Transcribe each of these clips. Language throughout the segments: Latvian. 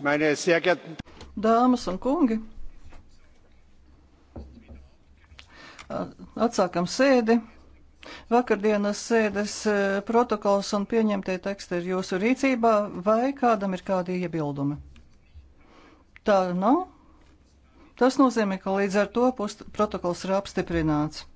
Meine sehr geehrten Dāmas un kungi, atsākam sēdi. Vakardienas sēdes eh, protokols un pieņemtie teksti ir jūsu rīcībā, vai kādam ir kādi iebildumi? Tā nav. Tas nozīmē, ka līdz ar to protokols ir apstiprināts.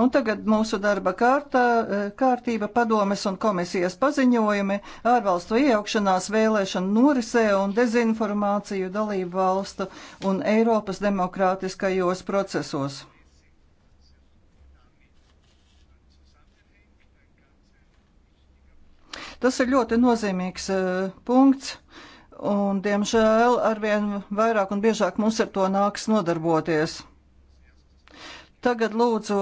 Un tagad mūsu darba kārtā, e, kārtība padomes un komisijas paziņojumi, ārvalstu iejaukšanās vēlēšanu norisē un dezinformāciju dalību valstu un Eiropas demokrātiskajos procesos. Tas ir ļoti nozīmīgs uh, punkts, un, diemžēl, arvien vairāk un biežāk mums ar to nāks nodarboties. Tagad lūdzu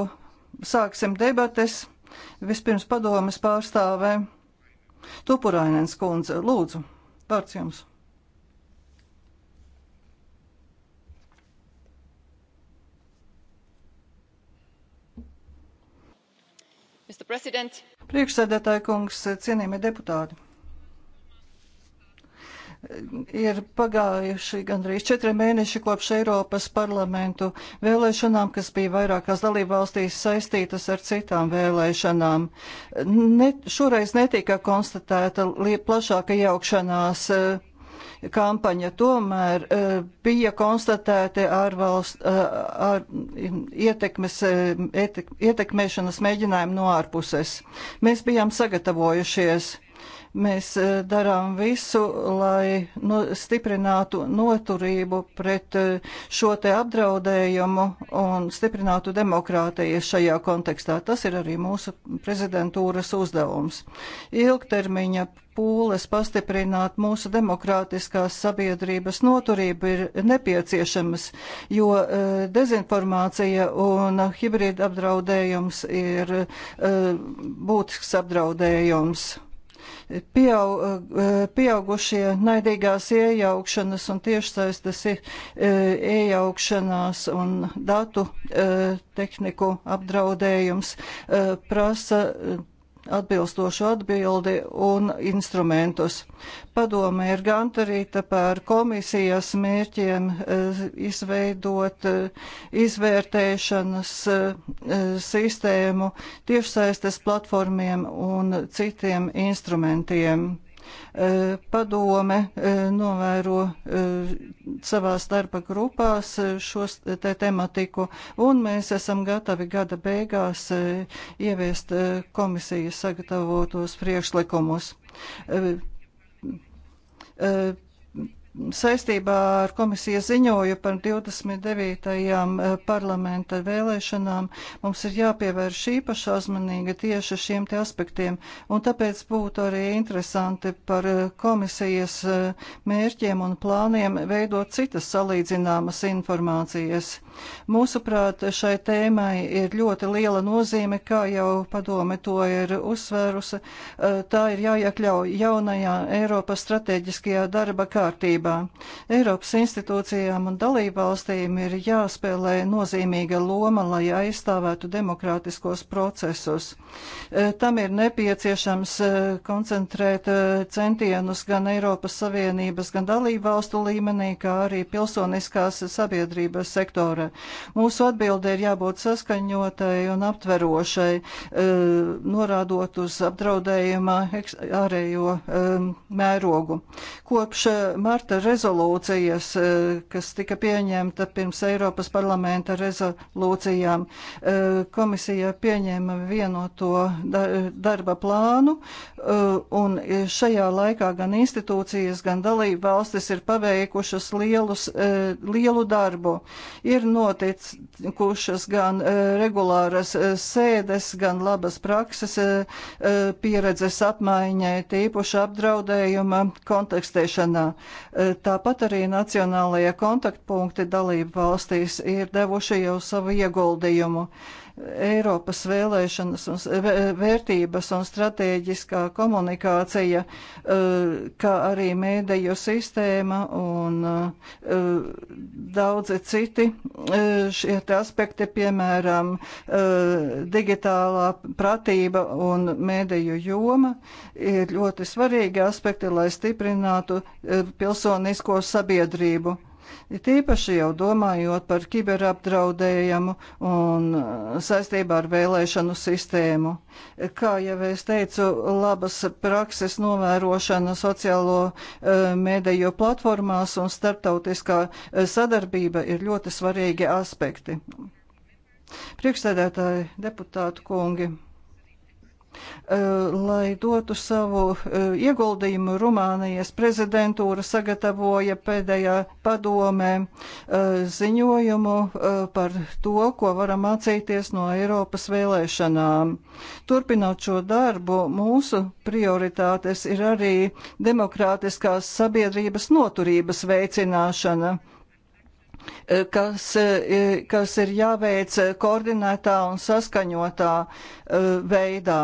sāksim debates. Vispirms padomas pārstāvē Tupurainens kundze. Lūdzu, vārds jums. Priekšsēdētāja kungs, cienījamie deputāti! Ir pagājuši gandrīz četri mēneši kopš Eiropas parlamentu vēlēšanām, kas bija vairākās dalībvalstīs saistītas ar citām vēlēšanām. Ne, šoreiz netika konstatēta plašāka jaukšanās eh, kampaņa tomēr eh, bija konstatēti ārvalst, ār, eh, ietekmes, ietek, ietekmēšanas mēģinājumi no ārpuses. Mēs bijām sagatavojušies. Mēs e, darām visu, lai no, stiprinātu noturību pret e, šo te apdraudējumu un stiprinātu demokrātiju šajā kontekstā. Tas ir arī mūsu prezidentūras uzdevums. Ilgtermiņa pūles pastiprināt mūsu demokrātiskās sabiedrības noturību ir nepieciešamas, jo e, dezinformācija un hibrīda apdraudējums ir būtisks apdraudējums pieaug, eh, pieaugušie naidīgās iejaukšanas un tiešsaistes eh, iejaukšanās un datu eh, tehniku apdraudējums prasa atbilstošu atbildi un instrumentus. Padome ir gandarīta par komisijas mērķiem eh, izveidot eh, izvērtēšanas eh, sistēmu tiešsaistes platformiem un citiem instrumentiem. Eh, padome eh, novēro eh, savās darba grupās šos te tematiku, un mēs esam gatavi gada beigās ieviest komisijas sagatavotos priekšlikumus saistībā ar komisijas ziņoju par 29. Eh, parlamenta vēlēšanām mums ir jāpievērš īpaši uzmanīgi tieši šiem te aspektiem, un tāpēc būtu arī interesanti par eh, komisijas eh, mērķiem un plāniem veidot citas salīdzināmas informācijas. Mūsuprāt, šai tēmai ir ļoti liela nozīme, kā jau padome to ir uzsvērusi, tā ir jāiekļauj jaunajā Eiropas strateģiskajā darba kārtībā attīstībā. Eiropas institūcijām un dalībvalstīm ir jāspēlē nozīmīga loma, lai aizstāvētu demokrātiskos procesus. E, tam ir nepieciešams e, koncentrēt e, centienus gan Eiropas Savienības, gan dalībvalstu līmenī, kā arī pilsoniskās sabiedrības sektora. Mūsu atbilde ir jābūt saskaņotai un aptverošai, norādot uz apdraudējuma ārējo mērogu. Kopš marta akta rezolūcijas, eh, kas tika pieņemta pirms Eiropas parlamenta rezolūcijām. Eh, komisija pieņēma vienoto darba plānu, eh, un šajā laikā gan institūcijas, gan dalība valstis ir paveikušas lielus, lielu darbu. Ir notikušas gan regulāras sēdes, gan labas prakses pieredzes apmaiņai, tīpaši apdraudējuma kontekstēšanā. Tāpat arī nacionālajie kontaktpunkti dalību valstīs ir devuši jau savu ieguldījumu. Eiropas vēlēšanas un vērtības un stratēģiskā komunikācija, e, kā arī mēdēju sistēma un e, daudzi citi e, šie aspekti, piemēram, digitālā pratība un mēdēju joma, ir ļoti svarīgi aspekti, lai stiprinātu pilsonisko sabiedrību. Tīpaši jau domājot par kiberapdraudējumu un eh, saistībā ar vēlēšanu sistēmu. Kā jau es teicu, labas prakses novērošana sociālo eh, mēdējo platformās un starptautiskā eh, sadarbība ir ļoti svarīgi aspekti. Priekšsēdētāji, deputātu kungi! Eh, lai dotu savu eh, ieguldījumu, Rumānijas prezidentūra sagatavoja pēdējā padomē eh, ziņojumu par to, ko varam mācīties no Eiropas vēlēšanām. Turpinot šo darbu, mūsu prioritātes ir arī demokrātiskās sabiedrības noturības veicināšana. Eh, kas, eh, kas ir jāveic koordinētā un saskaņotā eh, veidā.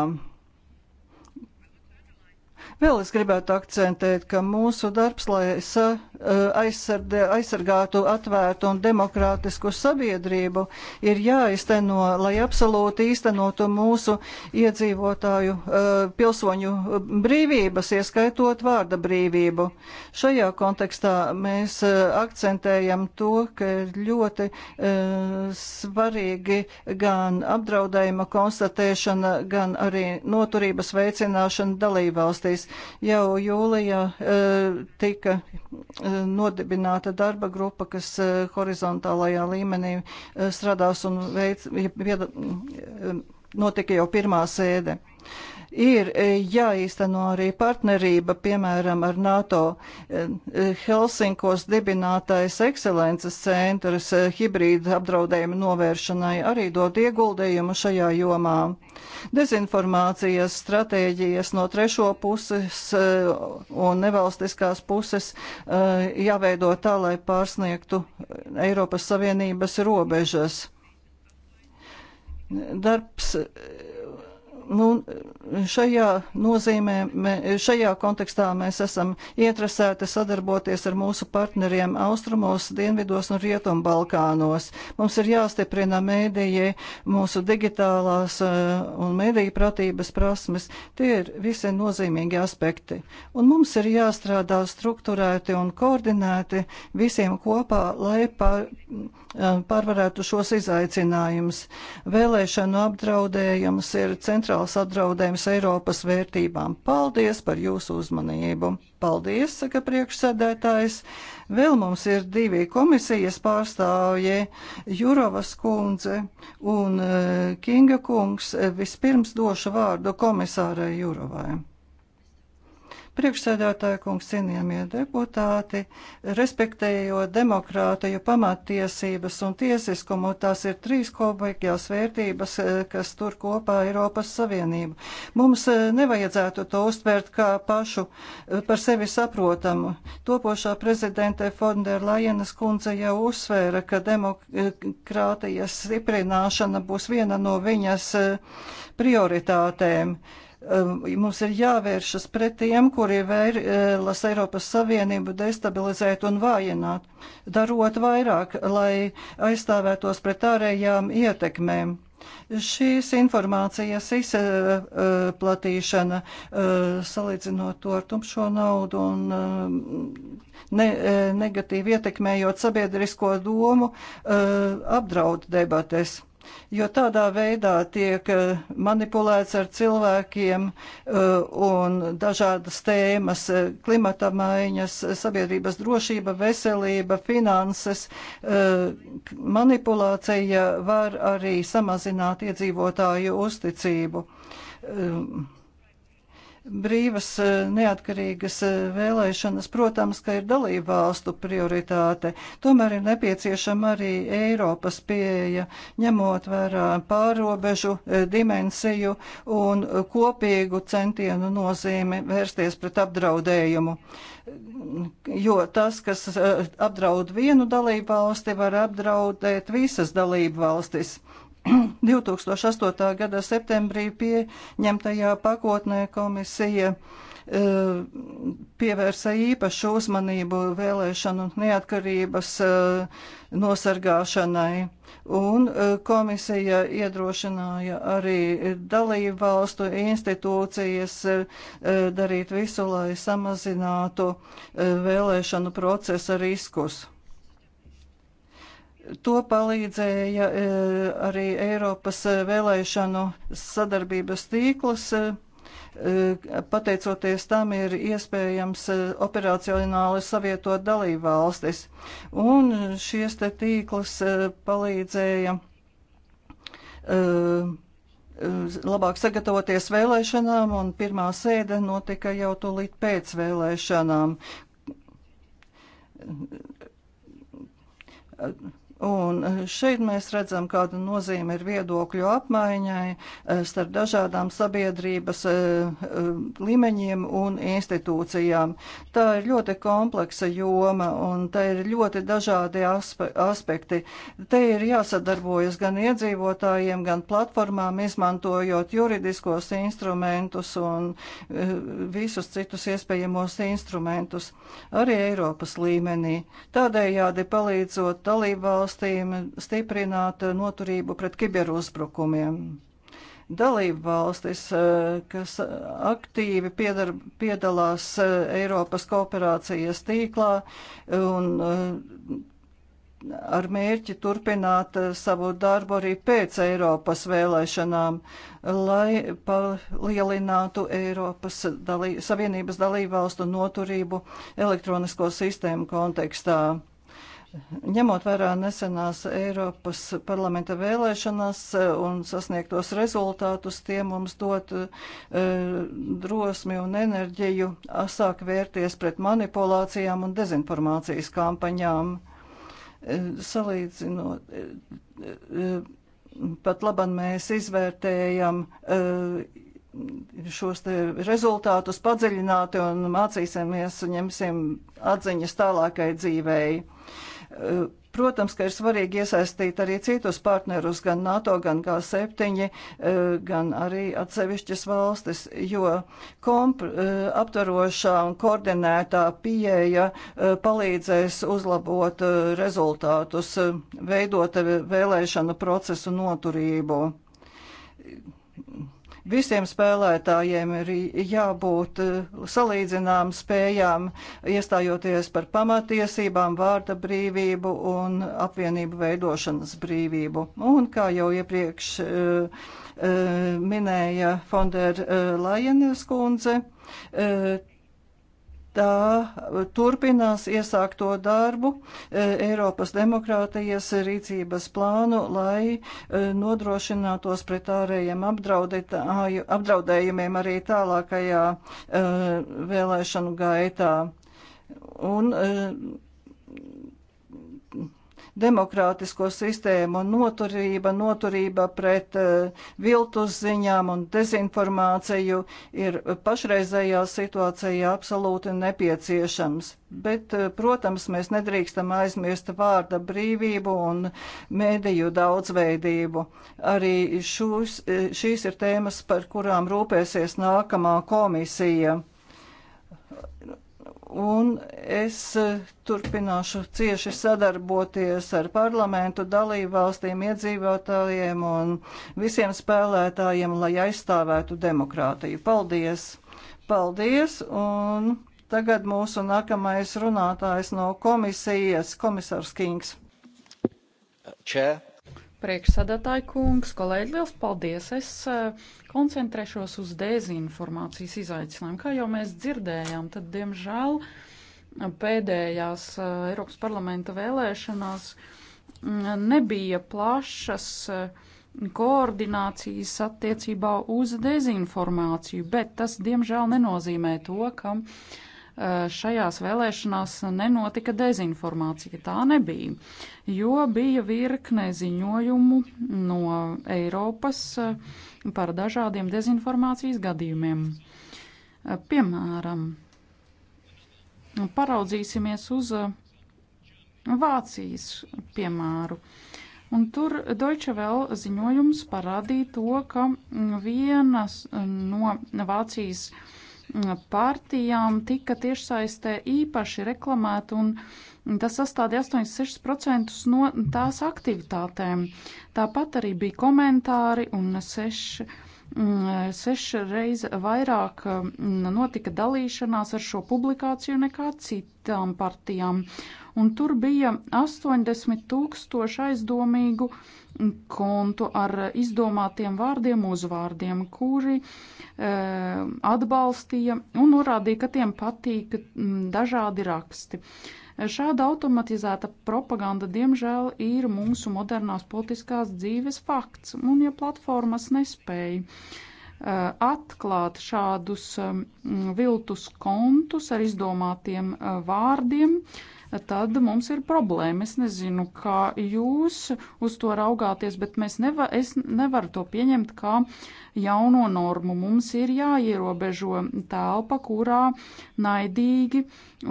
Vēl es gribētu akcentēt, ka mūsu darbs, lai sa Eh, aizsargātu, atvērtu un demokrātisku sabiedrību ir jāizteno, lai absolūti īstenotu mūsu iedzīvotāju eh, pilsoņu eh, brīvības, ieskaitot vārda brīvību. Šajā kontekstā mēs akcentējam to, ka ir ļoti svarīgi gan apdraudējuma konstatēšana, gan arī noturības veicināšana dalībvalstīs. Jau jūlijā tika nodibināta darba grupa, kas eh, horizontālajā līmenī eh, strādās un veids, notika jau pirmā sēde. Ir e, jāīsteno arī partnerība, piemēram, ar NATO. E, e, Helsinkos dibinātais ekscelences centrs hibrīda apdraudējuma novēršanai arī dod ieguldījumu šajā jomā. Dezinformācijas stratēģijas no trešo puses un nevalstiskās puses jāveido tā, lai pārsniegtu Eiropas Savienības robežas. Darbs Nu, šajā nozīmē, šajā kontekstā mēs esam ietrasēti sadarboties ar mūsu partneriem austrumos, dienvidos un rietumbalkānos. Mums ir jāstiprina mēdīji, mūsu digitālās eh, un mēdīju pratības prasmes. Tie ir visi nozīmīgi aspekti. Un mums ir jāstrādā strukturēti un koordinēti visiem kopā, lai pār, eh, pārvarētu šos izaicinājumus. Vēlēšanu apdraudējums ir centrāls reāls apdraudējums Eiropas vērtībām. Paldies par jūsu uzmanību! Paldies, saka priekšsēdētājs. Vēl mums ir divi komisijas pārstāvji - Jurovas kundze un eh, Kinga kungs. Vispirms došu vārdu komisārai Jurovai. Priekšsēdētāja kungs, cienījamie deputāti, respektējot demokrātiju, pamattiesības un tiesiskumu, tās ir trīs kopīgās vērtības, eh, kas tur kopā Eiropas Savienību. Mums eh, nevajadzētu to uztvērt kā pašu eh, par sevi saprotamu. Topošā prezidente Fonderlajenas kundze jau uzsvēra, ka demokrātijas stiprināšana būs viena no viņas prioritātēm. Um, mums ir jāvēršas pret tiem, kuri vēlas Eiropas Savienību destabilizēt un vājināt, darot vairāk, lai aizstāvētos pret ārējām ietekmēm. Šīs informācijas izplatīšana, uh, salīdzinot to ar tumšo naudu un um, ne, uh, negatīvi ietekmējot sabiedrisko domu, uh, apdraud debates jo tādā veidā tiek eh, manipulēts ar cilvēkiem eh, un dažādas tēmas eh, - klimata maiņas, sabiedrības drošība, veselība, finanses. Manipulācija var arī samazināt iedzīvotāju uzticību. Um, Brīvas, eh, neatkarīgas eh, vēlēšanas, protams, ka ir dalība valstu prioritāte. Tomēr ir nepieciešama arī Eiropas pieeja, ņemot vērā pārobežu eh, dimensiju un kopīgu centienu nozīmi vērsties pret apdraudējumu. Jo tas, kas apdraud vienu dalību valsti, var apdraudēt visas dalību valstis. 2008. gada septembrī pieņemtajā pakotnē komisija e, pievērsa īpašu uzmanību vēlēšanu neatkarības e, nosargāšanai. Un e, komisija iedrošināja arī dalību valstu institūcijas darīt visu, lai samazinātu vēlēšanu procesa riskus. To palīdzēja e, arī Eiropas e, vēlēšanu sadarbības tīkls e, pateicoties tam ir iespējams operacionāli savietot dalību valstis. Un šies te tīkls palīdzēja labāk sagatavoties vēlēšanām, un pirmā sēde notika jau tūlīt pēc vēlēšanām Un eh, šeit mēs redzam, kāda nozīme ir viedokļu apmaiņai eh, starp dažādām sabiedrības eh, līmeņiem un institūcijām. Tā ir ļoti kompleksa joma un tā ir ļoti dažādi aspe aspekti. Te ir jāsadarbojas gan iedzīvotājiem, gan platformām, izmantojot juridiskos instrumentus un visus citus iespējamos instrumentus, arī Eiropas līmenī. Tādējādi palīdzot dalībvalsts valstīm stiprināt noturību pret kiberuzbrukumiem. Dalību valstis, eh, kas aktīvi piedar, piedalās eh, Eiropas kooperācijas tīklā un eh, ar mērķi turpināt savu darbu arī pēc Eiropas vēlēšanām, lai palielinātu Eiropas dalī, Savienības dalībvalstu noturību elektronisko sistēmu kontekstā. Ņemot vērā nesenās Eiropas parlamenta vēlēšanas e, un sasniegtos rezultātus, tie mums dot e, drosmi un enerģiju asāk vērties pret manipulācijām un dezinformācijas kampaņām. E, salīdzinot, e, e pat labam mēs izvērtējam e, šos rezultātus padziļināti un mācīsimies un ņemsim atziņas tālākai dzīvēi. Eh, protams, ka ir svarīgi iesaistīt arī citus partnerus, gan NATO, gan G7, eh, gan arī atsevišķas valstis, jo komp, eh, aptverošā un koordinētā pieeja palīdzēs uzlabot rezultātus, veidot vēlēšanu procesu noturību Visiem spēlētājiem ir jābūt eh, salīdzinām spējām, iestājoties par pamatiesībām, vārda brīvību un apvienību veidošanas brīvību. Un, kā jau iepriekš eh, eh, minēja Fonder Lajenes kundze, Tā uh, turpinās iesākto darbu uh, Eiropas demokrātijas rīcības plānu, lai uh, nodrošinātos pret ārējiem apdraudējumiem arī tālākajā vēlēšanu gaitā. Un demokrātisko sistēmu un noturība, noturība pret eh, viltus ziņām un dezinformāciju ir pašreizējā situācijā absolūti nepieciešams. Bet, eh, protams, mēs nedrīkstam aizmirst vārda brīvību un mēdīju daudzveidību. Arī šūs, eh, šīs ir tēmas, par kurām rūpēsies nākamā komisija un es e, turpināšu cieši sadarboties ar parlamentu, dalībvalstīm, iedzīvotājiem un visiem spēlētājiem, lai aizstāvētu demokrātiju. Paldies! Paldies! Un tagad mūsu nākamais runātājs no komisijas, komisārs Kings. Čē priekšsēdētāji kungs, kolēģi, liels paldies! Es eh, koncentrēšos uz dezinformācijas izaicinājumu. Kā jau mēs dzirdējām, tad, diemžēl, pēdējās eh, Eiropas parlamenta vēlēšanās mm, nebija plašas eh, koordinācijas attiecībā uz dezinformāciju, bet tas, diemžēl, nenozīmē to, ka šajās vēlēšanās nenotika dezinformācija. Tā nebija jo bija virkne ziņojumu no Eiropas eh, par dažādiem dezinformācijas gadījumiem. Eh, piemēram, paraudzīsimies uz eh, Vācijas piemēru. Un tur Deutsche Welle ziņojums parādīja to, ka vienas no Vācijas partijām tika tiešsaistē īpaši reklamēta un Tas sastādīja 86% no tās aktivitātēm. Tāpat arī bija komentāri un seši mm, sešreiz vairāk mm, notika dalīšanās ar šo publikāciju nekā citām partijām. Un tur bija 80 tūkstoši aizdomīgu kontu ar izdomātiem vārdiem, uzvārdiem, kuri e, atbalstīja un norādīja, ka tiem patīk mm, dažādi raksti. E, Šāda automatizēta propaganda, diemžēl, ir mūsu modernās politiskās dzīves fakts, un ja platformas nespēja eh, atklāt šādus mm, viltus kontus ar izdomātiem eh, vārdiem, uh, tad mums ir problēma. Es nezinu, kā jūs uz to raugāties, bet mēs nevar, es nevaru to pieņemt kā jauno normu. Mums ir jāierobežo telpa, kurā naidīgi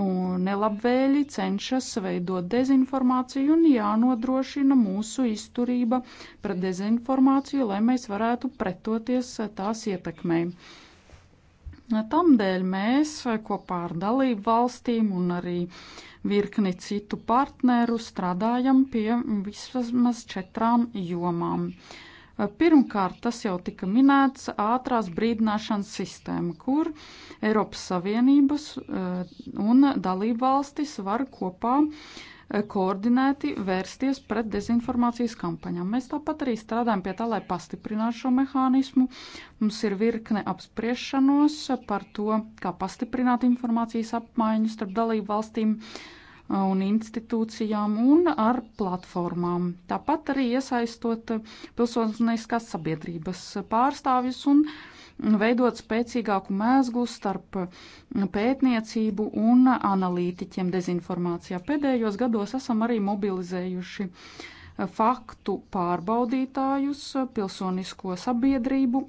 un nelabvēļi cenšas veidot dezinformāciju un jānodrošina mūsu izturība pret dezinformāciju, lai mēs varētu pretoties tās ietekmei. Tamdēļ mēs kopā ar dalību valstīm un arī virkni citu partneru strādājam pie vismaz četrām jomām. Pirmkārt, tas jau tika minēts - ātrās brīdināšanas sistēma, kur Eiropas Savienības eh, un dalībvalstis var kopā eh, koordinēti vērsties pret dezinformācijas kampaņām. Mēs tāpat arī strādājam pie tā, lai pastiprinātu šo mehānismu. Mums ir virkne apspriešanos par to, kā pastiprināt informācijas apmaiņu starp dalību valstīm un institūcijām un ar platformām. Tāpat arī iesaistot pilsoniskās sabiedrības pārstāvjus un veidot spēcīgāku mēzglu starp pētniecību un analītiķiem dezinformācijā. Pēdējos gados esam arī mobilizējuši faktu pārbaudītājus, pilsonisko sabiedrību,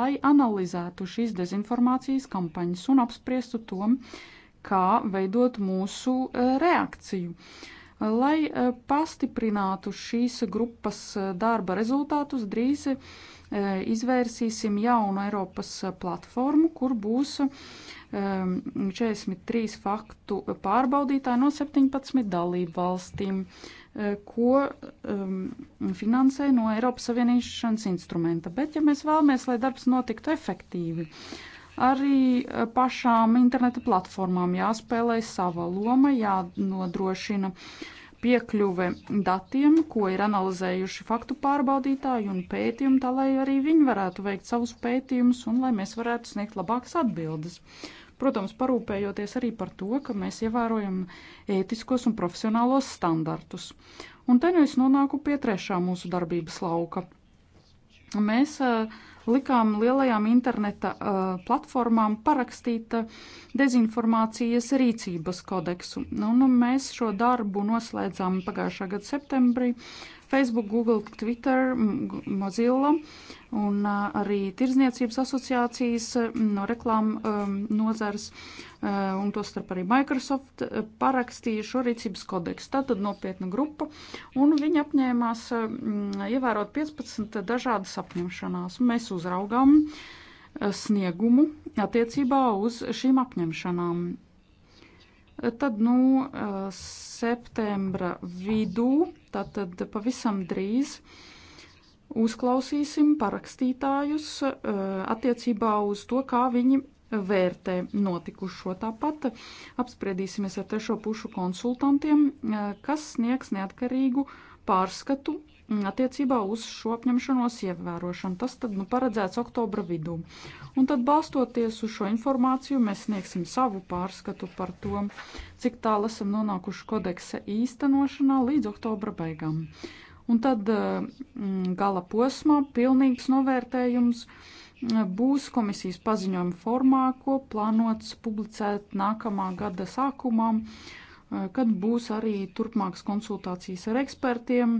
lai analizētu šīs dezinformācijas kampaņas un apspriestu tom, uh, kā veidot mūsu eh, reakciju. Lai eh, pastiprinātu šīs grupas eh, darba rezultātus, drīz izvērsīsim jaunu Eiropas platformu, kur būs 43 ehm, faktu pārbaudītāji no 17 dalību valstīm, ko ehm, finansē no Eiropas Savienības instrumenta. Bet, ja mēs vēlamies, lai darbs notiktu efektīvi, Arī e, pašām interneta platformām jāspēlē sava loma, jānodrošina piekļuve datiem, ko ir analizējuši faktu pārbaudītāji un pētījumi, tā lai arī viņi varētu veikt savus pētījumus un lai mēs varētu sniegt labākas atbildes. Protams, parūpējoties arī par to, ka mēs ievērojam ētiskos un profesionālos standartus. Un te nu es nonāku pie trešā mūsu darbības lauka. Mēs uh, likām lielajām interneta uh, platformām parakstīt uh, dezinformācijas rīcības kodeksu. Nu, nu, mēs šo darbu noslēdzām pagājušā gada septembrī Facebook, Google, Twitter, Mozilla un arī Tirzniecības asociācijas e, no reklāmu e, nozars e, un to starp arī Microsoft parakstīja šo rīcības kodeksu. Tā tad nopietna grupa un viņi apņēmās ievērot 15 dažādas apņemšanās. Mēs uzraugām sniegumu attiecībā uz šīm apņemšanām. Tad nu eh, septembra vidū, tātad pavisam drīz, uzklausīsim parakstītājus eh, attiecībā uz to, kā viņi vērtē notikušo. Tāpat apspriedīsimies ar trešo pušu konsultantiem, eh, kas sniegs neatkarīgu pārskatu Mm, attiecībā uz šo apņemšanos ievērošanu. Tas tad nu, paredzēts oktobra vidū. Un tad balstoties uz šo informāciju, mēs sniegsim savu pārskatu par to, cik tālu esam nonākuši kodeksa īstenošanā līdz oktobra beigām. Un tad mm, gala posmā pilnīgs novērtējums mm, būs komisijas paziņojuma formā, ko plānots publicēt nākamā gada sākumā. Uh, Eh, kad būs arī turpmākas konsultācijas ar ekspertiem,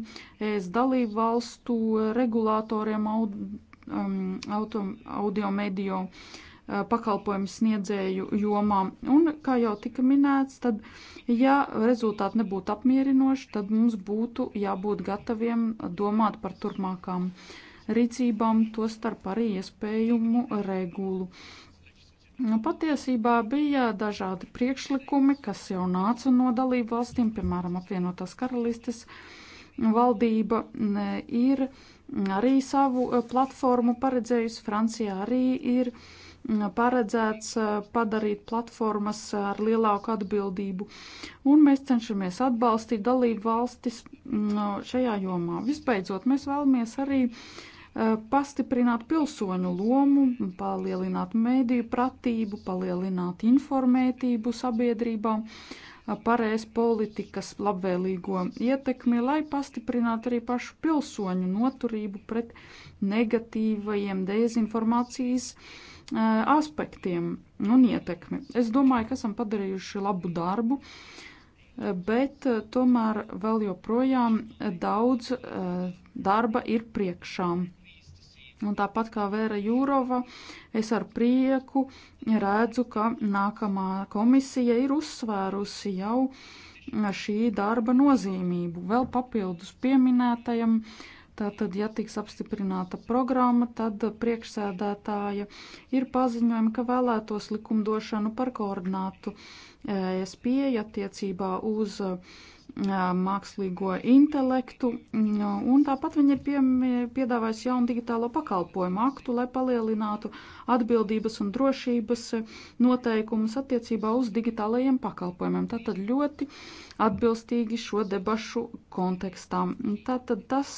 ES dalību valstu regulātoriem, aud, um, auto, audio mediju eh, pakalpojumu sniedzēju jomā. Un, kā jau tika minēts, tad, ja rezultāti nebūtu apmierinoši, tad mums būtu jābūt gataviem domāt par turpmākām rīcībām, to starp arī iespējumu regulu. Uh, Nu, patiesībā bija dažādi priekšlikumi, kas jau nāca no dalību valstīm, piemēram, apvienotās karalistes valdība ir arī savu eh, platformu paredzējusi. Francijā arī ir mm, paredzēts eh, padarīt platformas ar lielāku atbildību, un mēs cenšamies atbalstīt dalību valstis mm, šajā jomā. Visbeidzot, mēs vēlamies arī uh, Eh, pastiprināt pilsoņu lomu, palielināt mēdīju pratību, palielināt informētību sabiedrībā, eh, pareiz politikas labvēlīgo ietekmi, lai pastiprinātu arī pašu pilsoņu noturību pret negatīvajiem dezinformācijas eh, aspektiem un ietekmi. Es domāju, ka esam padarījuši labu darbu bet tomēr vēl joprojām daudz darba ir priekšām. Un tāpat kā Vēra Jūrova, es ar prieku redzu, ka nākamā komisija ir uzsvērusi jau šī darba nozīmību. Vēl papildus pieminētajam, tātad, ja tiks apstiprināta programma, tad priekšsēdētāja ir paziņojumi, ka vēlētos likumdošanu par koordinātu e, ES pieeja attiecībā uz uh, mākslīgo intelektu, un tāpat viņi ir pie, piedāvājis jaunu digitālo pakalpojumu aktu, lai palielinātu atbildības un drošības noteikumus attiecībā uz digitālajiem pakalpojumiem. Tātad ļoti atbilstīgi šo debašu kontekstām. Tātad tas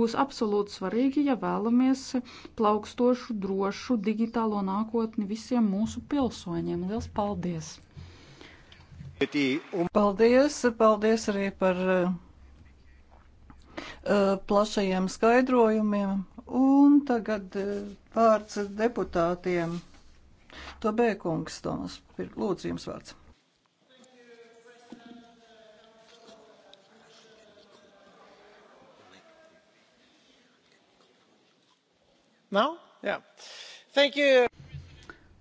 būs absolūti svarīgi, ja vēlamies plaukstošu, drošu digitālo nākotni visiem mūsu pilsoņiem. Liels paldies! Paldies, paldies arī par uh, plašajiem skaidrojumiem. Un tagad uh, vārds deputātiem. To bēkungs, Tomas, lūdzu jums vārds. Nav? Jā. Thank you.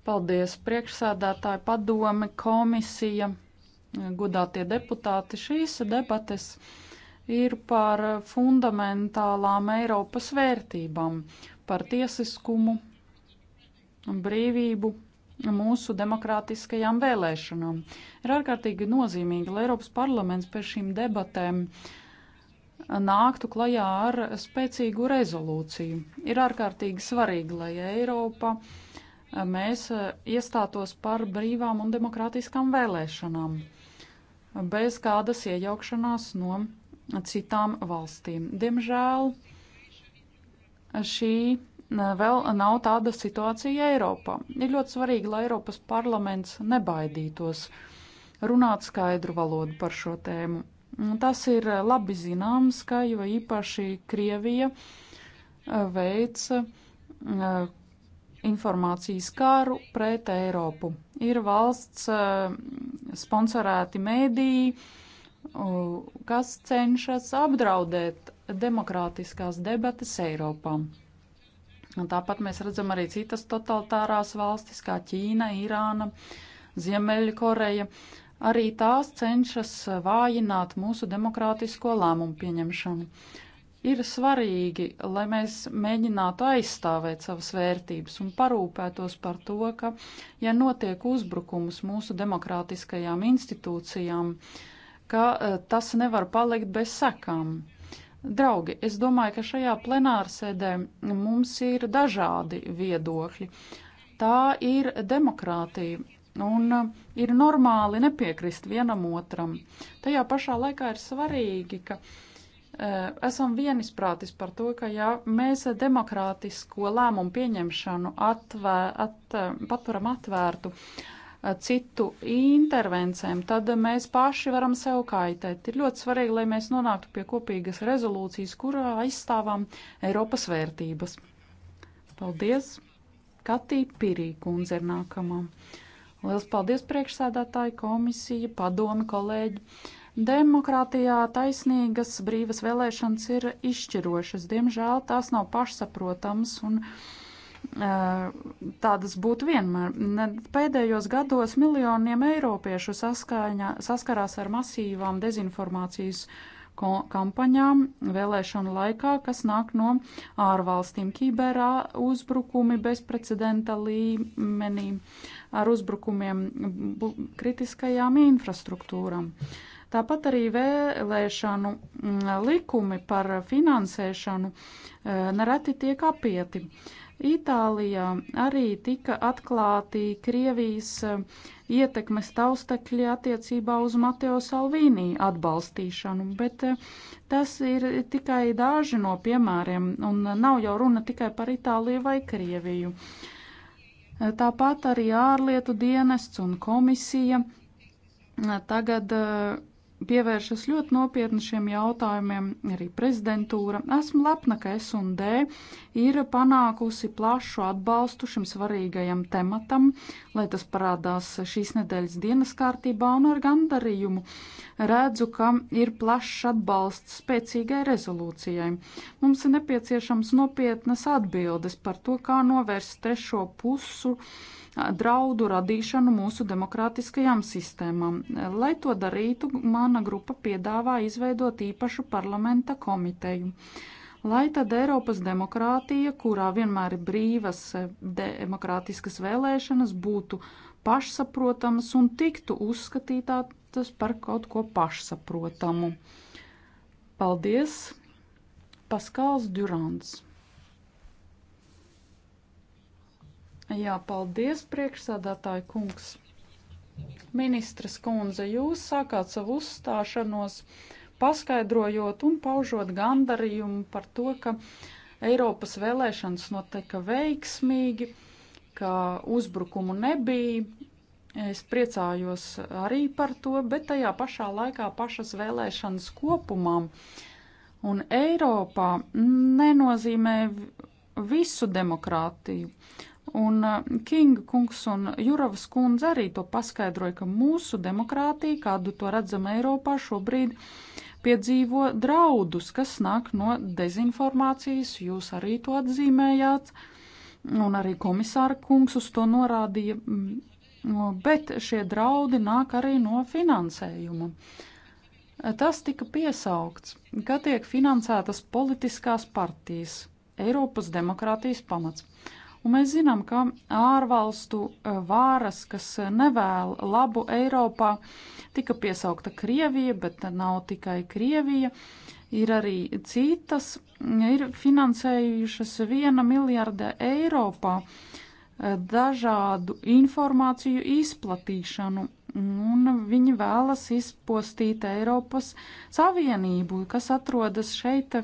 Paldies, priekšsēdētāji padome, komisija godātie deputāti, šīs debates ir par fundamentālām Eiropas vērtībām, par tiesiskumu, brīvību, mūsu demokrātiskajām vēlēšanām. Ir ārkārtīgi nozīmīgi, lai Eiropas parlaments pēc šīm debatēm nāktu klajā ar spēcīgu rezolūciju. Ir ārkārtīgi svarīgi, lai Eiropa mēs iestātos par brīvām un demokrātiskām vēlēšanām bez kādas iejaukšanās no citām valstīm. Diemžēl šī vēl nav tāda situācija Eiropā. Ir ļoti svarīgi, lai Eiropas parlaments nebaidītos runāt skaidru valodu par šo tēmu. Tas ir labi zināms, ka jo īpaši Krievija uh, veica uh, informācijas kāru pret Eiropu. Ir valsts eh, sponsorēti mēdīji, kas cenšas apdraudēt demokrātiskās debates Eiropā. Tāpat mēs redzam arī citas totalitārās valstis, kā Ķīna, Irāna, Ziemeļkoreja. Arī tās cenšas vājināt mūsu demokrātisko lēmumu pieņemšanu ir svarīgi, lai mēs mēģinātu aizstāvēt savas vērtības un parūpētos par to, ka, ja notiek uzbrukums mūsu demokrātiskajām institūcijām, ka eh, tas nevar palikt bez sekām. Draugi, es domāju, ka šajā plenārsēdē mums ir dažādi viedokļi. Tā ir demokrātija, un eh, ir normāli nepiekrist vienam otram. Tajā pašā laikā ir svarīgi, ka uh, Eh, esam vienisprātis par to, ka ja mēs demokrātisko lēmumu pieņemšanu atvēr, at, eh, paturam atvērtu eh, citu intervencēm, tad mēs paši varam sev kaitēt. Ir ļoti svarīgi, lai mēs nonāktu pie kopīgas rezolūcijas, kurā aizstāvām Eiropas vērtības. Paldies! Katī Pirī kundze ir nākamā. Liels paldies priekšsēdētāji, komisija, padomi, kolēģi! Demokrātijā taisnīgas brīvas vēlēšanas ir izšķirošas. Diemžēl tās nav pašsaprotams un e, tādas būtu vienmēr. Pēdējos gados miljoniem eiropiešu saskaņa, saskarās ar masīvām dezinformācijas kampaņām vēlēšanu laikā, kas nāk no ārvalstīm. Kiberā uzbrukumi bezprecedenta līmenī ar uzbrukumiem kritiskajām infrastruktūram. Uh, Tāpat arī vēlēšanu mm, likumi par finansēšanu e, nereti tiek apieti. Itālijā arī tika atklāti Krievijas e, ietekmes taustekļi attiecībā uz Mateo Salvīnī atbalstīšanu, bet e, tas ir tikai daži no piemēriem, un nav jau runa tikai par Itāliju vai Krieviju. Tāpat arī ārlietu dienests un komisija tagad pievēršas ļoti nopietni šiem jautājumiem, arī prezidentūra. Esmu lepna, ka S&D ir panākusi plašu atbalstu šim svarīgajam tematam, lai tas parādās šīs nedēļas dienas kārtībā un ar gandarījumu. Redzu, ka ir plašs atbalsts spēcīgai rezolūcijai. Mums ir nepieciešams nopietnas atbildes par to, kā novērst trešo pusu draudu radīšanu mūsu demokrātiskajām sistēmām. Lai to darītu, mana grupa piedāvā izveidot īpašu parlamenta komiteju. Lai tad Eiropas demokrātija, kurā vienmēr ir brīvas eh, demokrātiskas vēlēšanas, būtu pašsaprotamas un tiktu uzskatītas par kaut ko pašsaprotamu. Paldies! Paskals Durants. Jā, paldies, priekšsādātāji kungs. Ministras kundze, jūs sākāt savu uzstāšanos, paskaidrojot un paužot gandarījumu par to, ka Eiropas vēlēšanas notika veiksmīgi, ka uzbrukumu nebija. Es priecājos arī par to, bet tajā pašā laikā pašas vēlēšanas kopumā un Eiropā nenozīmē visu demokrātiju. Un uh, Kinga kungs un Juravas kundze arī to paskaidroja, ka mūsu demokrātija, kādu to redzam Eiropā, šobrīd piedzīvo draudus, kas nāk no dezinformācijas, jūs arī to atzīmējāt, un arī komisāra kungs uz to norādīja, mm, bet šie draudi nāk arī no finansējuma. Tas tika piesaukts, ka tiek finansētas politiskās partijas, Eiropas demokrātijas pamats. Un mēs zinām, ka ārvalstu eh, vāras, kas eh, nevēl labu Eiropā, tika piesaukta Krievija, bet nav tikai Krievija, ir arī citas, mm, ir finansējušas viena miljarda Eiropā eh, dažādu informāciju izplatīšanu un viņi vēlas izpostīt Eiropas Savienību, kas atrodas šeit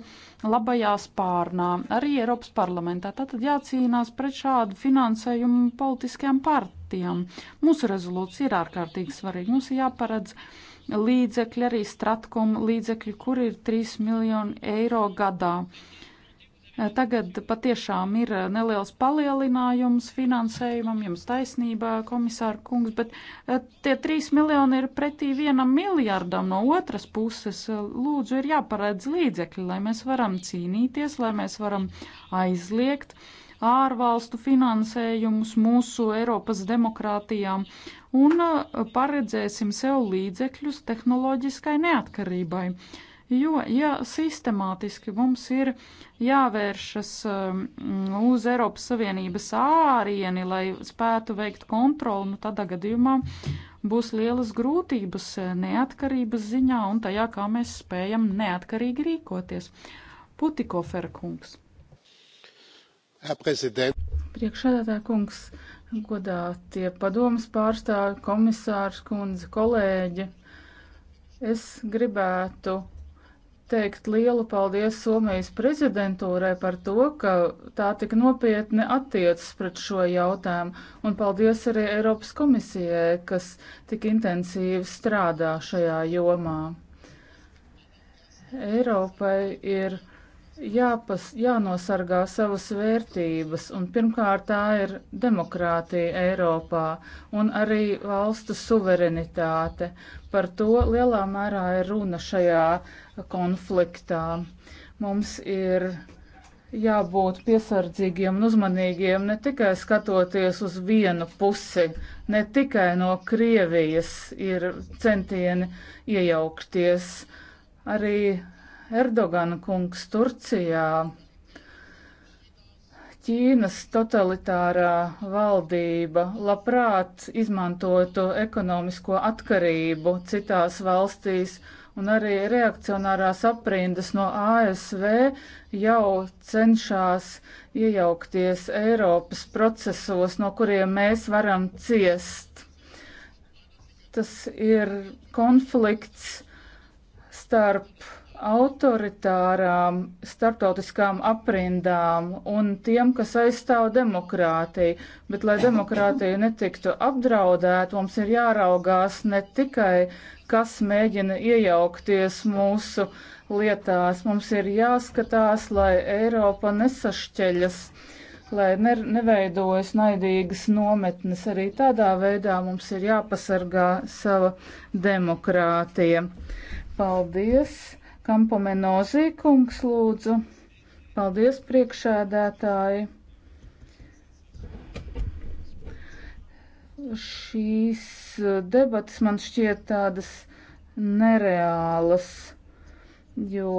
labajā spārnā, arī Eiropas parlamentā. Tātad jācīnās pret šādu finansējumu politiskajām partijām. Mūsu rezolūcija ir ārkārtīgi svarīga. Mums ir jāparedz līdzekļi arī stratkom līdzekļi, kur ir 3 miljoni eiro gadā Tagad patiešām ir neliels palielinājums finansējumam, jums taisnība, komisāra kungs, bet tie trīs miljoni ir pretī vienam miljardam no otras puses. Lūdzu, ir jāparedz līdzekļi, lai mēs varam cīnīties, lai mēs varam aizliegt ārvalstu finansējumus mūsu Eiropas demokrātijām un paredzēsim sev līdzekļus tehnoloģiskai neatkarībai. Uh, Jo, ja sistemātiski mums ir jāvēršas um, uz Eiropas Savienības ārieni, lai spētu veikt kontroli, nu tādā gadījumā būs lielas grūtības eh, neatkarības ziņā un tajā, kā mēs spējam neatkarīgi rīkoties. Putiko Ferkungs. Priekšādā kungs, godā tie padomas pārstāvi, komisārs kundze, kolēģi. Es gribētu teikt lielu paldies Somijas prezidentūrai par to, ka tā tik nopietni attiecas pret šo jautājumu, un paldies arī Eiropas komisijai, kas tik intensīvi strādā šajā jomā. Eiropai ir jāpas, jānosargā savas vērtības, un pirmkārt tā ir demokrātija Eiropā un arī valstu suverenitāte. Par to lielā mērā ir runa šajā konfliktā. Mums ir jābūt piesardzīgiem un uzmanīgiem ne tikai skatoties uz vienu pusi, ne tikai no Krievijas ir centieni iejaukties. Arī Erdogana kungs Turcijā, Ķīnas totalitārā valdība labprāt izmantotu ekonomisko atkarību citās valstīs, un arī reakcionārās aprindas no ASV jau cenšas iejaukties Eiropas procesos, no kuriem mēs varam ciest. Tas ir konflikts starp autoritārām starptautiskām aprindām un tiem, kas aizstāv demokrātiju. Bet, lai demokrātija netiktu apdraudēta, mums ir jāraugās ne tikai, kas mēģina iejaukties mūsu lietās, mums ir jāskatās, lai Eiropa nesašķeļas, lai ne, neveidojas naidīgas nometnes. Arī tādā veidā mums ir jāpasargā sava demokrātija. Paldies! Kampomenozi kungs lūdzu. Paldies priekšēdētāji. Šīs debatas man šķiet tādas nereālas, jo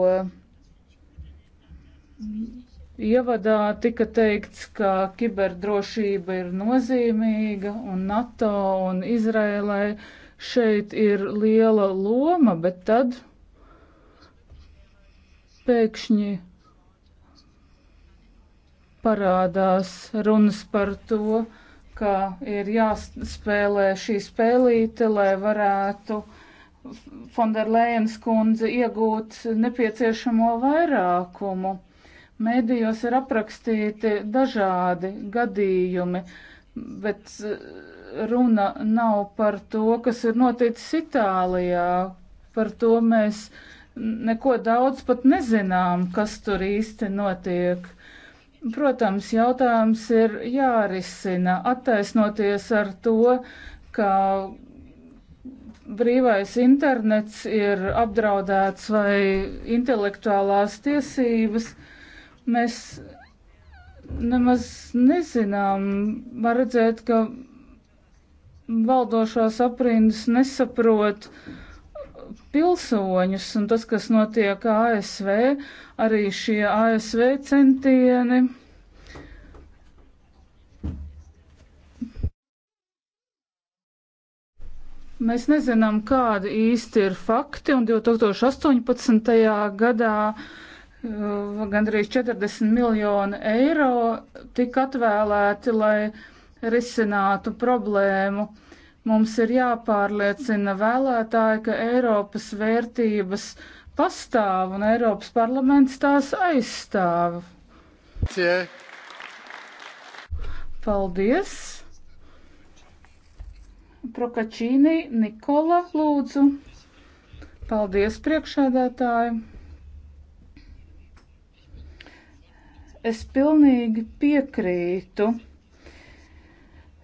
ievadā tika teikts, ka kiberdrošība ir nozīmīga un NATO un Izrēlai šeit ir liela loma, bet tad pēkšņi parādās runas par to, ka ir jāspēlē šī spēlīte, lai varētu Fonderlējens kundze iegūt nepieciešamo vairākumu. Mēdījos ir aprakstīti dažādi gadījumi, bet eh, runa nav par to, kas ir noticis Itālijā. Par to mēs uh, neko daudz pat nezinām, kas tur īsti notiek. Protams, jautājums ir jārisina, attaisnoties ar to, ka brīvais internets ir apdraudēts vai intelektuālās tiesības. Mēs nemaz nezinām, var redzēt, ka valdošās aprindas nesaprot, uh, pilsoņus, un tas, kas notiek ASV, arī šie ASV centieni. Mēs nezinām, kādi īsti ir fakti, un 2018. gadā uh, gandrīz 40 miljoni eiro tika atvēlēti, lai risinātu problēmu Mums ir jāpārliecina vēlētāji, ka Eiropas vērtības pastāv un Eiropas parlaments tās aizstāv. Tie. Paldies! Prokačīnī Nikola lūdzu. Paldies priekšādātāji! Es pilnīgi piekrītu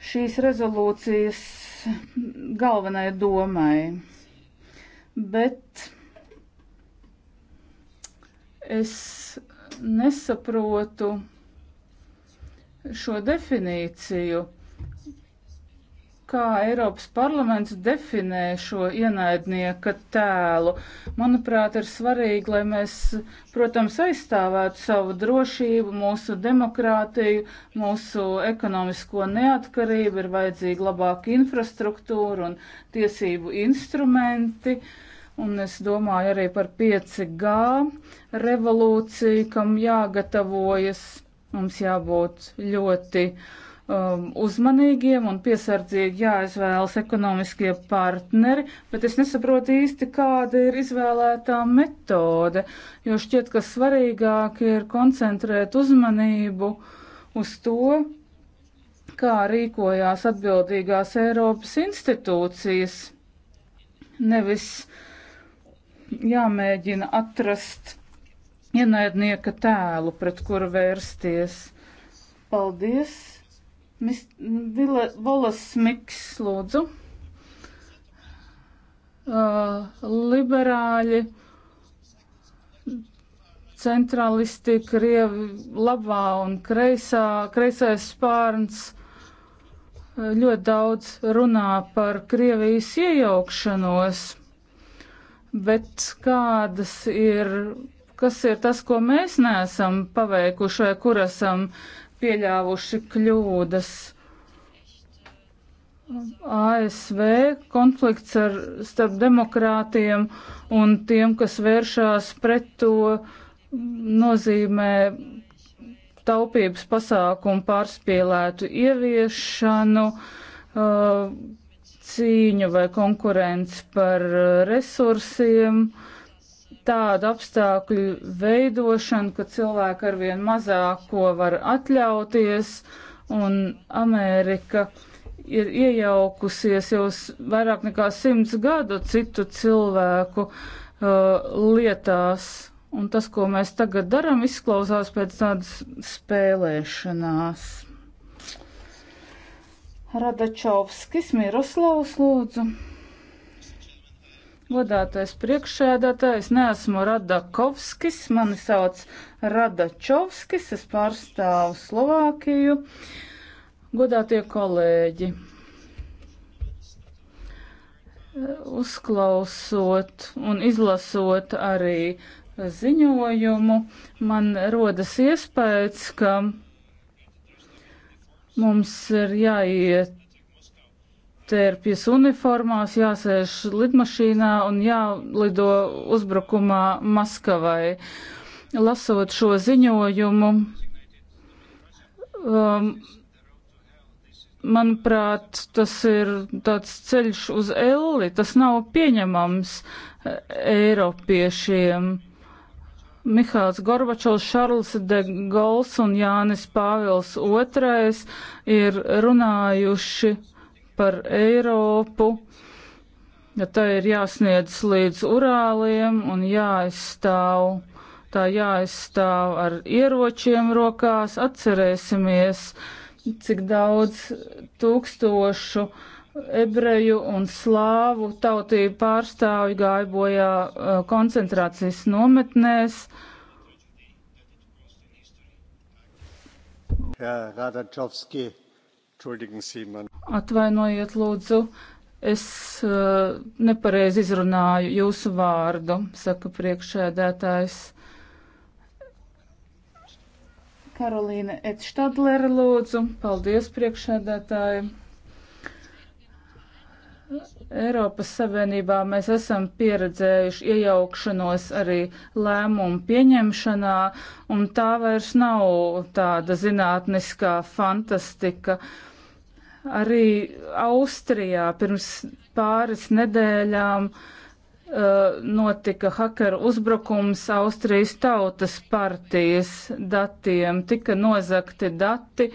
šīs rezolūcijas galvenai domai. Bet es nesaprotu šo definīciju kā Eiropas parlaments definē šo ienaidnieka tēlu. Manuprāt, ir svarīgi, lai mēs, protams, aizstāvētu savu drošību, mūsu demokrātiju, mūsu ekonomisko neatkarību, ir vajadzīga labāka infrastruktūra un tiesību instrumenti. Un es domāju arī par 5G revolūciju, kam jāgatavojas. Mums jābūt ļoti uh, um, uzmanīgiem un piesardzīgi jāizvēlas ekonomiskie partneri, bet es nesaprotu īsti, kāda ir izvēlētā metode, jo šķiet, ka svarīgāk ir koncentrēt uzmanību uz to, kā rīkojās atbildīgās Eiropas institūcijas, nevis jāmēģina atrast ienaidnieka tēlu, pret kuru vērsties. Paldies! Mis, Vile, Volas Miks, lūdzu. Uh, liberāļi, centralisti, krievi, labā un kreisā, kreisais spārns uh, ļoti daudz runā par Krievijas iejaukšanos, bet kādas ir, kas ir tas, ko mēs neesam paveikuši vai kur esam pieļāvuši kļūdas. ASV konflikts ar, starp demokrātiem un tiem, kas vēršās pret to, nozīmē taupības pasākumu pārspīlētu ieviešanu, cīņu vai konkurenci par resursiem. Uh, tādu apstākļu veidošanu, ka cilvēki arvien mazāk ko var atļauties, un Amerika ir iejaukusies jau vairāk nekā simts gadu citu cilvēku uh, lietās. Un tas, ko mēs tagad darām, izklausās pēc tādas spēlēšanās. Radačovskis Miroslavs lūdzu. Godātais priekšsēdētājs, neesmu Radakovskis, mani sauc Radačovskis, es pārstāvu Slovākiju. Godātie kolēģi, uzklausot un izlasot arī ziņojumu, man rodas iespējas, ka mums ir jāiet jāaptērpjas uniformās, jāsēž lidmašīnā un jālido uzbrukumā Maskavai. Lasot šo ziņojumu, um, manuprāt, tas ir tāds ceļš uz elli, tas nav pieņemams e, Eiropiešiem. Mihāls Gorbačovs, Šarls de Gauls un Jānis Pāvils II ir runājuši par Eiropu, ja tā ir jāsniedz līdz urāliem un jāizstāv, tā jāizstāv ar ieročiem rokās, atcerēsimies, cik daudz tūkstošu ebreju un slāvu tautību pārstāvju gāja bojā uh, koncentrācijas nometnēs. Radačovski Atvainojiet, lūdzu, es uh, nepareizi izrunāju jūsu vārdu, saka priekšēdētājs. Karolīna Etštadlera, lūdzu. Paldies, priekšēdētāji. Eiropas Savienībā mēs esam pieredzējuši iejaukšanos arī lēmumu pieņemšanā, un tā vairs nav tāda zinātniskā fantastika. Uh, Arī Austrijā pirms pāris nedēļām uh, notika hakeru uzbrukums Austrijas tautas partijas datiem. Tika nozakti dati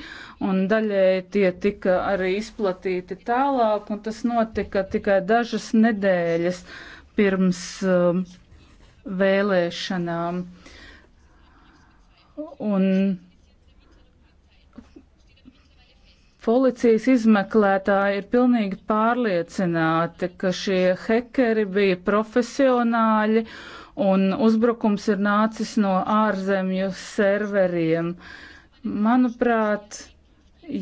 un daļēji tie tika arī izplatīti tālāk, un tas notika tikai dažas nedēļas pirms uh, vēlēšanām. Un Policijas izmeklētāji ir pilnīgi pārliecināti, ka šie hekeri bija profesionāļi un uzbrukums ir nācis no ārzemju serveriem. Manuprāt,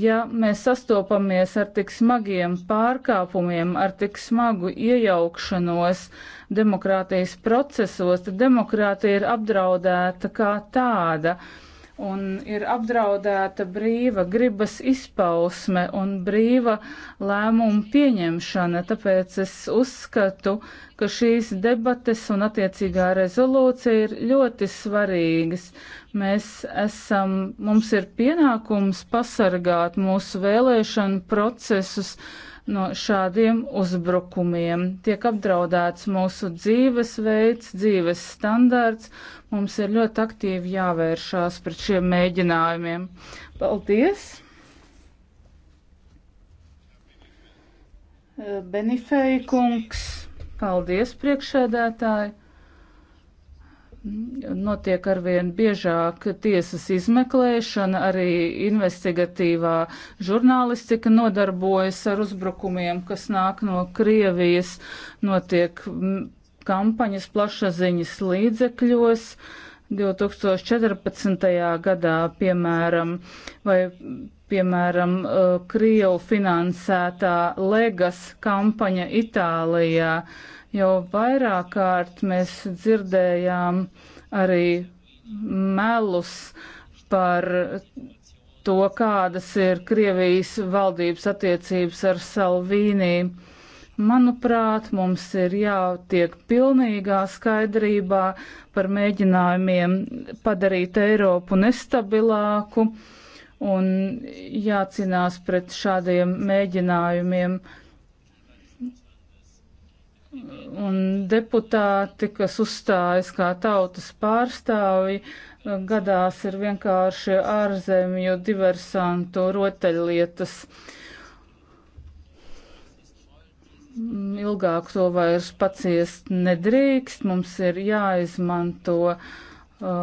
ja mēs sastopamies ar tik smagiem pārkāpumiem, ar tik smagu iejaukšanos demokrātijas procesos, tad demokrātija ir apdraudēta kā tāda. Uh, un ir apdraudēta brīva gribas izpausme un brīva lēmuma pieņemšana. Tāpēc es uzskatu, ka šīs debates un attiecīgā rezolūcija ir ļoti svarīgas. Mēs esam, mums ir pienākums pasargāt mūsu vēlēšanu procesus no šādiem uzbrukumiem. Tiek apdraudēts mūsu dzīvesveids, dzīves standarts. Mums ir ļoti aktīvi jāvēršās pret šiem mēģinājumiem. Paldies! Benifei kungs, paldies priekšēdētāji! Notiek arvien biežāk tiesas izmeklēšana, arī investigatīvā žurnālistika nodarbojas ar uzbrukumiem, kas nāk no Krievijas, notiek kampaņas plašaziņas līdzekļos. 2014. gadā, piemēram, vai piemēram, Krievu finansētā Legas kampaņa Itālijā Jau vairāk kārt mēs dzirdējām arī melus par to, kādas ir Krievijas valdības attiecības ar Salvīniju. Manuprāt, mums ir jātiek pilnīgā skaidrībā par mēģinājumiem padarīt Eiropu nestabilāku un jācinās pret šādiem mēģinājumiem un deputāti, kas uzstājas kā tautas pārstāvi, gadās ir vienkārši ārzemju diversantu rotaļlietas. Ilgāk to vairs paciest nedrīkst, mums ir jāizmanto, uh,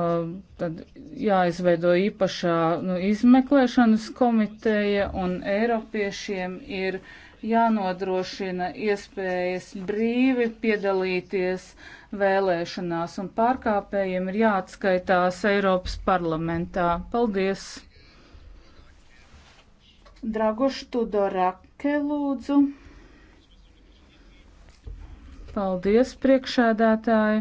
tad jāizveido īpašā nu, izmeklēšanas komiteja un Eiropiešiem ir jāizmanto jānodrošina iespējas brīvi piedalīties vēlēšanās, un pārkāpējiem ir jāatskaitās Eiropas parlamentā. Paldies! Dragoš Tudorake, lūdzu. Paldies, priekšēdētāji.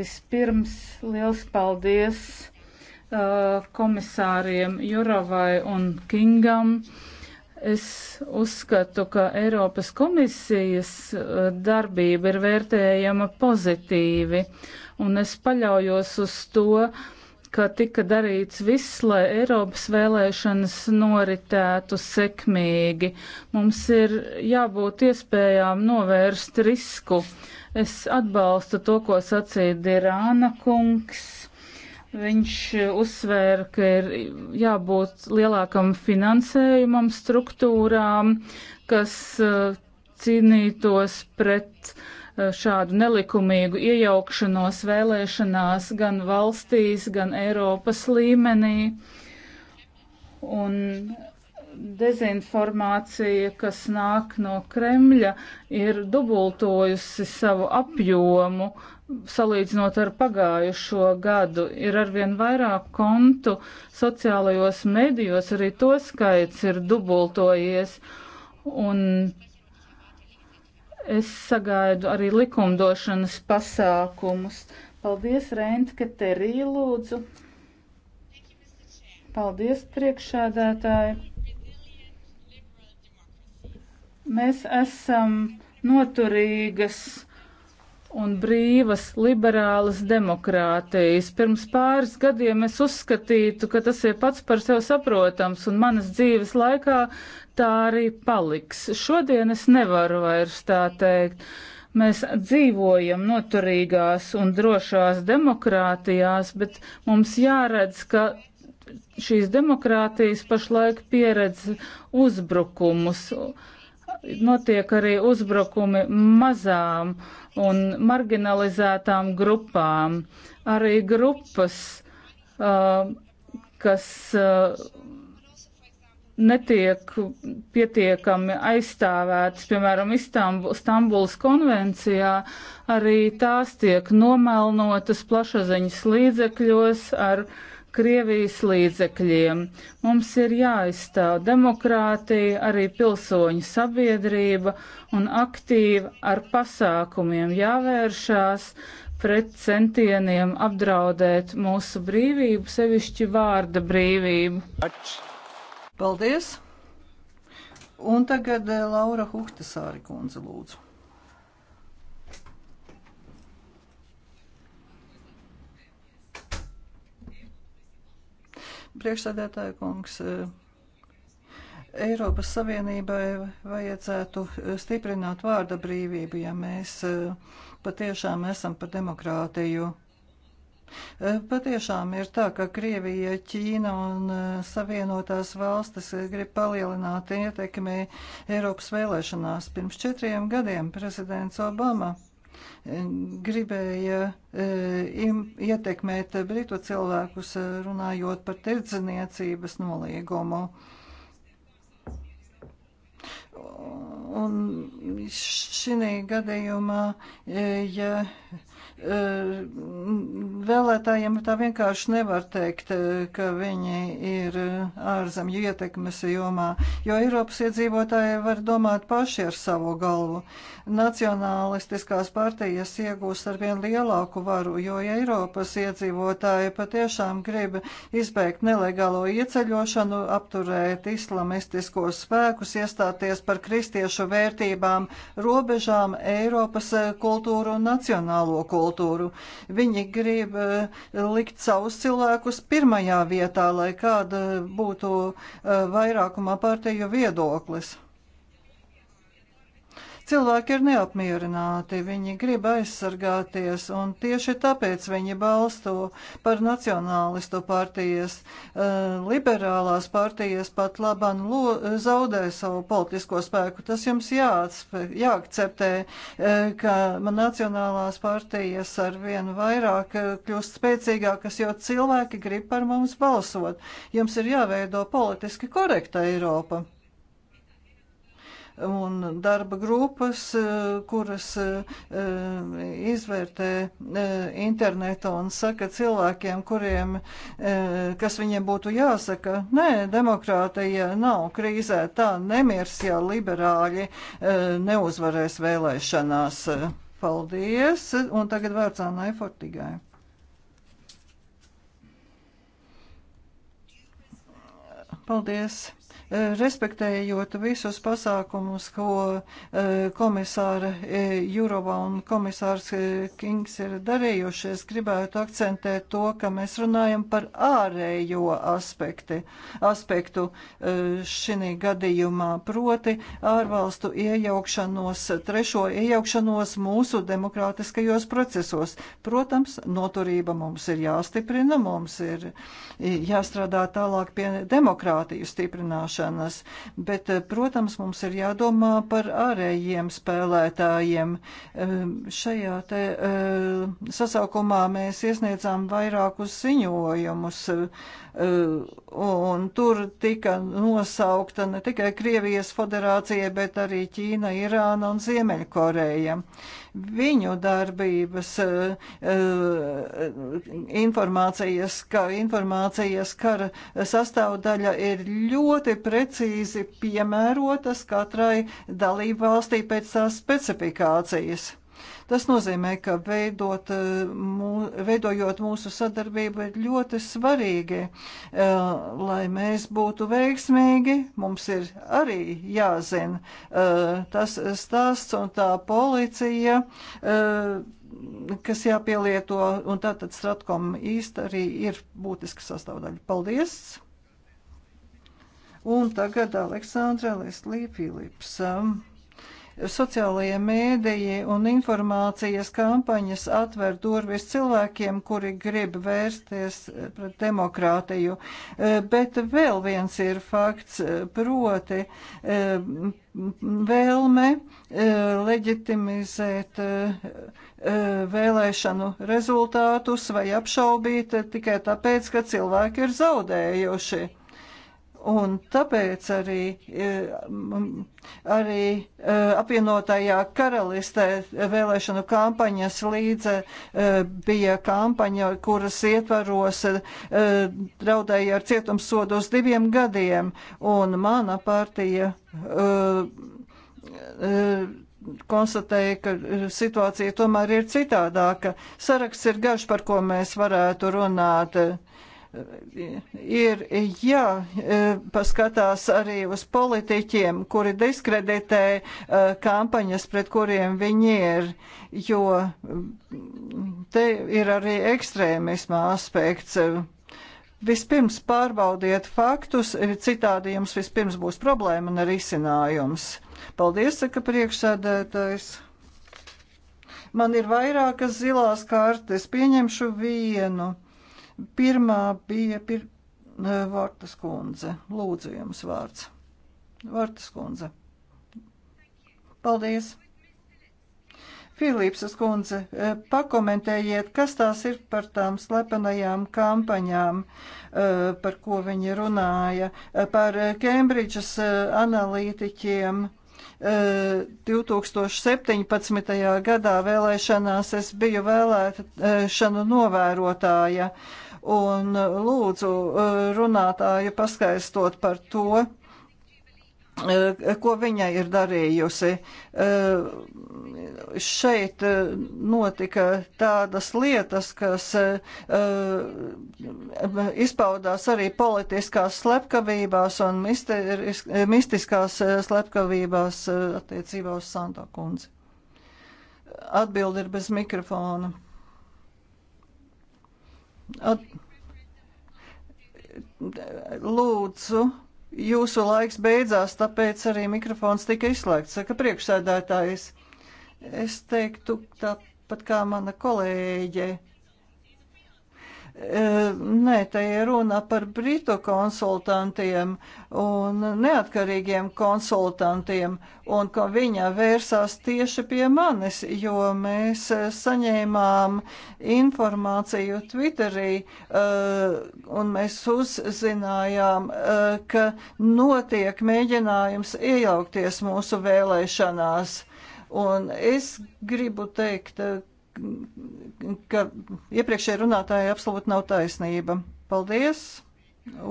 Vispirms liels paldies uh, komisāriem Juravai un Kingam. Uh, Es uzskatu, ka Eiropas komisijas eh, darbība ir vērtējama pozitīvi, un es paļaujos uz to, ka tika darīts viss, lai Eiropas vēlēšanas noritētu sekmīgi. Mums ir jābūt iespējām novērst risku. Es atbalstu to, ko sacīja Dirāna kungs Viņš uzsvēra, ka ir jābūt lielākam finansējumam struktūrām, kas uh, cīnītos pret uh, šādu nelikumīgu iejaukšanos vēlēšanās gan valstīs, gan Eiropas līmenī. Un dezinformācija, kas nāk no Kremļa, ir dubultojusi savu apjomu salīdzinot ar pagājušo gadu, ir arvien vairāk kontu sociālajos medijos, arī to skaits ir dubultojies. Un es sagaidu arī likumdošanas pasākumus. Paldies, Rentke, Terī, lūdzu. Paldies, priekšādātāji. Mēs esam noturīgas un brīvas liberālas demokrātijas. Pirms pāris gadiem es uzskatītu, ka tas ir pats par sev saprotams, un manas dzīves laikā tā arī paliks. Šodien es nevaru vairs tā teikt. Mēs dzīvojam noturīgās un drošās demokrātijās, bet mums jāredz, ka šīs demokrātijas pašlaik pieredz uzbrukumus notiek arī uzbrukumi mazām un marginalizētām grupām. Arī grupas, uh, kas uh, netiek pietiekami aizstāvētas, piemēram, Istambuls konvencijā, arī tās tiek nomelnotas plašaziņas līdzekļos ar uh, Krievijas līdzekļiem. Mums ir jāizstāv demokrātija, arī pilsoņu sabiedrība un aktīvi ar pasākumiem jāvēršās pret centieniem apdraudēt mūsu brīvību, sevišķi vārda brīvību. Paldies! Un tagad eh, Laura Huhtasāri kundze lūdzu. Priekšsēdētāja kungs, eh, Eiropas Savienībai vajadzētu eh, stiprināt vārda brīvību, ja mēs eh, patiešām esam par demokrātiju. Patiešām ir tā, ka Krievija, Ķīna un Savienotās valstis grib palielināt ietekmi Eiropas vēlēšanās. Pirms četriem gadiem prezidents Obama gribēja e, ietekmēt britu cilvēkus, e, runājot par tirdzniecības nolīgumu. Un šī gadījumā, e, ja Eh, vēlētājiem tā vienkārši nevar teikt, eh, ka viņi ir ārzemju ietekmes jomā, jo Eiropas iedzīvotāji var domāt paši ar savu galvu. Nacionālistiskās partijas iegūst ar vien lielāku varu, jo Eiropas iedzīvotāji patiešām grib izbeigt nelegālo ieceļošanu, apturēt islamistiskos spēkus, iestāties par kristiešu vērtībām, robežām, Eiropas kultūru un nacionālo kultūru kultūru. Viņi grib eh, likt savus cilvēkus pirmajā vietā, lai kāda būtu eh, vairākumā pārteju viedoklis. Cilvēki ir neapmierināti, viņi grib aizsargāties, un tieši tāpēc viņi balsto par nacionālistu partijas. Eh, liberālās partijas pat laban zaudē savu politisko spēku. Tas jums jāakceptē, eh, ka nacionālās partijas ar vienu vairāk eh, kļūst spēcīgākas, jo cilvēki grib par mums balsot. Jums ir jāveido politiski korekta Eiropa un darba grupas, eh, kuras eh, izvērtē eh, internetu un saka cilvēkiem, kuriem, kas viņiem būtu jāsaka, nē, demokrātija nav krīzē, tā nemirs, ja liberāļi neuzvarēs vēlēšanās. Paldies, un tagad vārds Annai Fortigai. Paldies! Eh, respektējot visus pasākumus, ko eh, komisāra eh, Jurova un komisārs Kings ir darījuši, es gribētu akcentēt to, ka mēs runājam par ārējo aspekti, aspektu šī gadījumā, proti ārvalstu iejaukšanos, trešo iejaukšanos mūsu demokrātiskajos procesos. Protams, noturība mums ir jāstiprina, mums ir jāstrādā tālāk pie demokrātiju stiprināšanas zināšanas, bet, eh, protams, mums ir jādomā par ārējiem spēlētājiem. Ehm, šajā te eh, sasaukumā mēs iesniedzām vairākus ziņojumus Uh, un tur tika nosaukta ne tikai Krievijas federācija, bet arī Ķīna, Irāna un Ziemeļkoreja. Viņu darbības uh, informācijas, ka informācijas kara sastāvdaļa ir ļoti precīzi piemērotas katrai dalībvalstī pēc tās specifikācijas. Tas nozīmē, ka veidot, eh, mū, veidojot mūsu sadarbību ir ļoti svarīgi, eh, lai mēs būtu veiksmīgi, mums ir arī jāzina eh, tas stāsts un tā policija kas jāpielieto, un tātad Stratkom īsti arī ir būtiska sastāvdaļa. Paldies! Un tagad Aleksandra Leslī Filips. Um, Sociālajie mēdīji un informācijas kampaņas atver durvis cilvēkiem, kuri grib vērsties eh, pret demokrātiju. Eh, bet vēl viens ir fakts, eh, proti vēlme leģitimizēt vēlēšanu rezultātus vai apšaubīt tikai tāpēc, ka cilvēki ir zaudējuši. Un tāpēc arī, e, arī e, apvienotajā karalistē vēlēšanu kampaņas līdze e, bija kampaņa, kuras ietvaros draudēja ar cietumsodu uz diviem gadiem. Un mana partija konstatēja, ka situācija tomēr ir citādāka. Saraksts ir garš, par ko mēs varētu runāt ir jāpaskatās e, arī uz politiķiem, kuri diskreditē e, kampaņas, pret kuriem viņi ir, jo te ir arī ekstrēmisma aspekts. Vispirms pārbaudiet faktus, e, citādi jums vispirms būs problēma un risinājums. Paldies, saka priekšsēdētājs. Man ir vairākas zilās kartes, pieņemšu vienu. Pirmā bija pir... Eh, Vārtas kundze. Lūdzu jums vārds. Vārtas kundze. Paldies! Filipsas kundze, eh, pakomentējiet, kas tās ir par tām slepenajām kampaņām, eh, par ko viņi runāja, par Kembridžas analītiķiem. 2017. gadā vēlēšanās es biju vēlēšanu novērotāja. Uh, un uh, lūdzu uh, runātāju paskaistot par to, uh, ko viņa ir darījusi. Šeit notika tādas lietas, kas izpaudās arī politiskās slepkavībās un mistiskās slepkavībās attiecībā uz Santa kundzi. Atbildi ir bez mikrofona. At, lūdzu, jūsu laiks beidzās, tāpēc arī mikrofons tika izslēgts. Saka priekšsēdētājs, es teiktu tāpat kā mana kolēģe E, nē, tai ir runa par britu konsultantiem un neatkarīgiem konsultantiem, un ka viņa vērsās tieši pie manis, jo mēs saņēmām informāciju Twitterī, e, un mēs uzzinājām, e, ka notiek mēģinājums iejaukties mūsu vēlēšanās. Un es gribu teikt, ka iepriekšēji runātāji absolūti nav taisnība. Paldies!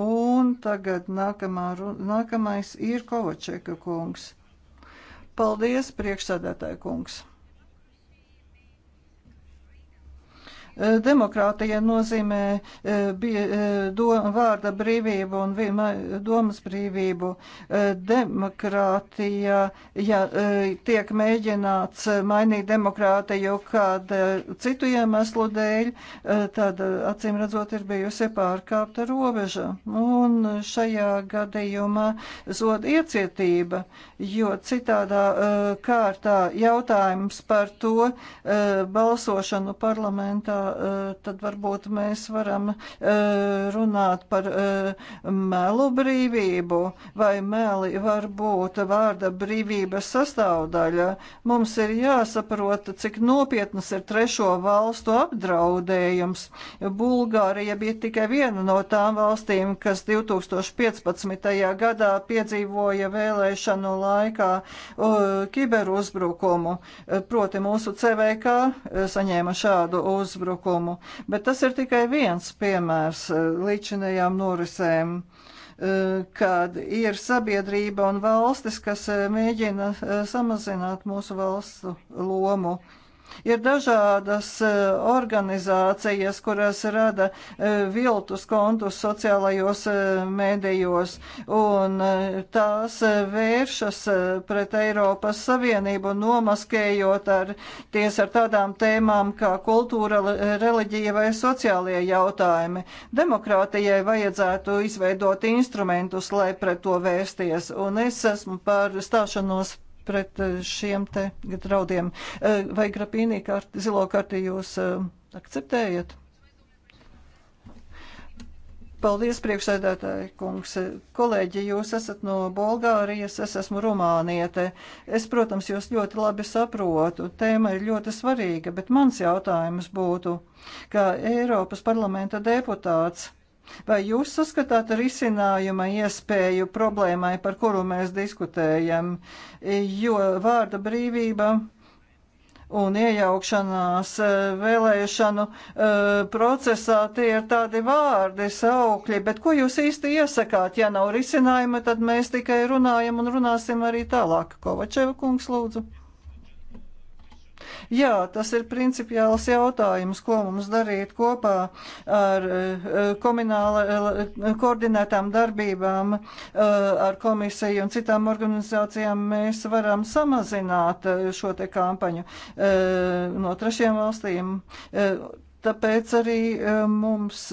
Un tagad nākamā, nākamais ir Kovačeka kungs. Paldies, priekšsēdētāja kungs! Demokrātija nozīmē e, e, doma, vārda brīvību un domas brīvību. E, demokrātija, ja tiek mēģināts mainīt demokrātiju kādu citu iemeslu dēļ, tad acīm redzot ir bijusi pārkāpta robeža. Un šajā gadījumā zod iecietība, jo citādā kārtā jautājums par to balsošanu parlamentā Eh, tad varbūt mēs varam eh, runāt par eh, melu brīvību, vai meli var būt vārda brīvības sastāvdaļa. Mums ir jāsaprot, cik nopietnas ir trešo valstu apdraudējums. Bulgārija bija tikai viena no tām valstīm, kas 2015. gadā piedzīvoja vēlēšanu laikā kiberuzbrukumu. Proti mūsu CVK saņēma šādu uzbrukumu uzbrukumu, bet tas ir tikai viens piemērs eh, līdzinējām norisēm eh, kad ir sabiedrība un valstis, kas eh, mēģina samazināt mūsu valstu lomu. Ir dažādas e, organizācijas, kuras rada e, viltus kontus sociālajos e, mēdījos, un tās vēršas pret Eiropas Savienību nomaskējot ar ties ar tādām tēmām kā kultūra, reliģija vai sociālie jautājumi. Demokrātijai vajadzētu izveidot instrumentus, lai pret to vērsties, un es esmu par stāšanos pret eh, šiem te draudiem. Eh, vai grapīnī karti, zilo karti jūs eh, akceptējat? Paldies, priekšsēdētāji kungs. Kolēģi, jūs esat no Bulgārijas, es esmu Rumāniete. Es, protams, jūs ļoti labi saprotu. Tēma ir ļoti svarīga, bet mans jautājums būtu, kā Eiropas parlamenta deputāts, Vai jūs saskatāt risinājuma iespēju problēmai, par kuru mēs diskutējam? Jo vārda brīvība un iejaukšanās eh, vēlēšanu eh, procesā tie ir tādi vārdi, saukļi, bet ko jūs īsti iesakāt? Ja nav risinājuma, tad mēs tikai runājam un runāsim arī tālāk. Kovačeva kungs, lūdzu. Jā, tas ir principiāls jautājums, ko mums darīt kopā ar eh, eh, koordinētām darbībām eh, ar komisiju un citām organizācijām. Mēs varam samazināt šo te kampaņu no trešiem valstīm. Tāpēc arī mums,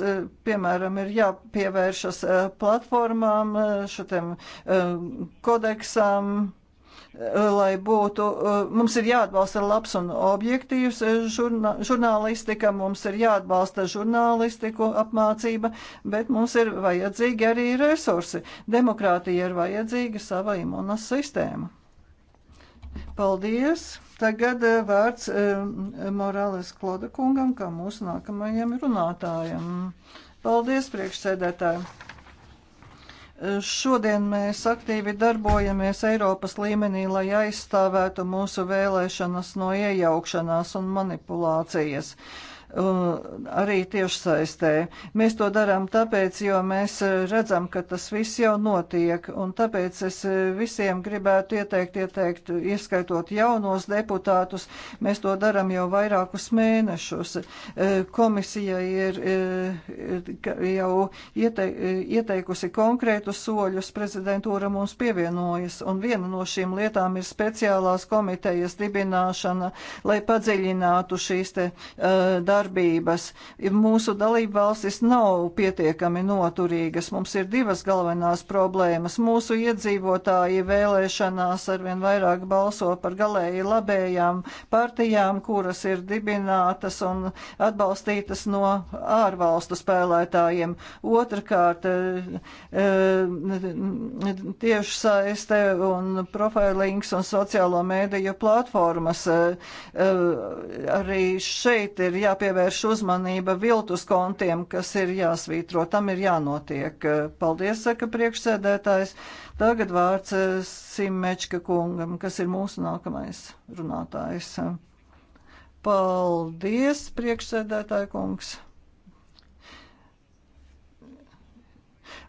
piemēram, ir jāpievēršas platformām, šitiem kodeksām lai būtu, eh, mums ir jāatbalsta labs un objektīvs eh, žurnā, žurnālistika, mums ir jāatbalsta žurnālistiku apmācība, bet mums ir vajadzīgi arī resursi. Demokrātija ir vajadzīga sava imunas sistēma. Paldies! Tagad eh, vārds Morāles Kloda kungam, kā mūsu nākamajam runātājam. Paldies, priekšsēdētāji! Šodien mēs aktīvi darbojamies Eiropas līmenī, lai aizstāvētu mūsu vēlēšanas no iejaukšanās un manipulācijas. Uh, Uh, arī tiešsaistē. Mēs to darām tāpēc, jo mēs uh, redzam, ka tas viss jau notiek, un tāpēc es uh, visiem gribētu ieteikt, ieteikt, ieskaitot jaunos deputātus, mēs to darām jau vairākus mēnešus. Komisija ir jau ieteikusi konkrētus soļus, prezidentūra mums pievienojas, un viena no šīm lietām ir speciālās komitejas dibināšana, lai padziļinātu šīs te darbu darbības. Mūsu dalībvalstis nav pietiekami noturīgas. Mums ir divas galvenās problēmas. Mūsu iedzīvotāji vēlēšanās arvien vairāk balso par galēji labējām partijām, kuras ir dibinātas un atbalstītas no ārvalstu spēlētājiem. Otrakārt, eh, tieši saiste un profilings un sociālo mēdīju platformas eh, arī šeit ir jāpievērt jāpievērš uzmanība viltus kontiem, kas ir jāsvītro, tam ir jānotiek. Paldies, saka priekšsēdētājs. Tagad vārds eh, Simečka kungam, kas ir mūsu nākamais runātājs. Paldies, priekšsēdētāja kungs.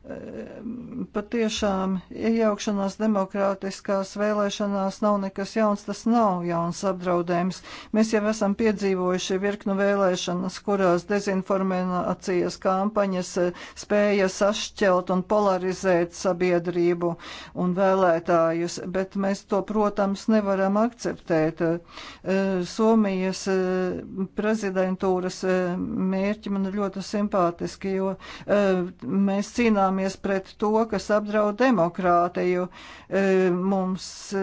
Ehm, patiešām iejaukšanās demokrātiskās vēlēšanās nav nekas jauns, tas nav jauns apdraudējums. Mēs jau esam piedzīvojuši virknu vēlēšanas, kurās dezinformācijas kampaņas eh, spēja sašķelt un polarizēt sabiedrību un vēlētājus, bet mēs to, protams, nevaram akceptēt. Ehm, Somijas ehm, prezidentūras mērķi man ir ļoti simpātiski, jo mēs cīnāmies cīnāmies pret to, kas apdraud demokrātiju. E, mums e,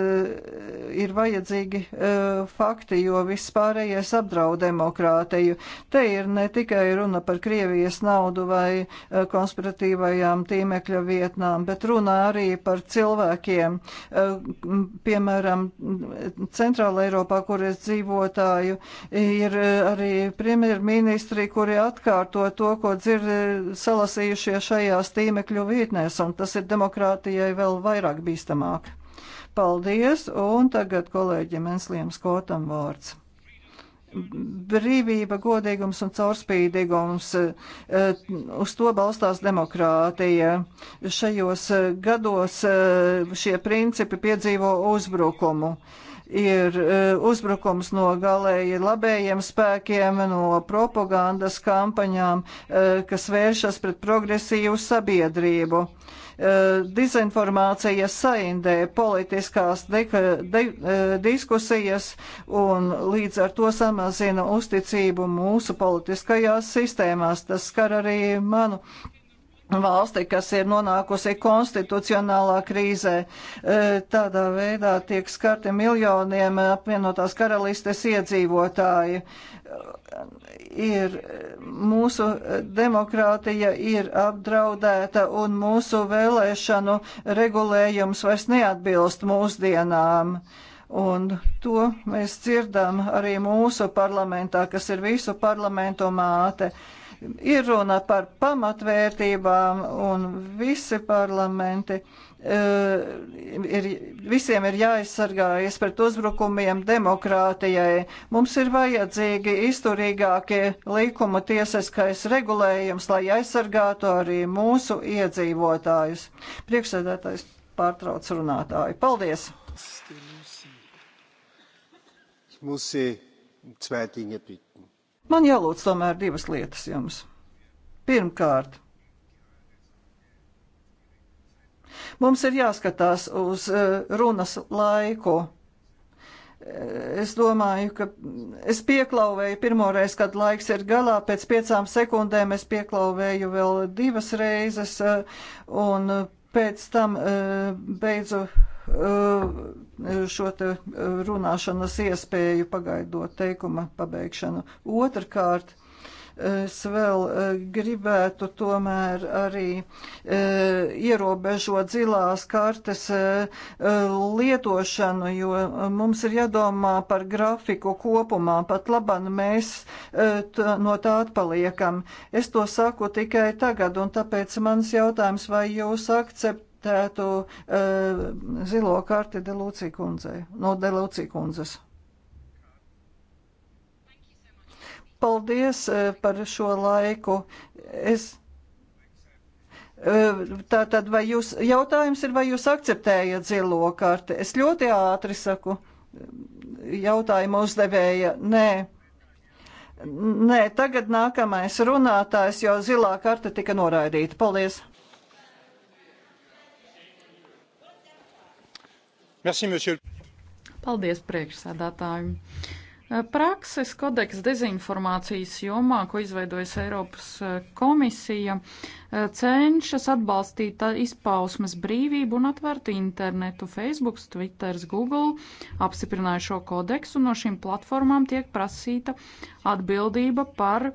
ir vajadzīgi e, fakti, jo viss pārējais apdraud demokrātiju. Te ir ne tikai runa par Krievijas naudu vai konspiratīvajām tīmekļa vietnām, bet runā arī par cilvēkiem. Piemēram, Centrāla Eiropā, kur es dzīvotāju, ir arī premjerministri, kuri atkārto to, ko dzird salasījušie šajās tīmekļa tīmekļu vietnēs, un tas ir demokrātijai vēl vairāk bīstamāk. Paldies, un tagad kolēģiem Ensliem Skotam vārds. Brīvība, godīgums un caurspīdīgums, eh, uz to balstās demokrātija. Šajos eh, gados eh, šie principi piedzīvo uzbrukumu ir e, uzbrukums no galēji labējiem spēkiem, no propagandas kampaņām, e, kas vēršas pret progresīvu sabiedrību. E, Dezinformācija saindē politiskās de, de, diskusijas un līdz ar to samazina uzticību mūsu politiskajās sistēmās. Tas skar arī manu valsti, kas ir nonākusi konstitucionālā krīzē. E, tādā veidā tiek skarti miljoniem apvienotās karalistes iedzīvotāji. Ir, mūsu demokrātija ir apdraudēta un mūsu vēlēšanu regulējums vairs neatbilst mūsdienām. Un to mēs dzirdam arī mūsu parlamentā, kas ir visu parlamentu māte. Uh, Ir runa par pamatvērtībām un visi parlamenti. E, ir, visiem ir jāaizsargājas pret uzbrukumiem demokrātijai. Mums ir vajadzīgi izturīgākie likuma tiesiskais regulējums, lai aizsargātu arī mūsu iedzīvotājus. Priekšsēdētājs pārtrauc runātāju. Paldies! Ich muss Sie zwei Dinge bitten. Man jālūdz tomēr divas lietas jums. Pirmkārt, mums ir jāskatās uz eh, runas laiku. Eh, es domāju, ka es pieklauvēju pirmoreiz, kad laiks ir galā, pēc piecām sekundēm es pieklauvēju vēl divas reizes, eh, un pēc tam beidzu Uh, šo te uh, runāšanas iespēju pagaidot teikuma pabeigšanu. Otrkārt, es vēl uh, gribētu tomēr arī ierobežot zilās kartes lietošanu, jo mums ir jādomā par grafiku kopumā, pat labam mēs no tā atpaliekam. Es to saku tikai tagad, un tāpēc mans jautājums, vai jūs akceptējat? vērtētu uh, eh, zilo karti Delūcī kundzei, no Delūcī kundzes. Paldies uh, par šo laiku. Es eh, Tātad, vai jūs, jautājums ir, vai jūs akceptējat zilo karti? Es ļoti ātri saku, jautājumu uzdevēja, nē. Nē, tagad nākamais runātājs, jo zilā karta tika noraidīta. Paldies! Paldies, priekšsēdētāji! Prakses kodeks dezinformācijas jomā, ko izveidojas Eiropas eh, komisija, cenšas atbalstīt izpausmes brīvību un atvērtu internetu. Facebook, Twitter, Google apstiprināja šo kodeksu, un no šīm platformām tiek prasīta atbildība par e,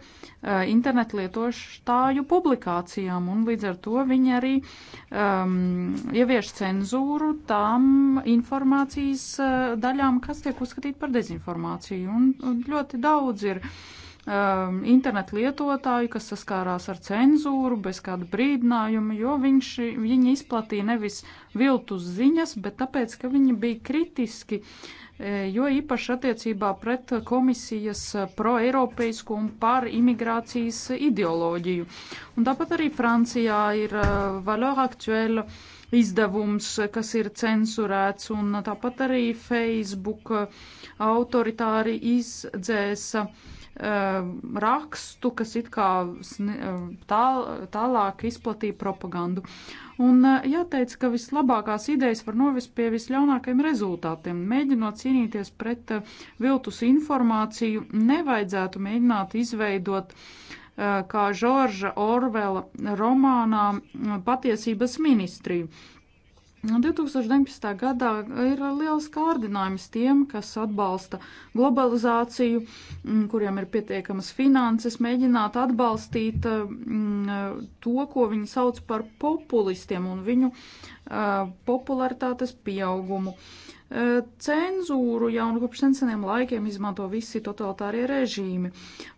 internetu lietotāju publikācijām, un līdz ar to viņi arī um, ievieš cenzūru tām informācijas e, daļām, kas tiek uzskatīta par dezinformāciju. Un, un ļoti daudz ir uh, um, internetu lietotāji, kas saskārās ar cenzūru bez kāda brīdinājuma, jo viņš, viņi izplatīja nevis viltus ziņas, bet tāpēc, ka viņi bija kritiski, e, jo īpaši attiecībā pret komisijas pro-eiropeisku un par imigrācijas ideoloģiju. Un tāpat arī Francijā ir e, Valor Actuelle izdevums, kas ir censurēts, un tāpat arī Facebook autoritāri izdzēsa uh, Um, rakstu, kas it kā um, tā, tālāk izplatīja propagandu. Un uh, jāteic, ka vislabākās idejas var novest pie visļaunākajiem rezultātiem. Mēģinot cīnīties pret uh, viltus informāciju, nevajadzētu mēģināt izveidot uh, kā Žorža Orvela romānā patiesības ministriju. 2019. gadā ir liels kārdinājums tiem, kas atbalsta globalizāciju, mm, kuriem ir pietiekamas finanses, mēģināt atbalstīt mm, to, ko viņi sauc par populistiem un viņu popularitātes pieaugumu. Cenzūru jau no nu kopš seniem laikiem izmanto visi totalitārie režīmi.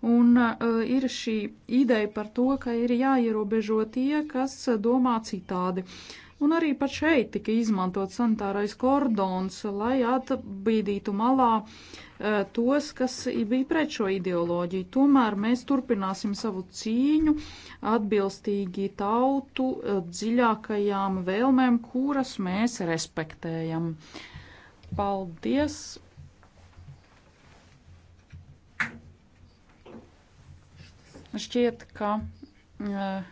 Un uh, ir šī ideja par to, ka ir jāierobežo tie, kas domā citādi. Uh, Un arī pat šeit tika izmantot sanitārais kordons, lai atbīdītu malā eh, tos, kas bija pret šo ideoloģiju. Tomēr mēs turpināsim savu cīņu atbilstīgi tautu eh, dziļākajām vēlmēm, kuras mēs respektējam. Paldies! Šķiet, ka uh,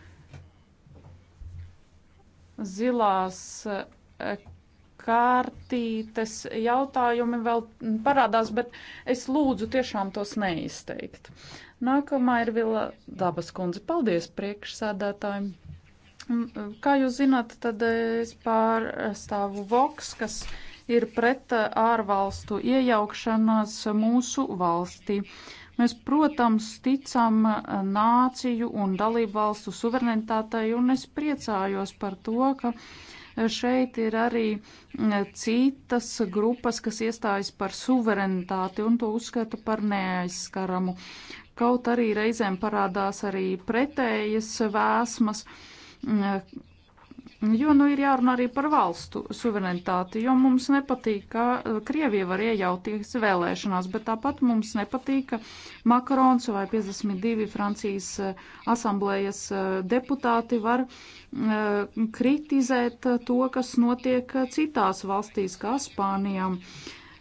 zilās eh, kārtītes jautājumi vēl parādās, bet es lūdzu tiešām tos neizteikt. Nākamā ir Vila Dabas kundze. Paldies priekšsēdētājiem! Mm, eh, kā jūs zināt, tad es pārstāvu Vox, kas ir pret eh, ārvalstu iejaukšanās mūsu valstī. Mēs, protams, ticam eh, nāciju un dalību valstu suverenitātei, un es priecājos par to, ka eh, šeit ir arī eh, citas grupas, kas iestājas par suverenitāti un to uzskata par neaizskaramu. Kaut arī reizēm parādās arī pretējas vēsmas mm, Jo nu ir jārunā arī par valstu suverenitāti, jo mums nepatīk, ka eh, Krievija var iejauties vēlēšanās, bet tāpat mums nepatīk, ka Makrons vai 52 Francijas eh, asamblējas eh, deputāti var kritizēt to, kas notiek citās valstīs, kā Spānijām.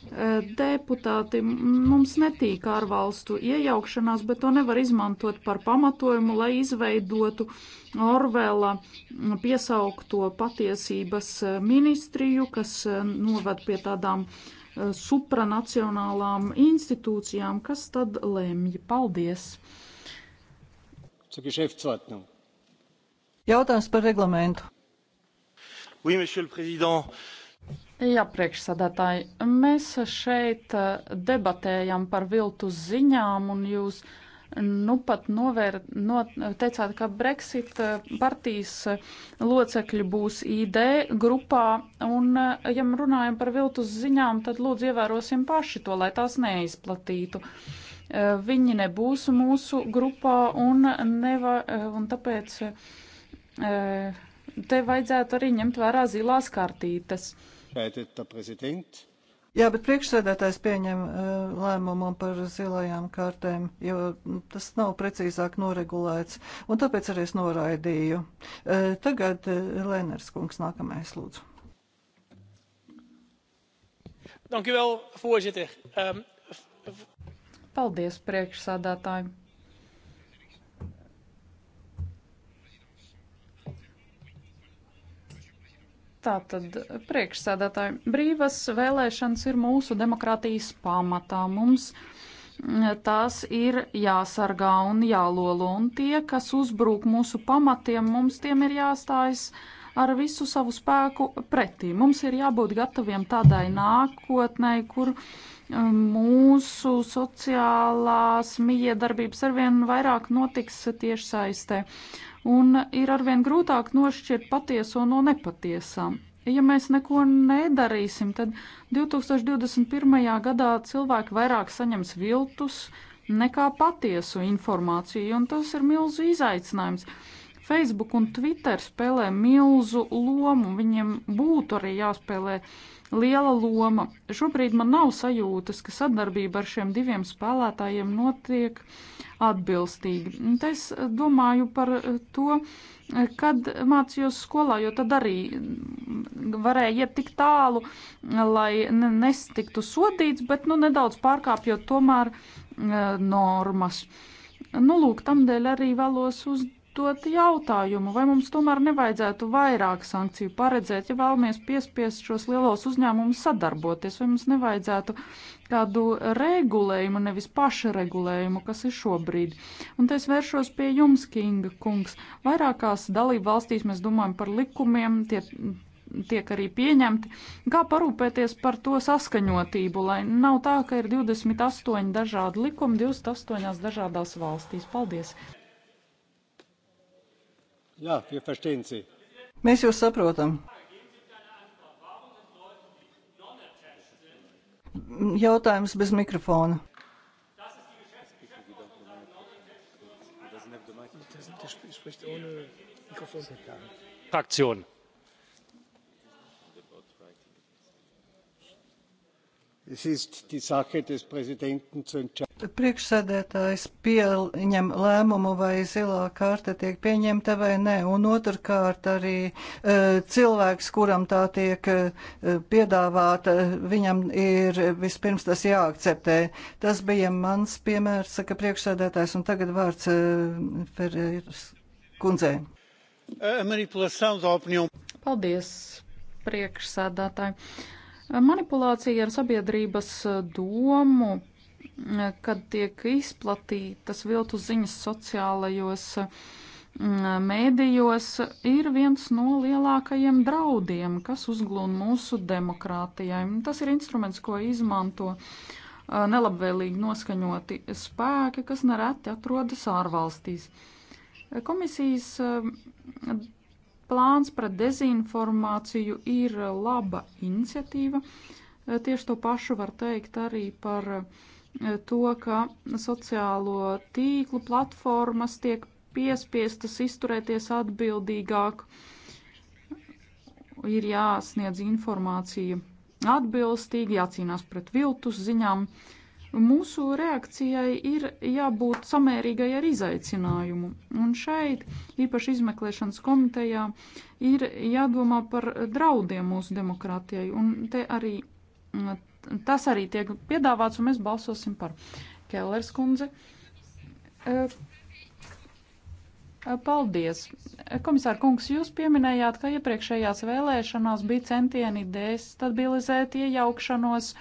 Eh, deputāti, mums netīk ārvalstu iejaukšanās, bet to nevar izmantot par pamatojumu, lai izveidotu Orvela piesaukto patiesības eh, ministriju, kas eh, novad pie tādām supranacionālām institūcijām, kas tad lēmj. Paldies! Jautājums par reglamentu. Oui, monsieur le président. Jā, priekšsādātāji, mēs šeit eh, debatējam par viltus ziņām, un jūs nu pat novēr, no, teicāt, ka Brexit eh, partijas eh, locekļi būs ID grupā, un ja runājam par viltus ziņām, tad lūdzu ievērosim paši to, lai tās neizplatītu viņi nebūs mūsu grupā un, neva, un tāpēc te vajadzētu arī ņemt vērā zilās kartītes entscheidet der Präsident. Jā, bet priekšsēdētājs pieņem uh, lēmumu par zilajām kartēm, jo tas nav precīzāk noregulēts, un tāpēc arī es noraidīju. Uh, tagad uh, Lēners kungs nākamais lūdzu. Dank u wel, voorzitter. Um, Paldies, priekšsādātāji. Tātad, priekšsēdētāji, brīvas vēlēšanas ir mūsu demokrātijas pamatā. Mums mm, tās ir jāsargā un jālolo, un tie, kas uzbrūk mūsu pamatiem, mums tiem ir jāstājas ar visu savu spēku pretī. Mums ir jābūt gataviem tādai nākotnē, kur mm, mūsu sociālās mijiedarbības arvien vairāk notiks tieši saistē. Uh, un ir arvien grūtāk nošķirt patieso no nepatiesām. Ja mēs neko nedarīsim, tad 2021. gadā cilvēki vairāk saņems viltus nekā patiesu informāciju, un tas ir milzu izaicinājums. Facebook un Twitter spēlē milzu lomu, viņiem būtu arī jāspēlē uh, liela loma. Šobrīd man nav sajūtas, ka sadarbība ar šiem diviem spēlētājiem notiek atbilstīgi. Tā es domāju par to, kad mācījos skolā, jo tad arī varēja iet tik tālu, lai nestiktu sodīts, bet nu nedaudz pārkāpjot tomēr eh, normas. Nu, lūk, tamdēļ arī vēlos uzdot uzdot jautājumu, vai mums tomēr nevajadzētu vairāk sankciju paredzēt, ja vēlamies piespiest šos lielos uzņēmumus sadarboties, vai mums nevajadzētu kādu regulējumu, nevis pašregulējumu, kas ir šobrīd. Un te es vēršos pie jums, Kinga kungs. Vairākās dalību valstīs mēs domājam par likumiem, tie tiek arī pieņemti. Kā parūpēties par to saskaņotību, lai nav tā, ka ir 28 dažādi likumi 28 dažādās valstīs? Paldies! Jā, wir verstehen Sie. Mēs jūs saprotam. Jautājums bez mikrofona. Fraktion. Es ist die Sache des Präsidenten zu entscheiden. Priekšsēdētājs pieņem lēmumu, vai zilā kārta tiek pieņemta vai nē, un otrkārt arī uh, cilvēks, kuram tā tiek uh, piedāvāta, viņam ir vispirms tas jāakceptē. Tas bija mans piemērs, saka priekšsēdētājs, un tagad vārds uh, e, Ferēras kundzei. Manipulação da opinião. Paldies, priekšsēdētāji Manipulācija ar sabiedrības eh, domu, eh, kad tiek izplatītas viltus ziņas sociālajos mm, mēdījos, ir viens no lielākajiem draudiem, kas uzglūn mūsu demokrātijai. Tas ir instruments, ko izmanto eh, nelabvēlīgi noskaņoti spēki, kas nereti atrodas ārvalstīs. Komisijas plāns pret dezinformāciju ir eh, laba iniciatīva. Eh, tieši to pašu var teikt arī par eh, to, ka sociālo tīklu platformas tiek piespiestas izturēties atbildīgāk, ir jāsniedz informācija atbilstīgi, jācīnās pret viltus ziņām. Uh, Mūsu reakcijai ir jābūt samērīgai ar izaicinājumu, un šeit, īpaši izmeklēšanas komitejā, ir jādomā par draudiem mūsu demokrātijai, un te arī tas arī tiek piedāvāts, un mēs balsosim par Kellers kundze. E, e, paldies! Komisāra kungs, jūs pieminējāt, ka iepriekšējās vēlēšanās bija centieni destabilizēt iejaukšanos. Ja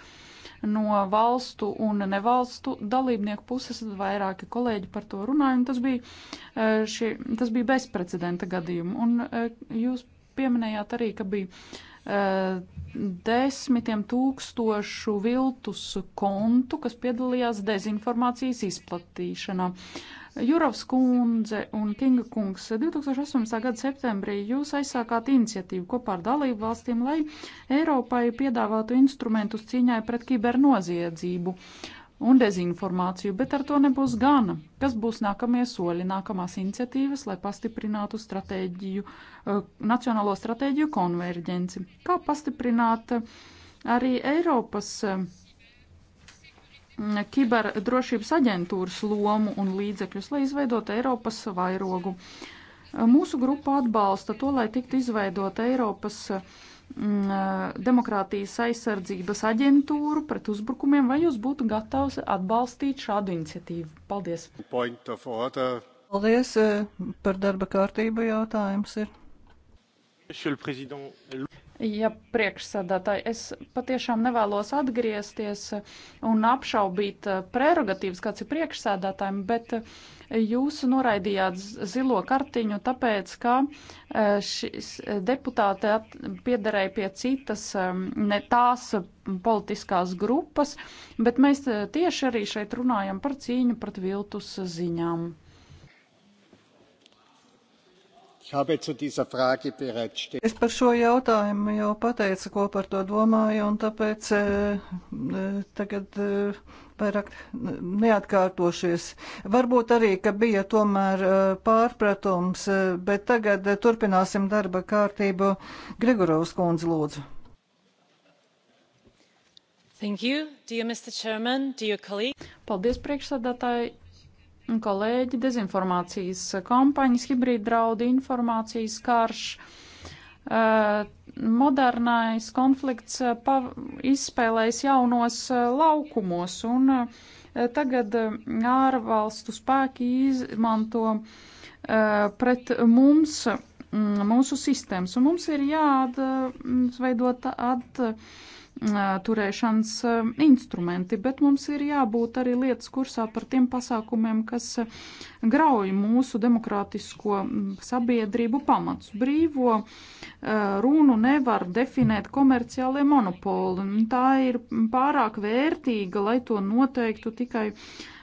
no valstu un nevalstu dalībnieku puses. Vairāki kolēģi par to runāja, un tas bija, eh, šie, tas bija bezprecedenta gadījumi. Un eh, jūs pieminējāt arī, ka bija eh, desmitiem tūkstošu viltus kontu, kas piedalījās dezinformācijas izplatīšanā. Uh, Jurovs kundze un Kinga kungs, 2018. gada septembrī jūs aizsākāt iniciatīvu kopā ar dalību valstīm, lai Eiropai piedāvātu instrumentus cīņai pret kibernoziedzību un dezinformāciju, bet ar to nebūs gana. Kas būs nākamie soļi, nākamās iniciatīvas, lai pastiprinātu stratēģiju, eh, nacionālo stratēģiju konverģenci? Kā pastiprināt eh, arī Eiropas eh, kiberdrošības aģentūras lomu un līdzekļus, lai izveidotu Eiropas vairogu. Mūsu grupa atbalsta to, lai tiktu izveidota Eiropas mm, demokrātijas aizsardzības aģentūru pret uzbrukumiem, vai jūs būtu gatavs atbalstīt šādu iniciatīvu? Paldies! Paldies eh, par darba kārtību jautājums ir. Ja priekšsēdētāji, es patiešām nevēlos atgriezties un apšaubīt eh, prerogatīvas, kāds ir priekšsēdētājiem, bet eh, jūs noraidījāt zilo kartiņu, tāpēc, ka eh, šis deputāte piederēja pie citas ehm, ne tās politiskās grupas, bet mēs tieši arī šeit runājam par cīņu pret viltus ziņām. Es par šo jautājumu jau pateicu, ko par to domāju, un tāpēc eh, eh, tagad eh, vairāk neatkārtošies. Varbūt arī, ka bija tomēr pārpratums, bet tagad turpināsim darba kārtību. Grigorovs kundze, lūdzu. Thank you, dear Mr. Chairman, dear colleague. Paldies, priekšsādātāji, kolēģi, dezinformācijas kampaņas, hibrīddraudi, informācijas karš, eh, modernais konflikts eh, izspēlējas jaunos eh, laukumos, un tagad ārvalstu spēki izmanto pret mums mm, mūsu sistēmas, un mums ir jāatveido at, turēšanas instrumenti, bet mums ir jābūt arī lietas kursā par tiem pasākumiem, kas grauj mūsu demokrātisko sabiedrību pamats. Brīvo runu nevar definēt komerciālie monopoli. Tā ir pārāk vērtīga, lai to noteiktu tikai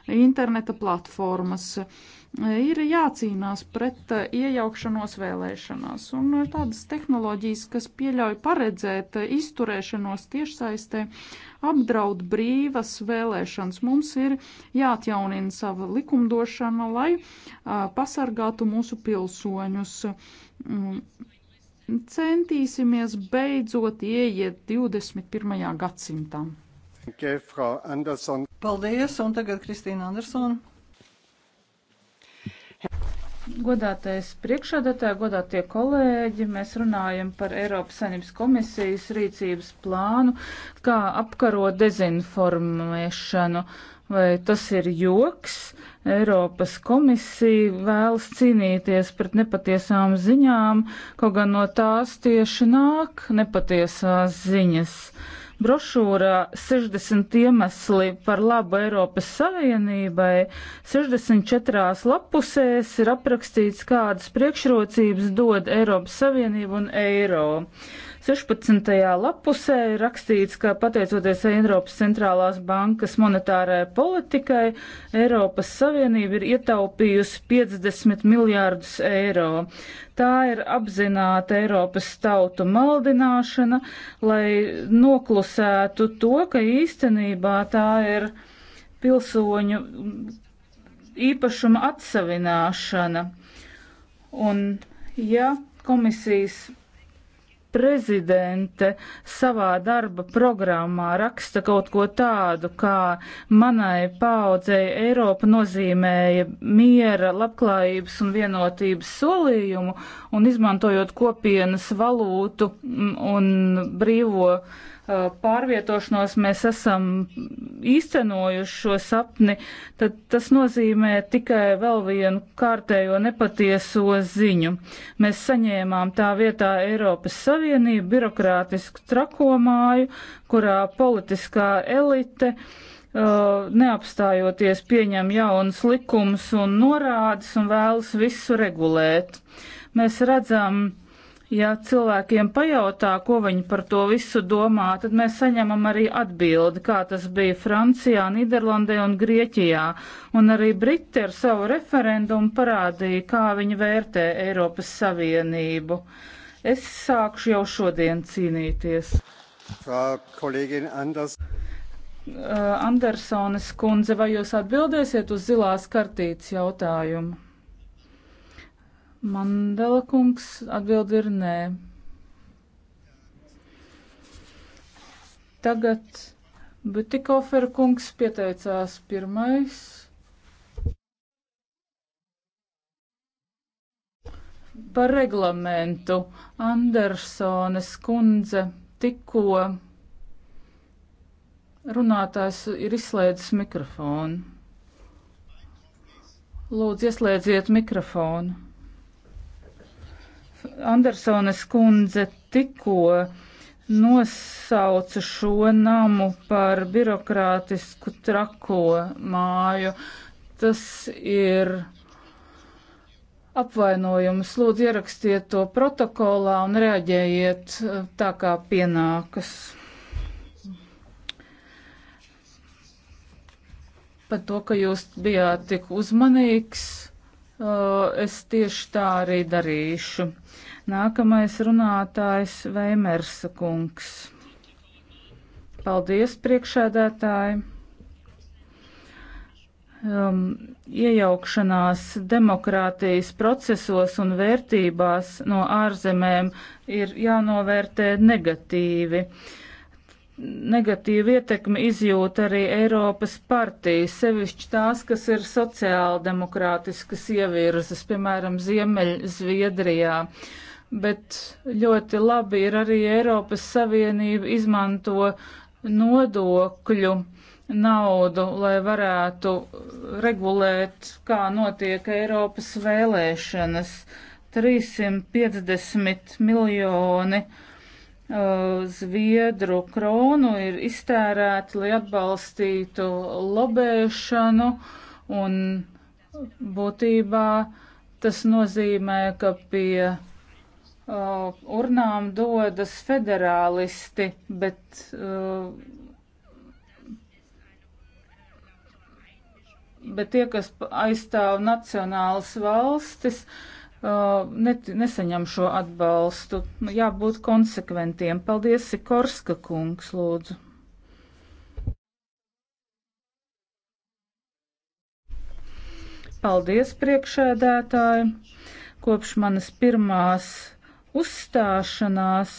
interneta platformas. Uh, ir jācīnās pret eh, iejaukšanos vēlēšanās. Un eh, tādas tehnoloģijas, kas pieļauj paredzēt eh, izturēšanos tiešsaistē, apdraud brīvas vēlēšanas. Mums ir jāatjaunina sava likumdošana, lai pasargātu mūsu pilsoņus. Mm, centīsimies beidzot ieiet 21. gadsimtā. Paldies, un tagad Kristīna Andersona. Godātais priekšādātāji, godātie kolēģi, mēs runājam par Eiropas saimnības komisijas rīcības plānu, kā apkarot dezinformēšanu. Vai tas ir joks? Eiropas komisija vēlas cīnīties pret nepatiesām ziņām, kaut gan no tās tieši nāk nepatiesās ziņas. Uh, brošūrā 60 iemesli par labu Eiropas Savienībai. 64 lapusēs ir aprakstīts, kādas priekšrocības dod Eiropas Savienība un eiro. 16. lapusē ir rakstīts, ka pateicoties Eiropas centrālās bankas monetārai politikai, Eiropas Savienība ir ietaupījusi 50 miljārdus eiro. Tā ir apzināta Eiropas tautu maldināšana, lai noklusētu to, ka īstenībā tā ir pilsoņu īpašuma atsavināšana. Un, ja komisijas prezidente savā darba programmā raksta kaut ko tādu, kā manai paudzei Eiropa nozīmēja miera, labklājības un vienotības solījumu, un izmantojot kopienas valūtu mm, un brīvo uh, pārvietošanos mēs esam īstenojuši šo sapni, tad tas nozīmē tikai vēl vienu kārtējo nepatieso ziņu. Mēs saņēmām tā vietā Eiropas Savienību birokrātisku trakomāju, kurā politiskā elite Uh, neapstājoties pieņem jaunas likumus un norādes un vēlas visu regulēt. Mēs redzam, Ja cilvēkiem pajautā, ko viņi par to visu domā, tad mēs saņemam arī atbildi, kā tas bija Francijā, Nīderlandē un Grieķijā. Un arī Briti ar savu referendumu parādīja, kā viņi vērtē Eiropas Savienību. Es sākšu jau šodien cīnīties. Anders. Uh, Andersonis kundze, vai jūs atbildēsiet uz zilās kartītes jautājumu? Mandela kungs atbild ir nē. Tagad Butikofer kungs pieteicās pirmais. Par reglamentu Andersones kundze tikko runātājs ir izslēdzis mikrofonu. Lūdzu, ieslēdziet mikrofonu. Andersones kundze tikko nosauca šo namu par birokrātisku trako māju. Tas ir apvainojums. Lūdzu, ierakstiet to protokolā un reaģējiet eh, tā, kā pienākas. Par to, ka jūs bijāt tik uzmanīgs es tieši tā arī darīšu. Nākamais runātājs Veimersa kungs. Paldies, priekšēdētāji! Um, iejaukšanās demokrātijas procesos un vērtībās no ārzemēm ir jānovērtē negatīvi. Uh, negatīvu ietekmi izjūt arī Eiropas partijas, sevišķi tās, kas ir sociāldemokrātiskas ievirzes, piemēram, Ziemeļzviedrijā. Bet ļoti labi ir arī Eiropas Savienība izmanto nodokļu naudu, lai varētu regulēt, kā notiek Eiropas vēlēšanas. 350 miljoni eiro Eh, Zviedru kronu ir iztērēti, lai atbalstītu lobēšanu, un būtībā tas nozīmē, ka pie uh, urnām dodas federālisti, bet. Uh, Bet tie, kas aizstāv nacionālas valstis, uh, Uh, net, nesaņem šo atbalstu. Nu, jābūt konsekventiem. Paldies, Sikorska kungs, lūdzu. Paldies, priekšēdētāji. Kopš manas pirmās uzstāšanās,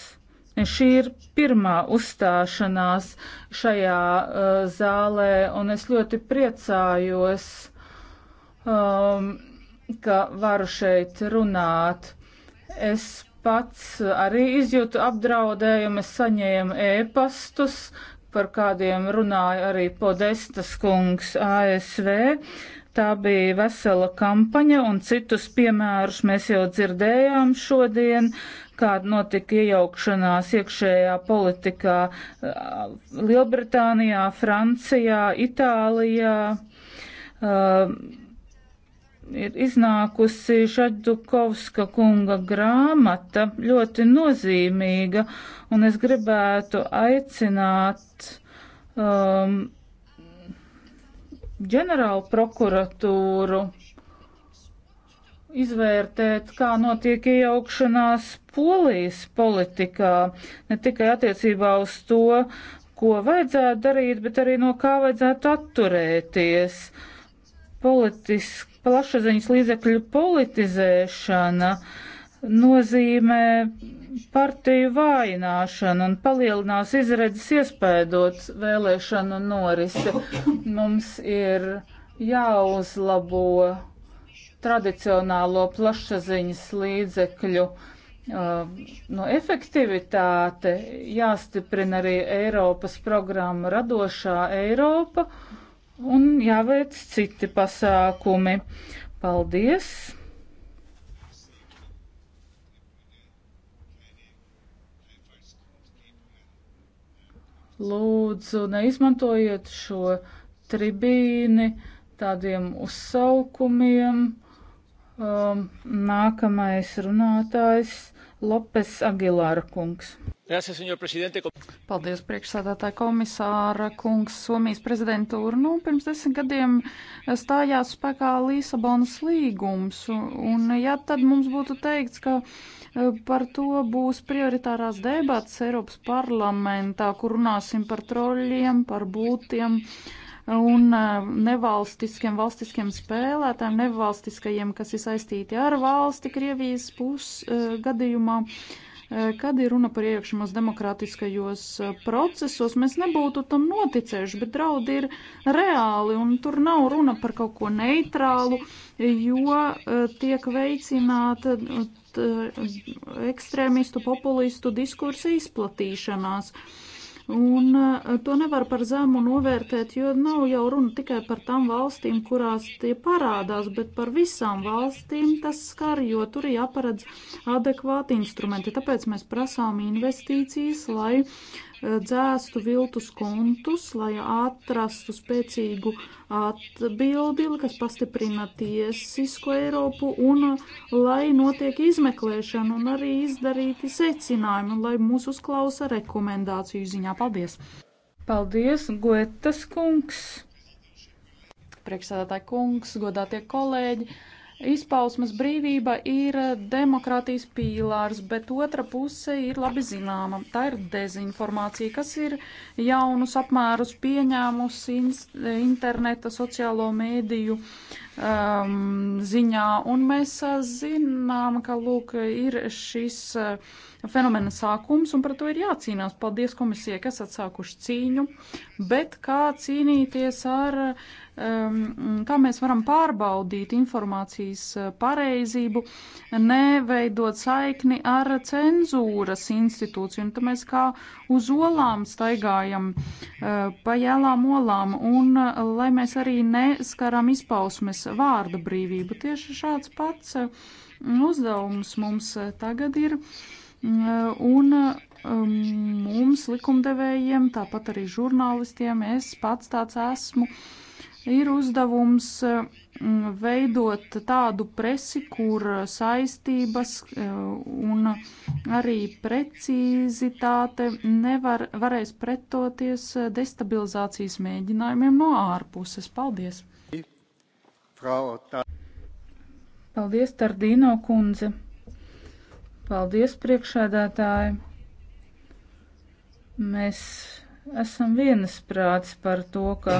šī ir pirmā uzstāšanās šajā uh, zālē, un es ļoti priecājos. Um, ka varu šeit runāt. Es pats arī izjūtu apdraudējumu, es saņēmu ēpastus, par kādiem runāja arī Podestas kungs ASV. Tā bija vesela kampaņa, un citus piemērus mēs jau dzirdējām šodien, kāda notika iejaukšanās iekšējā politikā Lielbritānijā, Francijā, Itālijā. Uh, ir iznākusi Šaģdukovska kunga grāmata, ļoti nozīmīga, un es gribētu aicināt um, ģenerālu prokuratūru izvērtēt, kā notiek iejaukšanās polijas politikā, ne tikai attiecībā uz to, ko vajadzētu darīt, bet arī no kā vajadzētu atturēties. Politiski plašsaziņas līdzekļu politizēšana nozīmē partiju vājināšanu un palielinās izredzes iespēdot vēlēšanu norisi. Mums ir jāuzlabo tradicionālo plašsaziņas līdzekļu Uh, no nu, efektivitāte jāstiprina arī Eiropas programma Radošā Eiropa un jāveic citi pasākumi. Paldies! Lūdzu, neizmantojiet šo tribīni tādiem uzsaukumiem. Um, nākamais runātājs Lopes Agilāra kungs. Paldies, priekšsādātāja komisāra kungs. Somijas prezidentūra nu, pirms desmit gadiem stājās spēkā Līsabonas līgums. Un, un ja tad mums būtu teikts, ka eh, par to būs prioritārās debats Eiropas parlamentā, kur runāsim par troļļiem, par būtiem. Uh, un eh, nevalstiskiem valstiskiem spēlētājiem, nevalstiskajiem, kas ir saistīti ar valsti Krievijas puses eh, gadījumā. Eh, kad ir runa par iekšanos demokrātiskajos procesos, mēs nebūtu tam noticējuši, bet draudi ir reāli, un tur nav runa par kaut ko neitrālu, jo tiek veicināta ekstrēmistu, populistu diskursa izplatīšanās. Uh, Un eh, to nevar par zemu novērtēt, jo nav jau runa tikai par tām valstīm, kurās tie parādās, bet par visām valstīm tas skar, jo tur jāparedz adekvāti instrumenti. Tāpēc mēs prasām investīcijas, lai dzēstu viltus kontus, lai atrastu spēcīgu atbildi, kas pastiprina tiesisko Eiropu un lai notiek izmeklēšana un arī izdarīti secinājumi un lai mūs uzklausa rekomendāciju ziņā. Paldies! Paldies, Goetas kungs! Priekšsēdētāji kungs, godātie kolēģi! Izpausmas brīvība ir eh, demokrātijas pīlārs, bet otra puse ir labi zināma. Tā ir dezinformācija, kas ir jaunus apmērus pieņēmusi interneta sociālo mēdīju um, ziņā, un mēs uh, zinām, ka lūk, ir šis uh, fenomena sākums, un par to ir jācīnās. Paldies komisijai, kas atsākuši cīņu, bet kā cīnīties ar, um, kā mēs varam pārbaudīt informācijas uh, pareizību, neveidot saikni ar cenzūras institūciju, un tad mēs kā uz olām staigājam uh, pa jēlām olām, un lai mēs arī neskaram izpausmes vārda brīvību. Tieši šāds pats mm, uzdevums mums eh, tagad ir. Mm, un mm, mums, likumdevējiem, tāpat arī žurnālistiem, es pats tāds esmu, ir uzdevums veidot tādu presi, kur saistības eh, un arī precizitāte nevar, varēs pretoties destabilizācijas mēģinājumiem no ārpuses. Paldies! Paldies, Tardīno kundze. Paldies, priekšēdētāji. Mēs esam vienasprāts par to, ka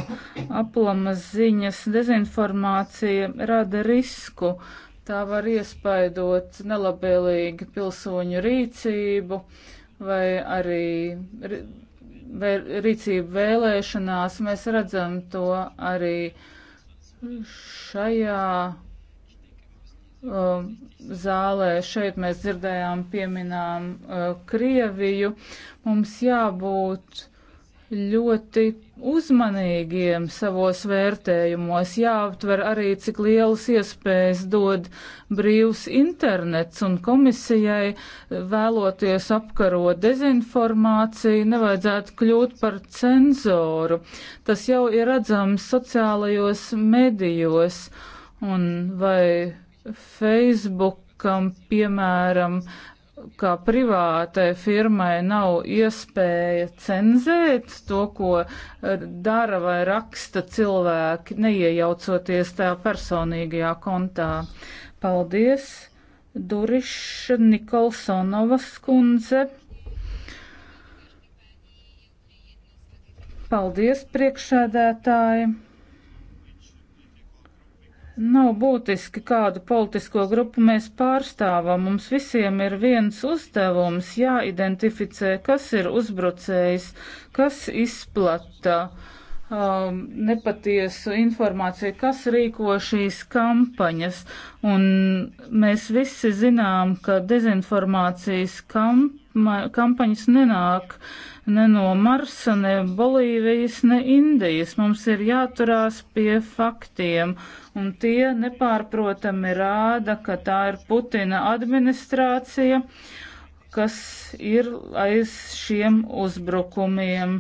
aplamas ziņas dezinformācija rada risku. Tā var iespaidot nelabēlīgi pilsoņu rīcību vai arī rīcību vēlēšanās. Mēs redzam to arī šajā um, zālē, šeit mēs dzirdējām pieminām uh, Krieviju, mums jābūt ļoti uzmanīgiem savos vērtējumos, jāaptver arī, cik lielas iespējas dod brīvs internets, un komisijai vēloties apkarot dezinformāciju, nevajadzētu kļūt par cenzoru. Tas jau ir redzams sociālajos medijos, un vai Facebookam, piemēram, ka privātai firmai nav iespēja cenzēt to, ko eh, dara vai raksta cilvēki, neiejaucoties tajā personīgajā kontā. Paldies, Duriša Nikolsonovas kundze. Paldies, priekšēdētāji. Nav būtiski, kādu politisko grupu mēs pārstāvam. Mums visiem ir viens uzdevums - jāidentificē, kas ir uzbrucējs, kas izplata um, nepatiesu informāciju, kas rīko šīs kampaņas. Un mēs visi zinām, ka dezinformācijas kamp kampaņas nenāk ne no Marsa, ne Bolīvijas, ne Indijas. Mums ir jāturās pie faktiem un tie nepārprotami rāda, ka tā ir Putina administrācija, kas ir aiz šiem uzbrukumiem.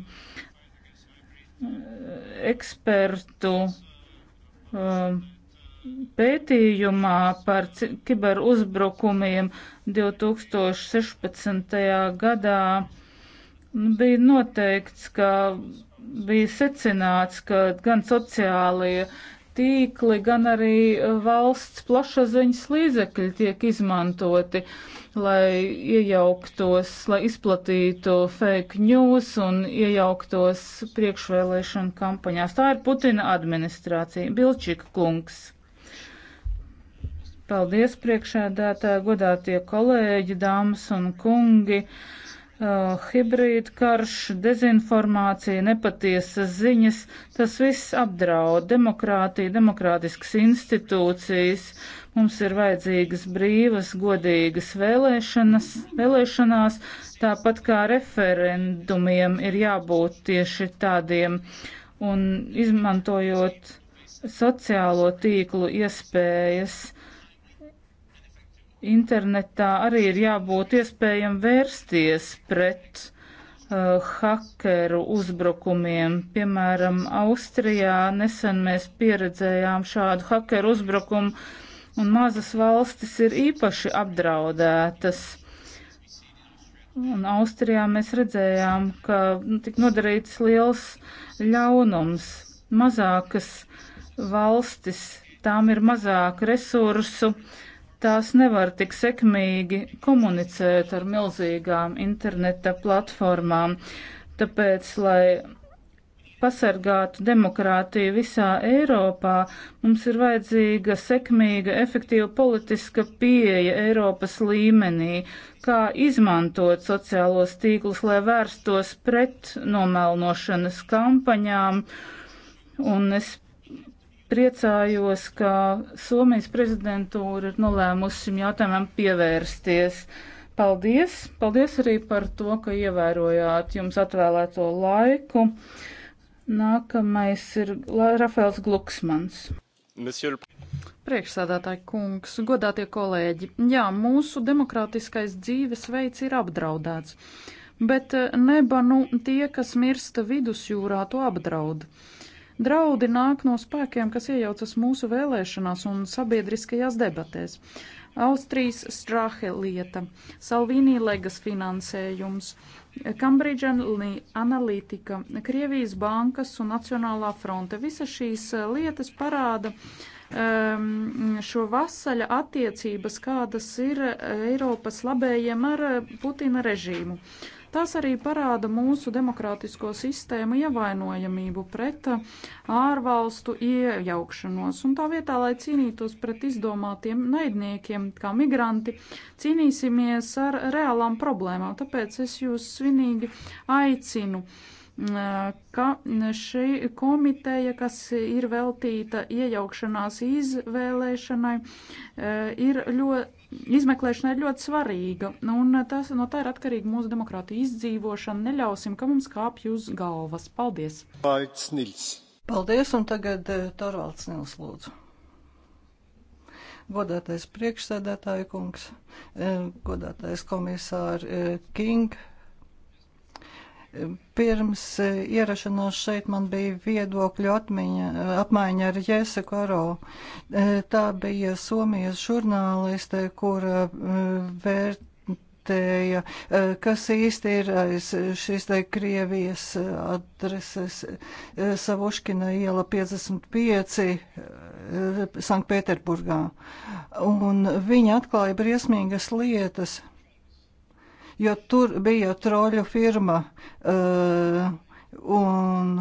Ekspertu um, pētījumā par kiberuzbrukumiem 2016. gadā nu, bija noteikts, ka bija secināts, ka gan sociālie, tīkli, gan arī e, valsts plašsaziņas līdzekļi tiek izmantoti, lai iejauktos, lai izplatītu fake news un iejauktos priekšvēlēšanu kampaņās. Tā ir Putina administrācija. Bilčika kungs. Paldies priekšēdētāji, godātie kolēģi, dāmas un kungi. Uh, uh, hibrīdkarš, dezinformācija, nepatiesas ziņas, tas viss apdraud demokrātiju, demokrātiskas institūcijas. Mums ir vajadzīgas brīvas, godīgas vēlēšanas, vēlēšanās, tāpat kā referendumiem ir jābūt tieši tādiem. Un izmantojot sociālo tīklu iespējas, internetā arī ir jābūt iespējam vērsties pret uh, hakeru uzbrukumiem. Piemēram, Austrijā nesen mēs pieredzējām šādu hakeru uzbrukumu, un mazas valstis ir īpaši apdraudētas. Un Austrijā mēs redzējām, ka nu, tik nodarīts liels ļaunums. Mazākas valstis, tām ir mazāk resursu, uh, tās nevar tik sekmīgi komunicēt ar milzīgām interneta platformām. Tāpēc, lai pasargātu demokrātiju visā Eiropā, mums ir vajadzīga sekmīga, efektīva politiska pieeja Eiropas līmenī, kā izmantot sociālos tīklus, lai vērstos pret nomelnošanas kampaņām. Un es Priecājos, ka Somijas prezidentūra ir nolēmusi šim jautājumam pievērsties. Paldies! Paldies arī par to, ka ievērojāt jums atvēlēto laiku. Nākamais ir Rafēls Gluksmans. Monsieur... Priekšsēdētāji kungs, godātie kolēģi, jā, mūsu demokrātiskais dzīvesveids ir apdraudēts, bet eh, neba nu tie, kas mirsta vidusjūrā, to apdraud. Uh, Draudi nāk no spēkiem, kas iejaucas mūsu vēlēšanās un sabiedriskajās debatēs. Austrijas strāhe lieta, Salvīnī legas finansējums, Cambridge Analytica, Krievijas bankas un Nacionālā fronte. Visas šīs eh, lietas parāda um, šo vasaļa attiecības, kādas ir eh, Eiropas labējiem ar eh, Putina režīmu. Uh, Tas arī parāda mūsu demokrātisko sistēmu ievainojamību pret uh, ārvalstu iejaukšanos. Un tā vietā, lai cīnītos pret izdomātiem naidniekiem, kā migranti, cīnīsimies ar reālām problēmām. Tāpēc es jūs svinīgi aicinu uh, ka šī komiteja, kas ir veltīta iejaukšanās izvēlēšanai, uh, ir ļoti izmeklēšana ir ļoti svarīga, un tas, no tā ir atkarīga mūsu demokrātija izdzīvošana. Neļausim, ka mums kāpj uz galvas. Paldies! Paldies, un tagad eh, Torvalds Nils lūdzu. Godātais priekšsēdētāju kungs, eh, godātais komisāri eh, King Pirms e, ierašanās šeit man bija viedokļu atmiņa, apmaiņa ar Jese Koro. E, tā bija Somijas žurnāliste, kura vērt e, vērtēja, kas īsti ir šis te Krievijas adreses Savuškina iela 55 Sanktpēterburgā. Un viņa atklāja briesmīgas lietas jo tur bija troļu firma. Eh, un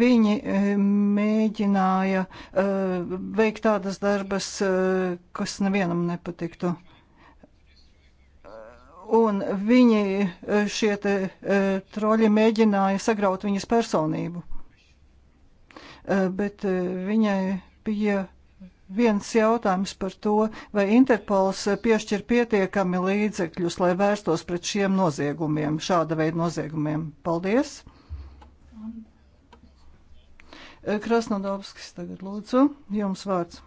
viņi eh, mēģināja eh, veikt tādas darbas, kas nevienam nepatiktu un viņi šie te, troļi mēģināja sagraut viņas personību. Bet viņai bija viens jautājums par to, vai Interpols piešķir pietiekami līdzekļus, lai vērstos pret šiem noziegumiem, šāda veida noziegumiem. Paldies! Krasnodobskis tagad lūdzu, jums vārds.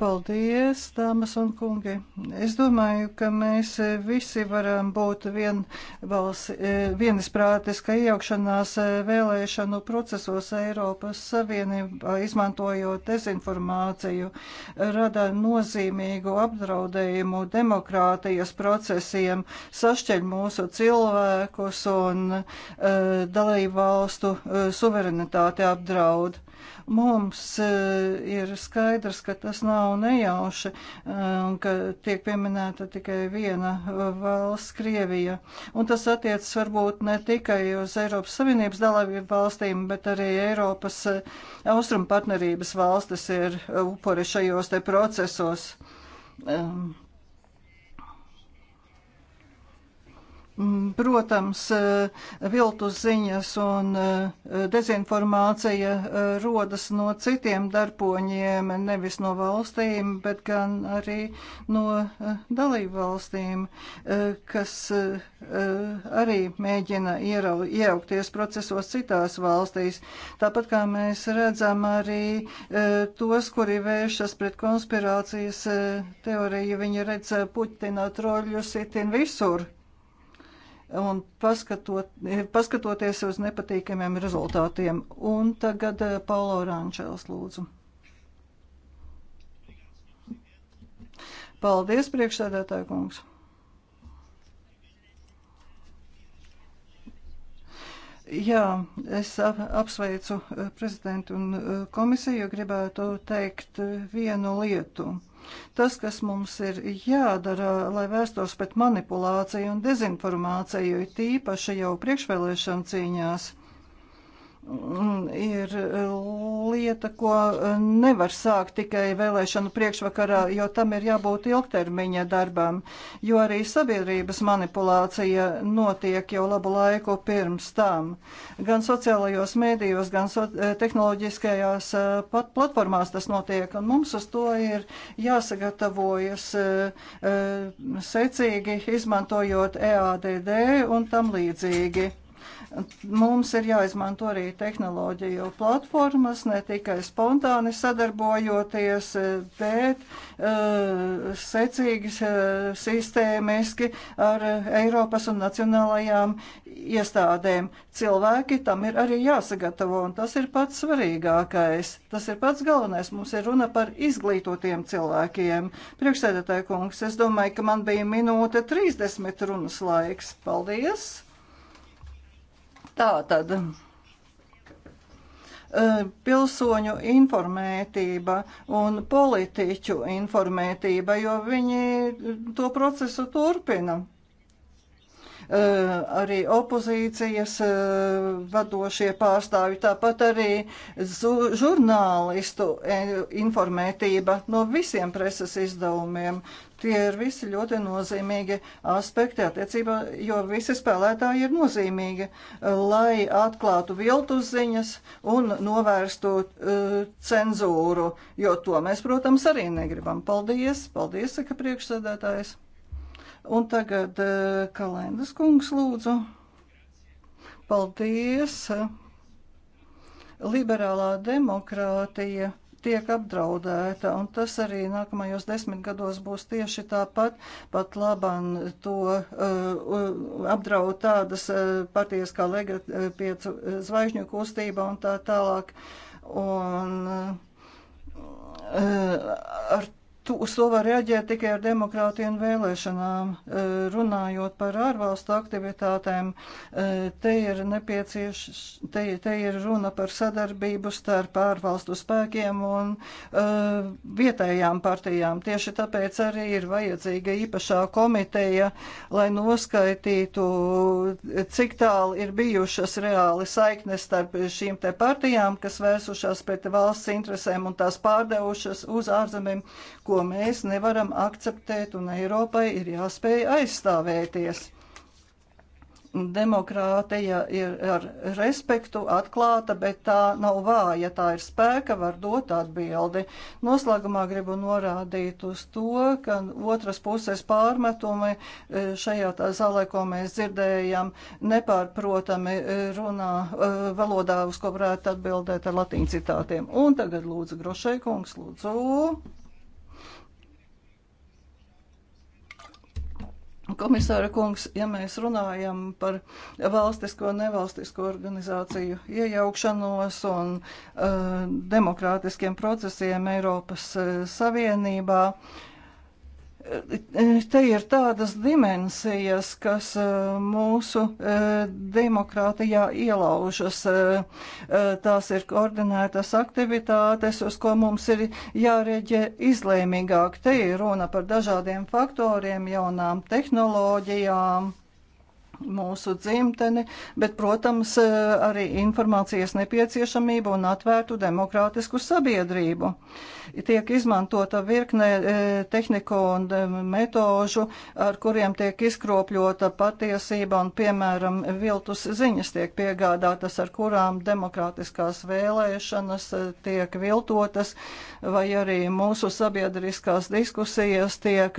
Paldies, dāmas un kungi. Es domāju, ka mēs visi varam būt vien balsi, e, vienisprātis, ka iejaukšanās e, vēlēšanu procesos Eiropas Savienībā izmantojot dezinformāciju rada nozīmīgu apdraudējumu demokrātijas procesiem, sašķeļ mūsu cilvēkus un uh, dalību valstu uh, suverenitāti apdraud. Mums eh, ir skaidrs, ka tas nav nejauši un eh, ka tiek pieminēta tikai viena eh, valsts, Krievija. Un tas attiecas varbūt ne tikai uz Eiropas Savienības dalību valstīm, bet arī Eiropas austrumu partnerības valstis ir upuri šajos te procesos. Um, Mm, protams, eh, viltus ziņas un eh, dezinformācija eh, rodas no citiem darboņiem, nevis no valstīm, bet gan arī no dalību valstīm, kas arī mēģina iejaukties procesos citās valstīs. Tāpat kā mēs redzam arī tos, kuri vēršas pret konspirācijas teoriju, viņi redz Putina troļļus itin visur un paskatot, paskatoties uz nepatīkamiem rezultātiem. Un tagad eh, Paulo Rančēls lūdzu. Paldies, priekšsēdētāja kungs! Jā, es ap, apsveicu eh, prezidentu un eh, komisiju, gribētu teikt vienu lietu. Tas, kas mums ir jādara, lai vērstos pret manipulāciju un dezinformāciju, ir tīpaši jau priekšvēlēšana cīņās, ir e, lieta, ko e, nevar sākt tikai vēlēšanu priekšvakarā, jo tam ir jābūt ilgtermiņa darbam, jo arī sabiedrības manipulācija notiek jau labu laiku pirms tam. Gan sociālajos mēdījos, gan so e, tehnoloģiskajās pat platformās tas notiek, un mums uz to ir jāsagatavojas secīgi, izmantojot EADD un tam līdzīgi. Mums ir jāizmanto arī tehnoloģiju platformas, ne tikai spontāni sadarbojoties, bet eh, secīgi, eh, sistēmiski ar Eiropas un nacionālajām iestādēm. Cilvēki tam ir arī jāsagatavo, un tas ir pats svarīgākais. Tas ir pats galvenais. Mums ir runa par izglītotiem cilvēkiem. Priekšsēdētāji kungs, es domāju, ka man bija minūte 30 runas laiks. Paldies! Tā tad e, pilsoņu informētība un politiķu informētība, jo viņi to procesu turpina. Eh, arī opozīcijas eh, vadošie pārstāvi, tāpat arī žurnālistu eh, informētība no visiem preses izdevumiem. Tie ir visi ļoti nozīmīgi aspekti attiecībā, jo visi spēlētāji ir nozīmīgi, lai atklātu viltus ziņas un novērstu uh, cenzūru, jo to mēs, protams, arī negribam. Paldies, paldies, saka priekšsēdētājs. Un tagad eh, Kalendas kungs lūdzu. Paldies! Liberālā demokrātija tiek apdraudēta, un tas arī nākamajos desmit gados būs tieši tāpat, pat laban to uh, apdraud tādas uh, eh, partijas kā Lega uh, piecu zvaigžņu kustība un tā tālāk. Un, uh, ar tu, uz to var reaģēt tikai ar demokrātiem vēlēšanām. Eh, runājot par ārvalstu aktivitātēm, eh, te ir, nepiecieš, te, te ir runa par sadarbību starp ārvalstu spēkiem un uh, vietējām partijām. Tieši tāpēc arī ir vajadzīga īpašā komiteja, lai noskaitītu, cik tālu ir bijušas reāli saiknes starp šīm te partijām, kas vērsušās pret valsts interesēm un tās pārdevušas uz ārzemēm ko mēs nevaram akceptēt, un Eiropai ir jāspēj aizstāvēties. Demokrātija ir ar respektu atklāta, bet tā nav vāja, tā ir spēka, var dot atbildi. Noslēgumā gribu norādīt uz to, ka otras puses pārmetumi e, šajā zālē, ko mēs dzirdējam, nepārprotami e, runā e, valodā, uz ko varētu atbildēt ar latīņu citātiem. Un tagad lūdzu Grošai kungs, lūdzu. Komisāra kungs, ja mēs runājam par valstisko un nevalstisko organizāciju iejaukšanos un uh, demokrātiskiem procesiem Eiropas uh, Savienībā, uh, te ir tādas dimensijas, kas eh, mūsu eh, demokrātijā ielaužas. Eh, tās ir koordinētas aktivitātes, uz ko mums ir jāreģē izlēmīgāk. Te ir runa par dažādiem faktoriem, jaunām tehnoloģijām mūsu dzimteni, bet, protams, eh, arī informācijas nepieciešamību un atvērtu demokrātisku sabiedrību. Tiek izmantota virkne eh, tehniku un eh, metožu, ar kuriem tiek izkropļota patiesība un, piemēram, viltus ziņas tiek piegādātas, ar kurām demokrātiskās vēlēšanas tiek viltotas, vai arī mūsu sabiedriskās diskusijas tiek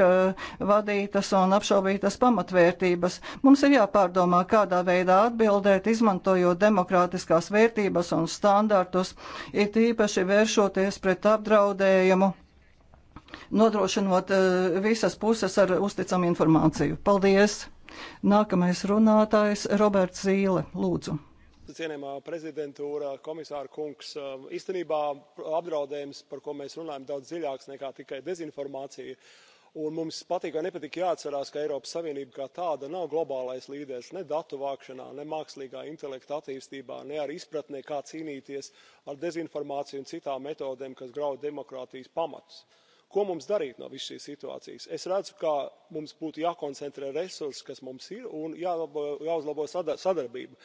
vadītas un apšaubītas pamatvērtības. Mums ir jā jāpārdomā, kādā veidā atbildēt, izmantojot demokrātiskās vērtības un standartus, it īpaši vēršoties pret apdraudējumu, nodrošinot eh, visas puses ar uzticamu informāciju. Paldies! Nākamais runātājs Roberts Zīle, lūdzu. Cienījamā prezidentūra, komisāra kungs, eh, īstenībā apdraudējums, par ko mēs runājam, daudz dziļāks nekā tikai dezinformācija un mums patīk vai nepatīk jāatcerās ka eiropas savienība kā tāda nav globālais līderis ne datu vākšanā ne mākslīgā intelekta attīstībā ne arī izpratnē kā cīnīties ar dezinformāciju un citām metodēm kas grauj demokrātijas pamatus. ko mums darīt no visas šīs situācijas? es redzu ka mums būtu jākoncentrē resursi kas mums ir un jāuzlabo sadarbība.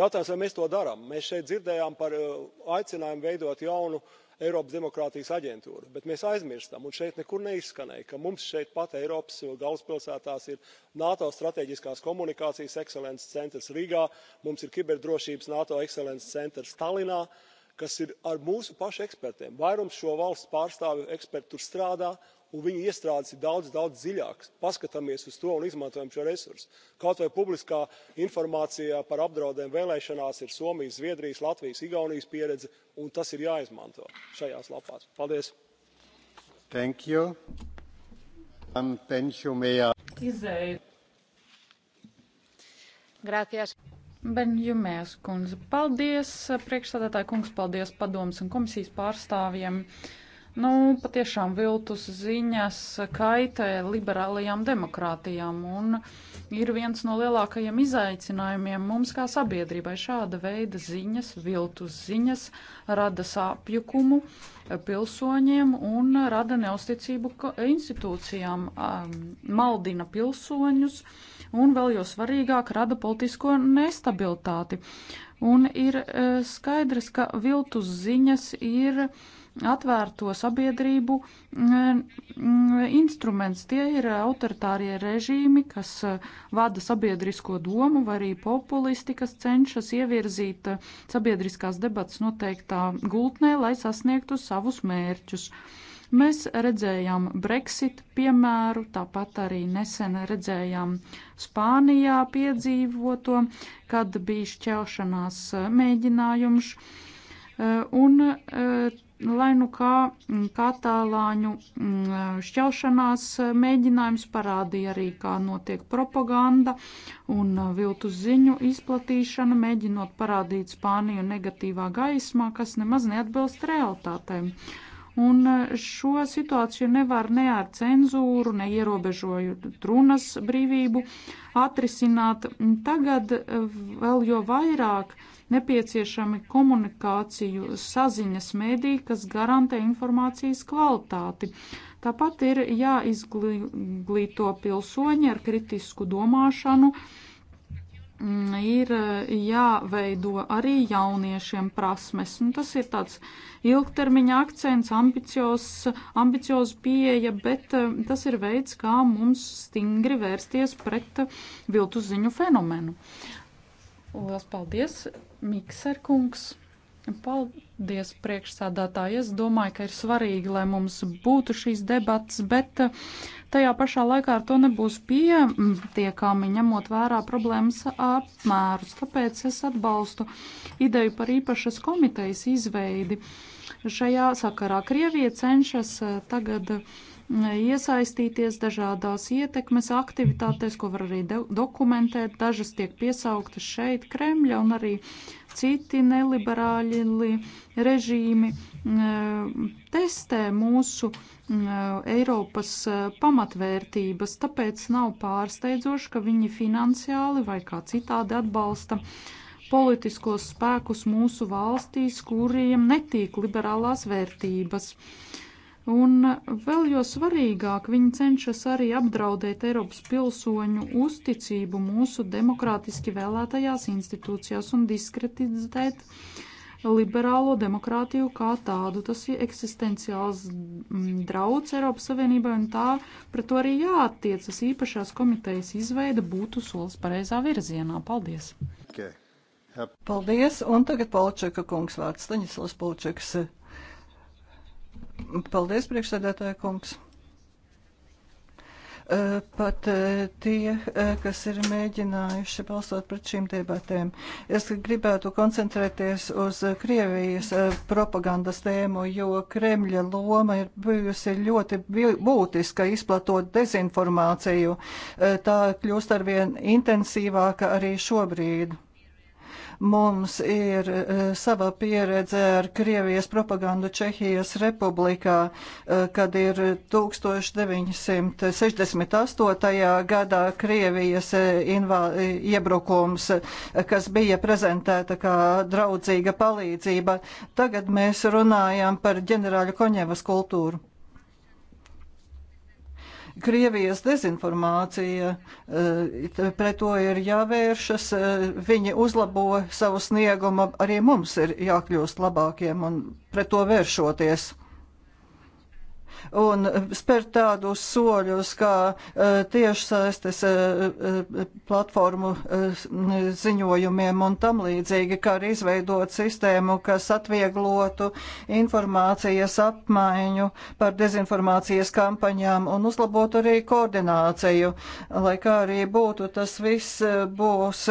jautājums vai mēs to darām? mēs šeit dzirdējām par eh, aicinājumu veidot jaunu Eiropas demokrātijas aģentūru. Bet mēs aizmirstam, un šeit nekur neizskanēja, ka mums šeit pat Eiropas galvaspilsētās ir NATO strateģiskās komunikācijas ekscelences centrs Rīgā, mums ir kiberdrošības NATO ekscelences centrs Stalinā kas ir ar mūsu pašu ekspertiem. Vairums šo valstu pārstāvju eksperti tur strādā, un viņu iestrādes ir daudz daudz dziļākas. paskatāmies uz to un izmantojam šo resursu. kaut vai publiskā informācija par apdraudēm vēlēšanās ir somijas zviedrijas latvijas igaunijas pieredze un tas ir jāizmanto šajās lapās. paldies! Benjumēs kundze, paldies priekšsādātāja kungs, paldies padomas un komisijas pārstāvjiem. Nu, patiešām viltus ziņas kaitē liberālajām demokrātijām un ir viens no lielākajiem izaicinājumiem mums kā sabiedrībai. Šāda veida ziņas, viltus ziņas rada sāpjukumu pilsoņiem un rada neusticību institūcijām, um, maldina pilsoņus un vēl jau svarīgāk rada politisko nestabilitāti. Un ir eh, skaidrs, ka viltus ziņas ir atvērto sabiedrību mm, mm, instruments. Tie ir autoritārie režīmi, kas eh, vada sabiedrisko domu, vai arī populisti, kas cenšas ievirzīt eh, sabiedriskās debatas noteiktā gultnē, lai sasniegtu savus mērķus. Mēs redzējām Brexit piemēru, tāpat arī nesen redzējām Spānijā piedzīvoto, kad bija šķelšanās eh, mēģinājums. Un lai nu kā mm, katalāņu mm, šķelšanās mēģinājums parādīja arī, kā notiek propaganda un uh, viltus ziņu izplatīšana, mēģinot parādīt Spāniju negatīvā gaismā, kas nemaz neatbilst realitātēm. Un uh, šo situāciju nevar ne ar cenzūru, ne ierobežojot runas brīvību atrisināt. Tagad uh, vēl jo vairāk uh, nepieciešami komunikāciju saziņas mēdī, kas garantē informācijas kvalitāti. Tāpat ir jāizglīto pilsoņi ar kritisku domāšanu, mm, ir eh, jāveido arī jauniešiem prasmes. Un nu, tas ir tāds ilgtermiņa akcents, ambiciozs pieeja, bet eh, tas ir veids, kā mums stingri vērsties pret viltu ziņu fenomenu. Lielas paldies, Mikser kungs. Paldies, priekšsādātāji. Es domāju, ka ir svarīgi, lai mums būtu šīs debats, bet eh, tajā pašā laikā ar to nebūs pietiekami ņemot vērā problēmas apmērus. Tāpēc es atbalstu ideju par īpašas komitejas izveidi. Šajā sakarā Krievija cenšas eh, tagad iesaistīties dažādās ietekmes aktivitātēs, ko var arī dokumentēt. Dažas tiek piesauktas šeit Kremļa un arī citi neliberāļi režīmi mm, eh, testē mūsu mm, eh, Eiropas eh, pamatvērtības, tāpēc nav pārsteidzoši, ka viņi finansiāli vai kā citādi atbalsta politiskos spēkus mūsu valstīs, kuriem netīk liberālās vērtības. Uh, Un vēl jo svarīgāk viņi cenšas arī apdraudēt Eiropas pilsoņu uzticību mūsu demokrātiski vēlētajās institūcijās un diskreditēt liberālo demokrātiju kā tādu. Tas ir eksistenciāls mm, drauds Eiropas Savienībai, un tā pret to arī jāattiecas. Īpašās komitejas izveida būtu solis pareizā virzienā. Paldies! Okay. Yep. Paldies, un tagad Polčeka kungs vārds, Staņislavs Polčeks. Paldies, priekšsēdētāja kungs! pat tie, kas ir mēģinājuši balsot pret šīm debatēm. Es gribētu koncentrēties uz Krievijas propagandas tēmu, jo Kremļa loma ir bijusi ļoti būtiska izplatot dezinformāciju. Tā kļūst arvien intensīvāka arī šobrīd. Mums ir e, sava pieredze ar Krievijas propagandu Čehijas republikā, e, kad ir 1968. gadā Krievijas e, invā, iebrukums, kas bija prezentēta kā draudzīga palīdzība. Tagad mēs runājam par ģenerāļu Koņevas kultūru. Krievijas dezinformācija, eh, pret to ir jāvēršas, eh, viņi uzlabo savu sniegumu, arī mums ir jākļūst labākiem un pret to vēršoties un spērt tādus soļus, kā e, tiešsaistes e, e, platformu ziņojumiem un tam līdzīgi, kā arī izveidot sistēmu, kas atvieglotu informācijas apmaiņu par dezinformācijas kampaņām un uzlabotu arī koordināciju. Lai kā arī būtu, tas viss būs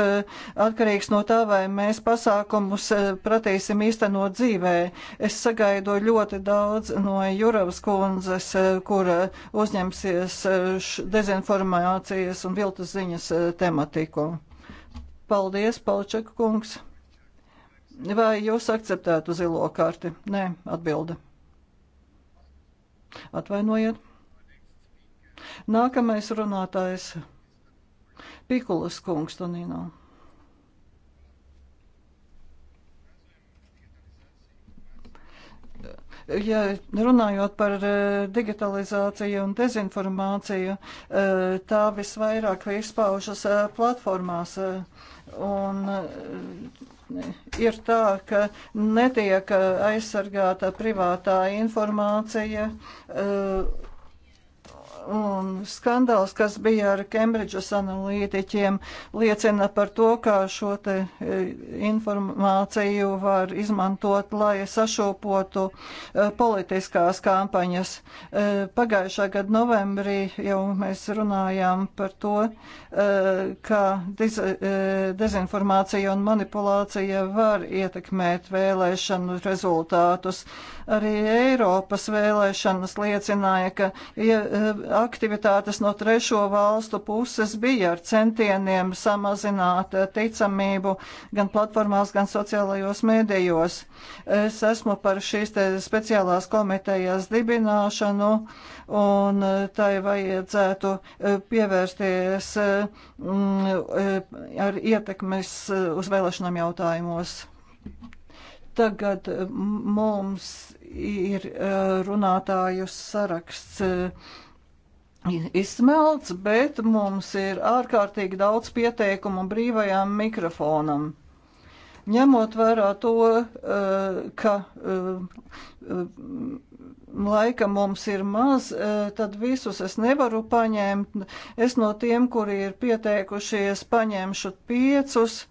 atkarīgs no tā, vai mēs pasākumus pratīsim īstenot dzīvē. Es sagaidu ļoti daudz no Juravas kundzes kundzes, eh, kur eh, uzņemsies eh, dezinformācijas un viltus ziņas tematiku. Paldies, Palčeka kungs. Vai jūs akceptētu zilo karti? Nē, atbilde. Atvainojiet. Nākamais runātājs Pikulas kungs, Tonino. Ja runājot par e, digitalizāciju un dezinformāciju, e, tā visvairāk izpaužas e, platformās. Un ir tā, ka netiek aizsargāta privātā informācija Un skandāls, kas bija ar Kembridžas analītiķiem, liecina par to, kā šo te e, informāciju var izmantot, lai sašūpotu e, politiskās kampaņas. E, pagājušā gada novembrī jau mēs runājām par to, ka dezinformācija un manipulācija var ietekmēt vēlēšanu rezultātus. Arī Eiropas vēlēšanas liecināja, ka ja, aktivitātes no trešo valstu puses bija ar centieniem samazināt eh, ticamību gan platformās, gan sociālajos mēdījos. Es esmu par šīs speciālās komitejas dibināšanu un eh, tai vajadzētu eh, pievērsties mm, ar ietekmes uz vēlēšanām jautājumos. Tagad mm, mums ir runātāju saraksts izsmelts, bet mums ir ārkārtīgi daudz pieteikumu brīvajam mikrofonam. Ņemot vērā to, eh, ka eh, laika mums ir maz, eh, tad visus es nevaru paņemt. Es no tiem, kuri ir pieteikušies, paņemšu piecus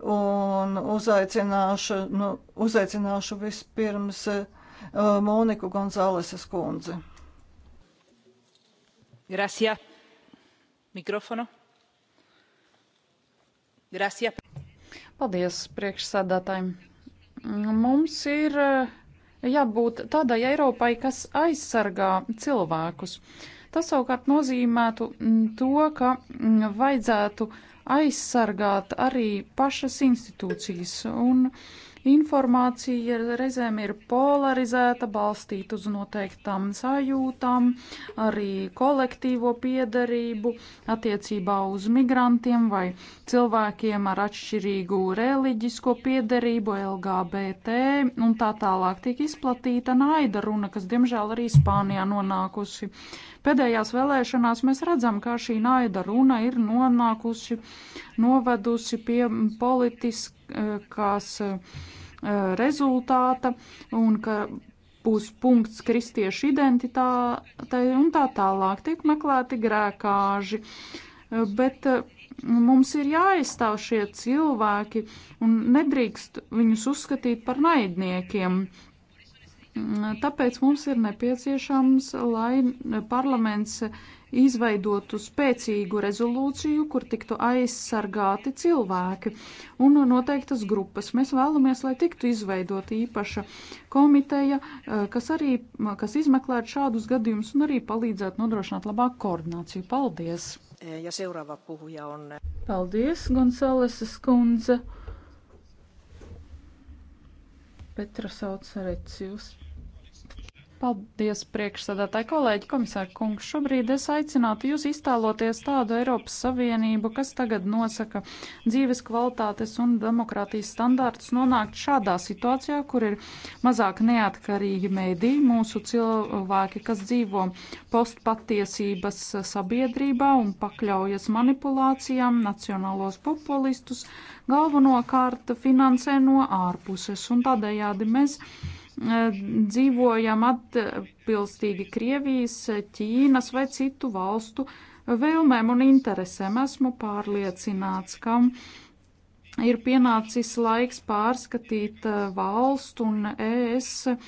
un uzaicināšu, nu, uzaicināšu vispirms Moniku Gonzaleses kundzi. Paldies priekšsādātājiem. Mums ir eh, jābūt tādai Eiropai, kas aizsargā cilvēkus. Tas savukārt nozīmētu mm, to, ka mm, vajadzētu aizsargāt arī pašas institūcijas un uh, Informācija reizēm ir polarizēta, balstīta uz noteiktām sajūtām, arī kolektīvo piedarību attiecībā uz migrantiem vai cilvēkiem ar atšķirīgu reliģisko piedarību, LGBT un tā tālāk tiek izplatīta naida runa, kas diemžēl arī Spānijā nonākusi. Pēdējās vēlēšanās mēs redzam, kā šī naida runa ir nonākusi, novedusi pie politiski politiskās eh, rezultāta un ka būs punkts kristiešu identitātei un tā tālāk. Tiek meklēti grēkāži, bet eh, mums ir jāaizstāv šie cilvēki un nedrīkst viņus uzskatīt par naidniekiem. Mm, tāpēc mums ir nepieciešams, lai eh, parlaments izveidotu spēcīgu rezolūciju, kur tiktu aizsargāti cilvēki un noteiktas grupas. Mēs vēlamies, lai tiktu izveidota īpaša komiteja, eh, kas arī kas izmeklētu šādus gadījumus un arī palīdzētu nodrošināt labāku koordināciju. Paldies! Eh, ja seuraava puhuja on... Paldies, Gonzales skundze! Petra sauc Recius. Paldies, priekšsēdētāji kolēģi, komisāri kungs. Šobrīd es aicinātu jūs iztēloties tādu Eiropas Savienību, kas tagad nosaka dzīves kvalitātes un demokrātijas standārtus, nonākt šādā situācijā, kur ir mazāk neatkarīgi mediji, mūsu cilvēki, kas dzīvo postpatiesības sabiedrībā un pakļaujas manipulācijām, nacionālos populistus, galvenokārt finansē no ārpuses. Un tādējādi mēs dzīvojam atbilstīgi Krievijas, Ķīnas vai citu valstu vēlmēm un interesēm. Esmu pārliecināts, ka ir pienācis laiks pārskatīt eh, valstu un ES eh,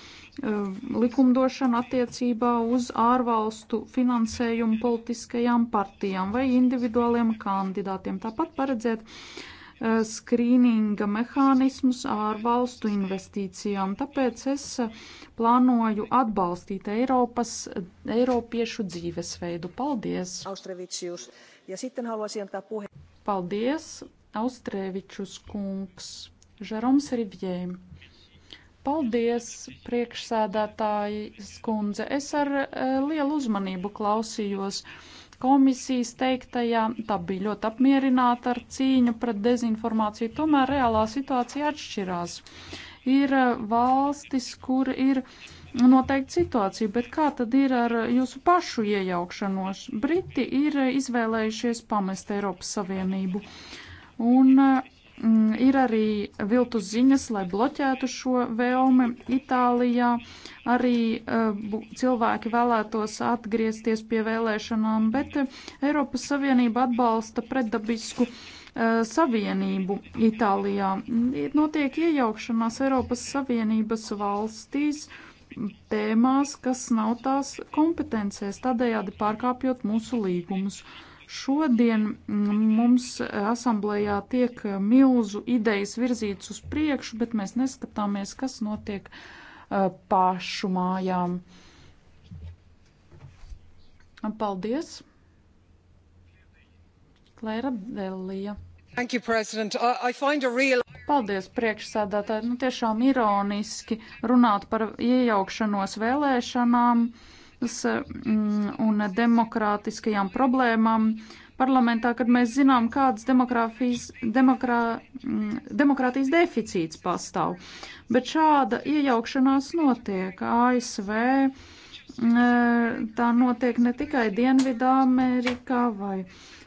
likumdošanu attiecībā uz ārvalstu finansējumu politiskajām partijām vai individuāliem kandidātiem. Tāpat paredzēt skrīninga mehānismus ārvalstu investīcijām. Tāpēc es plānoju atbalstīt Eiropas, Eiropiešu dzīvesveidu. Paldies! Ja sitten haluaisin antaa puhe... Paldies, Austrēvičus kungs, Žeroms Rivjē. Paldies, priekšsēdētāji skundze. Es ar eh, lielu uzmanību klausījos uh, komisijas teiktajā. Tā bija ļoti apmierināta ar cīņu pret dezinformāciju, tomēr reālā situācija atšķirās. Ir eh, valstis, kur ir noteikti situācija, bet kā tad ir ar jūsu pašu iejaukšanos? Briti ir eh, izvēlējušies pamest Eiropas Savienību. Un eh, Mm, ir arī viltus ziņas, lai bloķētu šo vēlmi. Itālijā arī uh, cilvēki vēlētos atgriezties pie vēlēšanām, bet e, Eiropas Savienība atbalsta pretdabisku uh, savienību Itālijā. Mm, notiek iejaukšanās Eiropas Savienības valstīs tēmās, kas nav tās kompetencēs, tādējādi pārkāpjot mūsu līgumus. Uh, Šodien mm, mums asamblējā tiek milzu idejas virzītas uz priekšu, bet mēs neskatāmies, kas notiek pašu mājām. Paldies! Klēra Delija. Thank you, President. I find a real... Paldies, priekšsēdētāji. Nu, tiešām ironiski runāt par iejaukšanos vēlēšanām. Uh, Mm, un demokrātiskajām problēmām parlamentā, kad mēs zinām, kāds demokrā, mm, demokrātijas deficīts pastāv. Bet šāda iejaukšanās notiek ASV. Mm, tā notiek ne tikai Dienvidā, Amerikā vai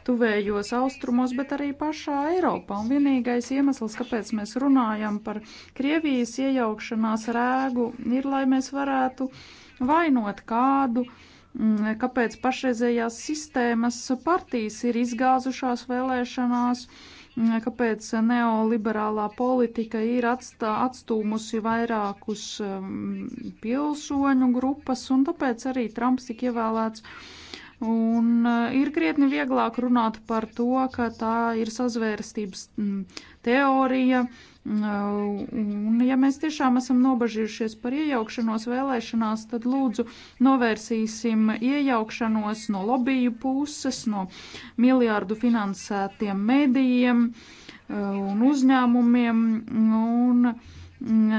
tuvējos austrumos, bet arī pašā Eiropā. Un vienīgais iemesls, kāpēc mēs runājam par Krievijas iejaukšanās rēgu, ir, lai mēs varētu uh, vainot kādu, mm, kāpēc pašreizējās sistēmas partijas ir izgāzušās vēlēšanās, mm, kāpēc neoliberālā politika ir atstā, atstūmusi vairākus mm, pilsoņu grupas, un tāpēc arī Trumps tik ievēlēts. Un ir krietni vieglāk runāt par to, ka tā ir sazvērstības teorija, uh, Un, ja mēs tiešām esam nobažījušies par iejaukšanos vēlēšanās, tad lūdzu novērsīsim iejaukšanos no lobiju puses, no miljārdu finansētiem medijiem uh, un uzņēmumiem. Un,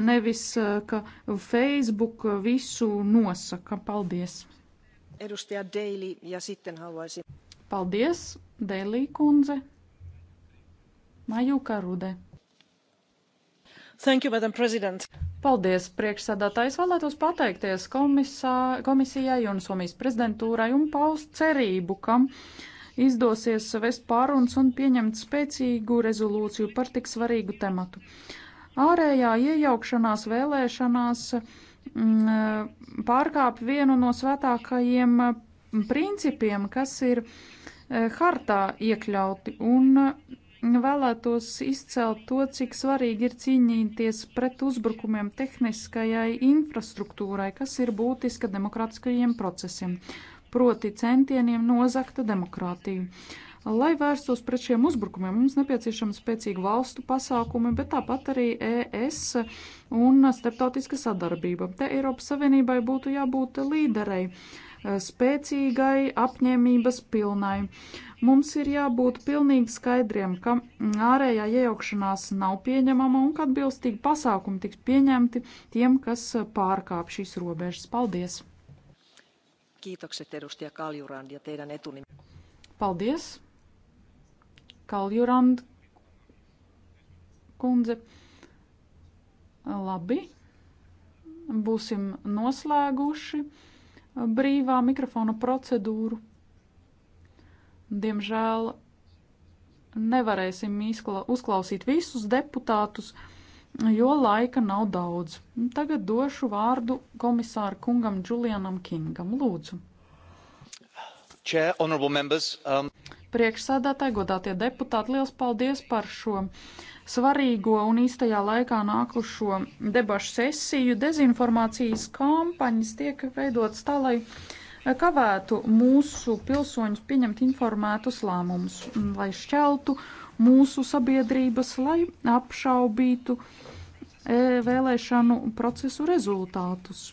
Nevis, uh, ka Facebook visu nosaka. Paldies! Edustaja Daily, ja sitten haluaisin. Paldies, Daily kundze. Majuka Rude. Thank you, Madam President. Paldies, priekšsēdētājs. Vēlētos pateikties komisā, komisijai un Somijas prezidentūrai un paust cerību, ka izdosies vest pārunas un pieņemt spēcīgu rezolūciju par tik svarīgu tematu. Ārējā iejaukšanās vēlēšanās mm, pārkāp vienu no svētākajiem principiem, kas ir eh, hartā iekļauti, un vēlētos izcelt to, cik svarīgi ir cīnīties pret uzbrukumiem tehniskajai infrastruktūrai, kas ir būtiska demokrātiskajiem procesiem, proti centieniem nozakta demokrātiju. Lai vērstos pret šiem uzbrukumiem, mums nepieciešama spēcīga valstu pasākumi, bet tāpat arī ES un starptautiska sadarbība. Te Eiropas Savienībai būtu jābūt līderei spēcīgai, apņēmības pilnai. Mums ir jābūt pilnīgi skaidriem, ka ārējā iejaukšanās nav pieņemama un ka atbilstīgi pasākumi tiks pieņemti tiem, kas pārkāp šīs robežas. Paldies! Kiitokset edustaja Kaljurand ja teidän etunim. Paldies! Kaljurand kundze. Labi, būsim noslēguši brīvā mikrofona procedūru. Diemžēl nevarēsim izkla, uzklausīt visus deputātus, jo laika nav daudz. Tagad došu vārdu komisāru kungam Julianam Kingam. Lūdzu. Chair, honorable members. Um priekšsēdētāji, godātie deputāti, liels paldies par šo svarīgo un īstajā laikā nākušo debašu sesiju. Dezinformācijas kampaņas tiek veidotas tā, lai kavētu mūsu pilsoņus pieņemt informētus lēmumus, lai šķeltu mūsu sabiedrības, lai apšaubītu e, vēlēšanu procesu rezultātus.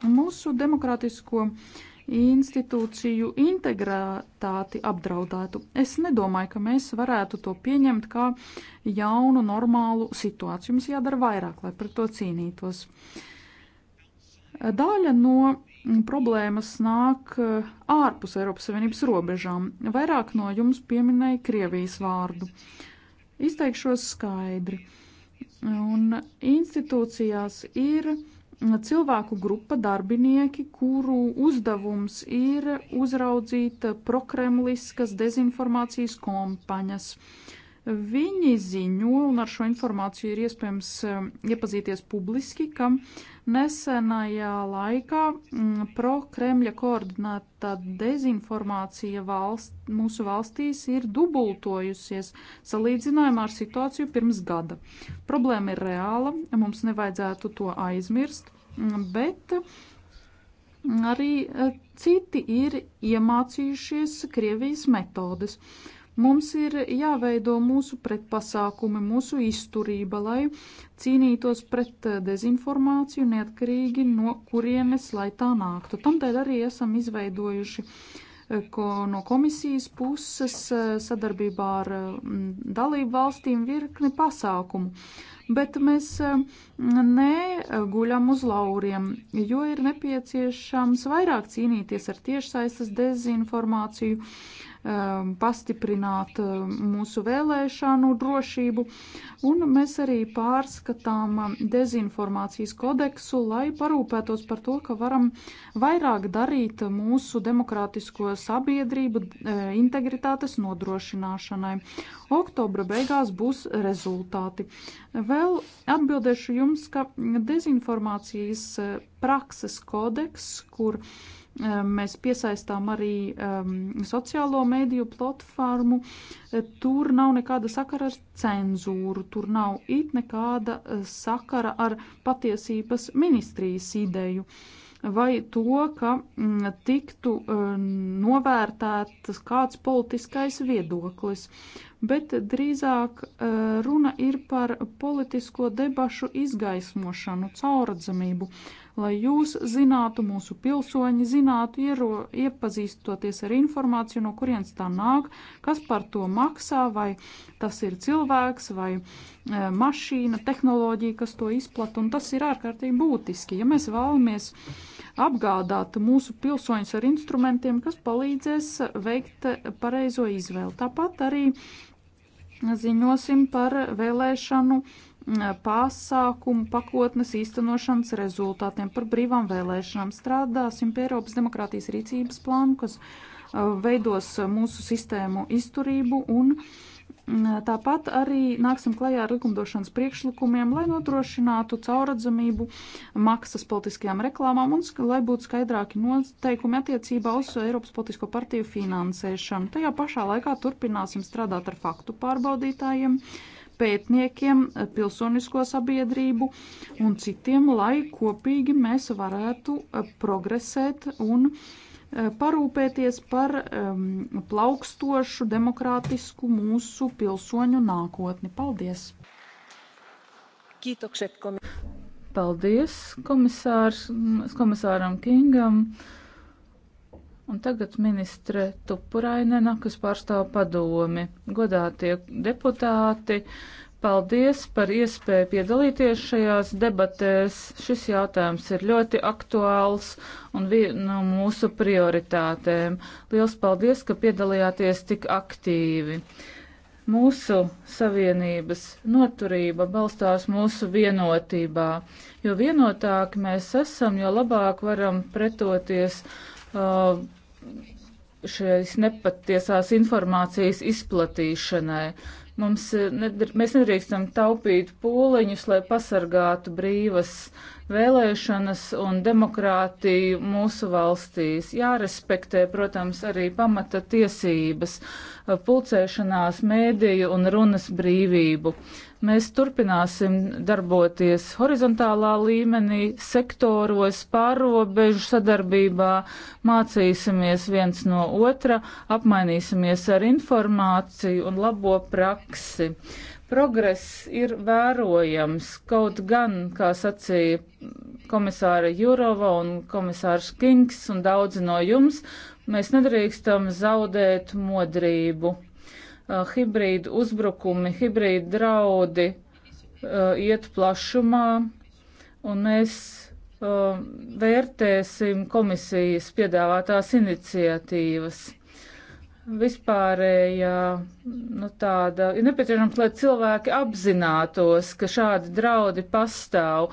Mūsu demokrātisko uh, institūciju integritāti apdraudētu. Es nedomāju, ka mēs varētu to pieņemt kā jaunu, normālu situāciju. Mums jādara vairāk, lai pret to cīnītos. Daļa no problēmas nāk eh, ārpus Eiropas Savienības robežām. Vairāk no jums pieminēja Krievijas vārdu. Izteikšos skaidri. Un institūcijās ir cilvēku grupa darbinieki, kuru uzdevums ir uzraudzīt prokremliskas dezinformācijas kompaņas. Uh, Viņi ziņo, un ar šo informāciju ir iespējams um, iepazīties publiski, ka nesenajā laikā mm, pro-Kremļa koordinēta dezinformācija valst, mūsu valstīs ir dubultojusies salīdzinājumā ar situāciju pirms gada. Problēma ir reāla, mums nevajadzētu to aizmirst, mm, bet mm, arī eh, citi ir iemācījušies Krievijas metodes. Uh, Mums ir jāveido mūsu pretpasākumi, mūsu izturība, lai cīnītos pret dezinformāciju neatkarīgi no kurienes, lai tā nāktu. Tamtēļ arī esam izveidojuši eh, ko no komisijas puses eh, sadarbībā ar mm, dalību valstīm virkni pasākumu. Bet mēs eh, neguļam uz lauriem, jo ir nepieciešams vairāk cīnīties ar tiešsaistes dezinformāciju, Um, pastiprināt um, mūsu vēlēšanu drošību. Un mēs arī pārskatām um, dezinformācijas kodeksu, lai parūpētos par to, ka varam vairāk darīt mūsu demokrātisko sabiedrību uh, integritātes nodrošināšanai. Oktobra beigās būs rezultāti. Vēl atbildēšu jums, ka dezinformācijas uh, prakses kodeks, kur uh, Ehm, mēs piesaistām arī um, sociālo mediju platformu. Eh, tur nav nekāda sakara ar cenzūru, tur nav it nekāda eh, sakara ar patiesības ministrijas ideju vai to, ka m, mm, tiktu m, ehm, novērtētas kāds politiskais viedoklis. Bet drīzāk m, eh, runa ir par politisko debašu izgaismošanu, cauradzamību lai jūs zinātu, mūsu pilsoņi zinātu, iero, iepazīstoties ar informāciju, no kurienes tā nāk, kas par to maksā, vai tas ir cilvēks vai e, mašīna, tehnoloģija, kas to izplata, un tas ir ārkārtīgi būtiski. Ja mēs vēlamies apgādāt mūsu pilsoņus ar instrumentiem, kas palīdzēs veikt pareizo izvēli. Tāpat arī ziņosim par vēlēšanu pasākumu pakotnes īstenošanas rezultātiem par brīvām vēlēšanām. Strādāsim pie Eiropas demokrātijas rīcības plānu, kas uh, veidos mūsu sistēmu izturību un tāpat arī nāksim klajā ar likumdošanas priekšlikumiem, lai nodrošinātu cauradzamību maksas politiskajām reklāmām un lai būtu skaidrāki noteikumi attiecībā uz Eiropas politisko partiju finansēšanu. Tajā pašā laikā turpināsim strādāt ar faktu pārbaudītājiem pētniekiem, pilsonisko sabiedrību un citiem, lai kopīgi mēs varētu eh, progresēt un eh, parūpēties par um, plaukstošu, demokrātisku mūsu pilsoņu nākotni. Paldies! Paldies komisārs, komisāram Kingam! Un tagad ministre Tupurainena, kas pārstāv padomi. Godātie deputāti, paldies par iespēju piedalīties šajās debatēs. Šis jautājums ir ļoti aktuāls un viena no mūsu prioritātēm. Liels paldies, ka piedalījāties tik aktīvi. Mūsu savienības noturība balstās mūsu vienotībā, jo vienotāki mēs esam, jo labāk varam pretoties uh, šīs nepatiesās informācijas izplatīšanai. Mums, eh, nedr mēs nedrīkstam taupīt pūliņus, lai pasargātu brīvas vēlēšanas un demokrātiju mūsu valstīs. Jārespektē, protams, arī pamata tiesības, eh, pulcēšanās, mēdīju un runas brīvību. Uh, Mēs turpināsim darboties horizontālā līmenī, sektoros, pārobežu sadarbībā, mācīsimies viens no otra, apmainīsimies ar informāciju un labo praksi. Progress ir vērojams, kaut gan, kā sacīja komisāra Jurova un komisārs Kings un daudzi no jums, mēs nedrīkstam zaudēt modrību. Uh, hibrīdu uzbrukumi, hibrīdu draudi uh, iet plašumā, un mēs uh, vērtēsim komisijas piedāvātās iniciatīvas. Vispārējā, nu tāda, ir nepieciešams, lai cilvēki apzinātos, ka šādi draudi pastāv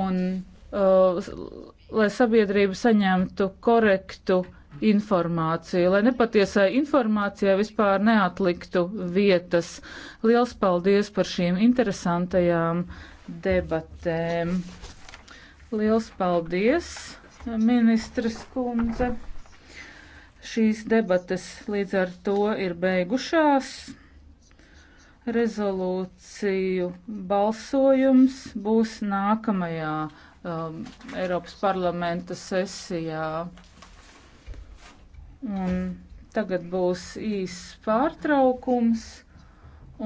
un uh, lai sabiedrība saņemtu korektu uh, informāciju, lai nepatiesai informācijai vispār neatliktu vietas. Liels paldies par šīm interesantajām debatēm. Liels paldies, ministras kundze. Šīs debates līdz ar to ir beigušās. Rezolūciju balsojums būs nākamajā um, Eiropas parlamenta sesijā. Un tagad būs īss pārtraukums,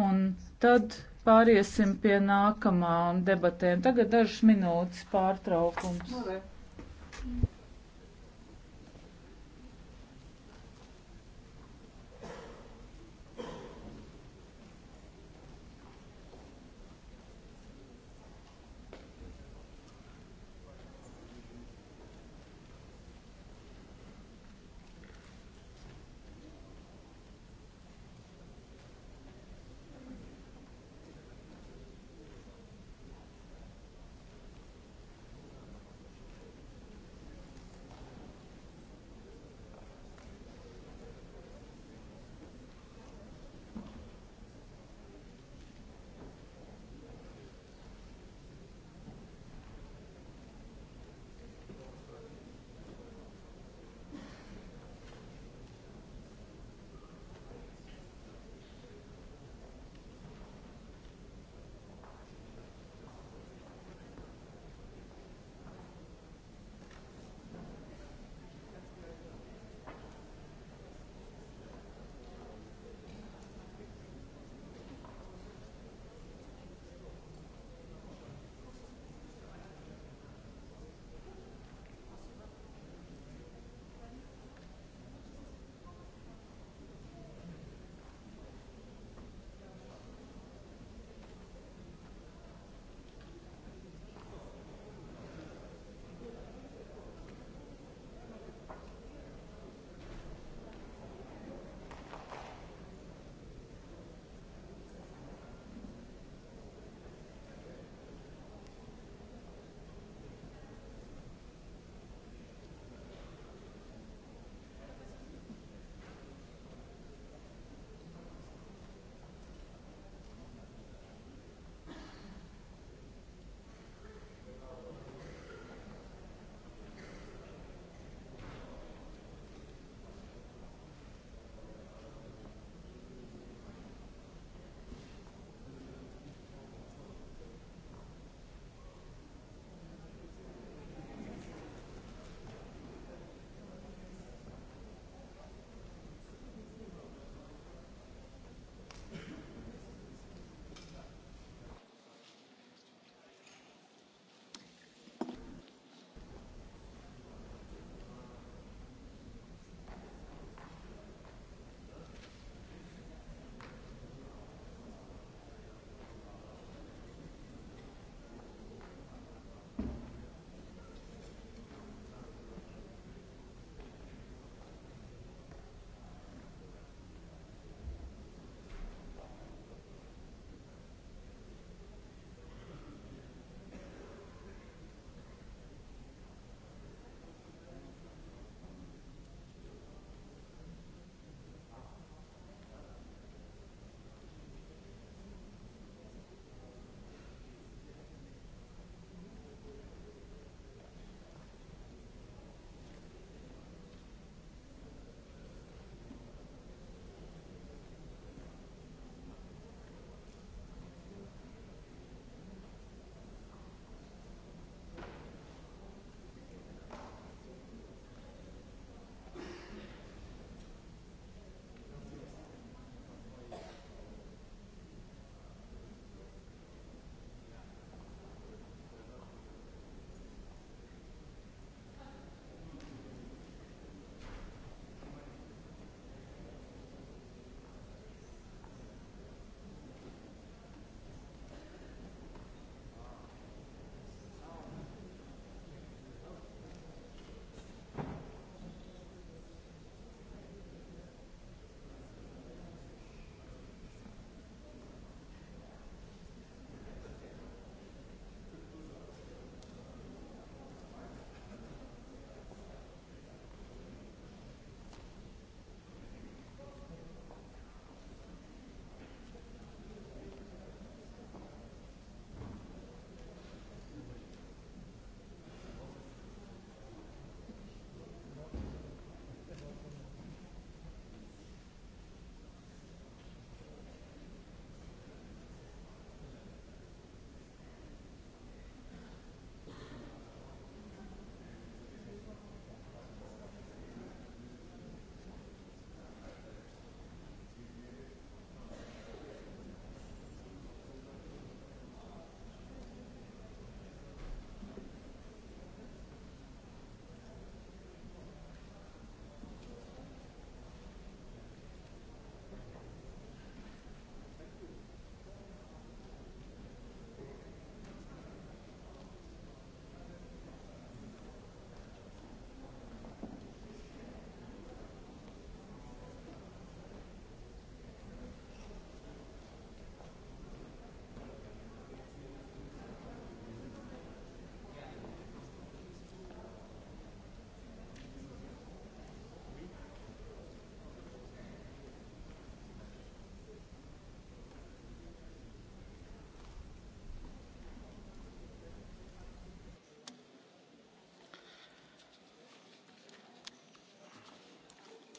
un tad pāriesim pie nākamā debatēm. Tagad dažas minūtes pārtraukums. Labi. Nu,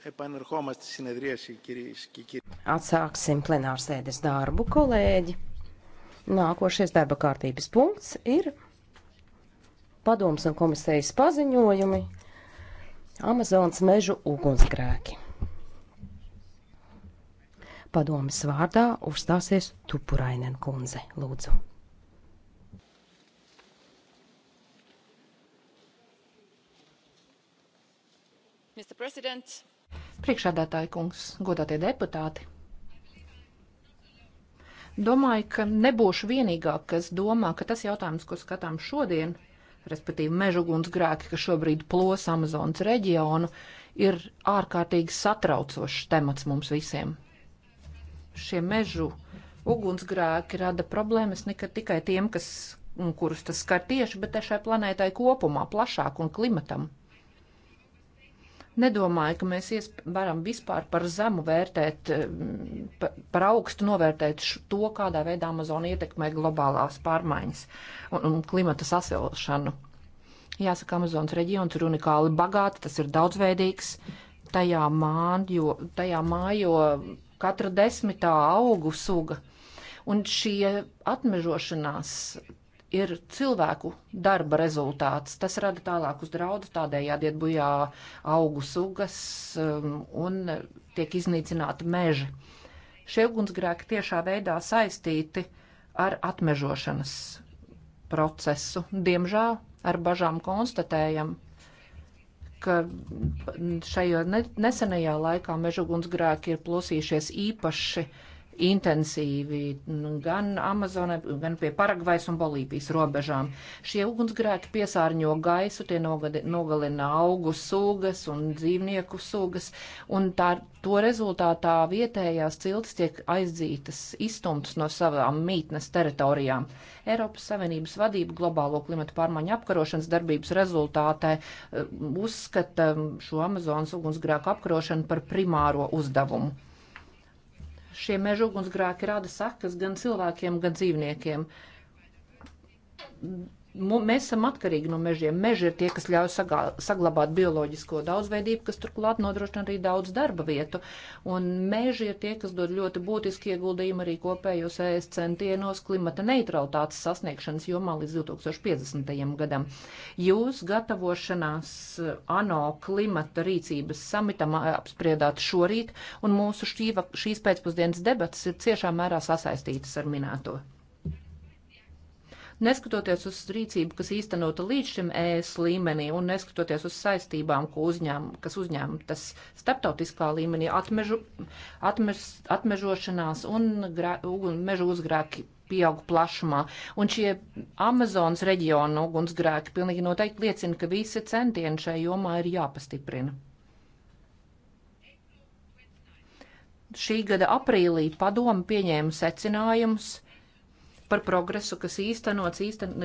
Επανερχόμαστε στη συνεδρίαση, κυρίες και κύριοι. Atsāksim plenārsēdes darbu, kolēģi. Nākošais darba kārtības punkts ir padoms un komisijas paziņojumi Amazonas mežu ugunsgrēki. Padomas vārdā uzstāsies Tupurainen kundze, lūdzu. Priekšādātāja kungs, godātie deputāti! Domāju, ka nebūšu vienīgā, kas domā, ka tas jautājums, ko skatām šodien, respektīvi mežuguns grēki, kas šobrīd plos Amazonas reģionu, ir ārkārtīgi satraucošs temats mums visiem. Šie mežu ugunsgrēki rada problēmas ne tikai tiem, kas, kurus tas skar tieši, bet arī šai planētai kopumā, plašāk un klimatam. Nedomāju, ka mēs varam vispār par zemu vērtēt, eh, par augstu novērtēt to, kādā veidā Amazonija ietekmē globālās pārmaiņas un, un klimata sasilšanu. Jāsaka, Amazonas reģions ir unikāli bagāts, tas ir daudzveidīgs. Tajā, mājo, tajā mājo katra desmitā augu suga. Un šie atmežošanās ir cilvēku darba rezultāts. Tas rada tālākus draudus, tādējādi iet bojā augu sugas um, un tiek iznīcināti meži. Šie ugunsgrēki tiešā veidā saistīti ar atmežošanas procesu. Diemžēl ar bažām konstatējam, ka šajā nesenajā laikā mežugunsgrēki ir plosījušies īpaši uh, intensīvi nu, gan Amazonē, gan pie Paragvajas un Bolīvijas robežām. Šie ugunsgrēki piesārņo gaisu, tie nogadi, nogalina augu sugas un dzīvnieku sugas, un tā, to rezultātā vietējās ciltis tiek aizdzītas, izstumtas no savām mītnes teritorijām. Eiropas Savienības vadība globālo klimatu pārmaiņu apkarošanas darbības rezultātē eh, uzskata šo Amazonas ugunsgrēku apkarošanu par primāro uzdevumu. Šie meža ugunsgrēki rada sakas gan cilvēkiem, gan dzīvniekiem mēs esam atkarīgi no mežiem. Meži ir tie, kas ļauj sagā, saglabāt bioloģisko daudzveidību, kas turklāt nodrošina arī daudz darba vietu. Un meži ir tie, kas dod ļoti būtiski ieguldījumu arī kopējos ES centienos klimata neutralitātes sasniegšanas jomā līdz 2050. gadam. Jūs gatavošanās eh, ANO klimata rīcības samitam eh, apspriedāt šorīt, un mūsu šī, šīs pēcpusdienas debatas ir ciešā mērā sasaistītas ar minēto. Neskatoties uz rīcību, kas īstenota līdz šim ES līmenī un neskatoties uz saistībām, ko uzņēm, kas uzņēmtas starptautiskā līmenī, atmežu, atmež, atmežošanās un, grā, un mežu uzgrēki pieauga plašumā. Un šie Amazonas reģiona ugunsgrēki pilnīgi noteikti liecina, ka visi centieni šai jomā ir jāpastiprina. Šī gada aprīlī padomu pieņēma secinājumus par progresu, kas īstenots, īsten,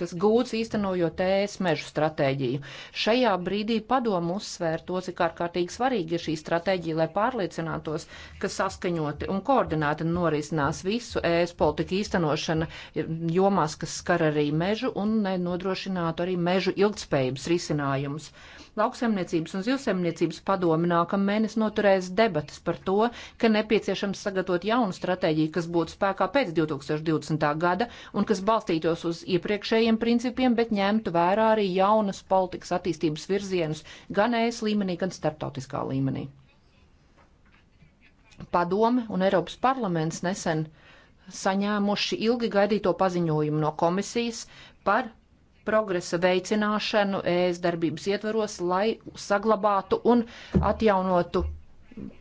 kas gūts īstenojot ES mežu stratēģiju. Šajā brīdī padomu uzsvēr to, cik ārkārtīgi svarīgi ir šī stratēģija, lai pārliecinātos, ka saskaņoti un koordināti norisinās visu ES politiku īstenošana jomās, kas skar arī mežu un nodrošinātu arī mežu ilgtspējības risinājumus. Lauksaimniecības un zivsaimniecības padome nākamēnes noturēs debatas par to, ka nepieciešams sagatavot jaunu stratēģiju, kas būtu spēkā pēc 2020. gada un kas balstītos uz iepriekšējiem principiem, bet ņemtu vērā arī jaunas politikas attīstības virzienus gan ES līmenī, gan starptautiskā līmenī. Padome un Eiropas parlaments nesen saņēmuši ilgi gaidīto paziņojumu no komisijas par progresa veicināšanu ES darbības ietvaros, lai saglabātu un atjaunotu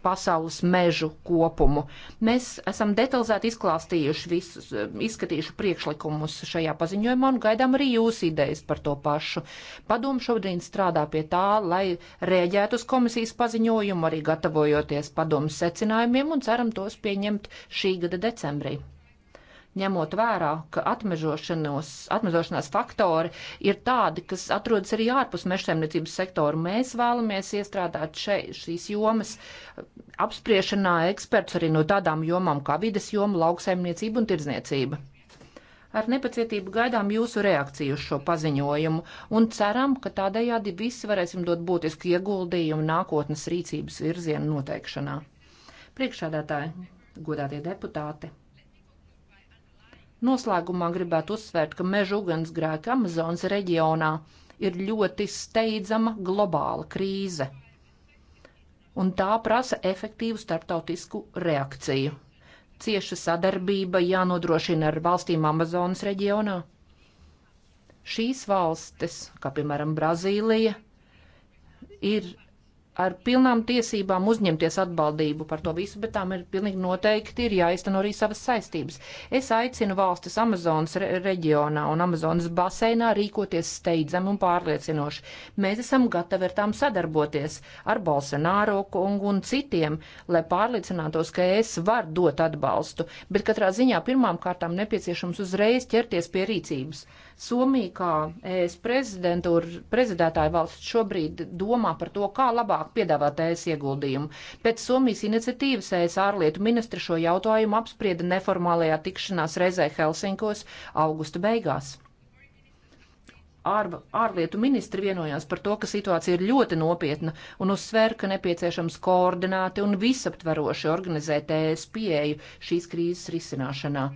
pasaules mežu kopumu. Mēs esam detalizēti izklāstījuši visus, izskatījuši priekšlikumus šajā paziņojumā un gaidām arī jūsu idejas par to pašu. Padomu šodien strādā pie tā, lai rēģētu uz komisijas paziņojumu, arī gatavojoties padomu secinājumiem un ceram tos pieņemt šī gada decembrī ņemot vērā, ka atmežošanās faktori ir tādi, kas atrodas arī ārpus mežsaimniecības sektoru. Mēs vēlamies iestrādāt šeit šīs jomas apspriešanā eksperts arī no tādām jomām kā vides joma, lauksaimniecība un tirdzniecība. Ar nepacietību gaidām jūsu reakciju uz šo paziņojumu un ceram, ka tādējādi visi varēsim dot būtisku ieguldījumu nākotnes rīcības virzienu noteikšanā. Priekšādātāji, godātie deputāti! Noslēgumā gribētu uzsvērt, ka meža ugunsgrēka Amazonas reģionā ir ļoti steidzama globāla krīze, un tā prasa efektīvu starptautisku reakciju. Cieša sadarbība jānodrošina ar valstīm Amazonas reģionā. Šīs valstis, kā piemēram Brazīlija, ir ar pilnām tiesībām uzņemties atbaldību par to visu, bet tām ir pilnīgi noteikti ir jāizteno arī savas saistības. Es aicinu valstis Amazonas re reģionā un Amazonas baseinā rīkoties steidzami un pārliecinoši. Mēs esam gatavi ar tām sadarboties ar Bolsonaro kungu un citiem, lai pārliecinātos, ka es varu dot atbalstu, bet katrā ziņā pirmām kārtām nepieciešams uzreiz ķerties pie rīcības. Somija, kā ES prezidentētāja valsts, šobrīd domā par to, kā labāk piedāvāt ES ieguldījumu. Pēc Somijas iniciatīvas ES ārlietu ministri šo jautājumu apsprieda neformālajā tikšanās reizē Helsinkos augusta beigās ār, ārlietu ministri vienojās par to, ka situācija ir ļoti nopietna un uzsver, ka nepieciešams koordināti un visaptveroši organizēt ES pieeju šīs krīzes risināšanā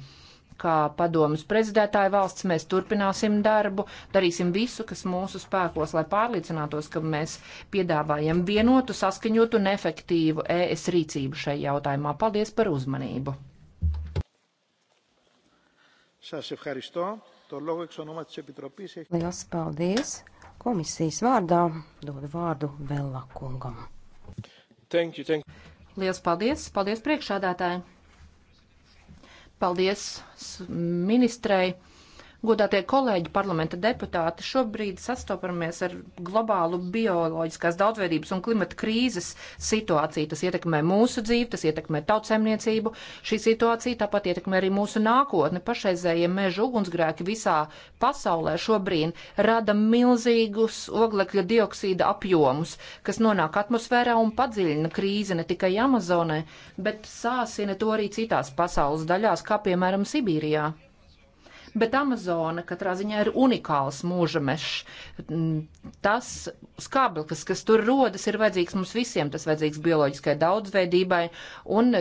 kā padomus prezidētāja valsts, mēs turpināsim darbu, darīsim visu, kas mūsu spēkos, lai pārliecinātos, ka mēs piedāvājam vienotu, saskaņotu un efektīvu ES rīcību šai jautājumā. Paldies par uzmanību! Lielas paldies! Komisijas vārdā dodu vārdu Vella kungam. Thank you, thank you. Lielas paldies! Paldies priekšādātājai! Paldies ministrei! Godātie kolēģi, parlamenta deputāti, šobrīd sastopamies ar globālu bioloģiskās daudzveidības un klimata krīzes situāciju. Tas ietekmē mūsu dzīvi, tas ietekmē tautsēmniecību. Šī situācija tāpat ietekmē arī mūsu nākotni. Pašreizējie meža ugunsgrēki visā pasaulē šobrīd rada milzīgus oglekļa dioksīda apjomus, kas nonāk atmosfērā un padziļina krīzi ne tikai Amazonē, bet sāsina to arī citās pasaules daļās, kā piemēram Sibīrijā. Bet Amazona katrā ziņā ir unikāls mūža mežs. Mm, tas skābeklis, kas tur rodas, ir vajadzīgs mums visiem. Tas vajadzīgs bioloģiskai daudzveidībai un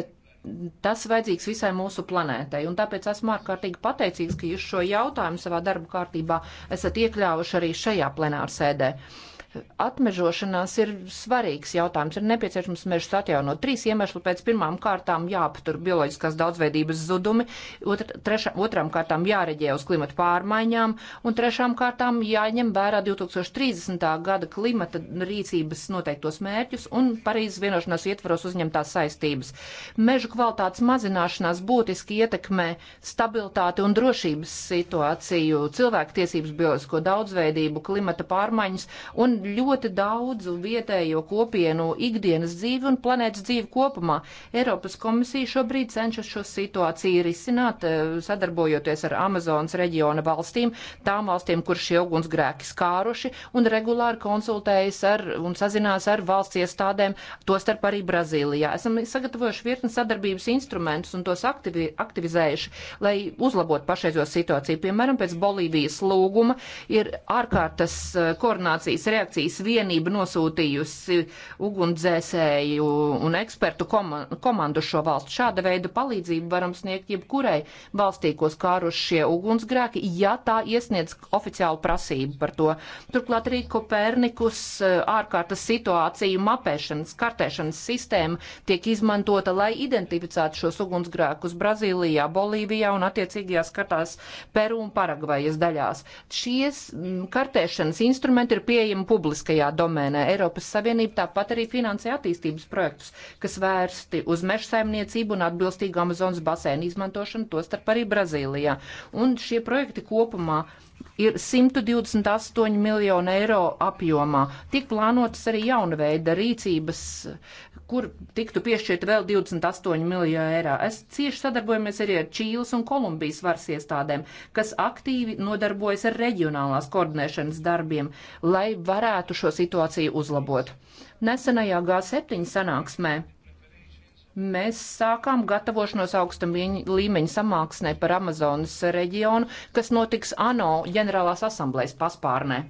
tas vajadzīgs visai mūsu planētai. Un tāpēc esmu ārkārtīgi pateicīgs, ka jūs šo jautājumu savā darba kārtībā esat iekļāvuši arī šajā plenārsēdē. Ar Atmežošanās ir svarīgs jautājums. Ir nepieciešams mežus atjaunot. Trīs iemesli pēc pirmām kārtām jāaptur bioloģiskās daudzveidības zudumi, otra, treša, otram kārtām jāreģē uz klimatu pārmaiņām, un trešām kārtām jāņem vērā 2030. gada klimata rīcības noteiktos mērķus un Parīzes vienošanās ietvaros uzņemtās saistības. Mežu kvalitātes mazināšanās būtiski ietekmē stabilitāti un drošības situāciju, cilvēku tiesības, bioloģisko daudzveidību, klimata pārmaiņas un ļoti daudzu vietējo kopienu ikdienas dzīvi un planētas dzīvi kopumā. Eiropas komisija šobrīd cenšas šo situāciju risināt, eh, sadarbojoties ar Amazonas reģiona valstīm, tām valstīm, kur šie ugunsgrēki skāruši, un regulāri konsultējas ar un sazinās ar valsts iestādēm, tostarp arī Brazīlijā. Esam sagatavojuši virkni sadarbības instrumentus un tos aktivi, aktivizējuši, lai uzlabotu pašreizo situāciju. Piemēram, pēc Bolīvijas lūguma ir ārkārtas eh, koordinācijas reakcija aviācijas vienība nosūtījusi ugunsdzēsēju un ekspertu komandu šo valstu. Šāda veida palīdzību varam sniegt jebkurai valstī, ko skāruši šie ugunsgrēki, ja tā iesniedz oficiālu prasību par to. Turklāt arī Kopernikus eh, ārkārtas situāciju mapēšanas, kartēšanas sistēma tiek izmantota, lai identificētu šos ugunsgrēkus Brazīlijā, Bolīvijā un attiecīgajās kartās Peru un Paragvajas daļās. Šies mm, kartēšanas instrumenti ir pieejami publiskajā domēnē. Eiropas Savienība tāpat arī finansē attīstības projektus, kas vērsti uz meža saimniecību un atbilstīgu Amazonas basēnu izmantošanu, tostarp arī Brazīlijā. Un šie projekti kopumā ir 128 miljonu eiro apjomā. Tik plānotas arī jauna veida rīcības, kur tiktu piešķirta vēl 28 miljoni eiro. Es cieši sadarbojamies arī ar Čīles un Kolumbijas varas iestādēm, kas aktīvi nodarbojas ar reģionālās koordinēšanas darbiem, lai varētu šo situāciju uzlabot. Nesenajā G7 sanāksmē mēs sākām gatavošanos augstam līmeņa samāksnē par Amazonas reģionu, kas notiks ANO ģenerālās asamblējas paspārnē.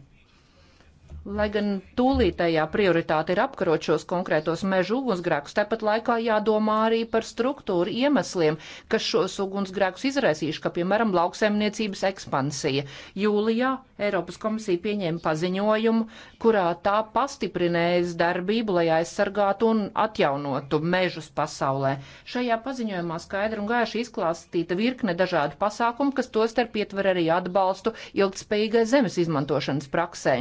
Lai gan tūlītējā prioritāte ir apkarot šos konkrētos mežu ugunsgrēkus, tāpat laikā jādomā arī par struktūru iemesliem, kas šos ugunsgrēkus izraisījuši, kā piemēram lauksaimniecības ekspansija. Jūlijā Eiropas komisija pieņēma paziņojumu, kurā tā pastiprinējas darbību, lai aizsargātu un atjaunotu mežus pasaulē. Šajā paziņojumā skaidri un gaiši izklāstīta virkne dažādu pasākumu, kas tostarp ietver arī atbalstu ilgtspējīgai zemes izmantošanas praksē.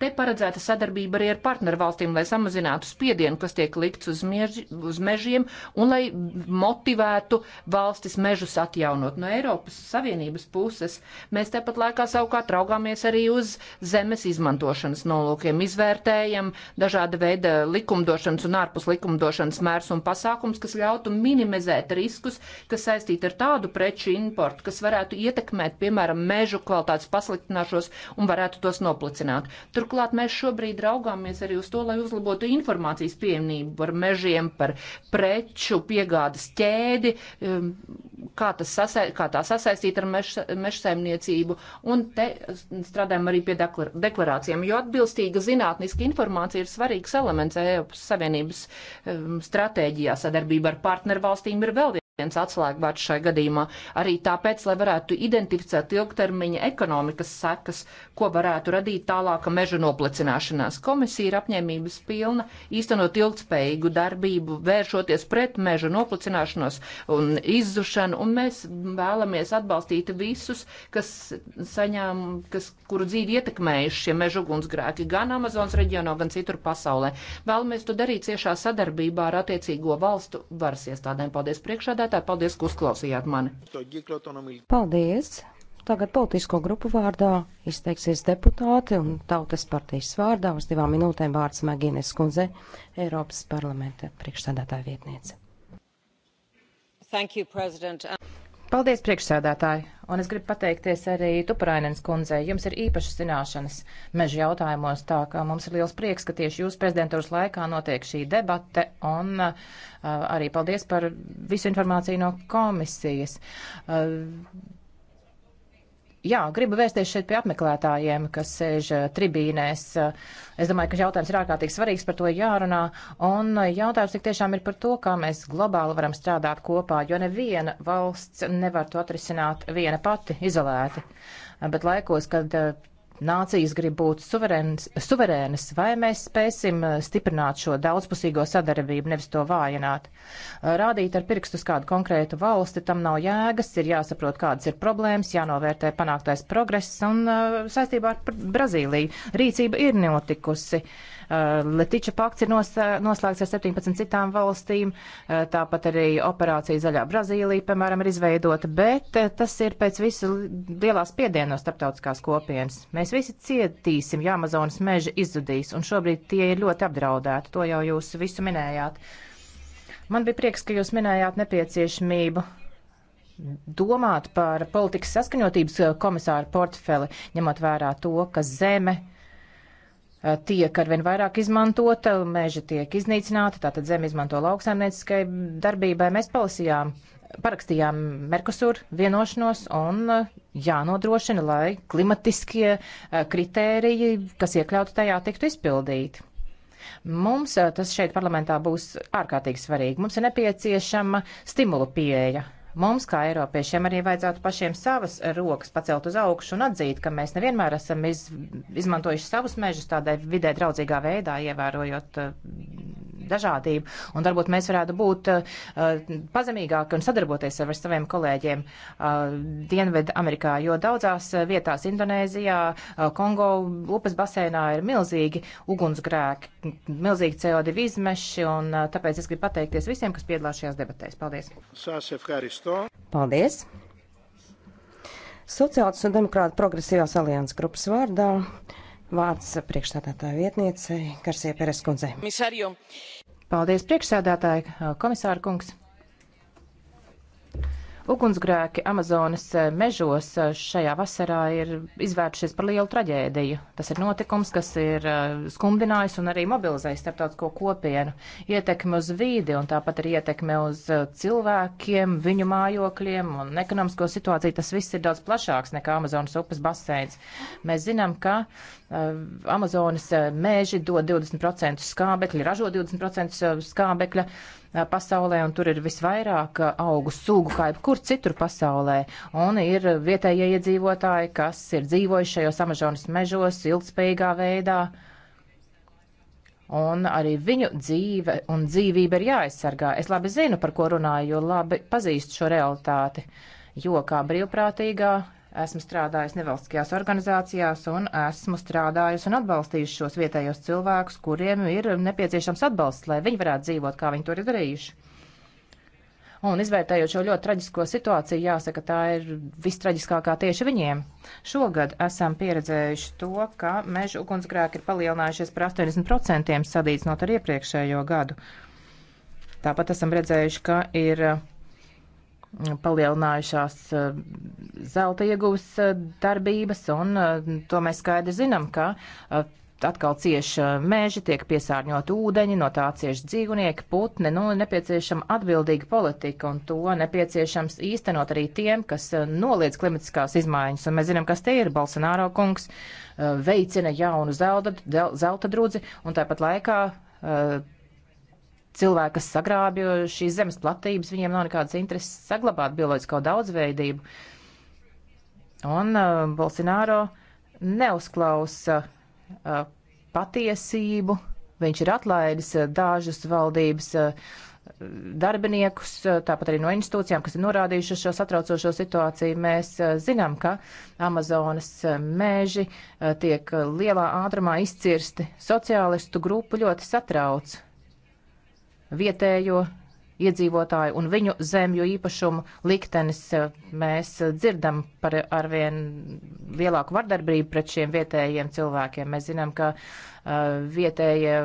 Te paredzēta sadarbība arī ar partnervalstīm, lai samazinātu spiedienu, kas tiek likts uz, mieži, uz mežiem, un lai motivētu valstis mežus atjaunot. No Eiropas Savienības puses mēs tepat laikā savukārt raugāmies arī uz zemes izmantošanas nolūkiem, izvērtējam dažāda veida likumdošanas un ārpus likumdošanas mērs un pasākums, kas ļautu minimizēt riskus, kas saistīti ar tādu preču importu, kas varētu ietekmēt, piemēram, mežu kvalitātes pasliktināšos un varētu tos noplicināt. Tur Turklāt mēs šobrīd raugāmies arī uz to, lai uzlabotu informācijas pieejamību par mežiem, par preču piegādes ķēdi, um, kā, sasai, kā tā sasaistīt ar mežsaimniecību. Un te strādājam arī pie deklarācijām, jo atbilstīga zinātniska informācija ir svarīgs elements Eiropas Savienības um, stratēģijā. Sadarbība ar partnervalstīm ir vēl viena viens atslēgvārds šai gadījumā. Arī tāpēc, lai varētu identificēt ilgtermiņa ekonomikas sekas, ko varētu radīt tālāka meža noplicināšanās. Komisija ir apņēmības pilna īstenot ilgspējīgu darbību, vēršoties pret meža noplicināšanos un izzušanu, un mēs vēlamies atbalstīt visus, kas saņēm, kas, kuru dzīvi ietekmējuši šie meža ugunsgrēki gan Amazonas reģionā, gan citur pasaulē. Vēlamies to darīt ciešā sadarbībā ar attiecīgo valstu varas iestādēm. Paldies priekšādā priekšsēdētāji, paldies, ka uzklausījāt mani. Paldies! Tagad politisko grupu vārdā izteiksies deputāti un tautas partijas vārdā uz divām minūtēm vārds Magīnes Kunze, Eiropas parlamenta priekšsēdētāja vietniece. You, Paldies, priekšsēdētāji! Un es gribu pateikties arī Tuparainens kundzei. Jums ir īpašas zināšanas meža jautājumos, tā ka mums ir liels prieks, ka tieši jūsu prezidentūras laikā notiek šī debate. Un uh, arī paldies par visu informāciju no komisijas. Uh, Jā, gribu vēsties šeit pie apmeklētājiem, kas sēž eh, tribīnēs. Es domāju, ka jautājums ir ārkārtīgi svarīgs, par to jārunā. Un jautājums tik tiešām ir par to, kā mēs globāli varam strādāt kopā, jo neviena valsts nevar to atrisināt viena pati, izolēti. Eh, bet laikos, kad eh, nācijas grib būt suverēnas, vai mēs spēsim uh, stiprināt šo daudzpusīgo sadarbību, nevis to vājināt. Uh, rādīt ar pirkstu uz kādu konkrētu valsti, tam nav jēgas, ir jāsaprot, kādas ir problēmas, jānovērtē panāktais progress, un uh, saistībā ar Brazīliju rīcība ir notikusi. Uh, Uh, Letiča pakts ir uh, noslēgts ar 17 citām valstīm, uh, tāpat arī operācija Zaļā Brazīlija, piemēram, ir izveidota, bet tas ir pēc visu lielā spiediena no starptautiskās kopienas. Mēs visi cietīsim, ja Amazonas meži izzudīs, un šobrīd tie ir ļoti apdraudēti, to jau jūs visu minējāt. Man bija prieks, ka jūs minējāt nepieciešamību domāt par politikas saskaņotības komisāru portfeli, ņemot vērā to, ka zeme Eh, tiek arvien vairāk izmantota, meži tiek iznīcināti, tātad zemi izmanto lauksaimnieciskai darbībai. Mēs palasījām, parakstījām Merkusur vienošanos un eh, jānodrošina, lai klimatiskie eh, kritēriji, kas iekļauti tajā, tiktu izpildīti. Mums tas šeit parlamentā būs ārkārtīgi svarīgi. Mums ir nepieciešama stimulu pieeja Mums, kā Eiropiešiem, arī vajadzētu pašiem savas rokas pacelt uz augšu un atzīt, ka mēs nevienmēr esam iz, izmantojuši savus mežus tādai vidē draudzīgā veidā, ievērojot uh, dažādību, un varbūt mēs varētu būt uh, pazemīgāki un sadarboties ar saviem kolēģiem uh, eh, Dienvedu Amerikā, jo daudzās eh, vietās Indonēzijā, uh, Kongo upes basēnā ir milzīgi ugunsgrēki, milzīgi CO2 izmeši, un uh, tāpēc es gribu pateikties visiem, kas piedalās šajās debatēs. Paldies! Paldies! Sociālās un demokrāta progresīvās alianses grupas vārdā vārds priekšstādātāja vietniecei Karsija Pereskundze. Paldies, priekšsēdētāji, komisāra kungs. Ugunsgrēki Amazonas eh, mežos eh, šajā vasarā ir izvērtušies par lielu traģēdiju. Tas ir notikums, kas ir eh, skumdinājis un arī mobilizējis starptautisko kopienu. Ietekme uz vīdi un tāpat arī ietekme uz cilvēkiem, viņu mājokļiem un ekonomisko situāciju. Tas viss ir daudz plašāks nekā Amazonas upes baseins. Mēs zinām, ka Amazonas mēži dod 20% skābekļa, ražo 20% skābekļa pasaulē, un tur ir visvairāk augu sugu kā jebkur citur pasaulē. Un ir vietējie iedzīvotāji, kas ir dzīvojuši šajos Amazonas mežos ilgspējīgā veidā. Un arī viņu dzīve un dzīvība ir jāaizsargā. Es labi zinu, par ko runāju, jo labi pazīstu šo realitāti. Jo kā brīvprātīgā Esmu strādājusi nevalstiskajās organizācijās un esmu strādājusi un atbalstījusi šos vietējos cilvēkus, kuriem ir nepieciešams atbalsts, lai viņi varētu dzīvot, kā viņi to ir darījuši. Un izvērtējot šo ļoti traģisko situāciju, jāsaka, tā ir vistraģiskākā tieši viņiem. Šogad esam pieredzējuši to, ka meža ugunsgrēki ir palielinājušies par 80% sadīdzinot ar iepriekšējo gadu. Tāpat esam redzējuši, ka ir palielinājušās eh, zelta ieguvas eh, darbības, un eh, to mēs skaidri zinām, ka atkal cieši mēži, tiek piesārņot ūdeņi, no tā cieši dzīvnieki, putni, nu, nepieciešama atbildīga politika, un to nepieciešams īstenot arī tiem, kas noliedz klimatiskās izmaiņas, un mēs zinām, kas tie ir, Bolsonaro kungs veicina jaunu zelta, zelta drudzi, un tāpat laikā cilvēki, kas sagrābja šīs zemes platības, viņiem nav nekādas intereses saglabāt bioloģisko daudzveidību. Un uh, Bolsonaro neuzklausa uh, patiesību, viņš ir atlaidis uh, dažus valdības uh, darbiniekus, uh, tāpat arī no institūcijām, kas ir norādījuši šo satraucošo situāciju. Mēs uh, zinām, ka Amazonas uh, mēži tiek lielā ātrumā izcirsti. Sociālistu grupu ļoti satrauc vietējo iedzīvotāju un viņu zemju īpašumu liktenis. Eh, mēs dzirdam par arvien lielāku vardarbību pret šiem vietējiem cilvēkiem. Mēs zinām, ka vietējie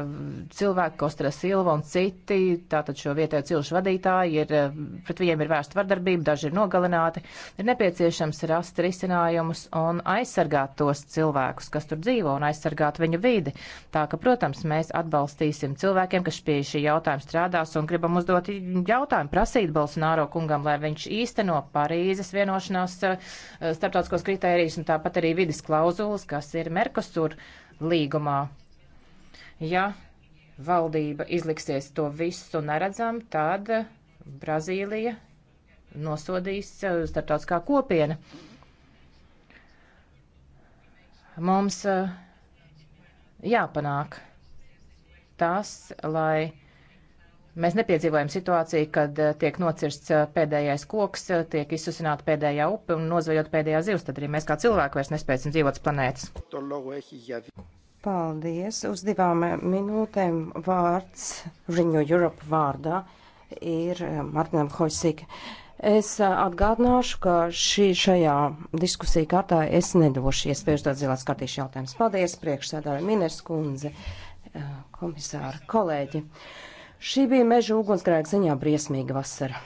cilvēki, Kostra Silva un citi, tātad šo vietējo cilšu vadītāji, ir, pret viņiem ir vērsta vardarbība, daži ir nogalināti. Ir nepieciešams rast risinājumus un aizsargāt tos cilvēkus, kas tur dzīvo, un aizsargāt viņu vidi. Tā ka, protams, mēs atbalstīsim cilvēkiem, kas pie šī jautājuma strādās un gribam uzdot jautājumu, prasīt Bolsonaro kungam, lai viņš īsteno Parīzes vienošanās starptautiskos kritērijus un tāpat arī vidas klauzulas, kas ir Merkosur līgumā. Ja valdība izliksies to visu neredzam, tad Brazīlija nosodīs eh, starptautiskā kopiena. Mums eh, jāpanāk tas, lai mēs nepiedzīvojam situāciju, kad eh, tiek nocirsts pēdējais koks, tiek izsusināta pēdējā upe un nozvejot pēdējā zivs, tad arī mēs kā cilvēki vairs nespēsim dzīvot planētas. Paldies. Uz divām minūtēm vārds Riņo Europe vārdā ir eh, Martinam Hoisika. Es eh, atgādināšu, ka šī, šajā diskusija kārtā es nedošu iespēju uzdot zilās kartīšu jautājumus. Paldies, priekšsēdāja Miners kundze, eh, komisāra, kolēģi. Šī bija meža ugunsgrēka ziņā briesmīga vasara.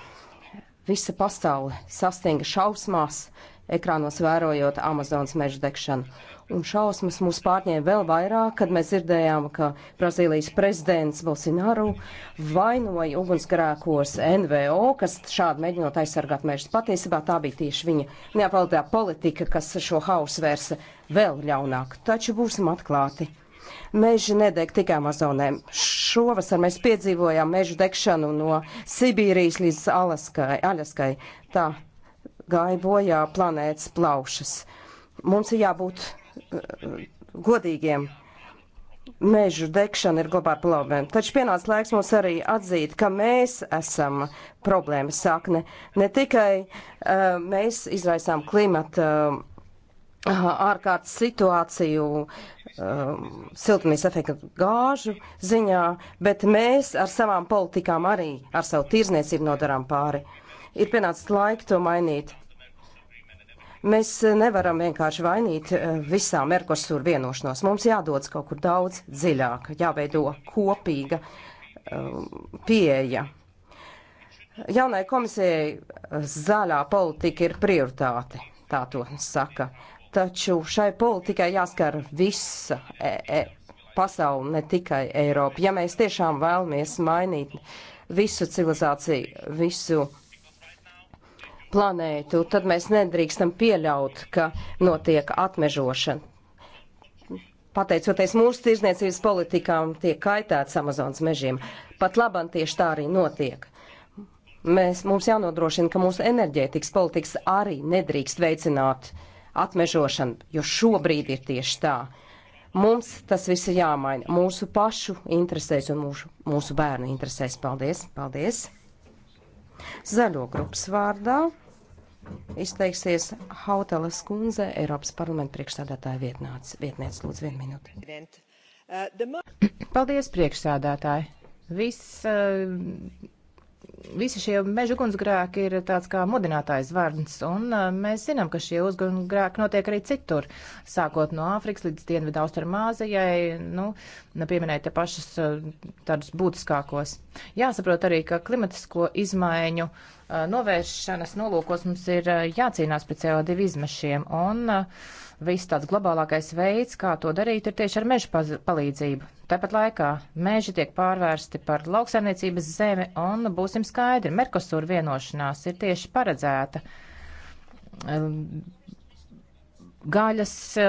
Visa pasaule sastinga šausmās, ekrānos vērojot Amazonas meža degšanu. Un šausmas mūs pārņēma vēl vairāk, kad mēs dzirdējām, ka Brazīlijas prezidents Bolsināru vainoja ugunsgrēkos NVO, kas šādi mēģinot aizsargāt mežus. Patiesībā tā bija tieši viņa neapvaldītā politika, kas šo hausu vērsa vēl ļaunāk. Taču būsim atklāti. Meži nedeg tikai Amazonē. Šovasar mēs piedzīvojām mežu degšanu no Sibīrijas līdz Alaskai. Aļaskai. Tā gāja bojā planētas plaušas. Mums ir jābūt uh, godīgiem. Mežu degšana ir globāla problēma. Taču pienāca laiks mums arī atzīt, ka mēs esam problēmas sakne. Ne tikai uh, mēs izraisām klimata uh, ārkārtas situāciju um, siltumnīca efekta gāžu ziņā, bet mēs ar savām politikām arī ar savu tirzniecību nodarām pāri ir pienācis laiks to mainīt. Mēs eh, nevaram vienkārši vainīt eh, visā Merkosur vienošanos. Mums jādodas kaut kur daudz dziļāk, jāveido kopīga eh, pieeja. Jaunai komisijai zaļā politika ir prioritāte, tā to saka. Taču šai politikai jāskar visa e e pasauli, ne tikai Eiropa. Ja mēs tiešām vēlamies mainīt visu civilizāciju, visu planētu, tad mēs nedrīkstam pieļaut, ka notiek atmežošana. Pateicoties mūsu tirzniecības politikām, tiek kaitēts Amazonas mežiem. Pat labam tieši tā arī notiek. Mēs, mums jānodrošina, ka mūsu enerģētikas politikas arī nedrīkst veicināt atmežošanu, jo šobrīd ir tieši tā. Mums tas viss ir jāmaina mūsu pašu interesēs un mūsu, mūsu bērnu interesēs. Paldies! Paldies! Zaļo grupas vārdā izteiksies Hautelas kundze, Eiropas parlamenta priekšsādātāja vietnāts. Vietniec, lūdzu, vienu minūti. Uh, Paldies, priekšsādātāji! Viss uh, visi šie meža ugunsgrēki ir tāds kā modinātājs vārds, un uh, mēs zinām, ka šie ugunsgrēki notiek arī citur, sākot no Āfrikas līdz Dienvidu Austrumāzijai, nu, nu pieminēja te pašas uh, tādus būtiskākos. Jāsaprot arī, ka klimatisko izmaiņu uh, novēršanas nolūkos mums ir jācīnās pret CO2 izmešiem, un uh, viss tāds globālākais veids, kā to darīt, ir tieši ar meža palīdzību. Tāpat laikā meži tiek pārvērsti par lauksaimniecības zemi, un būsim skaidri, Merkosur vienošanās ir tieši paredzēta gaļas, e,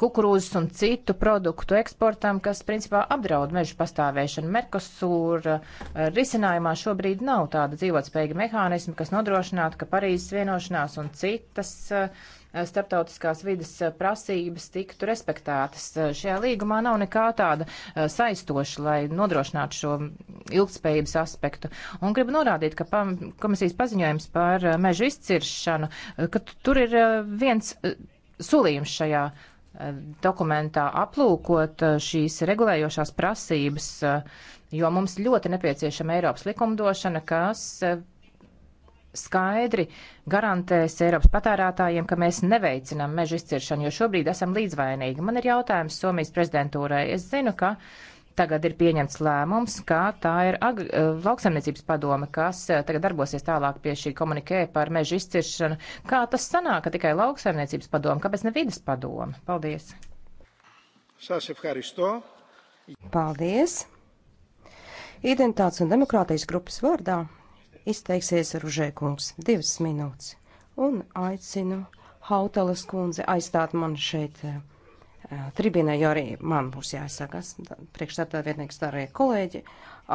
kukurūzas un citu produktu eksportam, kas principā apdraud mežu pastāvēšanu. Merkosūra e, risinājumā šobrīd nav tāda dzīvotspējīga mehānisma, kas nodrošinātu, ka Parīzes vienošanās un citas uh, starptautiskās vidas eh, prasības tiktu respektētas. Eh, šajā līgumā nav nekā tāda eh, saistoša, lai nodrošinātu šo ilgspējības aspektu. Un gribu norādīt, ka komisijas paziņojums par mežu izciršanu, ka tur ir viens solījums šajā dokumentā aplūkot šīs regulējošās prasības, jo mums ļoti nepieciešama Eiropas likumdošana, kas skaidri garantēs Eiropas patērētājiem, ka mēs neveicinām meža izciršanu, jo šobrīd esam līdzvainīgi. Man ir jautājums Somijas prezidentūrai. Es zinu, ka tagad ir pieņemts lēmums, ka tā ir eh, lauksaimniecības padome, kas eh, tagad darbosies tālāk pie šī komunikē par meža izciršanu. Kā tas sanāk, ka tikai lauksaimniecības padome, kāpēc ne vidas padome? Paldies! Paldies! Identitātes un demokrātijas grupas vārdā Izteiksies Ružēkungs divas minūtes un aicinu Hautalas kundze aizstāt man šeit uh, tribīnē, jo arī man būs jāizsakās. Priekšstādā vietnieks darīja kolēģi.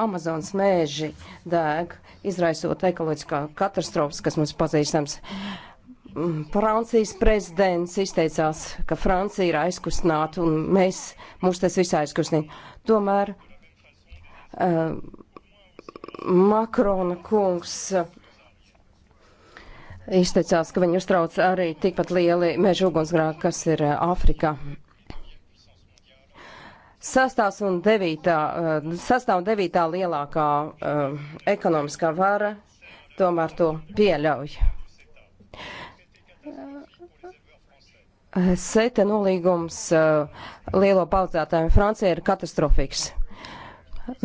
Amazonas mēži dēg, izraisot ekoloģiskā katastrofas, kas mums pazīstams. Mm, Francijas prezidents izteicās, ka Francija ir aizkustināta un mēs, mūs tas viss aizkustina. Tomēr uh, Makrona kungs eh, izteicās, ka viņu uztrauc arī tikpat lieli meža ugunsgrāki, kas ir eh, Āfrikā. Sastāvs un devītā, eh, sastāv devītā lielākā uh, ekonomiskā vara, tomēr to pieļauj. Seta nolīgums uh, lielo paudzētājiem Francijai ir katastrofīgs.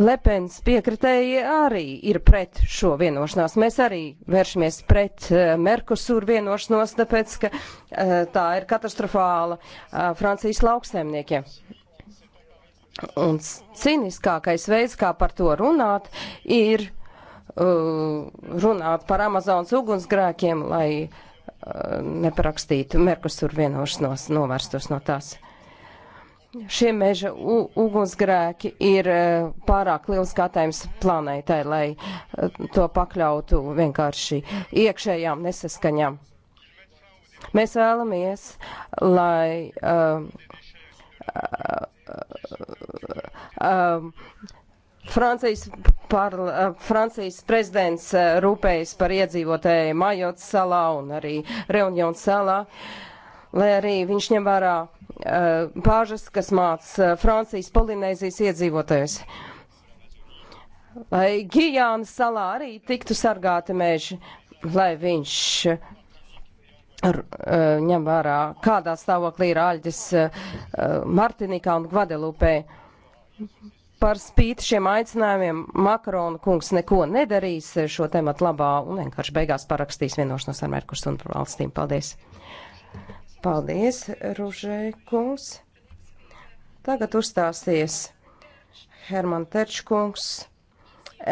Lepens piekritēji arī ir pret šo vienošanās. Mēs arī vēršamies pret uh, eh, Merkusūru vienošanos, tāpēc, ka uh, tā ir katastrofāla uh, Francijas lauksēmniekiem. Un ciniskākais veids, kā par to runāt, ir runāt par Amazonas ugunsgrēkiem, lai neparakstītu Merkusūru vienošanos, novērstos no tās šie meža ugunsgrēki ir e, pārāk liels skatājums planētai, lai e, to pakļautu vienkārši iekšējām nesaskaņām. Mēs vēlamies, lai um, um, Francijas, par, Francijas prezidents rūpējas par iedzīvotāju Majot salā un arī Reunion salā, lai arī viņš ņem vērā Uh, bāžas, kas māc uh, Francijas Polinēzijas iedzīvotājus. Lai Gijānas salā arī tiktu sargāti meži, lai viņš ar, uh, uh, ņem vērā, kādā stāvoklī ir aļģis uh, Martinikā un Gvadelupē. Par spīti šiem aicinājumiem Makrona kungs neko nedarīs šo tematu labā un vienkārši beigās parakstīs vienošanos ar Merkurs un valstīm. Paldies! Paldies, Ružē kungs. Tagad uzstāsies Herman Terčkungs,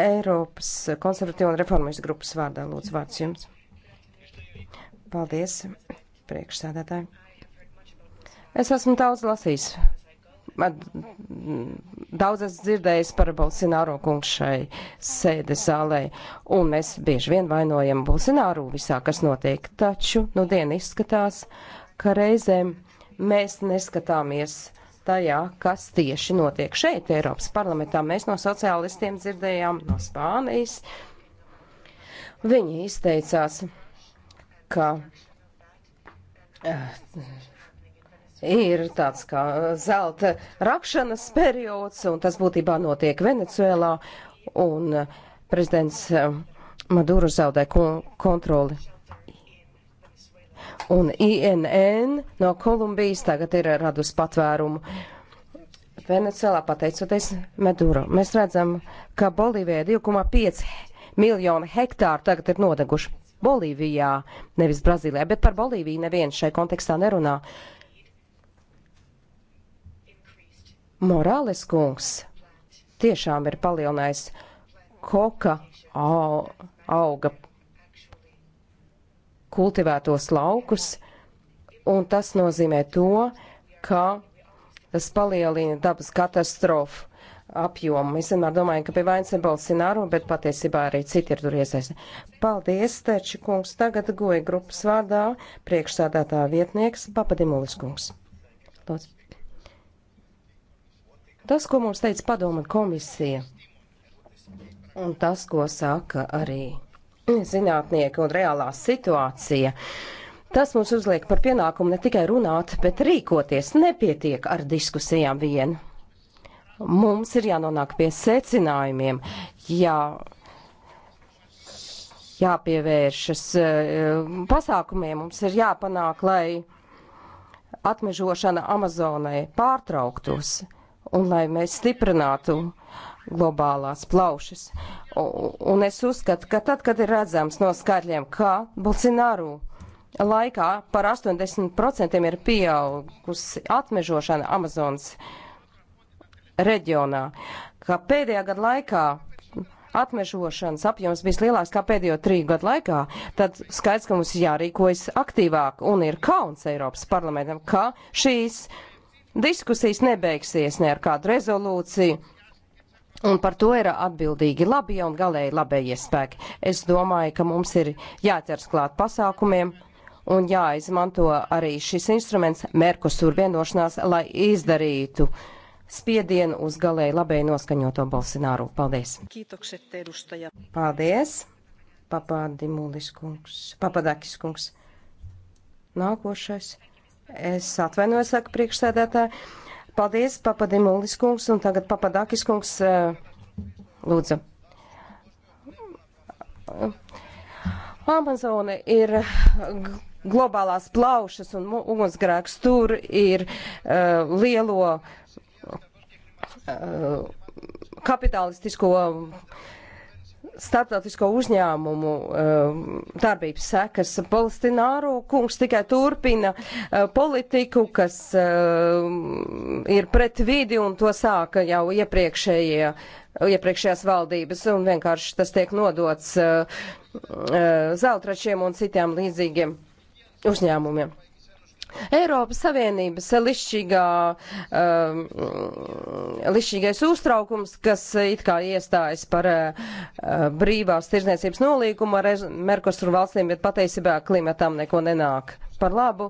Eiropas konservatīva un reformijas grupas vārdā. Lūdzu, vārds jums. Paldies, priekšsēdētāji. Es esmu daudz lasījis daudz esmu dzirdējis par Bolsināro kungu šai sēdes zālē, un mēs bieži vien vainojam Bolsināru visā, kas notiek. Taču, nu, diena izskatās, uh, ka reizēm mēs neskatāmies tajā, kas tieši notiek šeit, Eiropas parlamentā. Mēs no sociālistiem dzirdējām no Spānijas. Viņi izteicās, ka eh, ir tāds kā zelta rakšanas periods, un tas būtībā notiek Venecuēlā, un eh, prezidents eh, Maduro zaudē kontroli Un INN no Kolumbijas tagad ir radus patvērumu. Venecijā pateicoties Meduro. Mēs redzam, ka Bolīvijā 2,5 miljonu hektāru tagad ir nodeguši. Bolīvijā, nevis Brazīlijā, bet par Bolīviju neviens šai kontekstā nerunā. Morāles kungs tiešām ir palielinājis koka auga kultivētos laukus, un tas nozīmē to, ka tas palielina dabas katastrofu apjomu. Es vienmēr domāju, ka pie vainas ir Bolsināru, bet patiesībā arī citi ir tur iesaistīti. Paldies, Terči kungs, tagad goja grupas vārdā priekšsādātā vietnieks Papadimulis kungs. Lūdzu. Tas, ko mums teica padoma komisija, un tas, ko saka arī zinātnieki un reālā situācija. Tas mums uzliek par pienākumu ne tikai runāt, bet rīkoties. Nepietiek ar diskusijām vien. Mums ir jānonāk pie secinājumiem, jā, jāpievēršas eh, pasākumiem, mums ir jāpanāk, lai atmežošana Amazonai pārtrauktos un lai mēs stiprinātu globālās plaušas. Un es uzskatu, ka tad, kad ir redzams no skaitļiem, kā Bolsināru laikā par 80% ir pieaugusi atmežošana Amazonas reģionā, ka pēdējā gada laikā atmežošanas apjoms bijis lielāks kā pēdējo trīs gadu laikā, tad skaidrs, ka mums jārīkojas aktīvāk un ir kauns Eiropas parlamentam, ka šīs diskusijas nebeigsies ne ar kādu rezolūciju Un par to ir atbildīgi labie un galēji labējie spēki. Es domāju, ka mums ir jāķers klāt pasākumiem un jāizmanto arī šis instruments Merkusur vienošanās, lai izdarītu spiedienu uz galēji labēji noskaņoto Bolsināru. Paldies! Paldies! Papādimulis kungs, papadakis kungs. Nākošais. Es atvainojos, saka priekšsēdētāji. Paldies, Papadimulis kungs, un tagad Papadakis kungs, eh, lūdzu. Amazone ir globālās plaušas un ugunsgrēks. Tur ir uh, lielo uh, kapitalistisko uh, starptautisko uzņēmumu eh, darbības sekas. Palestināro kungs tikai turpina eh, politiku, kas eh, ir pret vidi un to sāka jau iepriekšējie, iepriekšējās valdības un vienkārši tas tiek nodots zeltračiem un citiem līdzīgiem uzņēmumiem. Eiropas Savienības lišķīgā, um, lišķīgais uztraukums, kas it kā iestājas par uh, brīvās tirzniecības nolīgumu ar Merkosur valstīm, bet patiesībā klimatam neko nenāk par labu.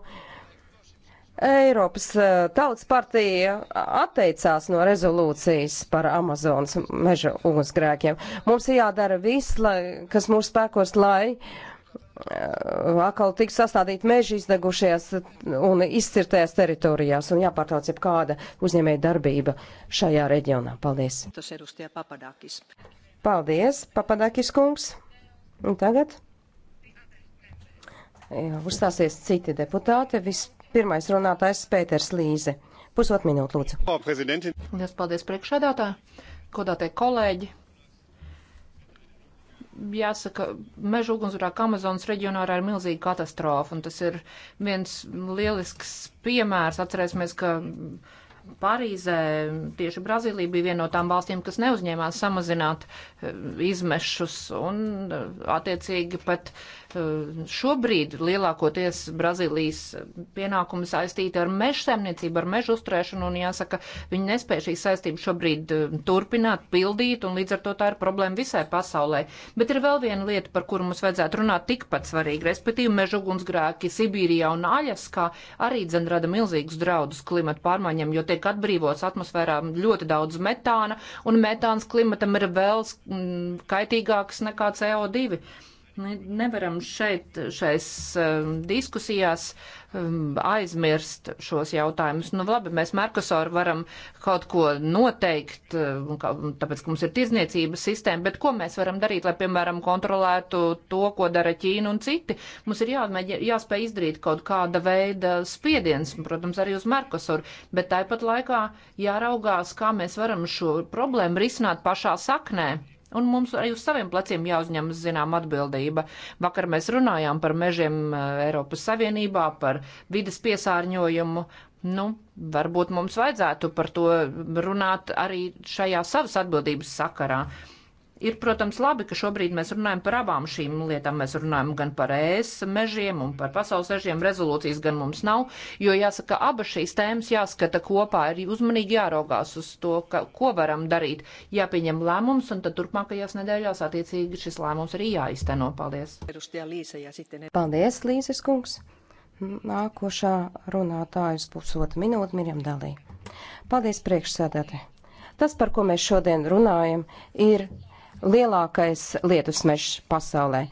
Eiropas uh, Tautas partija atteicās no rezolūcijas par Amazonas meža ugunsgrēkiem. Mums ir jādara viss, lai, kas mūsu spēkos, lai uh, atkal tiks sastādīt meži izdegušajās un izcirtajās teritorijās un jāpārtrauc jau kāda uzņēmēja darbība šajā reģionā. Paldies! Paldies, Papadakis kungs! Un tagad Jā, uzstāsies citi deputāti. Vispirmais runātājs Pēters Līze. Pusot minūte, lūdzu. Paldies, paldies priekšēdātā, godātie kolēģi! jāsaka, meža ugunsgrēka Amazonas reģionā ir milzīga katastrofa, un tas ir viens lielisks piemērs. Atcerēsimies, ka Parīzē tieši Brazīlija bija viena no tām valstīm, kas neuzņēmās samazināt eh, izmešus, un eh, attiecīgi pat uh, Eh, šobrīd lielākoties Brazīlijas pienākumi saistīti ar meža saimniecību, ar meža uzturēšanu, un jāsaka, viņi nespēja šīs saistības šobrīd eh, turpināt, pildīt, un līdz ar to tā ir problēma visai pasaulē. Bet ir vēl viena lieta, par kuru mums vajadzētu runāt tikpat svarīgi, respektīvi mežugunsgrēki Sibīrijā un Aļaskā arī dzen rada milzīgus draudus klimata pārmaiņam, jo tiek atbrīvots atmosfērā ļoti daudz metāna, un metāns klimatam ir vēl kaitīgāks nekā CO2. Nevaram šeit, šais um, diskusijās um, aizmirst šos jautājumus. Nu, labi, mēs Merkosoru varam kaut ko noteikt, um, tāpēc, ka mums ir tirzniecības sistēma, bet ko mēs varam darīt, lai, piemēram, kontrolētu to, ko dara Ķīna un citi? Mums ir jāmēģi, jāspēj izdarīt kaut kāda veida spiediens, protams, arī uz Merkosoru, bet tāpat laikā jāraugās, kā mēs varam šo problēmu risināt pašā saknē Un mums arī uz saviem pleciem jāuzņem zinām atbildība. Vakar mēs runājām par mežiem eh, Eiropas Savienībā, par vidas piesārņojumu. Nu, varbūt mums vajadzētu par to runāt arī šajā savas atbildības sakarā. Uh, Ir, protams, labi, ka šobrīd mēs runājam par abām šīm lietām. Mēs runājam gan par ES mežiem un par pasaules mežiem. Rezolūcijas gan mums nav, jo jāsaka, abas šīs tēmas jāskata kopā. Ir uzmanīgi jāraugās uz to, ka, ko varam darīt. Jāpieņem lēmums, un tad turpmākajās nedēļās attiecīgi šis lēmums arī jāizteno. Paldies! Paldies, Līzes kungs! Nākošā runātājas pusotra minūte Mirjam Dalī. Paldies priekšsēdētāji! Tas, par ko mēs šodien runājam, ir lielākais lietus mežs pasaulē.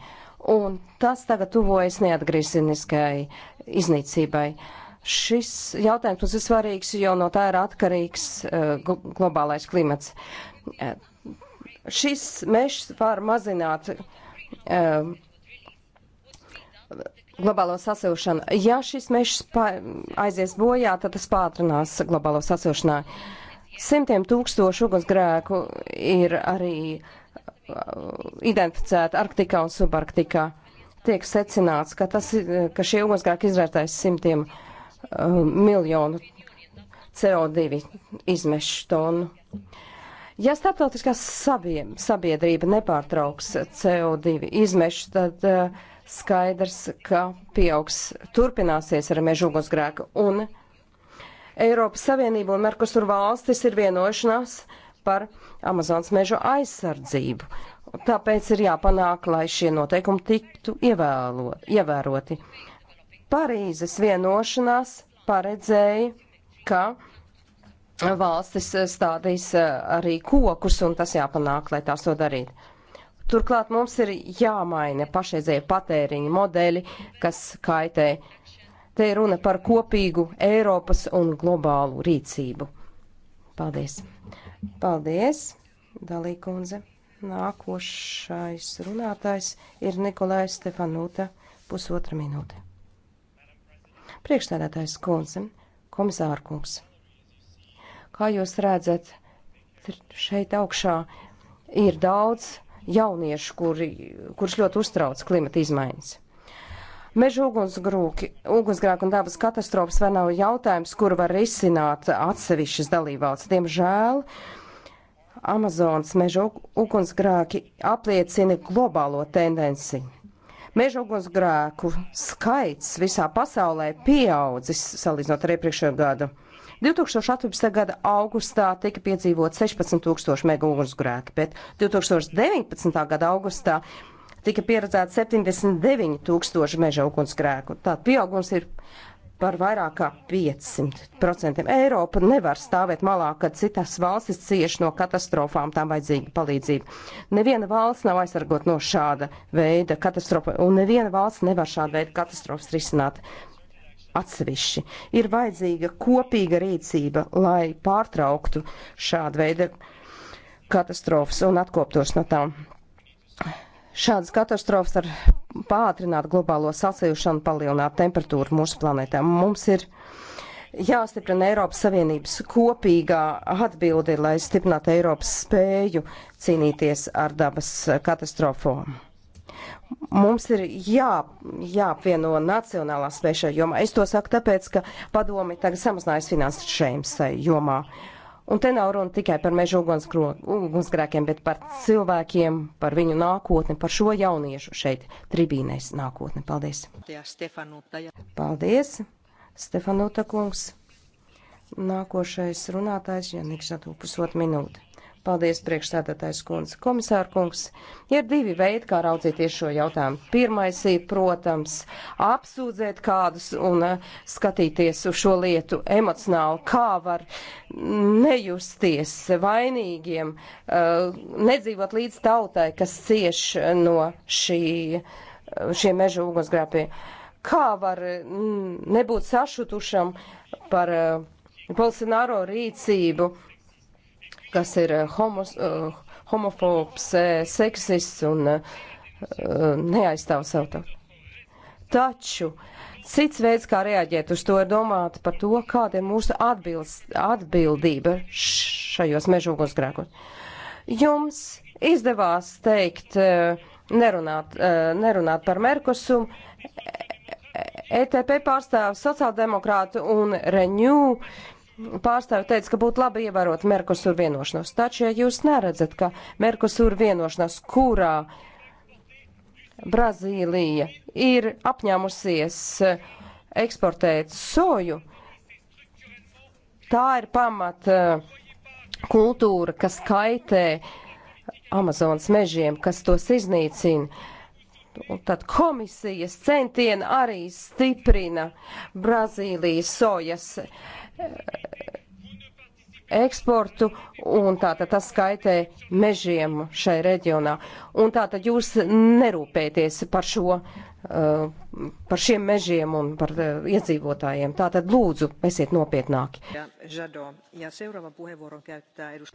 Un tas tagad tuvojas neatgriezeniskai iznīcībai. Šis jautājums mums ir svarīgs, jo no tā ir atkarīgs uh, globālais klimats. Uh, šis mežs var mazināt uh, globālo sasilšanu. Ja šis mežs aizies bojā, tad tas pātrinās globālo sasilšanā. Simtiem tūkstošu ugunsgrēku ir arī uh, Uh, identificēti Arktikā un Subarktikā. Tiek secināts, ka, tas, ka šie ugunsgrēki izvērtējas simtiem uh, miljonu CO2 izmešu tonu. Ja starptautiskā sabie, sabiedrība nepārtrauks CO2 izmešu, tad uh, skaidrs, ka pieaugs, turpināsies ar mežu ugunsgrēku. Un Eiropas Savienība un Merkusur valstis ir vienošanās uh, par Amazonas mežu aizsardzību. Tāpēc ir jāpanāk, lai šie noteikumi tiktu ievēlo, ievēroti. Parīzes vienošanās paredzēja, ka valstis stādīs eh, arī kokus, un tas jāpanāk, lai tās to darītu. Turklāt mums ir jāmaina pašreizēji patēriņa modeļi, kas kaitē. Te ir runa par kopīgu Eiropas un globālu rīcību. Paldies! Paldies, Dalī kundze. Nākošais runātājs ir Nikolai Stefanūta, pusotra minūte. Priekšstādātājs kundze, komisāra kungs. Kā jūs redzat, šeit augšā ir daudz jauniešu, kuri, kurš ļoti uztrauc klimata izmaiņas. Meža ugunsgrēku un dabas katastrofas vēl nav jautājums, kur var risināt atsevišķas dalībvalsts. Diemžēl Amazonas meža ugunsgrēki apliecina globālo tendenci. Meža ugunsgrēku skaits visā pasaulē pieaudzis salīdzinot ar iepriekšējo gadu. 2018. gada augustā tika piedzīvot 16 tūkstoši mega ugunsgrēki, bet 2019. gada augustā tika pieredzēta 79 tūkstoši meža ugunsgrēku. Tā pieaugums ir par vairāk kā 500%. Eiropa nevar stāvēt malā, kad citas valstis cieš no katastrofām, tām vajadzīga palīdzība. Neviena valsts nav aizsargot no šāda veida katastrofa, un neviena valsts nevar šādu veidu katastrofas risināt. Atsevišķi ir vajadzīga kopīga rīcība, lai pārtrauktu šādu veidu katastrofas un atkoptos no tām. Šādas katastrofas var pātrināt globālo sasilšanu, palielināt temperatūru mūsu planētā. Mums ir jāstiprina Eiropas Savienības kopīgā atbildi, lai stiprinātu Eiropas spēju cīnīties ar dabas katastrofām. Mums ir jā, jāapvieno nacionālā spēja šajā jomā. Es to saku tāpēc, ka padomi tagad samazinājis finansējums šajā jomā. Uh, Un te nav runa tikai par meža ugunsgrēkiem, bet par cilvēkiem, par viņu nākotni, par šo jauniešu šeit tribīnēs nākotni. Paldies! Paldies, Stefanuta kungs! Nākošais runātājs, ja nekšā tu pusotru minūti. Paldies, priekšstādātais kundze. Komisāra kungs, ir divi veidi, kā raudzīties šo jautājumu. Pirmais ir, protams, apsūdzēt kādus un eh, skatīties uz šo lietu emocionāli, kā var nejusties vainīgiem, eh, nedzīvot līdz tautai, kas cieš no šī, šiem meža ugunsgrēpiem. Kā var mm, nebūt sašutušam par eh, Bolsonaro rīcību? kas ir eh, homos, eh, homofobs, eh, seksists un neaizstāv savu tautu. Taču cits veids, kā reaģēt uz to, ir domāt par to, kāda ir mūsu atbilds, atbildība šajos mežogos grēkos. Jums izdevās teikt, nerunāt, nerunāt par Merkusumu. ETP e-, e pārstāv sociāldemokrātu un Renew pārstāvi teica, ka būtu labi ievērot Merkosur vienošanos. Taču, ja jūs neredzat, ka Merkosur vienošanās, kurā Brazīlija ir apņēmusies eh, eksportēt soju, tā ir pamat eh, kultūra, kas kaitē Amazonas mežiem, kas tos iznīcina Tad komisijas centieni arī stiprina Brazīlijas sojas eh, eksportu, un tātad tas skaitē mežiem šai reģionā. Un tātad jūs nerūpēties par šo, eh, par šiem mežiem un par eh, iedzīvotājiem. Tātad lūdzu, esiet nopietnāki.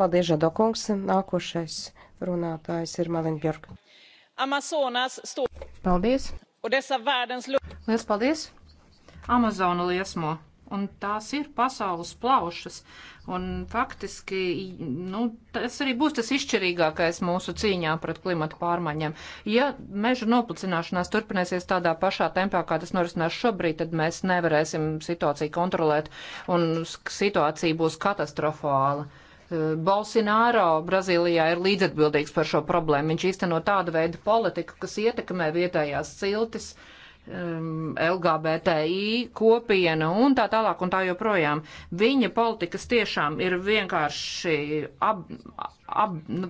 Paldies, Žado kungs. Nākošais runātājs ir Maliņbjorka. Paldies! Lielas paldies! Amazona liesmo. Un tās ir pasaules plaušas. Un faktiski, nu, tas arī būs tas izšķirīgākais mūsu cīņā pret klimatu pārmaiņām. Ja meža noplicināšanās turpināsies tādā pašā tempā, kā tas norisinās šobrīd, tad mēs nevarēsim situāciju kontrolēt un situācija būs katastrofāla. Bolsonaro Brazīlijā ir līdzatbildīgs par šo problēmu. Viņš īsteno tādu veidu politiku, kas ietekmē vietējās ciltis. Um, LGBTI kopiena un tā tālāk un tā joprojām. Viņa politikas tiešām ir vienkārši ab, ap, nu,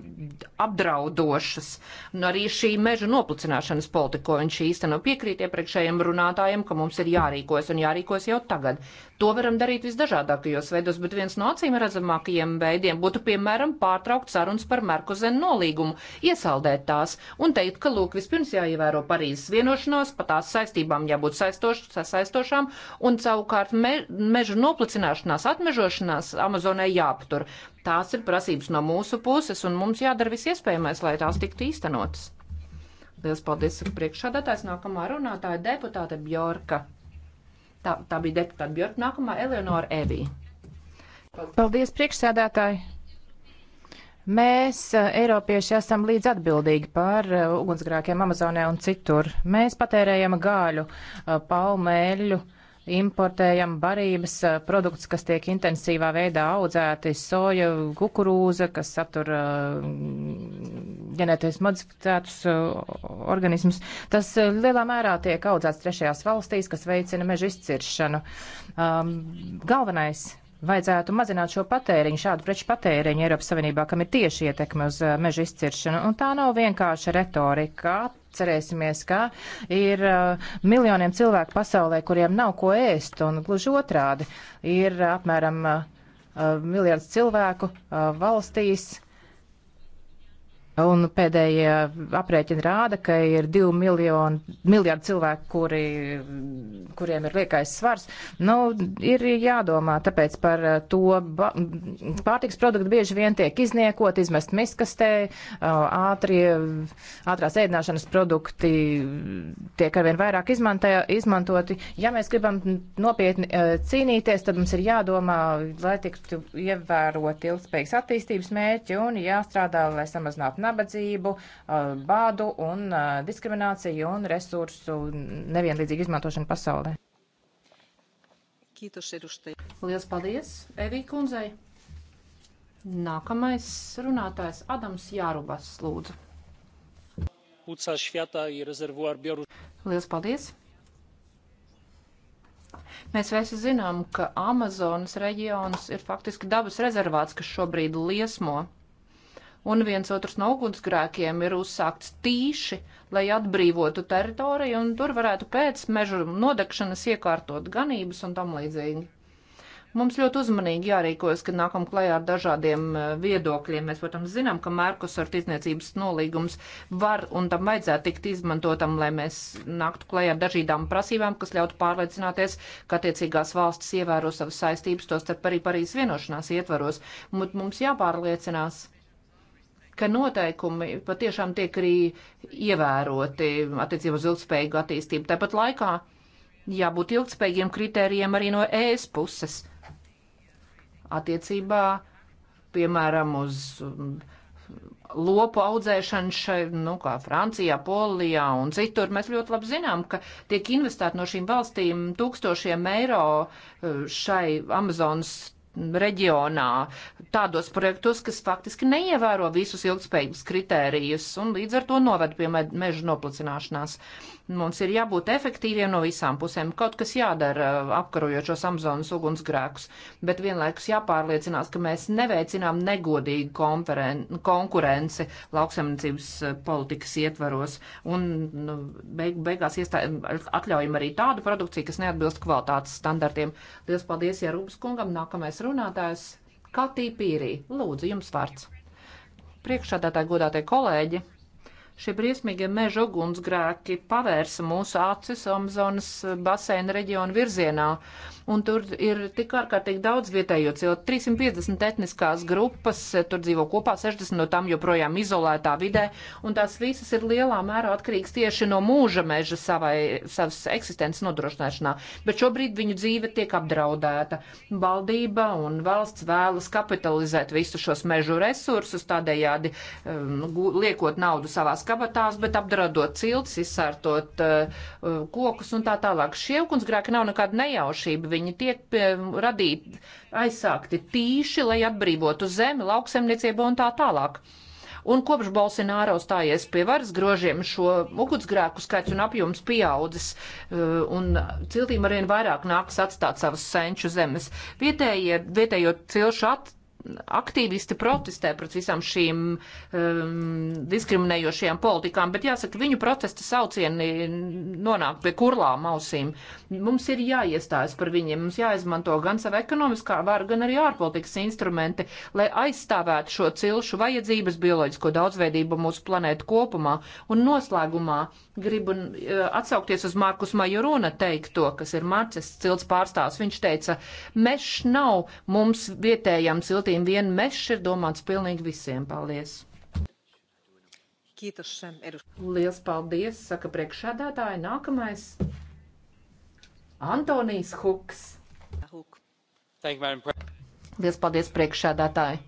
apdraudošas. Nu, arī šī meža noplicināšanas politika, ko viņš īsteno piekrīt iepriekšējiem runātājiem, ka mums ir jārīkojas un jārīkojas jau tagad. To varam darīt visdažādākajos veidos, bet viens no acīm redzamākajiem veidiem būtu, piemēram, pārtraukt sarunas par Merkuzenu nolīgumu, iesaldēt tās un teikt, ka, lūk, vispirms jāievēro Parīzes vienošanās, pa tās saistībām jābūt saistoš, saistošām, un savukārt me, meža noplicināšanās, atmežošanās Amazonē jāaptur. Tās ir prasības no mūsu puses, un mums jādara viss iespējamais, lai tās tiktu īstenotas. Lielas paldies priekšādātājs. Nākamā runātāja deputāte Bjorka. Tā, tā bija deputāte Bjorka. Nākamā Eleonora Evī. Paldies, paldies priekšsēdētāji. Mēs, eh, Eiropieši, esam līdz atbildīgi par eh, ugunsgrākiem Amazonē un citur. Mēs patērējam gāļu, eh, palmēļu. Uh, importējam barības eh, produktus, kas tiek intensīvā veidā audzēti, soja, kukurūza, kas satur eh, ģenētiski modificētus eh, organismus. Tas lielā mērā tiek audzēts trešajās valstīs, kas veicina meža izciršanu. Um, galvenais Vajadzētu mazināt šo patēriņu, šādu preču patēriņu Eiropas Savienībā, kam ir tieši ietekme uz uh, meža izciršanu. Un tā nav vienkārša retorika. Cerēsimies, ka ir uh, miljoniem cilvēku pasaulē, kuriem nav ko ēst, un gluži otrādi ir apmēram uh, miljards cilvēku valstīs, Un pēdējie aprēķini rāda, ka ir 2 miljoni, miljardi cilvēku, kuri, kuriem ir liekais svars. Nu, ir jādomā tāpēc par to. Pārtiks produkti bieži vien tiek izniekot, izmest miskastē, ātrie, ātrās ēdināšanas produkti tiek arvien vairāk izmantē, izmantoti. Ja mēs gribam nopietni cīnīties, tad mums ir jādomā, lai tiktu ievērot ilgspējīgas attīstības mērķi un jāstrādā, lai samazinātu nākotnē nabadzību, bādu un diskrimināciju un resursu nevienlīdzīgu izmantošanu pasaulē. Lielas paldies, Evī kundzei! Nākamais runātājs Adams Jārubas lūdzu. Lielas paldies! Mēs visi zinām, ka Amazonas reģions ir faktiski dabas rezervāts, kas šobrīd liesmo un viens otrs no ugunsgrēkiem ir uzsākts tīši, lai atbrīvotu teritoriju, un tur varētu pēc mežu nodekšanas iekārtot ganības un tam līdzīgi. Mums ļoti uzmanīgi jārīkojas, kad nākam klajā ar dažādiem eh, viedokļiem. Mēs, protams, zinām, ka Mērkusar tirdzniecības nolīgums var un tam vajadzētu tikt izmantotam, lai mēs nāktu klajā ar dažādām prasībām, kas ļautu pārliecināties, ka attiecīgās valstis ievēro savas saistības, tos starp arī Parīzes vienošanās ietvaros. Mums jāpārliecinās ka noteikumi patiešām tiek arī ievēroti attiecībā uz ilgspējīgu attīstību. Tāpat laikā jābūt ilgspējīgiem kritērijiem arī no ES puses attiecībā, piemēram, uz mm, lopu audzēšana šeit, nu, kā Francijā, Polijā un citur. Mēs ļoti labi zinām, ka tiek investēti no šīm valstīm tūkstošiem eiro eh, šai Amazonas reģionā tādos projektos, kas faktiski neievēro visus ilgspējības kritērijus un līdz ar to noved pie meža noplicināšanās. Mums ir jābūt efektīviem no visām pusēm. Kaut kas jādara uh, apkarojošos Amazonas ugunsgrēkus, bet vienlaikus jāpārliecinās, ka mēs neveicinām negodīgu konkurenci lauksaimniecības uh, politikas ietvaros un nu, beig beigās iestā... atļaujam arī tādu produkciju, kas neatbilst kvalitātes standartiem. Lielas paldies Jārūpas kungam. Nākamais runātājs Katī Pīrī. Lūdzu, jums vārds. Priekšādātāji godātie kolēģi. Šie briesmīgie meža ugunsgrēki pavērsa mūsu acis Amazonas baseina reģiona virzienā, un tur ir tik ārkārtīgi daudz vietējo cilvēku. 350 etniskās grupas eh, tur dzīvo kopā, 60 no tām joprojām izolētā vidē, un tās visas ir lielā mērā atkarīgas tieši no mūža meža savai, savas eksistences nodrošināšanā. Bet šobrīd viņu dzīve tiek apdraudēta. Valdība un valsts vēlas kapitalizēt visus šos mežu resursus, tādējādi um, liekot naudu savās kabatās, bet apdraudot cilts, izsērtot uh, eh, kokus un tā tālāk. Šie ugunsgrēki nav nekāda nejaušība. Viņi viņi tiek pie, radīti, aizsākti tīši, lai atbrīvotu zemi, lauksemniecību un tā tālāk. Un kopš Bolsonaro stājies pie varas grožiem, šo ugunsgrēku skaits un apjoms pieaudzis, uh, un ciltīm arvien vairāk nāks atstāt savas senču zemes. Vietējie, vietējo cilšu at, aktīvisti protestē pret visām šīm um, diskriminējošajām politikām, bet jāsaka, viņu protesta saucieni nonāk pie kurlām ausīm. Mums ir jāiestājas par viņiem, mums jāizmanto gan sava ekonomiskā vara, gan arī ārpolitikas instrumenti, lai aizstāvētu šo cilšu vajadzības, bioloģisko daudzveidību mūsu planētu kopumā. Un noslēgumā gribu uh, atsaukties uz Markus Majoruna teikto, kas ir Marces cilts pārstāvs. Viņš teica, mešs nav mums vietējams ciltī valstīm vien mešs ir domāts pilnīgi visiem. Paldies! Kītos, Liels paldies, saka priekšādātāja. Nākamais Antonijs Huks. Huk. Liels paldies priekšādātāji!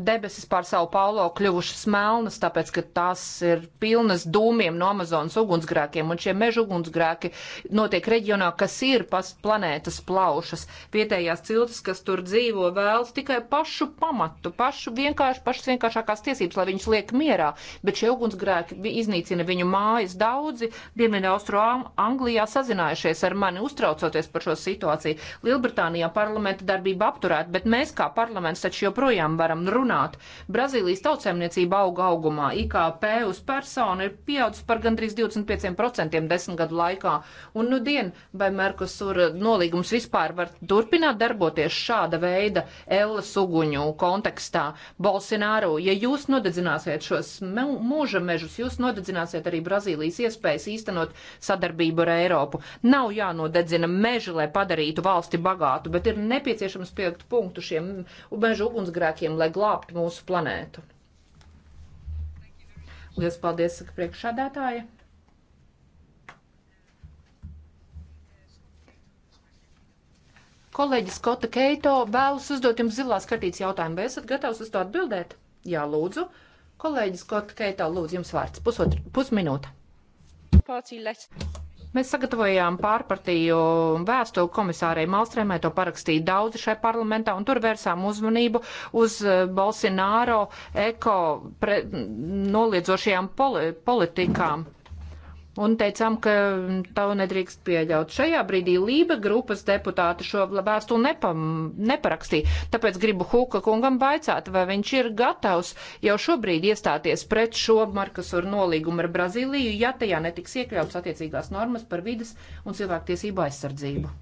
debesis pār savu paulo kļuvušas melnas, tāpēc, ka tās ir pilnas dūmiem no Amazonas ugunsgrēkiem, un šie meža ugunsgrēki notiek reģionā, kas ir pas planētas plaušas. Vietējās ciltis, kas tur dzīvo, vēlas tikai pašu pamatu, pašu vienkārši, pašas vienkāršākās tiesības, lai viņus liek mierā, bet šie ugunsgrēki iznīcina viņu mājas. Daudzi Dienvidu Austro Anglijā sazinājušies ar mani, uztraucoties par šo situāciju. Lielbritānijā parlamenta darbība apturēta, bet mēs kā parlaments taču joprojām varam runāt runāt. Brazīlijas tautsēmniecība auga augumā, IKP uz personu ir pieaudzis par gandrīz 25% desmit gadu laikā. Un nu dien, vai Merkusur nolīgums vispār var turpināt darboties šāda veida Ellas uguņu kontekstā? Bolsināru, ja jūs nodedzināsiet šos mūža mežus, jūs nodedzināsiet arī Brazīlijas iespējas īstenot sadarbību ar Eiropu. Nav jānodedzina meži, lai padarītu valsti bagātu, bet ir nepieciešams piekt punktu šiem mežu ugunsgrēkiem, lai glābtu glābt mūsu planētu. Lielas paldies, saka priekšādātāja. Kolēģis Kota Keito vēlas uzdot jums zilās kartītes jautājumu. Vai esat gatavs uz to atbildēt? Jā, lūdzu. Kolēģis Kota Keito, lūdzu, jums vārds. Pusotru, pusminūte. Mēs sagatavojām pārpartiju vēstuli komisārai Malstrēmai, to parakstīja daudzi šai parlamentā, un tur vērsām uzmanību uz eh, Bolsināro eko pre, noliedzošajām poli politikām un teicām, ka to nedrīkst pieļaut. Šajā brīdī Lība grupas deputāti šo vēstuli nepam, neparakstīja, tāpēc gribu Huka kungam baicāt, vai viņš ir gatavs jau šobrīd iestāties pret šo Markasuru nolīgumu ar Brazīliju, ja tajā netiks iekļauts attiecīgās normas par vidas un cilvēktiesību aizsardzību.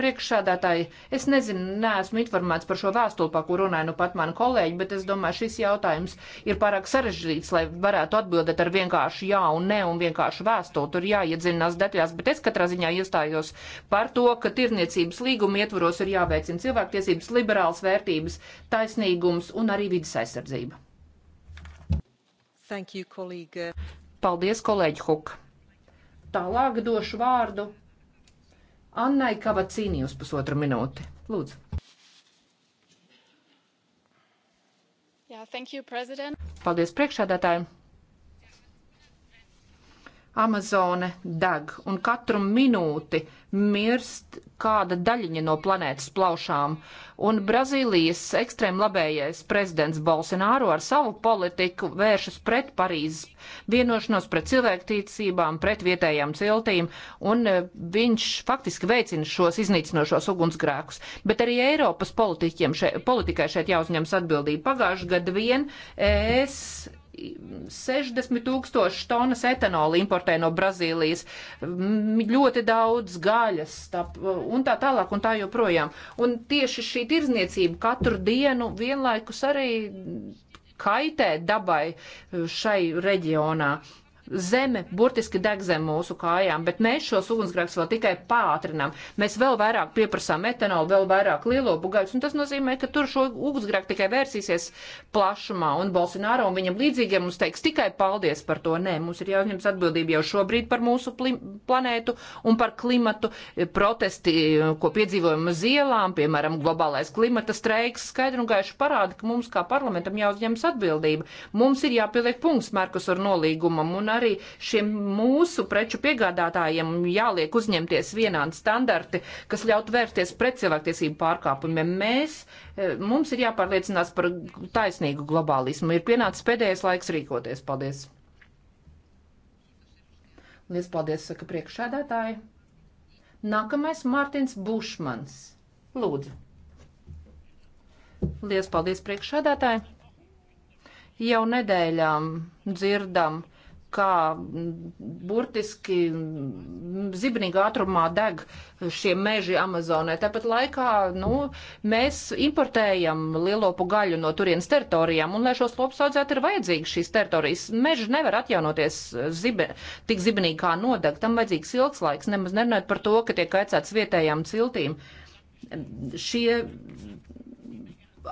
Priekšsādātāji, es nezinu, neesmu informēts par šo vēstuli, par kuru runāja nu pat mani kolēģi, bet es domāju, šis jautājums ir pārāk sarežģīts, lai varētu atbildēt ar vienkāršu jā un nē un vienkāršu vēstuli. Tur jāiedzinās detaļās, bet es katrā ziņā iestājos par to, ka tirniecības līguma ietvaros ir jāveicina cilvēktiesības, liberāls vērtības, taisnīgums un arī vidas aizsardzība. Thank you, kolīga. Paldies, kolēģi Huk. Tālāk došu vārdu Annai Kavacīnī uz pusotru minūti. Lūdzu. Jā, yeah, thank you, President. Paldies priekšādātājiem. Amazone deg, un katru minūti mirst kāda daļiņa no planētas plaušām, un Brazīlijas ekstrēmlabējais prezidents Bolsonaro ar savu politiku vēršas pret Parīzes vienošanos, pret cilvēktīcībām, pret vietējām ciltīm, un e, viņš faktiski veicina šos iznīcinošos ugunsgrēkus. Bet arī Eiropas šeit, politikai šeit jāuzņems atbildība. Pagājuši gadu vien es 60 tūkstoši tonas etanola importē no Brazīlijas, ļoti daudz gaļas tā, un tā tālāk un tā joprojām. Un tieši šī tirzniecība katru dienu vienlaikus arī kaitē dabai eh, šai reģionā. Zeme burtiski deg zem mūsu kājām, bet mēs šos ugunsgrēkus vēl tikai pātrinām. Mēs vēl vairāk pieprasām metanolu, vēl vairāk lielo bugaitus, un tas nozīmē, ka tur šo ugunsgrēku tikai vērsīsies plašumā, un Bolsonaro un viņam līdzīgiem mums teiks tikai paldies par to. Nē, mums ir jāuzņems atbildība jau šobrīd par mūsu planētu un par klimatu protesti, ko piedzīvojam uz ielām, piemēram, globālais klimata streiks skaidri un gaiši parāda, ka mums kā parlamentam jāuzņems atbildība. Mums ir jāpieliek punkts Merkusur nolīgumam un ar arī šiem mūsu preču piegādātājiem jāliek uzņemties vienādi standarti, kas ļaut vērsties pret cilvēktiesību pārkāpumiem. Mēs, e, mums ir jāpārliecinās par taisnīgu globālismu. Ir pienācis pēdējais laiks rīkoties. Paldies! Lies paldies, saka priekšsēdētāji. Nākamais Mārtiņš Bušmans. Lūdzu. Lies paldies priekšsēdētāji. Jau nedēļām dzirdam kā burtiski zibenīgā ātrumā deg šie meži Amazonē. Tāpat laikā nu, mēs importējam lielopu gaļu no turienes teritorijām, un lai šos lopus audzētu, ir vajadzīgas šīs teritorijas. Meži nevar atjaunoties zibe, tik zibenīgi kā nodeg, tam vajadzīgs ilgs laiks, nemaz nerunājot par to, ka tiek aicēts vietējām ciltīm. Šie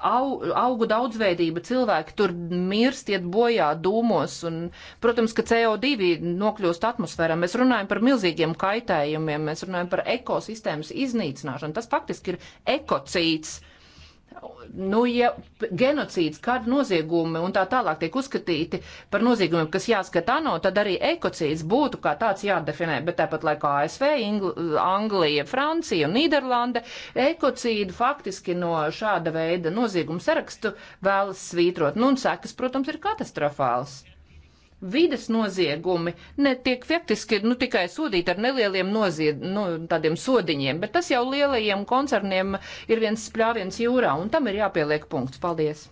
au, augu daudzveidība, cilvēki tur mirst, iet bojā dūmos, un, protams, ka CO2 nokļūst atmosfērā. Mēs runājam par milzīgiem kaitējumiem, mēs runājam par ekosistēmas iznīcināšanu. Tas faktiski ir ekocīts nu, ja genocīds, kāda noziegumi un tā tālāk tiek uzskatīti par noziegumiem, kas jāskata ANO, tad arī ekocīds būtu kā tāds jādefinē, bet tāpat laikā ASV, Ingl Anglija, Francija un Nīderlanda ekocīdu faktiski no šāda veida noziegumu sarakstu vēlas svītrot. Nu, un sekas, protams, ir katastrofāls vides noziegumi netiek faktiski nu, tikai sodīti ar nelieliem nozied, nu, tādiem sodiņiem, bet tas jau lielajiem koncerniem ir viens spļāviens jūrā, un tam ir jāpieliek punkts. Paldies!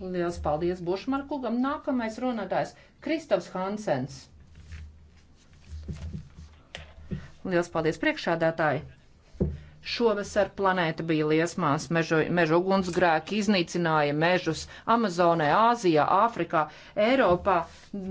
Liels paldies Bušmarkungam. Nākamais runātājs - Kristofs Hansens. Liels paldies priekšādātāji! Šovasar planēta bija liesmās, mežu, mežu ugunsgrēki iznīcināja mežus Amazonē, Āzijā, Āfrikā, Eiropā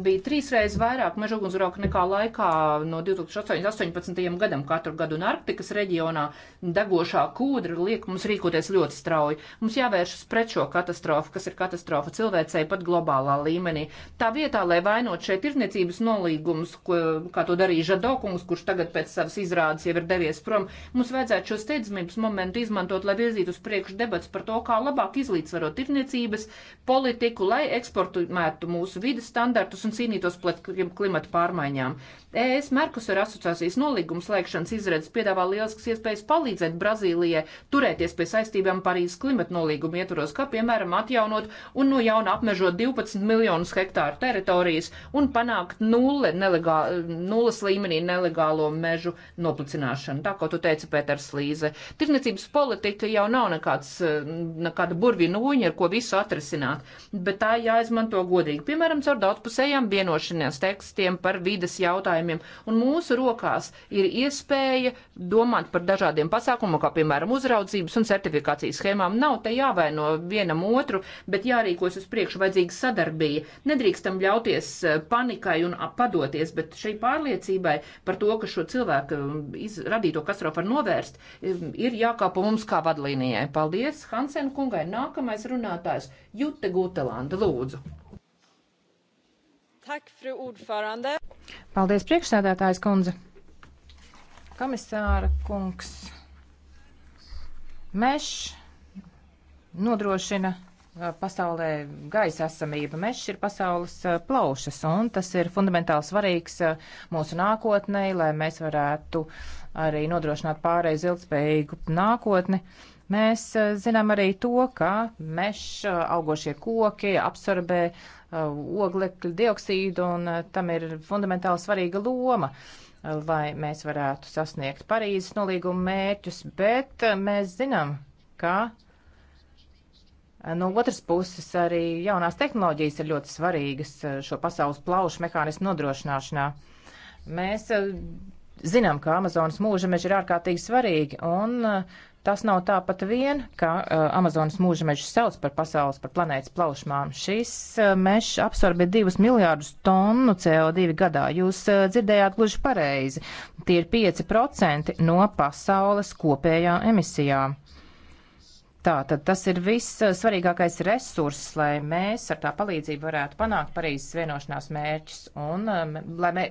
bija trīsreiz vairāk meža ugunsgrauku nekā laikā no 2018. gadam katru gadu, un Arktikas reģionā degošā kūdra liek mums rīkoties ļoti strauji. Mums jāvēršas pret šo katastrofu, kas ir katastrofa cilvēcei pat globālā līmenī. Tā vietā, lai vainot šeit tirniecības nolīgumus, ko, kā to darīja Žadokungs, kurš tagad pēc savas izrādes jau ir devies prom, mums vajadzētu šo steidzamības momentu izmantot, lai virzītu uz priekšu debats par to, kā labāk izlīdzvarot tirniecības politiku, lai eksportumētu mūsu vidas standartu un cīnītos pret klimatu pārmaiņām. ES Merkusur asociācijas nolīgums slēgšanas izredzes piedāvā lielisks iespējas palīdzēt Brazīlijai turēties pie saistībām Parīzes klimata nolīguma ietvaros, kā piemēram atjaunot un no jauna apmežot 12 miljonus hektāru teritorijas un panākt nulle nelegā, nulles līmenī nelegālo mežu noplicināšanu. Tā, ko tu teici, Pēters Līze. Tirniecības politika jau nav nekāds, nekāda burvina uņa, ar ko visu atrisināt, bet tā jāizmanto godīgi, piemēram, caur daudzpusējām vienošanās tekstiem par vides jautājumu jautājumiem, un mūsu rokās ir iespēja domāt par dažādiem pasākumiem, kā piemēram uzraudzības un certifikācijas schēmām. Nav te jāvaino vienam otru, bet jārīkos uz priekšu vajadzīga sadarbība. Nedrīkstam ļauties eh, panikai un padoties, bet šai pārliecībai par to, ka šo cilvēku um, radīto katastrofu var novērst, um, ir jākāpa mums kā vadlīnijai. Paldies Hansen kungai. Nākamais runātājs Jute Gutelanda, lūdzu. Paldies, priekšsēdētājs kundze. Komisāra kungs. Mešs nodrošina pasaulē gaisa esamība. Mešs ir pasaules plaušas, un tas ir fundamentāli svarīgs mūsu nākotnē, lai mēs varētu arī nodrošināt pārreiz ilgspējīgu nākotni. Mēs zinām arī to, ka meža augošie koki absorbē Uh, oglekļa dioksīdu, un uh, tam ir fundamentāli svarīga loma, uh, lai mēs varētu sasniegt Parīzes nolīguma mērķus, bet mēs zinām, ka No otras puses, arī jaunās tehnoloģijas ir ļoti svarīgas šo pasaules plaušu mehānismu nodrošināšanā. Mēs zinām, ka Amazonas mūža meža ir ārkārtīgi svarīgi, un Tas nav tāpat vien, ka uh, Amazonas mūža mežs sauc par pasaules, par planētas plaušmām. Šis uh, mežs absorbē divus miljārdus tonnu CO2 gadā. Jūs uh, dzirdējāt gluži pareizi. Tie ir 5% no pasaules kopējā emisijā. Tātad tas ir viss svarīgākais resurss, lai mēs ar tā palīdzību varētu panākt Parīzes vienošanās mērķus. Un, um, lai mē,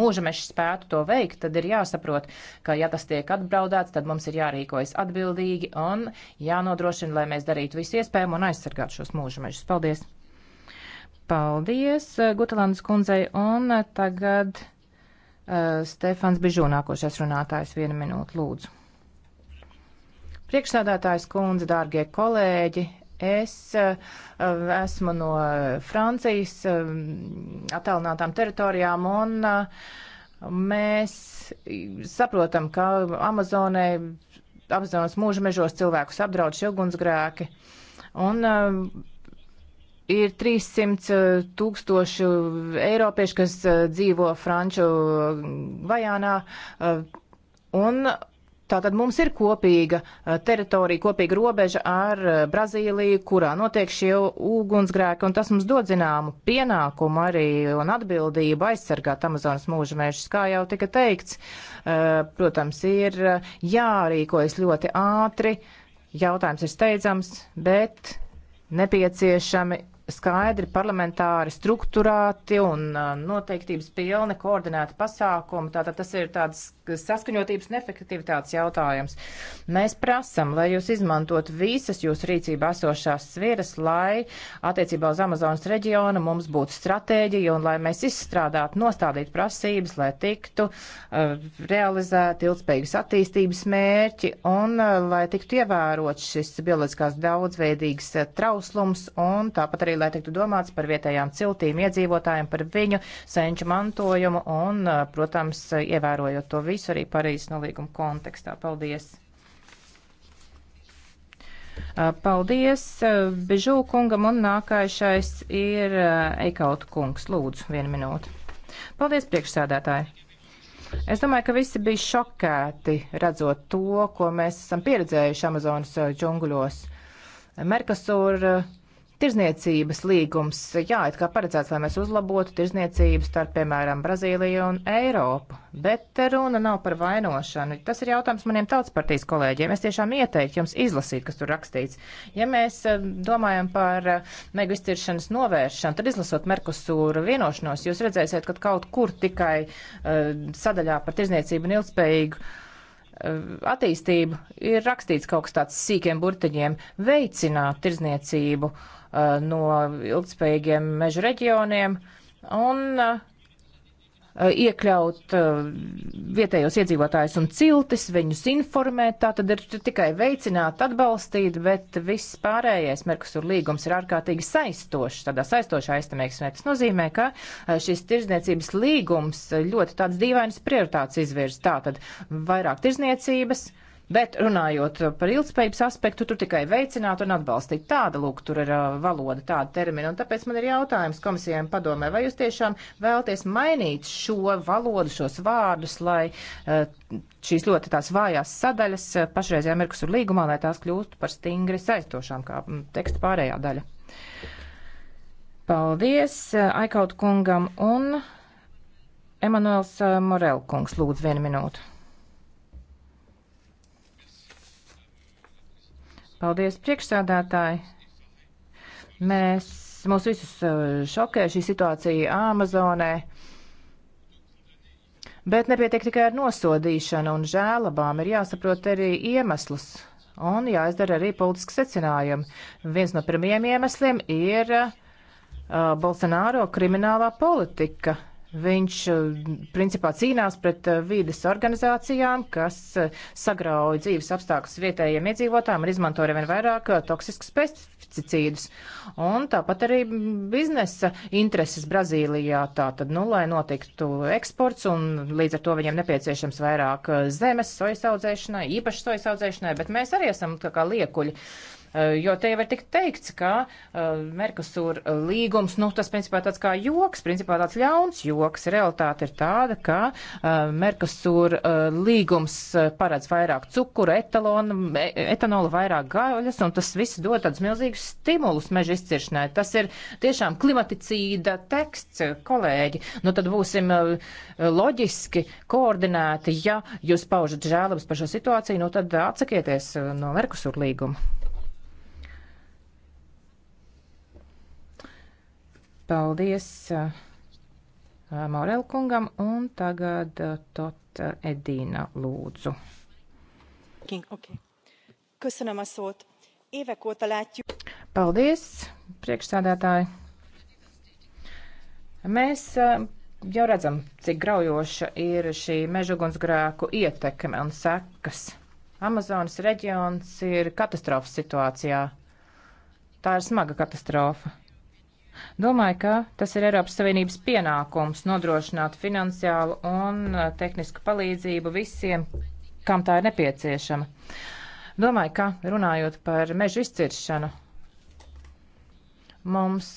mūža mēs spētu to veikt, tad ir jāsaprot, ka ja tas tiek atbraudēts, tad mums ir jārīkojas atbildīgi un jānodrošina, lai mēs darītu visu iespējamo un aizsargātu šos mūža mežus. Paldies! Paldies uh, Gutelandes kundzei un uh, tagad uh, Stefans Bižū nākošais runātājs vienu minūtu lūdzu. Priekšsādātājs kundze, dārgie kolēģi, es eh, esmu no Francijas eh, attālinātām teritorijām un eh, mēs saprotam, ka Amazonē, Amazonas mūža mežos cilvēkus apdraud šie ugunsgrēki. Un ir 300 tūkstoši eiropiešu, kas dzīvo Franču Vajānā. Un Tātad mums ir kopīga eh, teritorija, kopīga robeža ar eh, Brazīliju, kurā notiek šie ugunsgrēki, un tas mums dod zināmu pienākumu arī un atbildību aizsargāt Amazonas mūža mežus. Kā jau tika teikts, eh, protams, ir jārīkojas ļoti ātri, jautājums ir steidzams, bet nepieciešami skaidri parlamentāri strukturāti un uh, noteiktības pilni koordinēti pasākumi. Tātad tas ir tāds saskaņotības un efektivitātes jautājums. Mēs prasam, lai jūs izmantot visas jūsu rīcībā esošās sviras, lai attiecībā uz Amazonas reģionu mums būtu stratēģija un lai mēs izstrādātu, nostādītu prasības, lai tiktu uh, realizēti ilgspējīgas attīstības mērķi un uh, lai tiktu ievērots šis bioloģiskās daudzveidīgas uh, trauslums un tāpat arī arī, lai tiktu domāts par vietējām ciltīm, iedzīvotājiem, par viņu senču mantojumu un, protams, ievērojot to visu arī Parīzes nolīguma kontekstā. Paldies! Paldies Bežū kungam un nākājušais ir Eikaut kungs. Lūdzu, vienu minūti. Paldies priekšsēdētāji! Es domāju, ka visi bija šokēti redzot to, ko mēs esam pieredzējuši Amazonas džungļos. Merkasūra Tirzniecības līgums, jā, it kā paredzēts, lai mēs uzlabotu tirzniecību starp, piemēram, Brazīliju un Eiropu, bet runa nav par vainošanu. Tas ir jautājums maniem tautspartijas kolēģiem. Es tiešām ieteiktu jums izlasīt, kas tur rakstīts. Ja mēs eh, domājam par eh, megu izciršanas novēršanu, tad izlasot Merkusūra vienošanos, jūs redzēsiet, ka kaut kur tikai uh, sadaļā par tirzniecību un ilgspējīgu attīstību ir rakstīts kaut kas tāds sīkiem burtiņiem - veicināt tirzniecību Uh, no ilgspējīgiem mežu reģioniem un uh, iekļaut uh, vietējos iedzīvotājus un ciltis, viņus informēt, tā tad ir tikai veicināt, atbalstīt, bet viss pārējais Merkusur līgums ir ārkārtīgi saistošs, tādā saistošā aiztamieksmē. Tas nozīmē, ka šis tirzniecības līgums ļoti tāds dīvainas prioritātes izvirz, tā tad vairāk tirzniecības, uh, Bet runājot par ilgspējības aspektu, tur tikai veicināt un atbalstīt. Tāda lūk, tur ir uh, valoda, tāda termina. Un tāpēc man ir jautājums komisijām padomē, vai jūs tiešām vēlties mainīt šo valodu, šos vārdus, lai uh, šīs ļoti tās vājās sadaļas uh, pašreizējā Merkusur līgumā, lai tās kļūtu par stingri saistošām, kā um, teksta pārējā daļa. Paldies Aikaut kungam un Emanuels Morel kungs lūdzu vienu minūtu. Paldies, priekšsādātāji. Mēs, mūs visus uh, šokē šī situācija Amazonē. Bet nepietiek tikai ar nosodīšanu un žēlabām, ir jāsaprot arī iemeslus un jāizdara arī politiski secinājumi. Viens no pirmajiem iemesliem ir uh, Bolsonaro kriminālā politika. Viņš eh, principā cīnās pret eh, vīdes organizācijām, kas eh, sagrauj dzīves apstākļus vietējiem iedzīvotājiem un izmanto arvien vairāk toksiskus pesticīdus. Un tāpat arī biznesa intereses Brazīlijā. Tātad, nu, lai notiktu eksports un līdz ar to viņiem nepieciešams vairāk zemes sojas audzēšanai, īpaši sojas audzēšanai, bet mēs arī esam tā kā liekuļi. Uh, Eh, jo te jau ir tik teikts, ka eh, Merkusur līgums, nu, tas principā tāds kā joks, principā tāds ļauns joks. Realtāte ir tāda, ka eh, Merkusur līgums paredz vairāk cukura, etalona, e, etanola, vairāk gaļas, un tas viss dod tādus milzīgus stimulus meža izciršanai. Tas ir tiešām klimaticīda teksts, kolēģi. Nu, tad būsim loģiski koordinēti, ja jūs paužat žēlības par šo situāciju, nu tad atsakieties no Merkusur līguma. Paldies eh, eh, Morel kungam un tagad eh, Tot Edina lūdzu. Okay. Köszönöm a szót. Évek óta látjuk. Paldies, priekšsādātāji. Mēs jau redzam, cik graujoša ir šī mežugunsgrēku ietekme un sekas. Amazonas reģions ir katastrofas situācijā. Tā ir smaga katastrofa. Domāju, ka tas ir Eiropas Savienības pienākums nodrošināt finansiālu un eh, tehnisku palīdzību visiem, kam tā ir nepieciešama. Domāju, ka runājot par mežu izciršanu, mums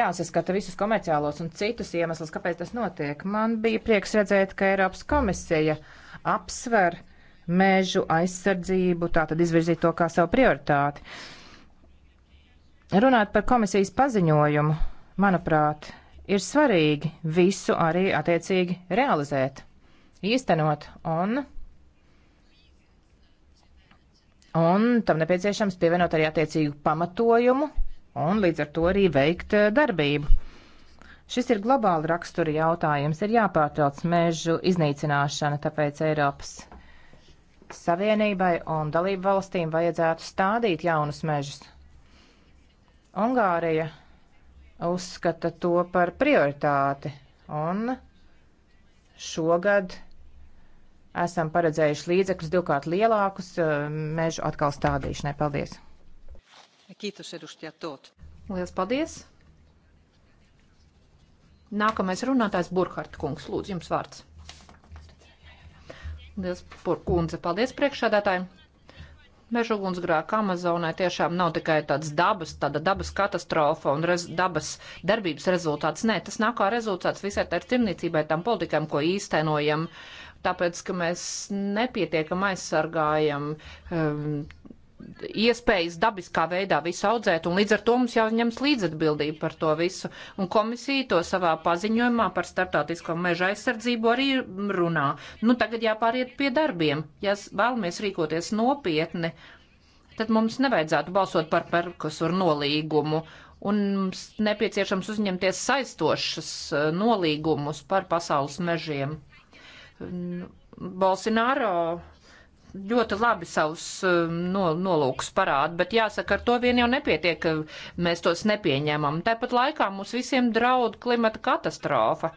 jāsaskata visus komerciālos un citus iemeslus, kāpēc tas notiek. Man bija prieks redzēt, ka Eiropas komisija apsver mežu aizsardzību, tātad izvirzīt to kā savu prioritāti. Uh, Runāt par komisijas paziņojumu, manuprāt, ir svarīgi visu arī attiecīgi realizēt, īstenot un, un tam nepieciešams pievienot arī attiecīgu pamatojumu un līdz ar to arī veikt eh, darbību. Šis ir globāla rakstura jautājums, ir jāpārtrauc mežu iznīcināšana, tāpēc Eiropas Savienībai un dalību valstīm vajadzētu stādīt jaunus mežus Ungārija uzskata to par prioritāti un šogad esam paredzējuši līdzekļus divkārt lielākus eh, mežu atkal stādīšanai. Paldies! Kītus, edustaja Tot. Lielas paldies! Nākamais runātājs Burkhardt kungs. Lūdzu, jums vārds. Lielas kundze, paldies priekšādātājiem! Meža ugunsgrēka Amazonē tiešām nav tikai tāds dabas, tāda dabas katastrofa un rez, dabas darbības rezultāts. Nē, tas nāk kā rezultāts visai tā ir cimniecībai, tam politikam, ko īstenojam, tāpēc, ka mēs nepietiekam aizsargājam um, iespējas dabiskā veidā visu audzēt, un līdz ar to mums jāuzņems līdzatbildība par to visu. Un komisija to savā paziņojumā par starptautisko meža aizsardzību arī runā. Nu, tagad jāpāriet pie darbiem. Ja vēlamies rīkoties nopietni, tad mums nevajadzētu balsot par perkusuru nolīgumu. Un mums nepieciešams uzņemties saistošas e, nolīgumus par pasaules mežiem. Bolsināro ļoti labi savus um, no, nolūkus parāda, bet jāsaka, ar to vien jau nepietiek, ka mēs tos nepieņemam. Tāpat laikā mums visiem draud klimata katastrofa.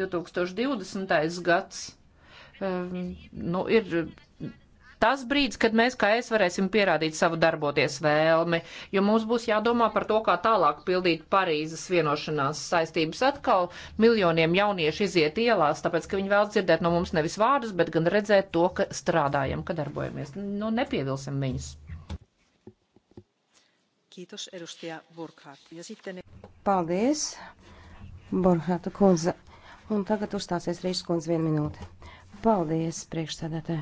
2020. gads um, nu, ir tas brīdis, kad mēs kā es varēsim pierādīt savu darboties vēlmi, jo mums būs jādomā par to, kā tālāk pildīt Parīzes vienošanās saistības. Atkal miljoniem jauniešu iziet ielās, tāpēc, ka viņi vēlas dzirdēt no mums nevis vārdus, bet gan redzēt to, ka strādājam, ka darbojamies. Nu, nepievilsim viņus. Kītos, Erustija Burkhardt. Ja sitten... Paldies, Burkhardt kundze. Un tagad uzstāsies Rīgas kundze vienu minūti. Paldies, priekšsēdētē.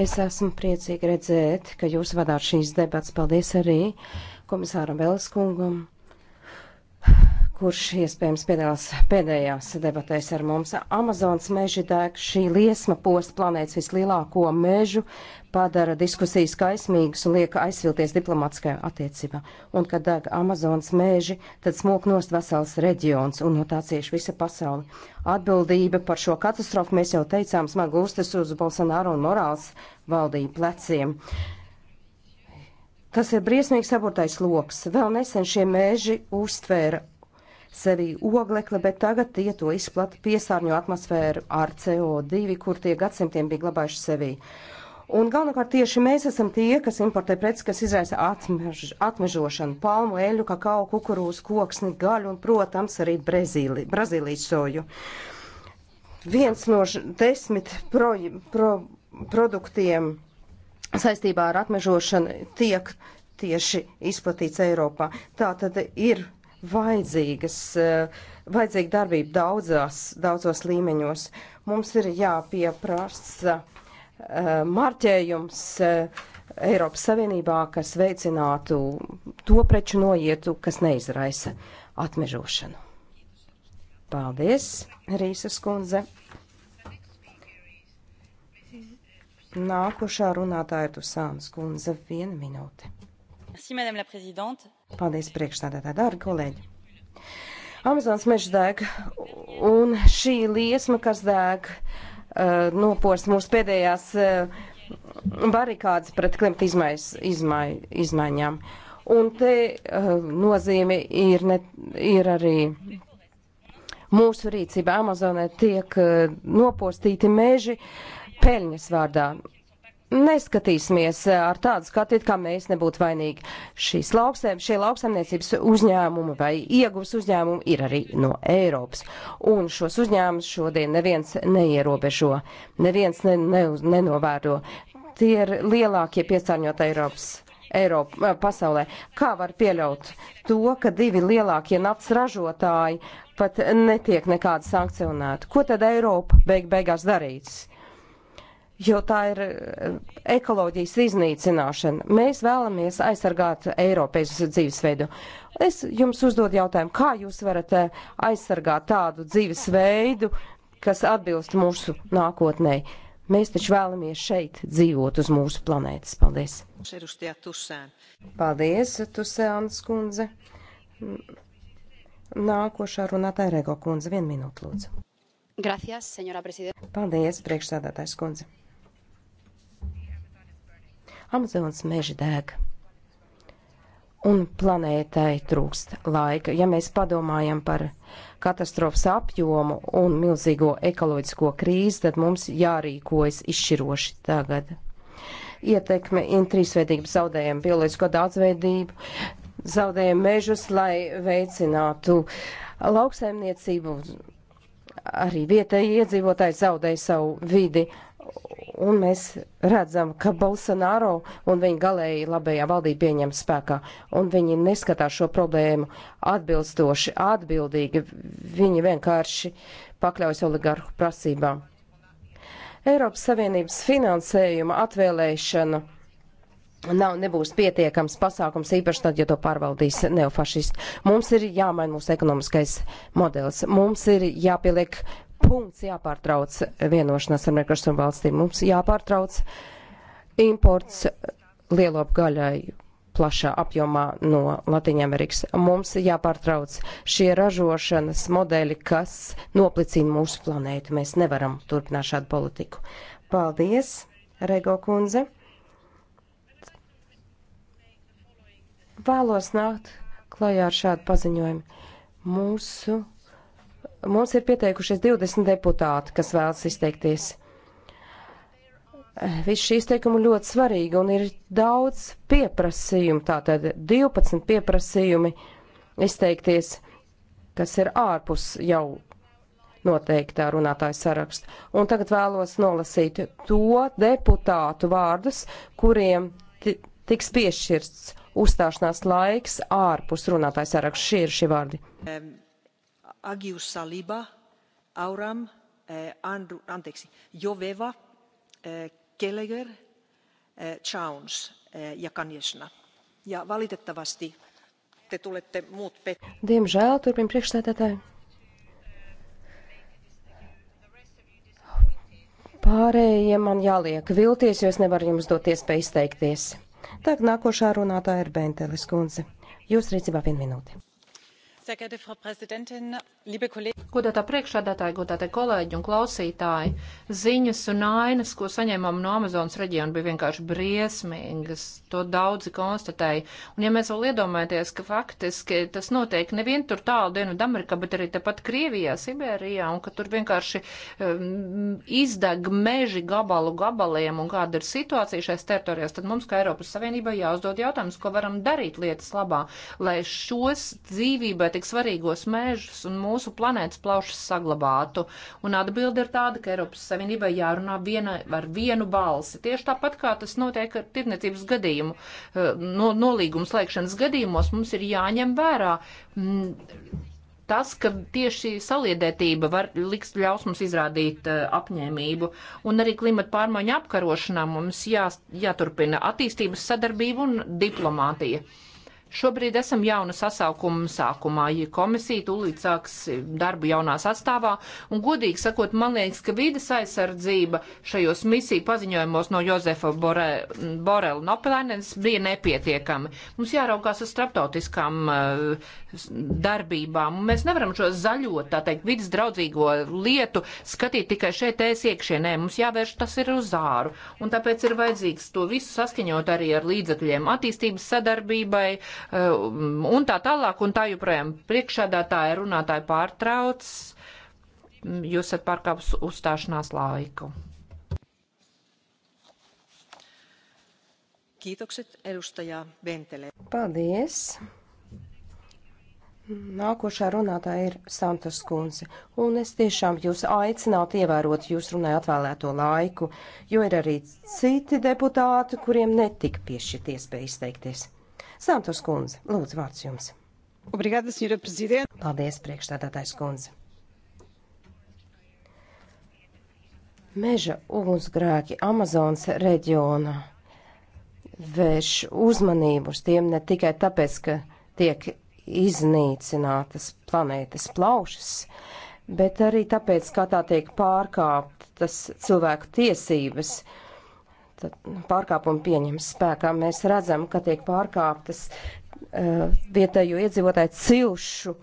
Es esmu priecīgi redzēt, ka jūs vadāt šīs debats. Paldies arī komisāram Velskungam kurš iespējams piedalās pēdējās debatēs ar mums. Amazonas meža dēk šī liesma posta planētas vislielāko mežu, padara diskusijas kaismīgas un liek aizvilties diplomatiskajā attiecībā. Un, kad deg Amazonas meži, tad smok nost vesels reģions un no tā cieši visa pasauli. Atbildība par šo katastrofu, mēs jau teicām, smagi uztas uz Bolsonaro un Morāls valdību pleciem. Tas ir briesmīgi saburtais loks. Vēl nesen šie mēži uztvēra sevī oglekli, bet tagad tie to izplata piesārņo atmosfēru ar CO2, kur tie gadsimtiem bija glabājuši sevī. Un galvenokārt tieši mēs esam tie, kas importē preces, kas izraisa atmež, atmežošanu, palmu, eļu, kakao, kukurūzu, koksni, gaļu un, protams, arī Brazīli, Brazīlijas soju. Viens no desmit pro, pro, produktiem saistībā ar atmežošanu tiek tieši izplatīts Eiropā. Tā tad ir vajadzīgas, eh, vajadzīga darbība daudzās, daudzos līmeņos. Mums ir jāpieprasa eh, marķējums eh, Eiropas Savienībā, kas veicinātu to preču noietu, kas neizraisa atmežošanu. Paldies, Rīsas kundze. Nākošā runātāja ir Tusānas kundze. Viena minūte. Merci, madame la présidente. Paldies priekšstādātā, dārgi kolēģi! Amazonas meža deg, un šī liesma, kas deg, uh, nopors mūsu pēdējās uh, eh, barikādas pret klimata izmaiņas, izmai, izmaiņām. Un te uh, nozīme ir, ne, ir arī mūsu rīcība. Amazonē tiek uh, nopostīti meži peļņas vārdā neskatīsimies ar tādu skatu, kā mēs nebūtu vainīgi. Šīs lauksēm, šie lauksaimniecības uzņēmumi vai ieguvs uzņēmumi ir arī no Eiropas. Un šos uzņēmumus šodien neviens neierobežo, neviens ne, ne, nenovēro. Tie ir lielākie piesārņot Eiropas. Eiropa, eh, pasaulē. Kā var pieļaut to, ka divi lielākie naftas ražotāji pat netiek nekādi sankcionēti? Ko tad Eiropa beig beigās darīs? jo tā ir eh, ekoloģijas iznīcināšana. Mēs vēlamies aizsargāt Eiropas dzīvesveidu. Es jums uzdodu jautājumu, kā jūs varat eh, aizsargāt tādu dzīvesveidu, kas atbilst mūsu nākotnē? Mēs taču vēlamies šeit dzīvot uz mūsu planētas. Paldies! Paldies, Tusēns kundze! Nākošā runātāja Rego kundze, vienu minūtu lūdzu. Gracias, señora presidenta. Paldies, priekšsādātājs kundze. Amazonas meži dēg. Un planētai trūkst laika. Ja mēs padomājam par katastrofas apjomu un milzīgo ekoloģisko krīzi, tad mums jārīkojas izšķiroši tagad. Ietekme ir trīsveidība, zaudējam bioloģisko daudzveidību, zaudējam mežus, lai veicinātu lauksaimniecību, arī vietēji iedzīvotāji zaudēja savu vidi un mēs redzam, ka Bolsonaro un viņa galēji labējā valdība pieņem spēkā, un viņi neskatās šo problēmu atbilstoši, atbildīgi, viņi vienkārši pakļaujas oligarhu prasībām. Eiropas Savienības finansējuma atvēlēšana nav, nebūs pietiekams pasākums, īpaši tad, ja to pārvaldīs neofašisti. Mums ir jāmaina mūsu ekonomiskais modelis. Mums ir jāpieliek punkts jāpārtrauc vienošanās ar Merkursumu valstīm. Mums jāpārtrauc imports lielopgaļai plašā apjomā no Latvijas-Amerikas. Mums jāpārtrauc šie ražošanas modeļi, kas noplicina mūsu planētu. Mēs nevaram turpināt šādu politiku. Paldies, Rego kundze! Vēlos nākt klajā ar šādu paziņojumu. Mūsu Mums ir pieteikušies 20 deputāti, kas vēlas izteikties. Eh, viss šī izteikuma ļoti svarīga un ir daudz pieprasījumu, tātad 12 pieprasījumi izteikties, kas ir ārpus jau noteiktā runātāja saraksta. Un tagad vēlos nolasīt to deputātu vārdus, kuriem tiks piešķirts uzstāšanās laiks ārpus runātāja saraksta. Šie ir šie vārdi. Um agius saliba auram eh, Andru, anteeksi joveva eh, gallagher jones eh, ja konietzna ja valitettavasti te tulette muut pet... Diemžēl turpina priekšstādātāji. Pārējiem man jāliek vilties, jo es nevaru jums dot iespēju izteikties. Tagad nākošā runātāja ir Bentelis Kunze. Jūs rīcībā vienu minūti. Godātā priekšādātāja, godātie kolēģi un klausītāji, ziņas un ainas, ko saņēmām no Amazonas reģiona, bija vienkārši briesmīgas. To daudzi konstatēja. Un ja mēs vēl iedomājamies, ka faktiski tas notiek nevien tur tālu Dienvidu Amerikā, bet arī tepat Krievijā, Siberijā, un ka tur vienkārši um, izdeg meži gabalu gabaliem un kāda ir situācija šajās teritorijās, tad mums, kā Eiropas Savienībai, jāuzdod jautājums, ko varam darīt lietas labā, lai šos dzīvībai tik svarīgos mežus un mūsu planētas plaušas saglabātu. Un atbilde ir tāda, ka Eiropas Savienībai jārunā viena, ar vienu balsi. Tieši tāpat kā tas notiek ar tirniecības gadījumu, eh, no, nolīgums slēgšanas gadījumos, mums ir jāņem vērā mm, tas, ka tieši saliedētība var liks, ļaus mums izrādīt uh, apņēmību, un arī klimata pārmaiņu apkarošanā mums jā, jāturpina attīstības sadarbība un diplomātija. Uh, Šobrīd esam jauna sasaukuma sākumā. Ja komisija tūlīt sāks darbu jaunā sastāvā, un godīgi sakot, man liekas, ka vīdes aizsardzība šajos misiju paziņojumos no Jozefa Bore, Borela Nopelēnes bija nepietiekami. Mums jāraukās uz starptautiskām uh, darbībām, un mēs nevaram šo zaļo, tā teikt, vidas draudzīgo lietu skatīt tikai šeit ēs iekšienē. Mums jāvērš tas ir uz āru, un tāpēc ir vajadzīgs to visu saskaņot arī ar līdzekļiem attīstības sadarbībai Eh, un tā tālāk un tā joprojām. Priekšādātāja runātāja pārtrauc, jūs esat pārkāpus uzstāšanās laiku. Kiitokset edustaja Ventele. Paldies. Nākošā runātāja ir Santas Kunze, un es tiešām jūs aicinātu ievērot jūs runāju atvēlēto laiku, jo ir arī citi deputāti, kuriem netika piešķirt iespēja izteikties. Santos kundze, lūdzu vārds jums. Obrigada, senjora prezidenta. Paldies, priekšstādātājs kundze. Meža ugunsgrēki Amazonas reģionā vērš uzmanību uz tiem ne tikai tāpēc, ka tiek iznīcinātas planētas plaušas, bet arī tāpēc, kā tā tiek pārkāptas cilvēku tiesības. Uh, pārkāpumu pieņems spēkā. Mēs redzam, ka tiek pārkāptas uh, vietējo iedzīvotāju cilšu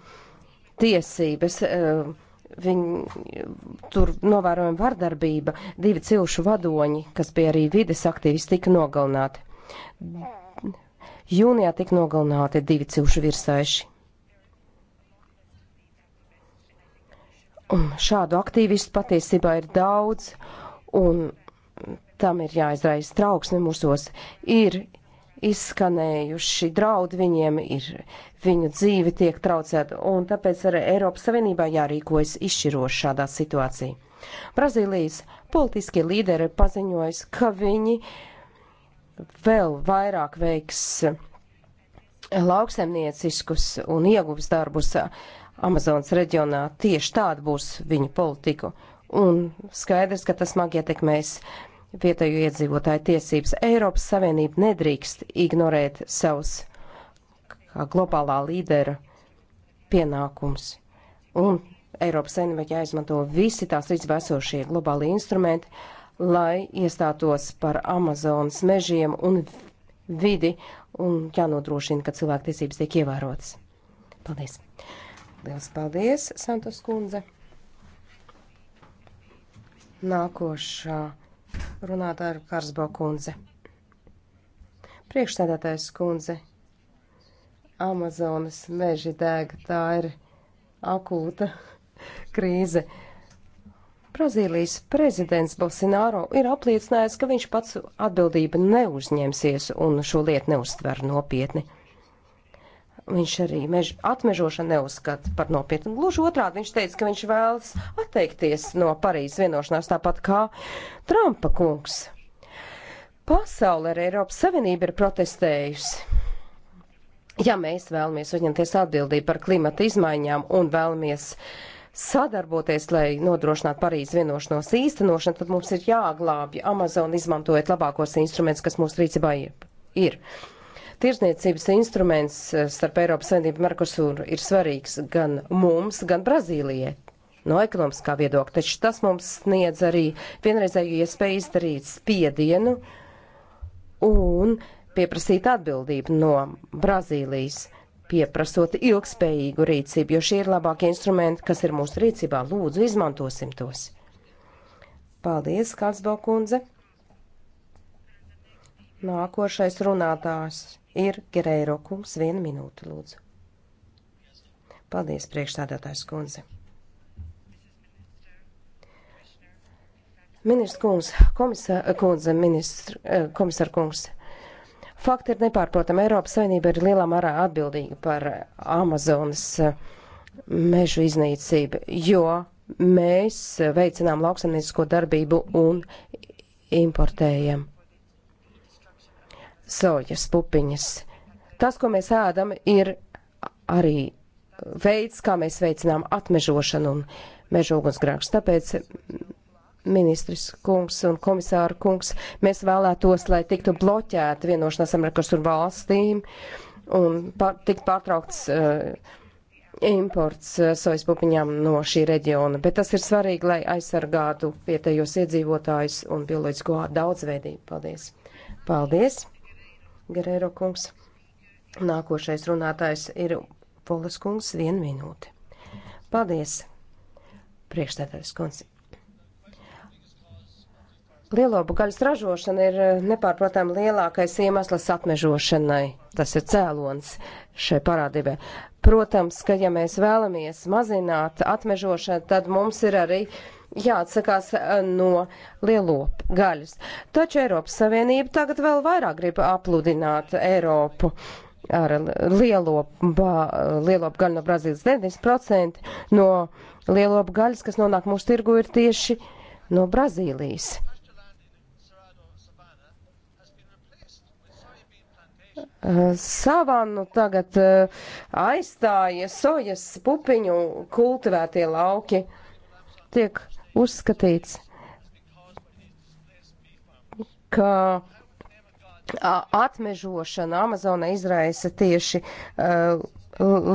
tiesības. Uh, eh, Viņi tur novērojama vardarbība, divi cilšu vadoņi, kas bija arī vides aktīvisti, tika nogalināti. Jūnijā tika nogalināti divi cilšu virsaiši. Un šādu aktīvistu patiesībā ir daudz, un tam ir jāizraisa trauksme mūsos, ir izskanējuši draudi viņiem, ir viņu dzīve tiek traucēta, un tāpēc arī Eiropas Savienībā jārīkojas izšķiroši šādā situācijā. Brazīlijas politiskie līderi paziņojas, ka viņi vēl vairāk veiks lauksemnieciskus un ieguvs darbus Amazonas reģionā. Tieši tāda būs viņu politika. Un skaidrs, ka tas smagi ietekmēs uh, vietēju iedzīvotāju tiesības. Eiropas Savienība nedrīkst ignorēt savus kā globālā līdera pienākums. Un Eiropas Savienībai jāizmanto visi tās rīcībā esošie globāli instrumenti, lai iestātos par Amazonas mežiem un vidi un jānodrošina, ka cilvēktiesības tiek ievērotas. Paldies! Lielas paldies, Santos kundze! Nākošā Runātāja Karsbo kundze. Priekšstādātais kundze. Amazonas meži dēga, tā ir akūta krīze. Brazīlijas prezidents Bolsonaro ir apliecinājis, ka viņš pats atbildību neuzņemsies un šo lietu neuztver nopietni viņš arī mež, atmežošanu neuzskata par nopietnu. Gluži otrādi viņš teica, ka viņš vēlas atteikties no Parīzes vienošanās tāpat kā Trumpa kungs. Pasaule ar Eiropas Savienību ir protestējusi. Ja mēs vēlamies uzņemties atbildību par klimata izmaiņām un vēlamies sadarboties, lai nodrošinātu Parīzes vienošanos īstenošanu, tad mums ir jāglābj Amazon, izmantojot labākos instrumentus, kas mūsu rīcībā ir. ir. Tirzniecības instruments eh, starp Eiropas Savienību un Merkosūru ir svarīgs gan mums, gan Brazīlijai no ekonomiskā viedokļa, taču tas mums sniedz arī vienreizēju iespēju izdarīt spiedienu un pieprasīt atbildību no Brazīlijas, pieprasot ilgspējīgu rīcību, jo šie ir labākie instrumenti, kas ir mūsu rīcībā. Lūdzu, izmantosim tos. Paldies, Kārsbaukundze. Nākošais runātājs ir Gerēro kungs. Vienu minūti, lūdzu. Paldies, priekšstādātājs kundze. Ministrs kungs, komisā, kundze, ministr, eh, komisār kungs. Fakti ir nepārprotami. Eiropas Savienība ir lielā mērā atbildīga par Amazonas eh, mežu iznīcību, jo mēs veicinām lauksaimniecisko darbību un importējam sojas pupiņas. Tas, ko mēs ēdam, ir arī veids, kā mēs veicinām atmežošanu un meža ugunsgrāks. Tāpēc, ministrs kungs un komisāra kungs, mēs vēlētos, lai tiktu bloķēta vienošanās Amerikas un valstīm un pār, tikt pārtraukts uh, imports uh, sojas pupiņām no šī reģiona. Bet tas ir svarīgi, lai aizsargātu vietējos iedzīvotājus un bioloģisko daudzveidību. Paldies! Paldies! Gerēro kungs. Nākošais runātājs ir Polis kungs, viena minūte. Paldies, priekšstādājs kungs. Lielo bugaļas ražošana ir eh, nepārprotam lielākais iemesls atmežošanai. Tas ir cēlons šai parādībai. Protams, ka ja mēs vēlamies mazināt atmežošanu, tad mums ir arī uh, jāatsakās eh, no lielo gaļas. Taču Eiropas Savienība tagad vēl vairāk grib apludināt Eiropu ar lielo, ba, lielo gaļu no Brazīles 90% no lielo gaļas, kas nonāk mūsu tirgu, ir tieši no Brazīlijas. Savannu tagad eh, aizstāja sojas pupiņu kultivētie lauki. Tiek uzskatīts, ka atmežošana Amazonē izraisa tieši uh,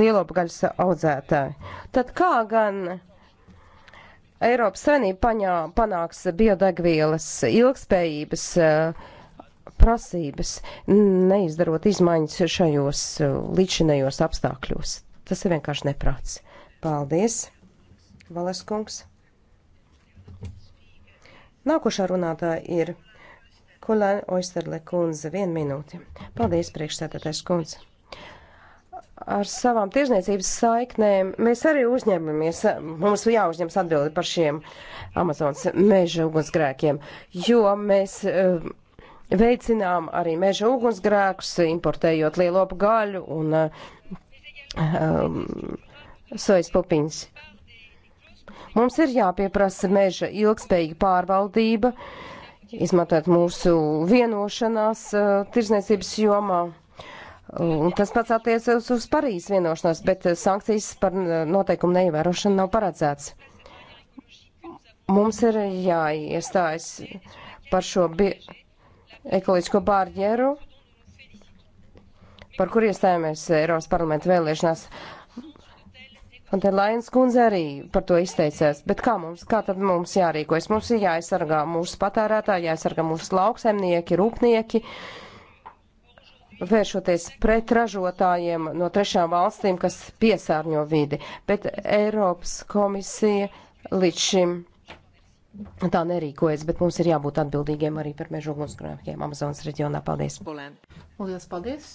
lielopgaļas audzētāji. Tad kā gan Eiropas Savienība paņā, panāks biodegvielas ilgspējības uh, prasības, neizdarot izmaiņas šajos uh, līdzinējos apstākļos? Tas ir vienkārši neprāts. Paldies, Valeskungs! Nākošā runātāja ir Kulēna Oisterle kundze. Vienu minūti. Paldies, priekšsēdētājs kundze. Ar savām tirzniecības saiknēm mēs arī uzņemamies, mums jāuzņems atbildi par šiem Amazonas meža ugunsgrēkiem, jo mēs. Uh, veicinām arī meža ugunsgrēkus, importējot lielopu gaļu un um, sojas pupiņas. Mums ir jāpieprasa meža ilgspējīga pārvaldība, izmantojot mūsu vienošanās uh, tirzniecības jomā. Un tas pats attiecas uz Parīzes vienošanos, bet uh, sankcijas par uh, noteikumu neievērošanu nav paredzēts. Mums ir jāiestājas par šo ekoloģisko bārģeru, par kur iestājāmies Eiropas parlamenta vēlēšanās. Uh, Un te Lainas kundze arī par to izteicās. Bet kā mums, kā tad mums jārīkojas? Mums ir jāaizsargā mūsu patērētāji, jāaizsargā mūsu lauksemnieki, rūpnieki, vēršoties pret ražotājiem no trešām valstīm, kas piesārņo vidi. Bet Eiropas komisija līdz šim tā nerīkojas, bet mums ir jābūt atbildīgiem arī par mežu ugunsgrēkiem Amazonas reģionā. Paldies! Lielas paldies!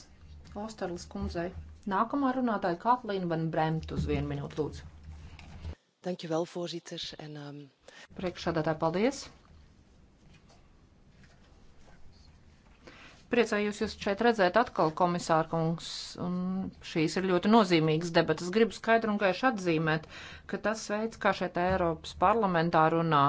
Osterlis kundzei! Nākamā runātāja Katlīna Van Bremt uz vienu minūtu lūdzu. Thank you, well, voorzitter. And, um... Ehm, Priekšādātāji, paldies! Priecājos jūs šeit redzēt atkal, komisāra kungs, un šīs ir ļoti nozīmīgas debatas. Gribu skaidru un gaišu atzīmēt, ka tas veids, kā šeit Eiropas parlamentā runā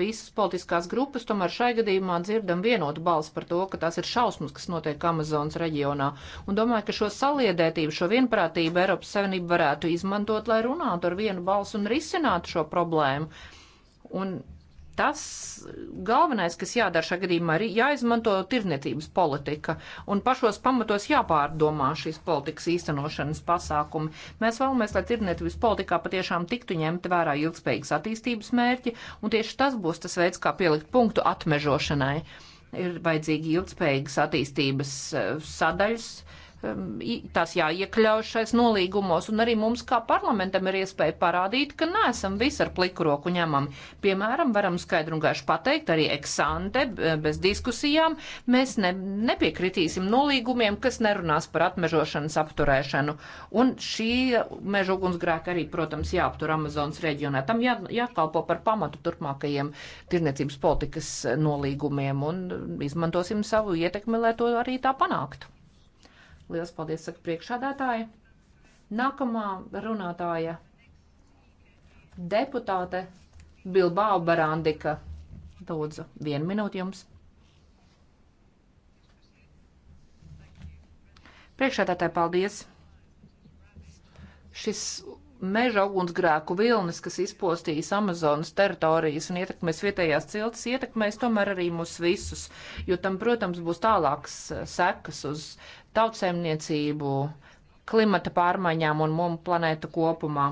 visas politiskās grupas, tomēr šai gadījumā dzirdam vienotu balsi par to, ka tās ir šausmas, kas notiek Amazonas reģionā. Un domāju, ka šo saliedētību, šo vienprātību Eiropas Savienība varētu izmantot, lai runātu ar vienu balsu un risinātu šo problēmu. Un tas galvenais, kas jādara šajā gadījumā, ir jāizmanto tirniecības politika un pašos pamatos jāpārdomā šīs politikas īstenošanas pasākumi. Mēs vēlamies, lai tirniecības politikā patiešām tiktu ņemt vērā ilgspējīgas attīstības mērķi, un tieši tas būs tas veids, kā pielikt punktu atmežošanai. Ir vajadzīgi ilgspējīgas attīstības eh, sadaļas Um, tās jāiekļaušais nolīgumos, un arī mums kā parlamentam ir iespēja parādīt, ka neesam visi ar pliku roku ņemami. Piemēram, varam skaidru un gaišu pateikt, arī eksante, bez diskusijām, mēs ne, nepiekritīsim nolīgumiem, kas nerunās par atmežošanas apturēšanu. Un šī meža ugunsgrēka arī, protams, jāaptur Amazonas reģionā. Tam jā, jākalpo par pamatu turpmākajiem tirniecības politikas nolīgumiem, un izmantosim savu ietekmi, lai to arī tā panāktu. Lielas paldies, saka priekšādātāja. Nākamā runātāja deputāte Bilbao Barandika. Lūdzu, vienu minūti jums. Priekšādātāji, paldies. Šis meža ugunsgrēku vilnis, kas izpostījis Amazonas teritorijas un ietekmēs vietējās ciltis, ietekmēs tomēr arī mūs visus, jo tam, protams, būs tālāks eh, sekas uz tautsēmniecību, klimata pārmaiņām un mūmu planētu kopumā.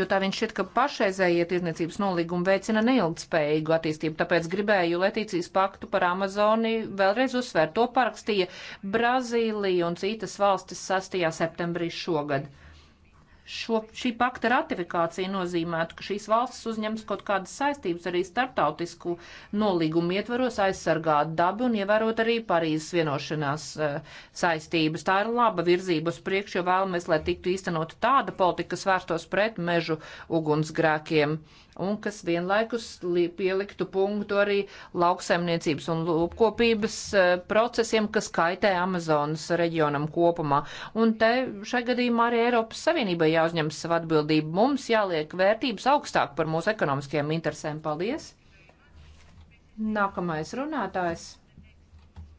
Jo tā viņš šķiet, ka pašreizējie tirdzniecības nolīgumi veicina neilgtspējīgu attīstību, tāpēc gribēju Letīcijas paktu par Amazoni vēlreiz uzsvērt. To parakstīja Brazīlija un citas valstis 6. septembrī šogad šo, šī pakta ratifikācija nozīmētu, ka šīs valstis uzņems kaut kādas saistības arī startautisku nolīgumu ietvaros aizsargāt dabu un ievērot arī Parīzes vienošanās uh, saistības. Tā ir laba virzība uz priekšu, jo vēlamies, lai tiktu īstenot tāda politika, kas vērstos pret mežu ugunsgrēkiem un kas vienlaikus pieliktu punktu arī lauksaimniecības un lūpkopības uh, procesiem, kas kaitē Amazonas reģionam kopumā. Un te šajā gadījumā arī Eiropas Savienībai jāuzņem savu atbildību. Mums jāliek vērtības augstāk par mūsu ekonomiskajiem interesēm. Paldies! Nākamais runātājs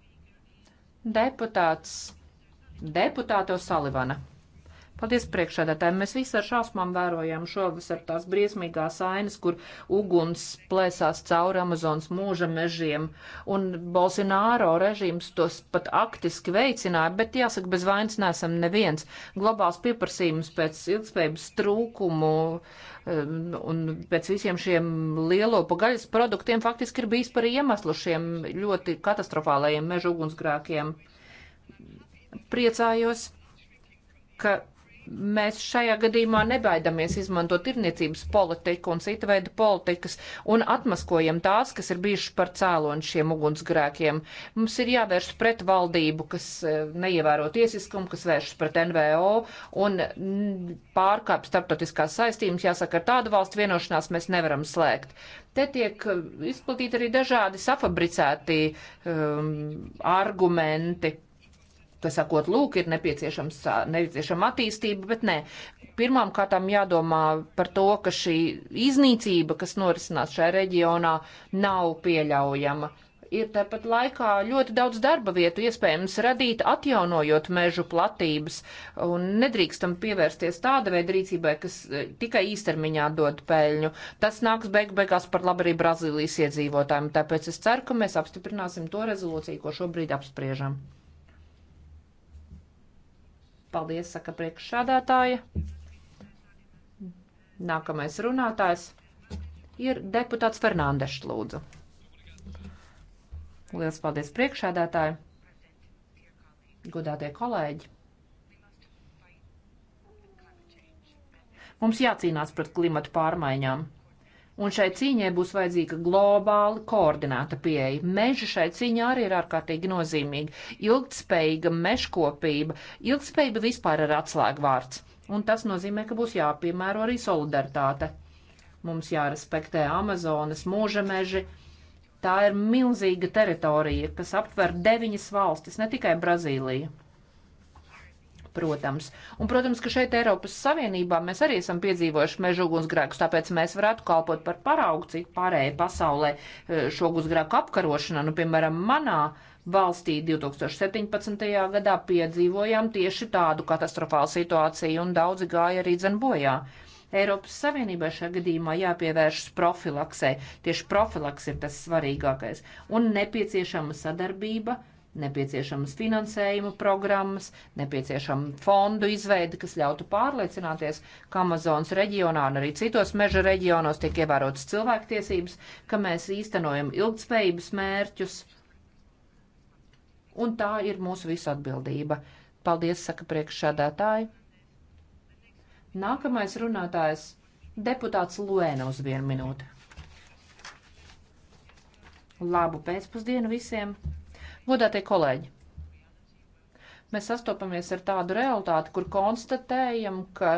- deputāts deputāto Salivana. Paldies priekšādātājiem. Mēs visi ar šausmām vērojām šovasar tās briesmīgās ainas, kur uguns plēsās cauri Amazonas mūža mežiem, un Bolsināro režīms tos pat aktiski veicināja, bet jāsaka, bez vainas nesam neviens. Globāls pieprasījums pēc ilgspējības trūkumu um, un pēc visiem šiem lielo pagaļas produktiem faktiski ir bijis par iemeslu šiem ļoti katastrofālajiem mežu ugunsgrākiem. Priecājos, ka Mēs šajā gadījumā nebaidamies izmantot tirniecības politiku un cita veida politikas un atmaskojam tās, kas ir bijušas par cēloni šiem ugunsgrēkiem. Mums ir jāvērst pret valdību, kas e, neievēro tiesiskumu, kas vēršas pret NVO un pārkāp starptautiskās saistības. Jāsaka, ar tādu valstu vienošanās mēs nevaram slēgt. Te tiek e, izplatīti arī dažādi safabricēti um, argumenti ka sakot, lūk, ir nepieciešama attīstība, bet nē. Pirmām kārtām jādomā par to, ka šī iznīcība, kas norisinās šajā reģionā, nav pieļaujama. Ir tāpat laikā ļoti daudz darba vietu iespējams radīt, atjaunojot mežu platības, un nedrīkstam pievērsties tāda veida rīcībai, kas tikai īstermiņā dod peļņu. Tas nāks beig beigās par labu arī Brazīlijas iedzīvotājiem, tāpēc es ceru, ka mēs apstiprināsim to rezolūciju, ko šobrīd apspriežam. Paldies, saka priekšsādātāja. Nākamais runātājs ir deputāts Fernandešs lūdzu. Lielas paldies priekšsādātāji, godātie kolēģi. Mums jācīnās pret klimatu pārmaiņām un šai cīņai būs vajadzīga globāli koordinēta pieeja. Meži šai cīņā arī ir ārkārtīgi nozīmīgi. Ilgtspējīga mežkopība, ilgtspējība vispār ir atslēgvārds, un tas nozīmē, ka būs jāpiemēro arī solidaritāte. Mums jārespektē Amazonas mūža meži. Tā ir milzīga teritorija, kas aptver deviņas valstis, ne tikai Brazīliju protams. Un, protams, ka šeit Eiropas Savienībā mēs arī esam piedzīvojuši meža ugunsgrēkus, tāpēc mēs varētu kalpot par paraugu, cik pārējai pasaulē eh, šo ugunsgrēku apkarošanā, nu, piemēram, manā valstī 2017. gadā piedzīvojām tieši tādu katastrofālu situāciju un daudzi gāja arī dzen bojā. Eiropas Savienībā šajā gadījumā jāpievēršas profilaksē. Tieši profilaks ir tas svarīgākais. Un nepieciešama sadarbība nepieciešamas finansējuma programmas, nepieciešama fondu izveide, kas ļautu pārliecināties, ka Amazonas reģionā un arī citos meža reģionos tiek ievērotas cilvēktiesības, ka mēs īstenojam ilgtspējības mērķus. Un tā ir mūsu visu atbildība. Paldies, saka priekšsādātāji. Nākamais runātājs - deputāts Luēna uz vienu minūti. Labu pēcpusdienu visiem! Godātie kolēģi! Mēs sastopamies ar tādu realitāti, kur konstatējam, ka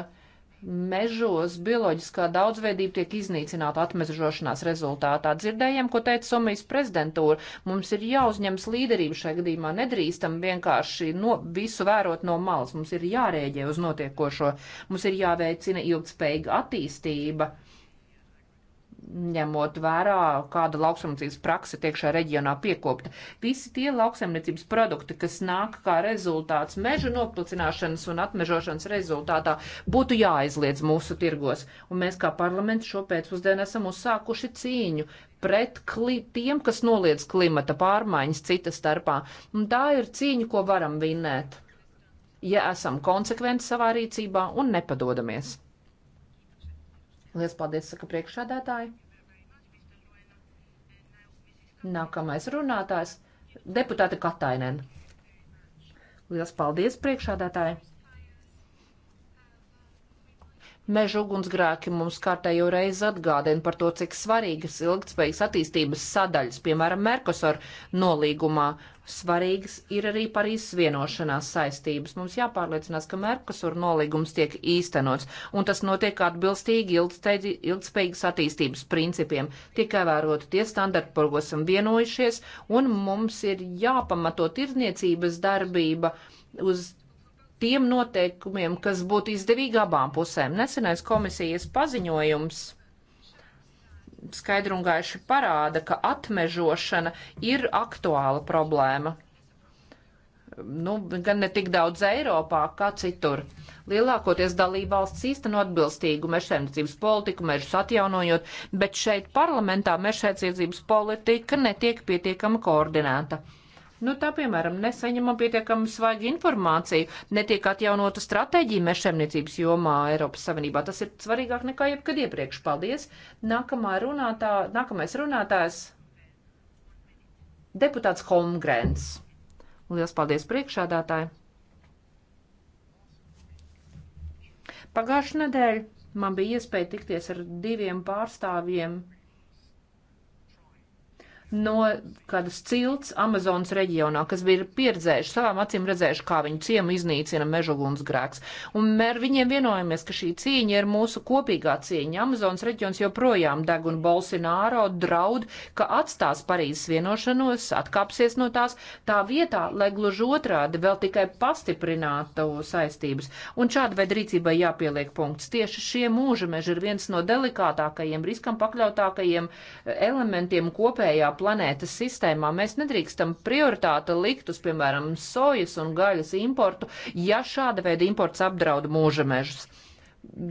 mežos bioloģiskā daudzveidība tiek iznīcināta atmežošanās rezultātā. Dzirdējām, ko teica Somijas prezidentūra. Mums ir jāuzņemas līderība šajā gadījumā. Nedrīkstam vienkārši no, visu vērot no malas. Mums ir jārēģē uz notiekošo. Mums ir jāveicina ilgspējīga attīstība ņemot vērā, kāda lauksaimniecības praksa tiek šajā reģionā piekopta. Visi tie lauksaimniecības produkti, kas nāk kā rezultāts meža noplicināšanas un atmežošanas rezultātā, būtu jāaizliedz mūsu tirgos. Un mēs kā parlaments šo pēcpusdienu esam uzsākuši cīņu pret kli, tiem, kas noliedz klimata pārmaiņas cita starpā. Un tā ir cīņa, ko varam vinnēt, ja esam konsekventi savā rīcībā un nepadodamies. Lielas paldies, saka priekšādātāji. Nākamais runātājs - deputāte Katainen. Lielas paldies, priekšādātāji! Meža ugunsgrēki mums kārtējo reizi atgādina par to, cik svarīgas ilgtspējas attīstības sadaļas, piemēram, Merkosor nolīgumā, svarīgas ir arī Parīzes vienošanās saistības. Mums jāpārliecinās, ka Merkosur nolīgums tiek īstenots, un tas notiek atbilstīgi ilgtspējīgas attīstības principiem. Tiek ievēroti tie standarti, par ko esam vienojušies, un mums ir jāpamato tirdzniecības darbība uz tiem noteikumiem, kas būtu izdevīgi abām pusēm. Nesenais komisijas paziņojums skaidri un gaiši parāda, ka atmežošana ir aktuāla problēma. Nu, gan ne tik daudz Eiropā, kā citur. Lielākoties dalībvalsts īsteno atbilstīgu mežsēmniecības politiku, mežus atjaunojot, bet šeit parlamentā mežsēmniecības politika netiek pietiekami koordinēta. Nu, tā, piemēram, nesaņemam pietiekami svaigi informāciju, netiek atjaunota stratēģija mešēmniecības jomā Eiropas Savienībā. Tas ir svarīgāk nekā jebkad iepriekš. Paldies! Nākamā runātā, nākamais runātājs - deputāts Holmgrēns. Lielas paldies priekšādātāji! Pagājušajā nedēļā man bija iespēja tikties ar diviem pārstāvjiem no kādas cilts Amazonas reģionā, kas bija pieredzējuši, savām acīm redzējuši, kā viņu ciemu iznīcina mežoguns grēks. Un mēr viņiem vienojamies, ka šī cīņa ir mūsu kopīgā cīņa. Amazonas reģions joprojām deg un Bolsināro draud, ka atstās Parīzes vienošanos, atkāpsies no tās tā vietā, lai gluži otrādi vēl tikai pastiprinātu saistības. Un šāda veida rīcībai jāpieliek punkts. Tieši šie mūža meži ir viens no delikātākajiem, riskam pakļautākajiem eh, elementiem kopējā planētas sistēmā. Mēs nedrīkstam prioritāte likt uz, piemēram, sojas un gaļas importu, ja šāda veida imports apdraud mūža mežus.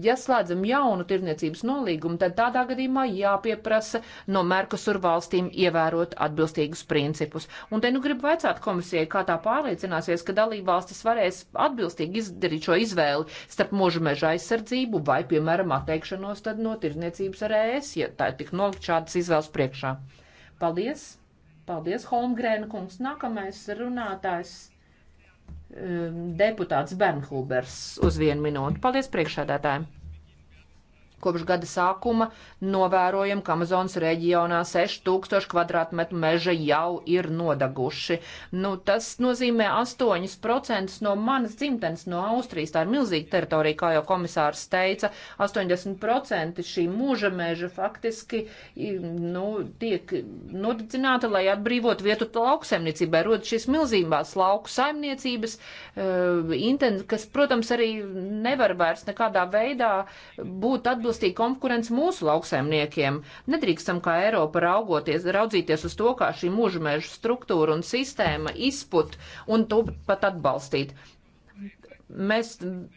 Ja slēdzam jaunu tirniecības nolīgumu, tad tādā gadījumā jāpieprasa no Merkusur valstīm ievērot atbilstīgus principus. Un te nu gribu vaicāt komisijai, kā tā pārliecināsies, ka dalība valstis varēs atbilstīgi izdarīt šo izvēli starp mūža meža aizsardzību vai, piemēram, atteikšanos tad no tirniecības ar ES, ja tā ir tik nolikt šādas izvēles priekšā. Paldies! Paldies, Holmgrēna kungs! Nākamais runātājs um, deputāts Bernhulbers uz vienu minūti. Paldies priekšādātājiem! Kopš gada sākuma novērojam, ka Amazonas reģionā 6000 kvadrātmetru meža jau ir nodaguši. Nu, tas nozīmē 8% no manas dzimtenes, no Austrijas. Tā ir milzīga teritorija, kā jau komisārs teica. 80% šī mūža meža faktiski nu, tiek nodedzināta, lai atbrīvot vietu lauksaimniecībai. Rod šīs milzīgās lauku saimniecības, e, kas, protams, arī nevar vairs nekādā veidā būt atbildīgas atbilstīga konkurence mūsu lauksaimniekiem. Nedrīkstam kā Eiropa raugoties, raudzīties uz to, kā šī mūžmežu struktūra un sistēma izput un to pat atbalstīt mēs,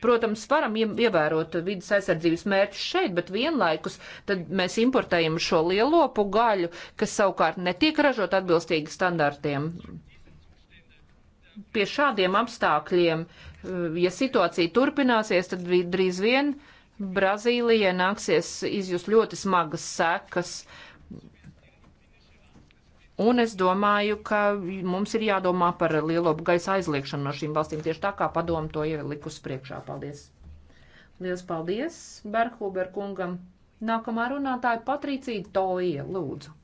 protams, varam ievērot vidas aizsardzības mērķus šeit, bet vienlaikus tad mēs importējam šo lielopu gaļu, kas savukārt netiek ražot atbilstīgi standartiem. Pie šādiem apstākļiem, eh, ja situācija turpināsies, tad drīz vien uh, Brazīlijai nāksies izjust ļoti smagas sekas. Un es domāju, ka mums ir jādomā par lielo gaisa aizliekšanu no šīm valstīm, tieši tā kā padomu to ir likus priekšā. Paldies! Lielas paldies Berhuber kungam! Nākamā runātāja Patricija Toija, lūdzu.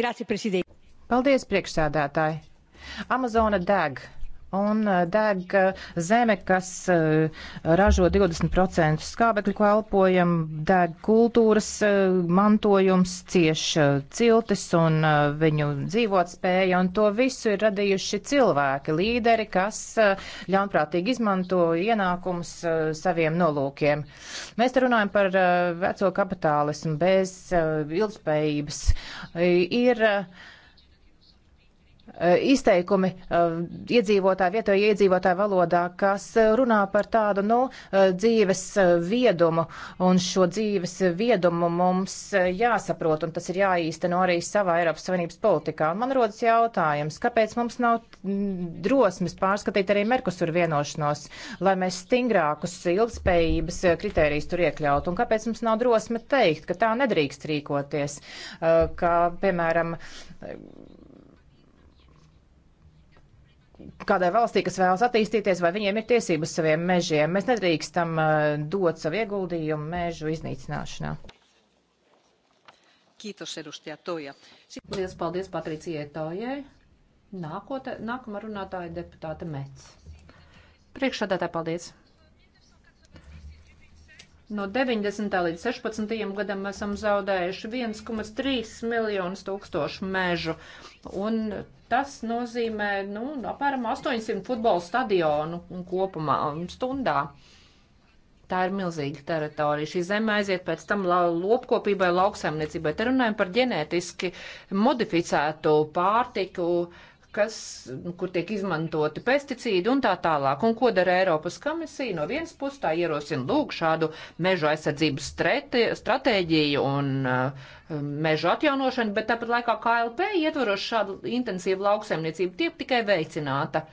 Grācija, prezidija. Paldies, priekšsēdētāji! Amazona deg! un uh, deg uh, zeme, kas uh, ražo 20% skābekļu, ko elpojam, deg kultūras mantojums, cieš ciltis un viņu dzīvot spēja, un to visu ir radījuši cilvēki, līderi, kas ļaunprātīgi izmanto ienākumus saviem nolūkiem. Mēs te runājam par veco kapitālismu bez ilgspējības. Ir izteikumi eh, iedzīvotāju, vietēju iedzīvotāju valodā, kas runā par tādu, nu, eh, dzīves eh, viedumu, un šo dzīves viedumu mums jāsaprot, un tas ir jāīsteno arī savā Eiropas Savienības politikā. Un man rodas jautājums, kāpēc mums nav mm, drosmes pārskatīt arī Merkusur vienošanos, lai mēs stingrākus ilgspējības kritērijus tur iekļautu, un kāpēc mums nav drosme teikt, ka tā nedrīkst rīkoties, ka, piemēram, kādai valstī, kas vēlas attīstīties, vai viņiem ir tiesības saviem mežiem. Mēs nedrīkstam uh, dot savu ieguldījumu mežu iznīcināšanā. Kītos, Erustijā, Toja. Lielas paldies Patricijai Tojai. Nākote, nākamā runātāja deputāte Mets. Priekšādātāji, paldies! No 90. līdz 16. gadam esam zaudējuši 1,3 miljonus tūkstošu mežu. Un Tas nozīmē, nu, apmēram 800 futbola stadionu kopumā stundā. Tā ir milzīga teritorija. Šī zeme aiziet pēc tam la lopkopībai, lauksaimniecībai. Te runājam par ģenētiski modificētu pārtiku. Uh, kas, nu, kur tiek izmantoti pesticīdi un tā tālāk. Un ko dara Eiropas komisija? No vienas puses tā ierosina lūk šādu mežu aizsardzības stratēģiju un uh, mežu atjaunošanu, bet tāpat laikā KLP ietvaros šādu intensīvu lauksaimniecību tiek tikai veicināta.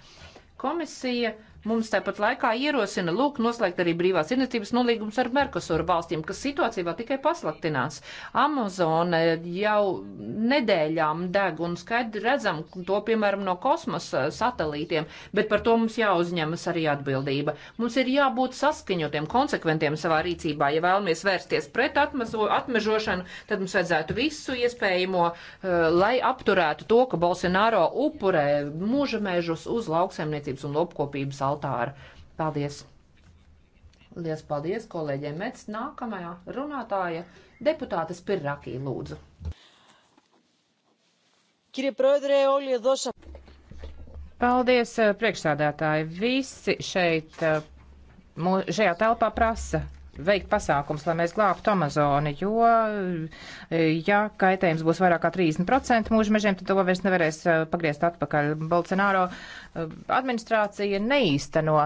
Komisija uh, Mums tāpat laikā ierosina lūk noslēgt arī brīvās iniciatīvas nolīgums ar Merkosuru valstīm, kas situācija vēl tikai pasliktinās. Amazone jau nedēļām deg un skaidri redzam to, piemēram, no kosmosa satelītiem, bet par to mums jāuzņemas arī atbildība. Mums ir jābūt saskaņotiem, konsekventiem savā rīcībā. Ja vēlamies vērsties pret atmazo, atmežošanu, tad mums vajadzētu visu iespējamo, eh, lai apturētu to, ka Bolsonaro upurē mūža mēžus uz lauksaimniecības un lopkopības altāra. Paldies! Lielas paldies kolēģiem Mets. Nākamajā runātāja deputāte Spirrakī lūdzu. Paldies, eh, priekšsādātāji. Visi šeit, eh, šajā telpā prasa veikt pasākums, lai mēs glābtu Amazoni, jo, e, ja kaitējums būs vairāk kā 30% mūža mežiem, tad to vairs nevarēs e, pagriezt atpakaļ. Bolsonaro e, administrācija neīsteno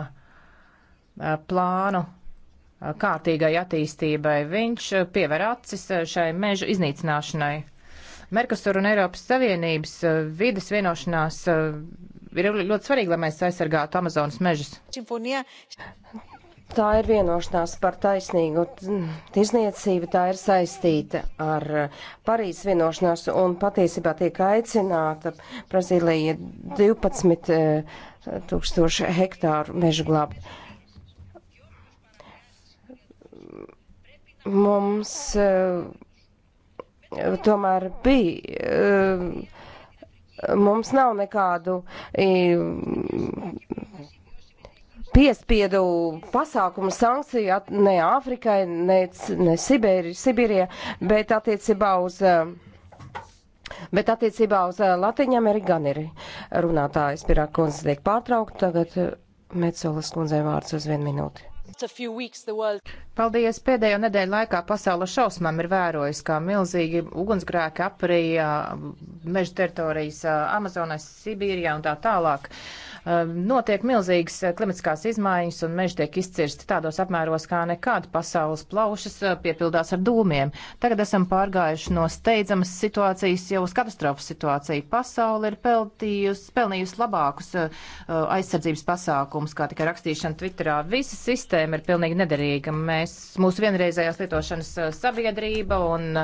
plānu kārtīgai attīstībai. Viņš piever acis šai mežu iznīcināšanai. Merkusur un Eiropas Savienības vides vienošanās ir ļoti svarīgi, lai mēs aizsargātu Amazonas mežus. Simfonija. Tā ir vienošanās par taisnīgu tirzniecību, tā ir saistīta ar eh, Parīzes vienošanās un patiesībā tiek aicināta Brazīlija 12 eh, tūkstoši hektāru mežu glābt. Mums eh, tomēr bija mums nav nekādu piespiedu pasākumu sankciju ne Āfrikai, ne, ne Sibēri, Sibirie, bet attiecībā uz. Eh, bet attiecībā uz eh, Latviju Ameriku gan ir runātājs. Pirmā kundze tiek pārtraukta, tagad eh, Metsolas kundzei vārds uz vienu minūti. Paldies! Pēdējo nedēļu laikā pasaula šausmām ir vērojis, kā milzīgi ugunsgrēki aprīja meža teritorijas Amazonas, Sibīrijā un tā tālāk. Uh, Ehm, notiek milzīgas eh, klimatiskās izmaiņas un meži tiek izcirsti tādos apmēros kā nekad. Pasaules plaušas eh, piepildās ar dūmiem. Tagad esam pārgājuši no steidzamas situācijas jau uz katastrofas situāciju. Pasaule ir pelnījusi labākus eh, aizsardzības pasākumus, kā tikai rakstīšana Twitterā. Visa sistēma ir pilnīgi nederīga. Mēs, mūsu vienreizējās lietošanas sabiedrība un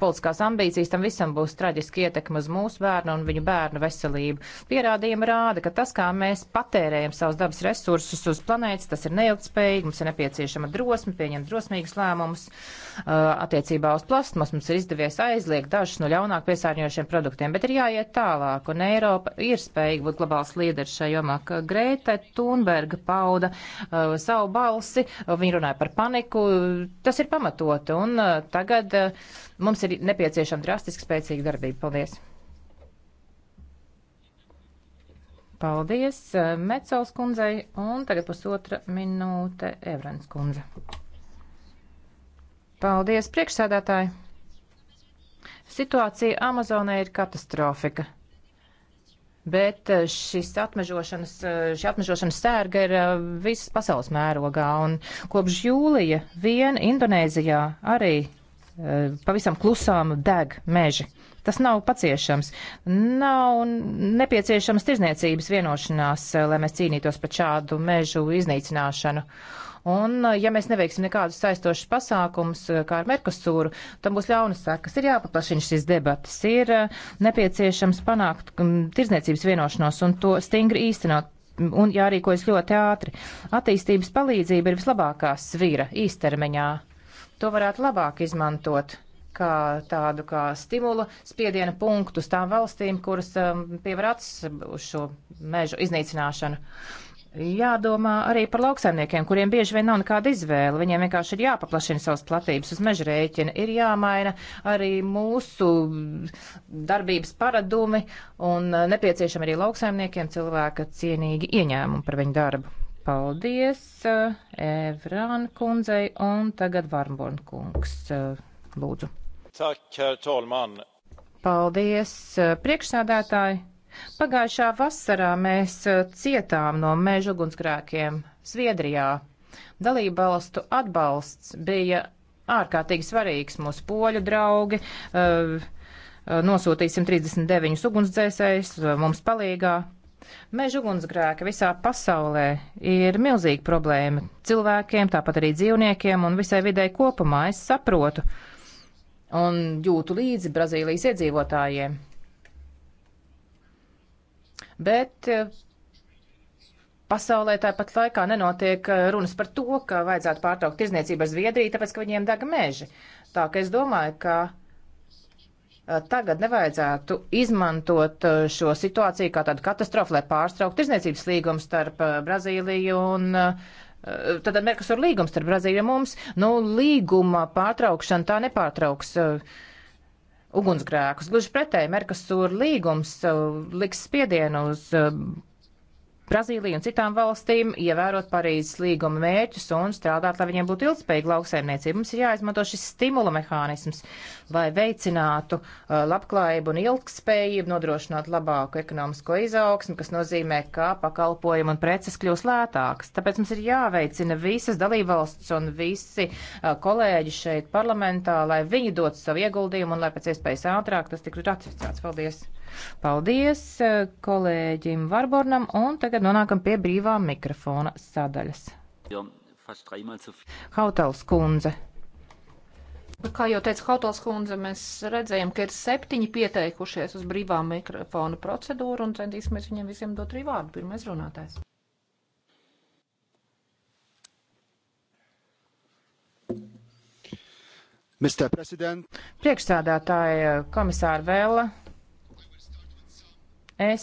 politiskās ambīcijas tam visam būs traģiski ietekme uz mūsu bērnu un viņu bērnu veselību. Pierādījumi rāda, ka tas, kā veidā mēs patērējam savus dabas resursus uz planētas, tas ir neilgtspējīgi, mums ir nepieciešama drosme pieņemt drosmīgus lēmumus. Uh, attiecībā uz plasmas mums ir izdevies aizliegt dažus no ļaunāk piesārņojošiem produktiem, bet ir jāiet tālāk, un Eiropa ir spējīga būt globāls līderis šajā jomā. Grēta Thunberga pauda uh, savu balsi, viņa runāja par paniku, tas ir pamatoti, un uh, tagad uh, mums ir nepieciešama drastiski spēcīga darbība. Paldies! Paldies eh, Mecels kundzei un tagad pusotra minūte Evrens kundze. Paldies priekšsēdētāji. Situācija Amazonē ir katastrofika. Bet eh, šis atmežošanas, eh, šī atmežošanas sērga ir visas pasaules mērogā, un kopš jūlija vien Indonēzijā arī pavisam klusām deg meži. Tas nav paciešams. Nav nepieciešams tirzniecības vienošanās, eh, lai mēs cīnītos pret šādu mežu iznīcināšanu. Un, eh, ja mēs neveiksim nekādus saistošus pasākumus, eh, kā ar Merkosūru, tam būs ļaunas sekas. Ir jāpaplašina šis debatas, ir nepieciešams panākt mm, tirzniecības vienošanos un to stingri īstenot. Un jārīkojas ļoti ātri. Attīstības palīdzība ir vislabākā svira īstermeņā. To varētu labāk izmantot kā tādu kā stimula spiediena punktu uz tām valstīm, kuras um, pievarāts uz šo mežu iznīcināšanu. Jādomā arī par lauksaimniekiem, kuriem bieži vien nav nekāda izvēle. Viņiem vienkārši ir jāpaplašina savas platības uz meža rēķina, ir jāmaina arī mūsu darbības paradumi un uh, nepieciešami arī lauksaimniekiem cilvēka cienīgi ieņēmumi par viņu darbu. Paldies uh, Evrāna kundzei un tagad Varmborn kungs. Uh, lūdzu. Paldies, eh, priekšsādātāji! Pagājušā vasarā mēs eh, cietām no meža ugunsgrēkiem Zviedrijā. Dalībvalstu atbalsts bija ārkārtīgi svarīgs. Mūsu poļu draugi uh, nosūtīja 139 ugunsdzēsējus mums palīgā. Meža ugunsgrēki visā pasaulē ir milzīga problēma cilvēkiem, tāpat arī dzīvniekiem un visai vidē kopumā. Es saprotu, uh, un jūtu līdzi Brazīlijas iedzīvotājiem. Bet eh, pasaulē tāpat laikā nenotiek eh, runas par to, ka vajadzētu pārtraukt tirzniecību ar Zviedriju, tāpēc, ka viņiem dega meži. Tā ka es domāju, ka eh, tagad nevajadzētu izmantot šo situāciju kā tādu katastrofu, lai pārtrauktu tirzniecības līgumu starp Brazīliju un uh, Eh, tad Merkusur līgums ar Brazīliju mums, nu, līguma pārtraukšana tā nepārtrauks eh, ugunsgrēkus. Gluži pretēji, Merkusur līgums eh, liks spiedienu uz Brazīliju un citām valstīm ievērot Parīzes līguma mērķus un strādāt, lai viņiem būtu ilgspējīga lauksaimniecība. Mums ir jāizmanto šis stimula mehānisms, lai veicinātu uh, labklājību un ilgspējību, nodrošināt labāku ekonomisko izaugsmu, kas nozīmē, ka pakalpojumi un preces kļūs lētāks. Tāpēc mums ir jāveicina visas dalībvalsts un visi uh, kolēģi šeit parlamentā, lai viņi dotu savu ieguldījumu un lai pēc iespējas ātrāk tas tiktu ratificēts. Paldies! Paldies eh, kolēģim Varbornam, un tagad nonākam pie brīvā mikrofona sadaļas. Hautals kundze. Kā jau teica Hautals kundze, mēs redzējām, ka ir septiņi pieteikušies uz brīvā mikrofona procedūru, un centīsimies viņiem visiem dot arī vārdu. Pirmais runātājs. Priekšsādātāja komisāra Vēla, Es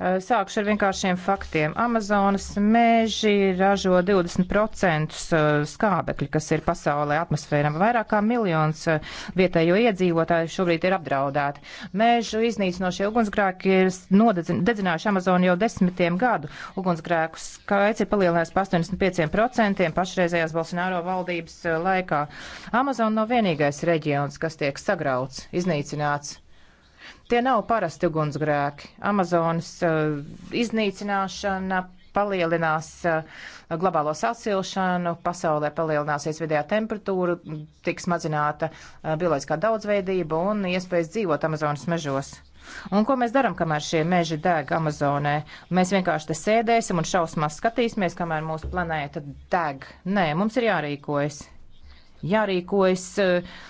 eh, Sākšu ar vienkāršiem faktiem. Amazonas meži ražo 20% eh, skābekļa, kas ir pasaulē atmosfēram. Vairāk kā miljons eh, vietējo iedzīvotāju šobrīd ir apdraudēti. Mežu iznīcinošie ugunsgrēki ir dedzinājuši Amazonu jau desmitiem gadu. Ugunsgrēku skaits ir palielinājies par 85% pašreizējās Bolsonaro valdības laikā. Amazona nav vienīgais reģions, kas tiek sagrauts, iznīcināts Tie nav parasti ugunsgrēki. Amazonas uh, iznīcināšana palielinās uh, globālo sasilšanu, pasaulē palielināsies vidējā temperatūra, tiks mazināta uh, bioloģiskā daudzveidība un iespējas dzīvot Amazonas mežos. Un ko mēs darām, kamēr šie meži deg Amazonē? Mēs vienkārši te sēdēsim un šausmās skatīsimies, kamēr mūsu planēta deg. Nē, mums ir jārīkojas. Jārīkojas. Uh,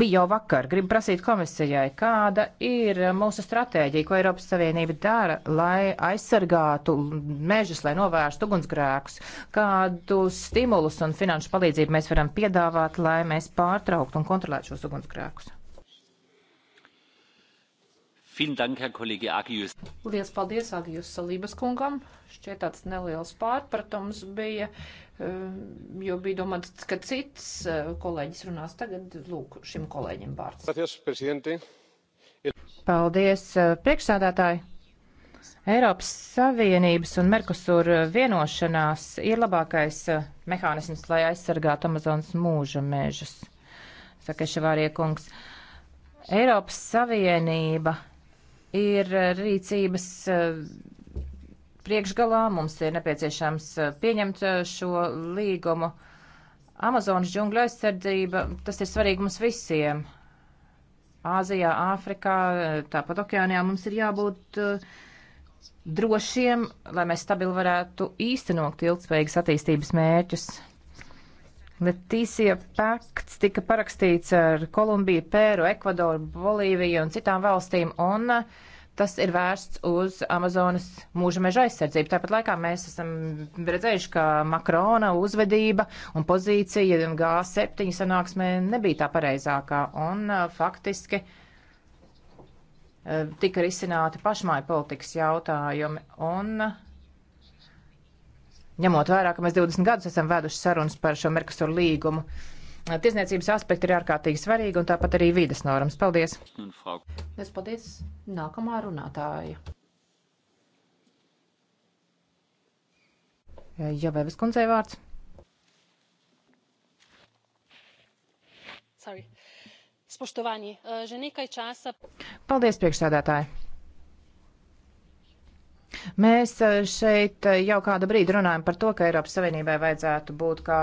bija jau vakar. Gribu prasīt komisijai, kāda ir mūsu stratēģija, ko Eiropas Savienība dara, lai aizsargātu mežus, lai novērstu ugunsgrēkus, kādu stimulus un finanšu palīdzību mēs varam piedāvāt, lai mēs pārtrauktu un kontrolētu šos ugunsgrēkus. Lielas paldies Agijus Salības kungam. Šķiet tāds neliels pārpratums bija, eh, jo bija domāts, ka cits eh, kolēģis runās tagad. Lūk, šim kolēģim vārds. Paldies, eh, priekšsādātāji! Eiropas Savienības un Merkusur vienošanās ir labākais mehānisms, lai aizsargātu Amazonas mūža mežus, saka Šavārie kungs. Eiropas Savienība ir eh, rīcības eh, priekšgalā. Mums ir nepieciešams eh, pieņemt šo līgumu. Amazonas džungļu aizsardzība, tas ir svarīgi mums visiem. Āzijā, Āfrikā, tāpat okeānijā mums ir jābūt drošiem, lai mēs stabili varētu īstenot ilgspējīgas attīstības mērķus. Letīsija pakts tika parakstīts ar Kolumbiju, Pēru, Ekvadoru, Bolīviju un citām valstīm, un uh, tas ir vērsts uz Amazonas mūža meža aizsardzību. Tāpat laikā mēs esam redzējuši, ka Makrona uzvedība un pozīcija G7 sanāksmē nebija tā pareizākā, un uh, faktiski uh, tika risināti pašmāja politikas jautājumi, un ņemot vērā, ka mēs 20 gadus esam veduši sarunas par šo Merkusur līgumu. Tiesniecības aspekti ir ārkārtīgi svarīgi un tāpat arī vides normas. Paldies! Es paldies! Nākamā runātāja. Eh, Jā, Bēbes kundzei vārds. Sorry. Spoštovani, eh, že nekaj časa. Paldies, priekšsēdētāji. Mēs eh, šeit eh, jau kādu brīdi runājam par to, ka Eiropas Savienībai vajadzētu būt kā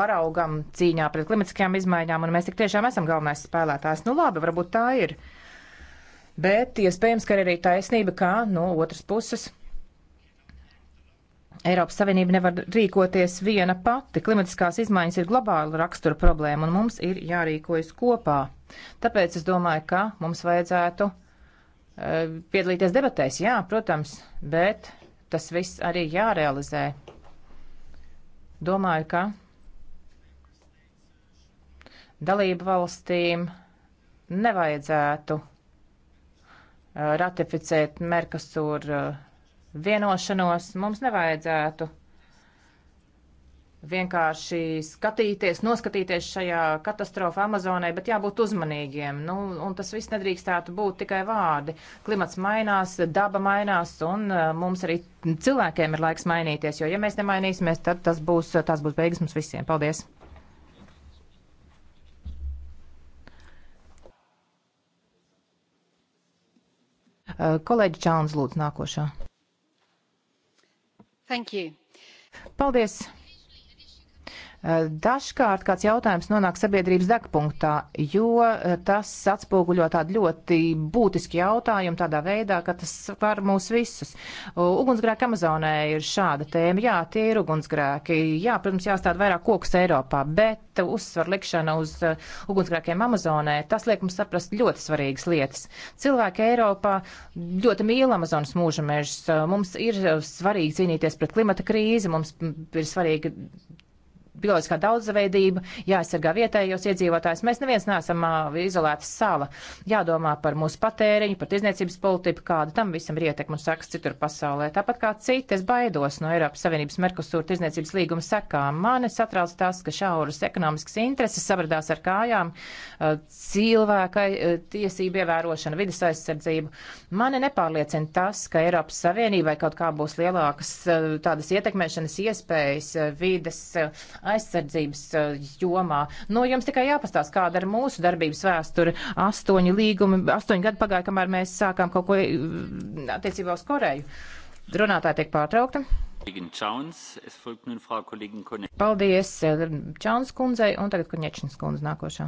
paraugam cīņā pret klimatiskajām izmaiņām, un mēs tik tiešām esam galvenais spēlētājs. Nu labi, varbūt tā ir. Bet iespējams, ka ir arī taisnība, ka no nu, otras puses Eiropas Savienība nevar rīkoties viena pati. Klimatiskās izmaiņas ir globāla rakstura problēma, un mums ir jārīkojas kopā. Tāpēc es domāju, ka mums vajadzētu Eh, piedalīties debatēs, jā, protams, bet tas viss arī jārealizē. Domāju, ka dalību valstīm nevajadzētu eh, ratificēt Merkasūra eh, vienošanos, mums nevajadzētu vienkārši skatīties, noskatīties šajā katastrofā Amazonē, bet jābūt uzmanīgiem. Nu, un tas viss nedrīkstētu būt tikai vārdi. Klimats mainās, daba mainās, un uh, mums arī cilvēkiem ir laiks mainīties, jo ja mēs nemainīsimies, tad tas būs, tas būs beigas mums visiem. Paldies! Uh, kolēģi Čāns lūdzu nākošā. Thank you. Paldies! Dažkārt kāds jautājums nonāk sabiedrības degpunktā, jo eh, tas atspoguļo tādu ļoti būtisku jautājumu tādā veidā, ka tas var mūs visus. Ugunsgrēki Amazonē ir šāda tēma. Jā, tie ir ugunsgrēki. Jā, protams, jāstāda vairāk kokus Eiropā, bet uzsvar likšana uz eh, ugunsgrēkiem Amazonē, tas liek mums saprast ļoti svarīgas lietas. Cilvēki Eiropā ļoti mīl Amazonas mūža mežus. Mums ir eh, svarīgi cīnīties pret klimata krīzi, mums ir svarīgi bioloģiskā daudzveidība, jāaizsargā vietējos iedzīvotājus. Mēs neviens neesam izolēta sala. Jādomā par mūsu patēriņu, par tirzniecības politiku, kāda tam visam ir ietekme un sekas citur pasaulē. Tāpat kā citi, es baidos no Eiropas Savienības Merkusūra tirzniecības līguma sekām. Mani satrauc tas, ka šauras ekonomiskas intereses sabradās ar kājām cilvēkai tiesību ievērošana, vidas aizsardzību. Mani nepārliecina tas, ka Eiropas Savienībai kaut kā būs lielākas tādas ietekmēšanas iespējas vides aizsardzības eh, jomā. Nu, jums tikai jāpastāst, kāda ir mūsu darbības vēsture. Astoņi līgumi, astoņi gadi pagāja, kamēr mēs sākām kaut ko eh, attiecībā uz Koreju. Runātāja tiek pārtraukta. Paldies Čauns eh, kundzei un tagad Kuņečins kundze nākošā.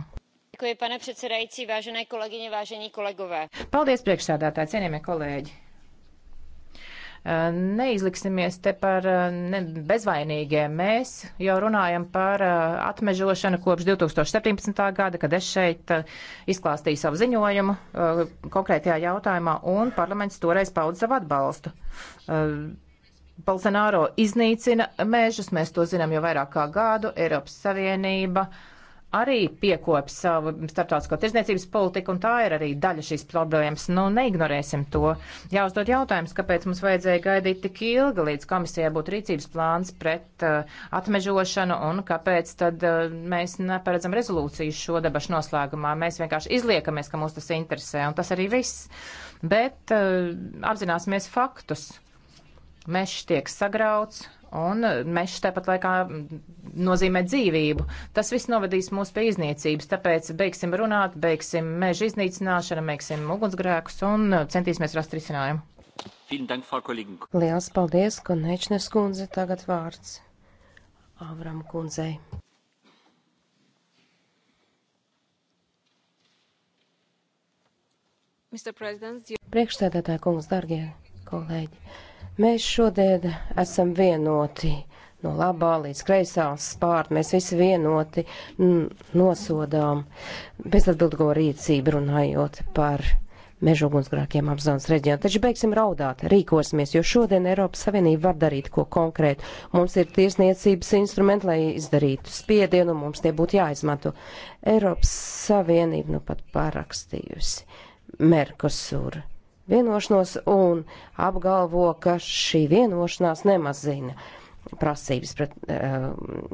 Paldies, priekšsēdētāji, cienījamie kolēģi! neizliksimies te par ne, bezvainīgiem. Mēs jau runājam par atmežošanu kopš 2017. gada, kad es šeit izklāstīju savu ziņojumu konkrētajā jautājumā, un parlaments toreiz paudz savu atbalstu. Bolsonaro iznīcina mežus, mēs to zinām jau vairāk kā gadu, Eiropas Savienība uh, arī piekop savu starptautisko tirzniecības politiku, un tā ir arī daļa šīs problēmas. Nu, neignorēsim to. Jāuzdod jautājums, kāpēc mums vajadzēja gaidīt tik ilgi, līdz komisijai būtu rīcības plāns pret uh, atmežošanu, un kāpēc tad uh, mēs neparedzam rezolūciju šo debašu noslēgumā. Mēs vienkārši izliekamies, ka mūs tas interesē, un tas arī viss. Bet uh, apzināsimies faktus. Mešs tiek sagrauts, Un mežs tāpat laikā nozīmē dzīvību. Tas viss novedīs mūs pie iznīcības, tāpēc beigsim runāt, beigsim meža iznīcināšanu, beigsim ugunsgrēkus un centīsimies rast risinājumu. Lielas paldies, Konečnes kundze, tagad vārds Avram kundzei. Priekšsēdētāja kungs, dargie kolēģi! Mēs šodien esam vienoti no labā līdz kreisā spārta. Mēs visi vienoti nosodām bezatbildīgo rīcību runājot par meža ugunsgrākiem apzonas reģionu. Taču beigsim raudāt, rīkosimies, jo šodien Eiropas Savienība var darīt ko konkrētu. Mums ir tiesniecības instrumenti, lai izdarītu spiedienu, mums tie būtu jāizmanto. Eiropas Savienība nu pat parakstījusi Merkosuru vienošanos un apgalvo, ka šī vienošanās nemazina prasības pret uh,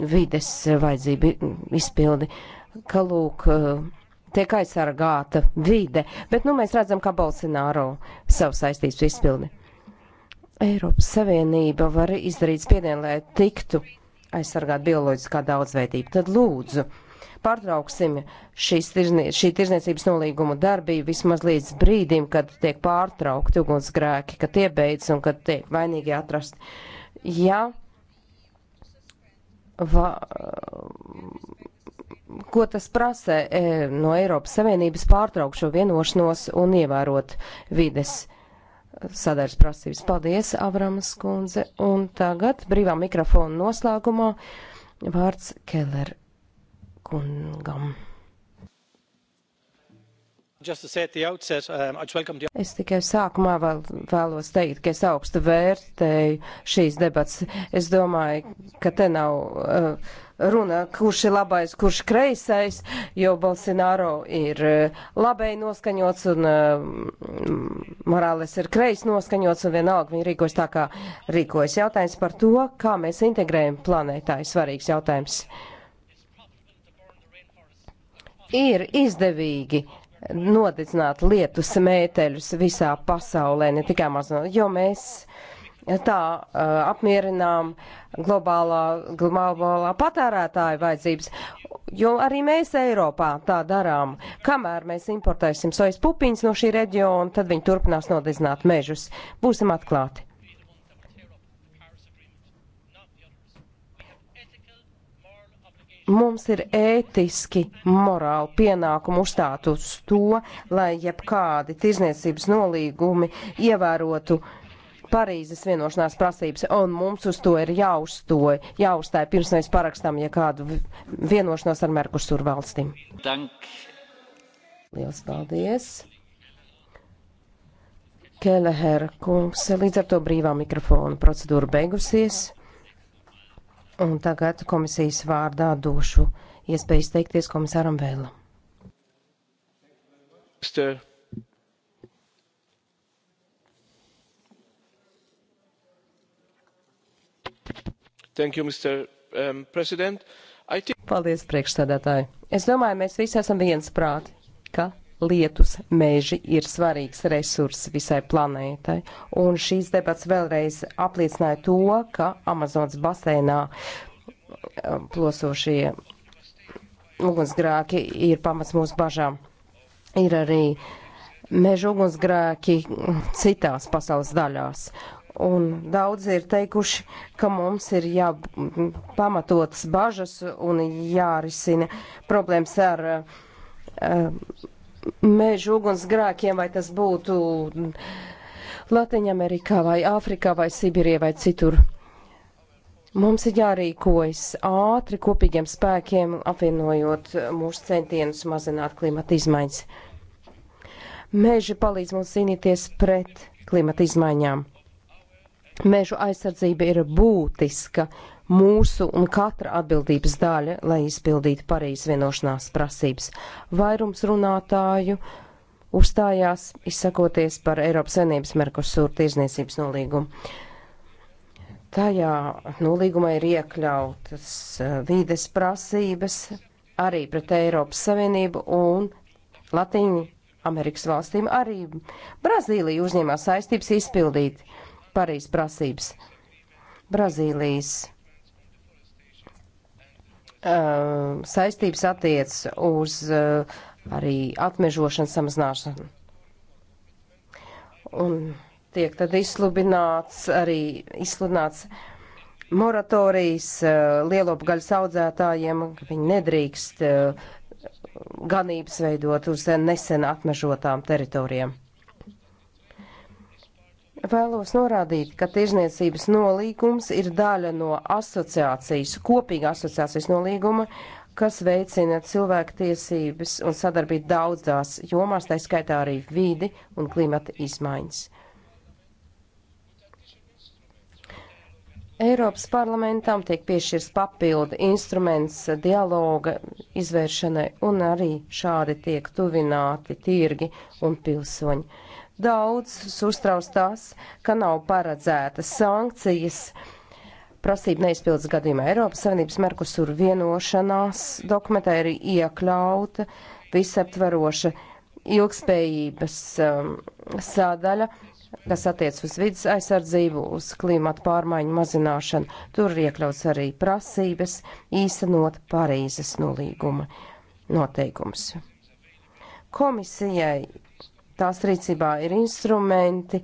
vides vajadzību izpildi, ka lūk, uh, tiek aizsargāta vide, bet nu mēs redzam, kā Bolsonaro savu saistību izpildi. Eiropas Savienība var izdarīt spiedienu, lai tiktu aizsargāt bioloģiskā daudzveidība. Tad lūdzu, uh, pārtrauksim tirznie, šī tirzniecības nolīguma darbību vismaz līdz brīdim, kad tiek pārtraukti ugunsgrēki, kad tie beidz un kad tiek vainīgi atrasti. Ja va, ko tas prasa e, no Eiropas Savienības pārtraukt šo vienošanos un ievērot vides sadaļas prasības. Paldies, Avramas kundze. Un tagad brīvā mikrofona noslēgumā vārds Keller kungam. Outset, um, the... Es tikai sākumā vēl, vēlos teikt, ka es augstu vērtēju šīs debats. Es domāju, ka te nav uh, runa, kurš ir labais, kurš kreisais, jo Bolsonaro ir uh, labai noskaņots un uh, Morales ir kreis noskaņots un vienalga viņi rīkojas tā, kā rīkojas. Jautājums par to, kā mēs integrējam planētā, ir svarīgs jautājums. Uh, ir izdevīgi noticināt lietu smēteļus visā pasaulē, ne tikai mazliet, jo mēs tā uh, apmierinām globālā, globālā patērētāja vajadzības, jo arī mēs Eiropā tā darām. Kamēr mēs importēsim sojas pupiņas no šī reģiona, tad viņi turpinās nodeizināt mežus. Būsim atklāti. mums ir ētiski, morāli pienākumi uzstāt uz to, lai jebkādi tirzniecības nolīgumi ievērotu Parīzes vienošanās prasības, un mums uz to ir jāuzstoj, jāuzstāj pirms mēs parakstām, ja kādu vienošanos ar Merkusur valstīm. Dank. Liels paldies! Keleher kungs, līdz ar to brīvā mikrofona procedūra beigusies. Un tagad komisijas vārdā došu iespēju izteikties komisāram Vēlam. Mr. You, Mr. Um, think... Paldies, priekšsēdētāji. Es domāju, mēs visi esam viensprāti, ka lietus meži ir svarīgs resurs visai planētai. Un šīs debats vēlreiz apliecināja to, ka Amazonas basēnā um, plosošie ugunsgrāki ir pamats mūsu bažām. Ir arī meža ugunsgrāki citās pasaules daļās. Un daudzi ir teikuši, ka mums ir jāpamatotas bažas un jārisina problēmas ar uh, mežu ugunsgrākiem, vai tas būtu Latviņamerikā vai Āfrikā vai Sibirie vai citur. Mums ir jārīkojas ātri kopīgiem spēkiem, apvienojot mūsu centienus mazināt klimata izmaiņas. Meži palīdz mums cīnīties pret klimata izmaiņām. Mežu aizsardzība ir būtiska mūsu un katra atbildības daļa, lai izpildītu Parīzes vienošanās prasības. Vairums runātāju uzstājās, izsakoties par Eiropas Savienības Merkosūra tirzniecības nolīgumu. Tajā nolīgumā ir iekļautas eh, vīdes prasības arī pret Eiropas Savienību un Latīņu Amerikas valstīm. Arī Brazīlija uzņēmās saistības izpildīt Parīzes prasības. Brazīlijas uh, saistības attiec uz uh, arī atmežošanas samazināšanu. Un tiek tad izsludināts arī izsludināts moratorijas uh, eh, lielopgaļas audzētājiem, ka viņi nedrīkst uh, ganības veidot uz nesen atmežotām teritorijām. Vēlos norādīt, ka tirzniecības nolīgums ir daļa no asociācijas, kopīga asociācijas nolīguma, kas veicina cilvēku tiesības un sadarbību daudzās jomās, tā skaitā arī vīdi un klimata izmaiņas. Eiropas parlamentam tiek piešķirs papildu instruments dialoga izvēršanai, un arī šādi tiek tuvināti tirgi un pilsoņi. Daudz uztrauc tas, ka nav paredzētas sankcijas prasību neizpildes gadījumā Eiropas Savienības Merkusur vienošanās dokumentā ir iekļauta visaptvaroša ilgspējības um, sādaļa, kas attiec uz vidas aizsardzību, uz klimatu pārmaiņu mazināšanu. Tur ir iekļauts arī prasības īstenot Parīzes nolīguma noteikums. Komisijai tās rīcībā ir instrumenti,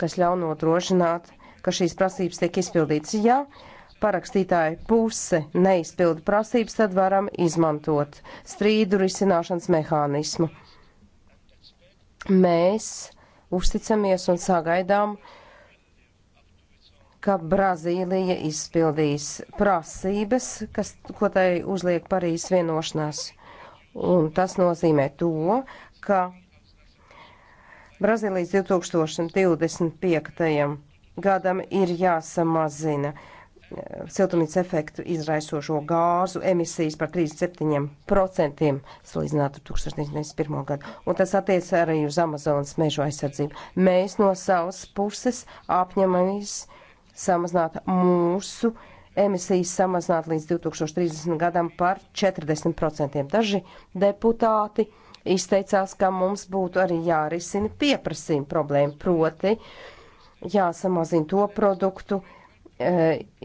kas ļauj nodrošināt, ka šīs prasības tiek izpildītas. Ja parakstītāja puse neizpilda prasības, tad varam izmantot strīdu risināšanas mehānismu. Mēs uzticamies un sagaidām, ka Brazīlija izpildīs prasības, kas, ko tai uzliek Parīs vienošanās. Un tas nozīmē to, ka Brazīlijas 2025. gadam ir jāsamazina eh, siltumnīca efektu izraisošo gāzu emisijas par 37% salīdzināt ar 1991. gadu. Un tas attiec arī uz Amazonas mežu aizsardzību. Mēs no savas puses apņemamies samazināt mūsu emisijas samazināt līdz 2030. gadam par 40%. Daži deputāti izteicās, ka mums būtu arī jārisina pieprasījuma problēma, proti jāsamazina to produktu e,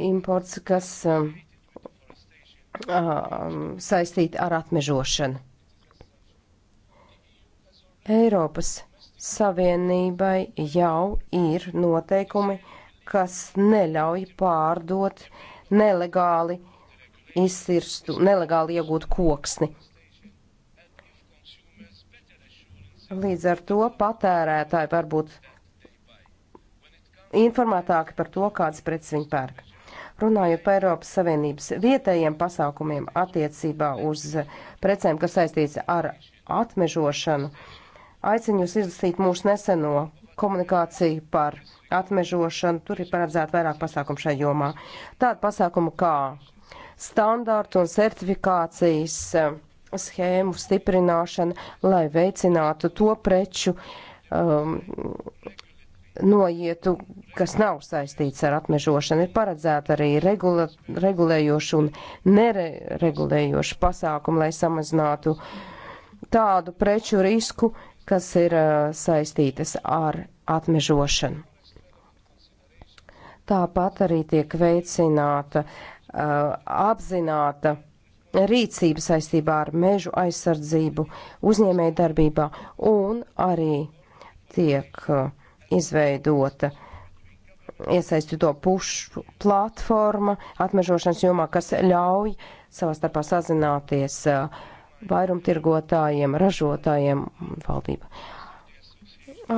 imports, kas e, saistīti ar atmežošanu. Eiropas Savienībai jau ir noteikumi, kas neļauj pārdot nelegāli izsirstu, nelegāli iegūt koksni. Līdz ar to patērētāji var būt informētāki par to, kādas preces viņi pērk. Runājot par Eiropas Savienības vietējiem pasākumiem attiecībā uz precēm, kas saistīts ar atmežošanu, aicinu jūs izlasīt mūsu neseno komunikāciju par atmežošanu. Tur ir paredzēta vairāk pasākumu šajā jomā. Tāda pasākuma kā standārtu un certifikācijas schēmu stiprināšana, lai veicinātu to preču um, noietu, kas nav saistīts ar atmežošanu. Ir paredzēta arī regula, regulējoša un neregulējoša pasākuma, lai samazinātu tādu preču risku, kas ir uh, saistītas ar atmežošanu. Tāpat arī tiek veicināta uh, apzināta rīcība saistībā ar mežu aizsardzību uzņēmēju darbībā un arī tiek uh, izveidota iesaistīto pušu platforma atmežošanas jomā, kas ļauj savā starpā sazināties uh, vairumtirgotājiem, ražotājiem un valdību.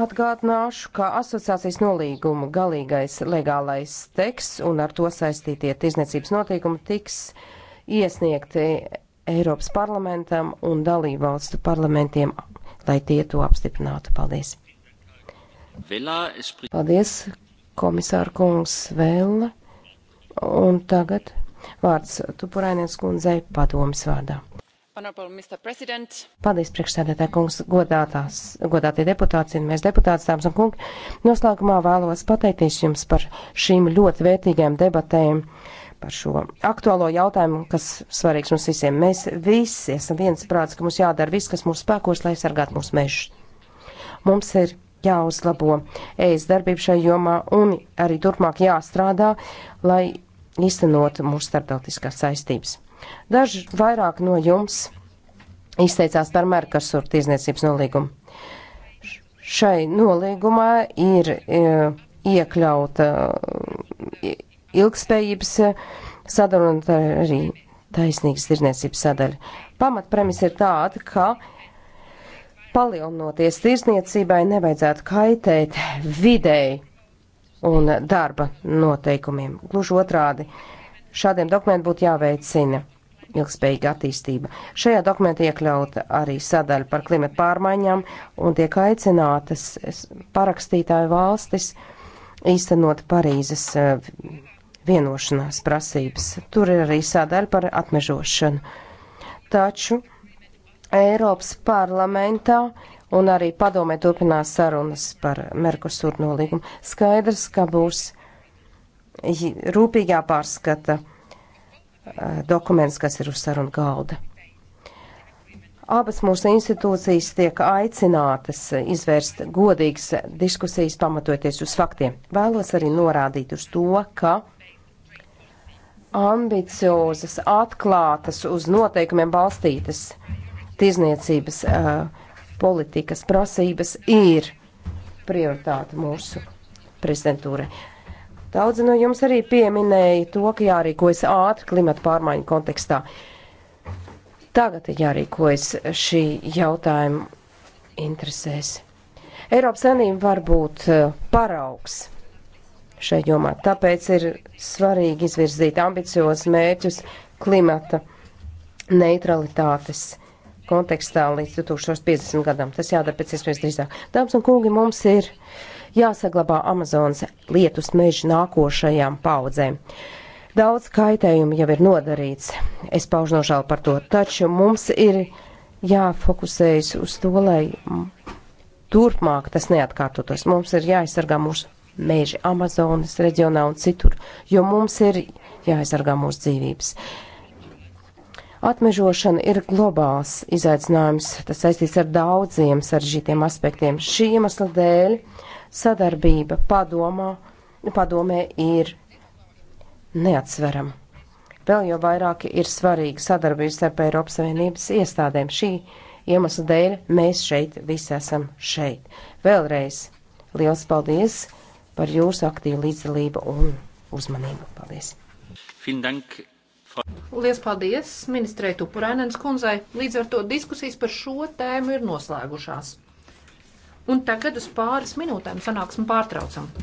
Atgādināšu, ka asociācijas nolīguma galīgais legālais teksts un ar to saistītie tirzniecības noteikumi tiks uh, iesniegti Eiropas parlamentam un dalībvalstu parlamentiem, lai tie to apstiprinātu. Paldies! Paldies, komisāra kungs Vēla. Un tagad vārds Tupurainies kundzei padomas vārdā. Paldies, priekšsēdētāji kungs, godātās, godātie deputāti, mēs deputāti, dāmas un kungi. Noslēgumā vēlos pateikties jums par šīm ļoti vērtīgām debatēm par šo aktuālo jautājumu, kas svarīgs mums visiem. Mēs visi esam viens prāts, ka mums jādara viss, kas mūsu spēkos, lai sargātu mūsu mežus. Mums ir jāuzlabo ēst darbību šai jomā un arī turpmāk jāstrādā, lai īstenotu mūsu starptautiskās saistības. Daži vairāk no jums izteicās par Merkasur tiesniecības nolīgumu. Šai nolīgumā ir e, iekļauta ilgspējības eh, sadaļa un arī taisnīgas tirzniecības sadaļa. Pamatpremisa ir tāda, ka palielinoties tirzniecībai nevajadzētu kaitēt videi un darba noteikumiem. Gluži otrādi, šādiem dokumentiem būtu jāveicina ilgspējīga attīstība. Šajā dokumentā iekļauta arī sadaļa par klimatu pārmaiņām un tiek aicinātas parakstītāju valstis īstenot Parīzes eh, vienošanās prasības. Tur ir arī sādaļa par atmežošanu. Taču Eiropas parlamentā un arī padomē turpinās sarunas par Merkusur nolīgumu. Skaidrs, ka būs rūpīgā pārskata dokuments, kas ir uz sarunu galda. Abas mūsu institūcijas tiek aicinātas izvērst godīgas diskusijas, pamatoties uz faktiem. Vēlos arī norādīt uz to, ka ambiciozas, atklātas, uz noteikumiem balstītas tirzniecības uh, politikas prasības ir prioritāte mūsu prezidentūrai. Daudzi no jums arī pieminēja to, ka jārīkojas ātri klimata pārmaiņu kontekstā. Tagad ir jārīkojas šī jautājuma interesēs. Eiropas Savienība var būt uh, paraugs šai jomā. Tāpēc ir svarīgi izvirzīt ambiciozus mērķus klimata neutralitātes kontekstā līdz 2050 gadam. Tas jādara pēc iespējas drīzāk. Dāmas un kungi, mums ir jāsaglabā Amazonas lietus meži nākošajām paudzēm. Daudz kaitējumu jau ir nodarīts, es pauž nožēlu par to, taču mums ir jāfokusējas uz to, lai turpmāk tas neatkārtotos. Mums ir jāaizsargā mūsu meži Amazonas reģionā un citur, jo mums ir jāaizsargā mūsu dzīvības. Atmežošana ir globāls izaicinājums, tas saistīts ar daudziem sarežģītiem aspektiem. Šī iemesla dēļ sadarbība padomā, padomē ir neatsverama. Vēl jau vairāk ir svarīga sadarbība starp Eiropas Savienības iestādēm. Šī iemesla dēļ mēs šeit visi esam šeit. Vēlreiz liels paldies! par jūsu aktīvu līdzdalību un uzmanību. Paldies! Lielas paldies ministrei Tupurainens kundzei. Līdz ar to diskusijas par šo tēmu ir noslēgušās. Un tagad uz pāris minūtēm sanāksim pārtraucam.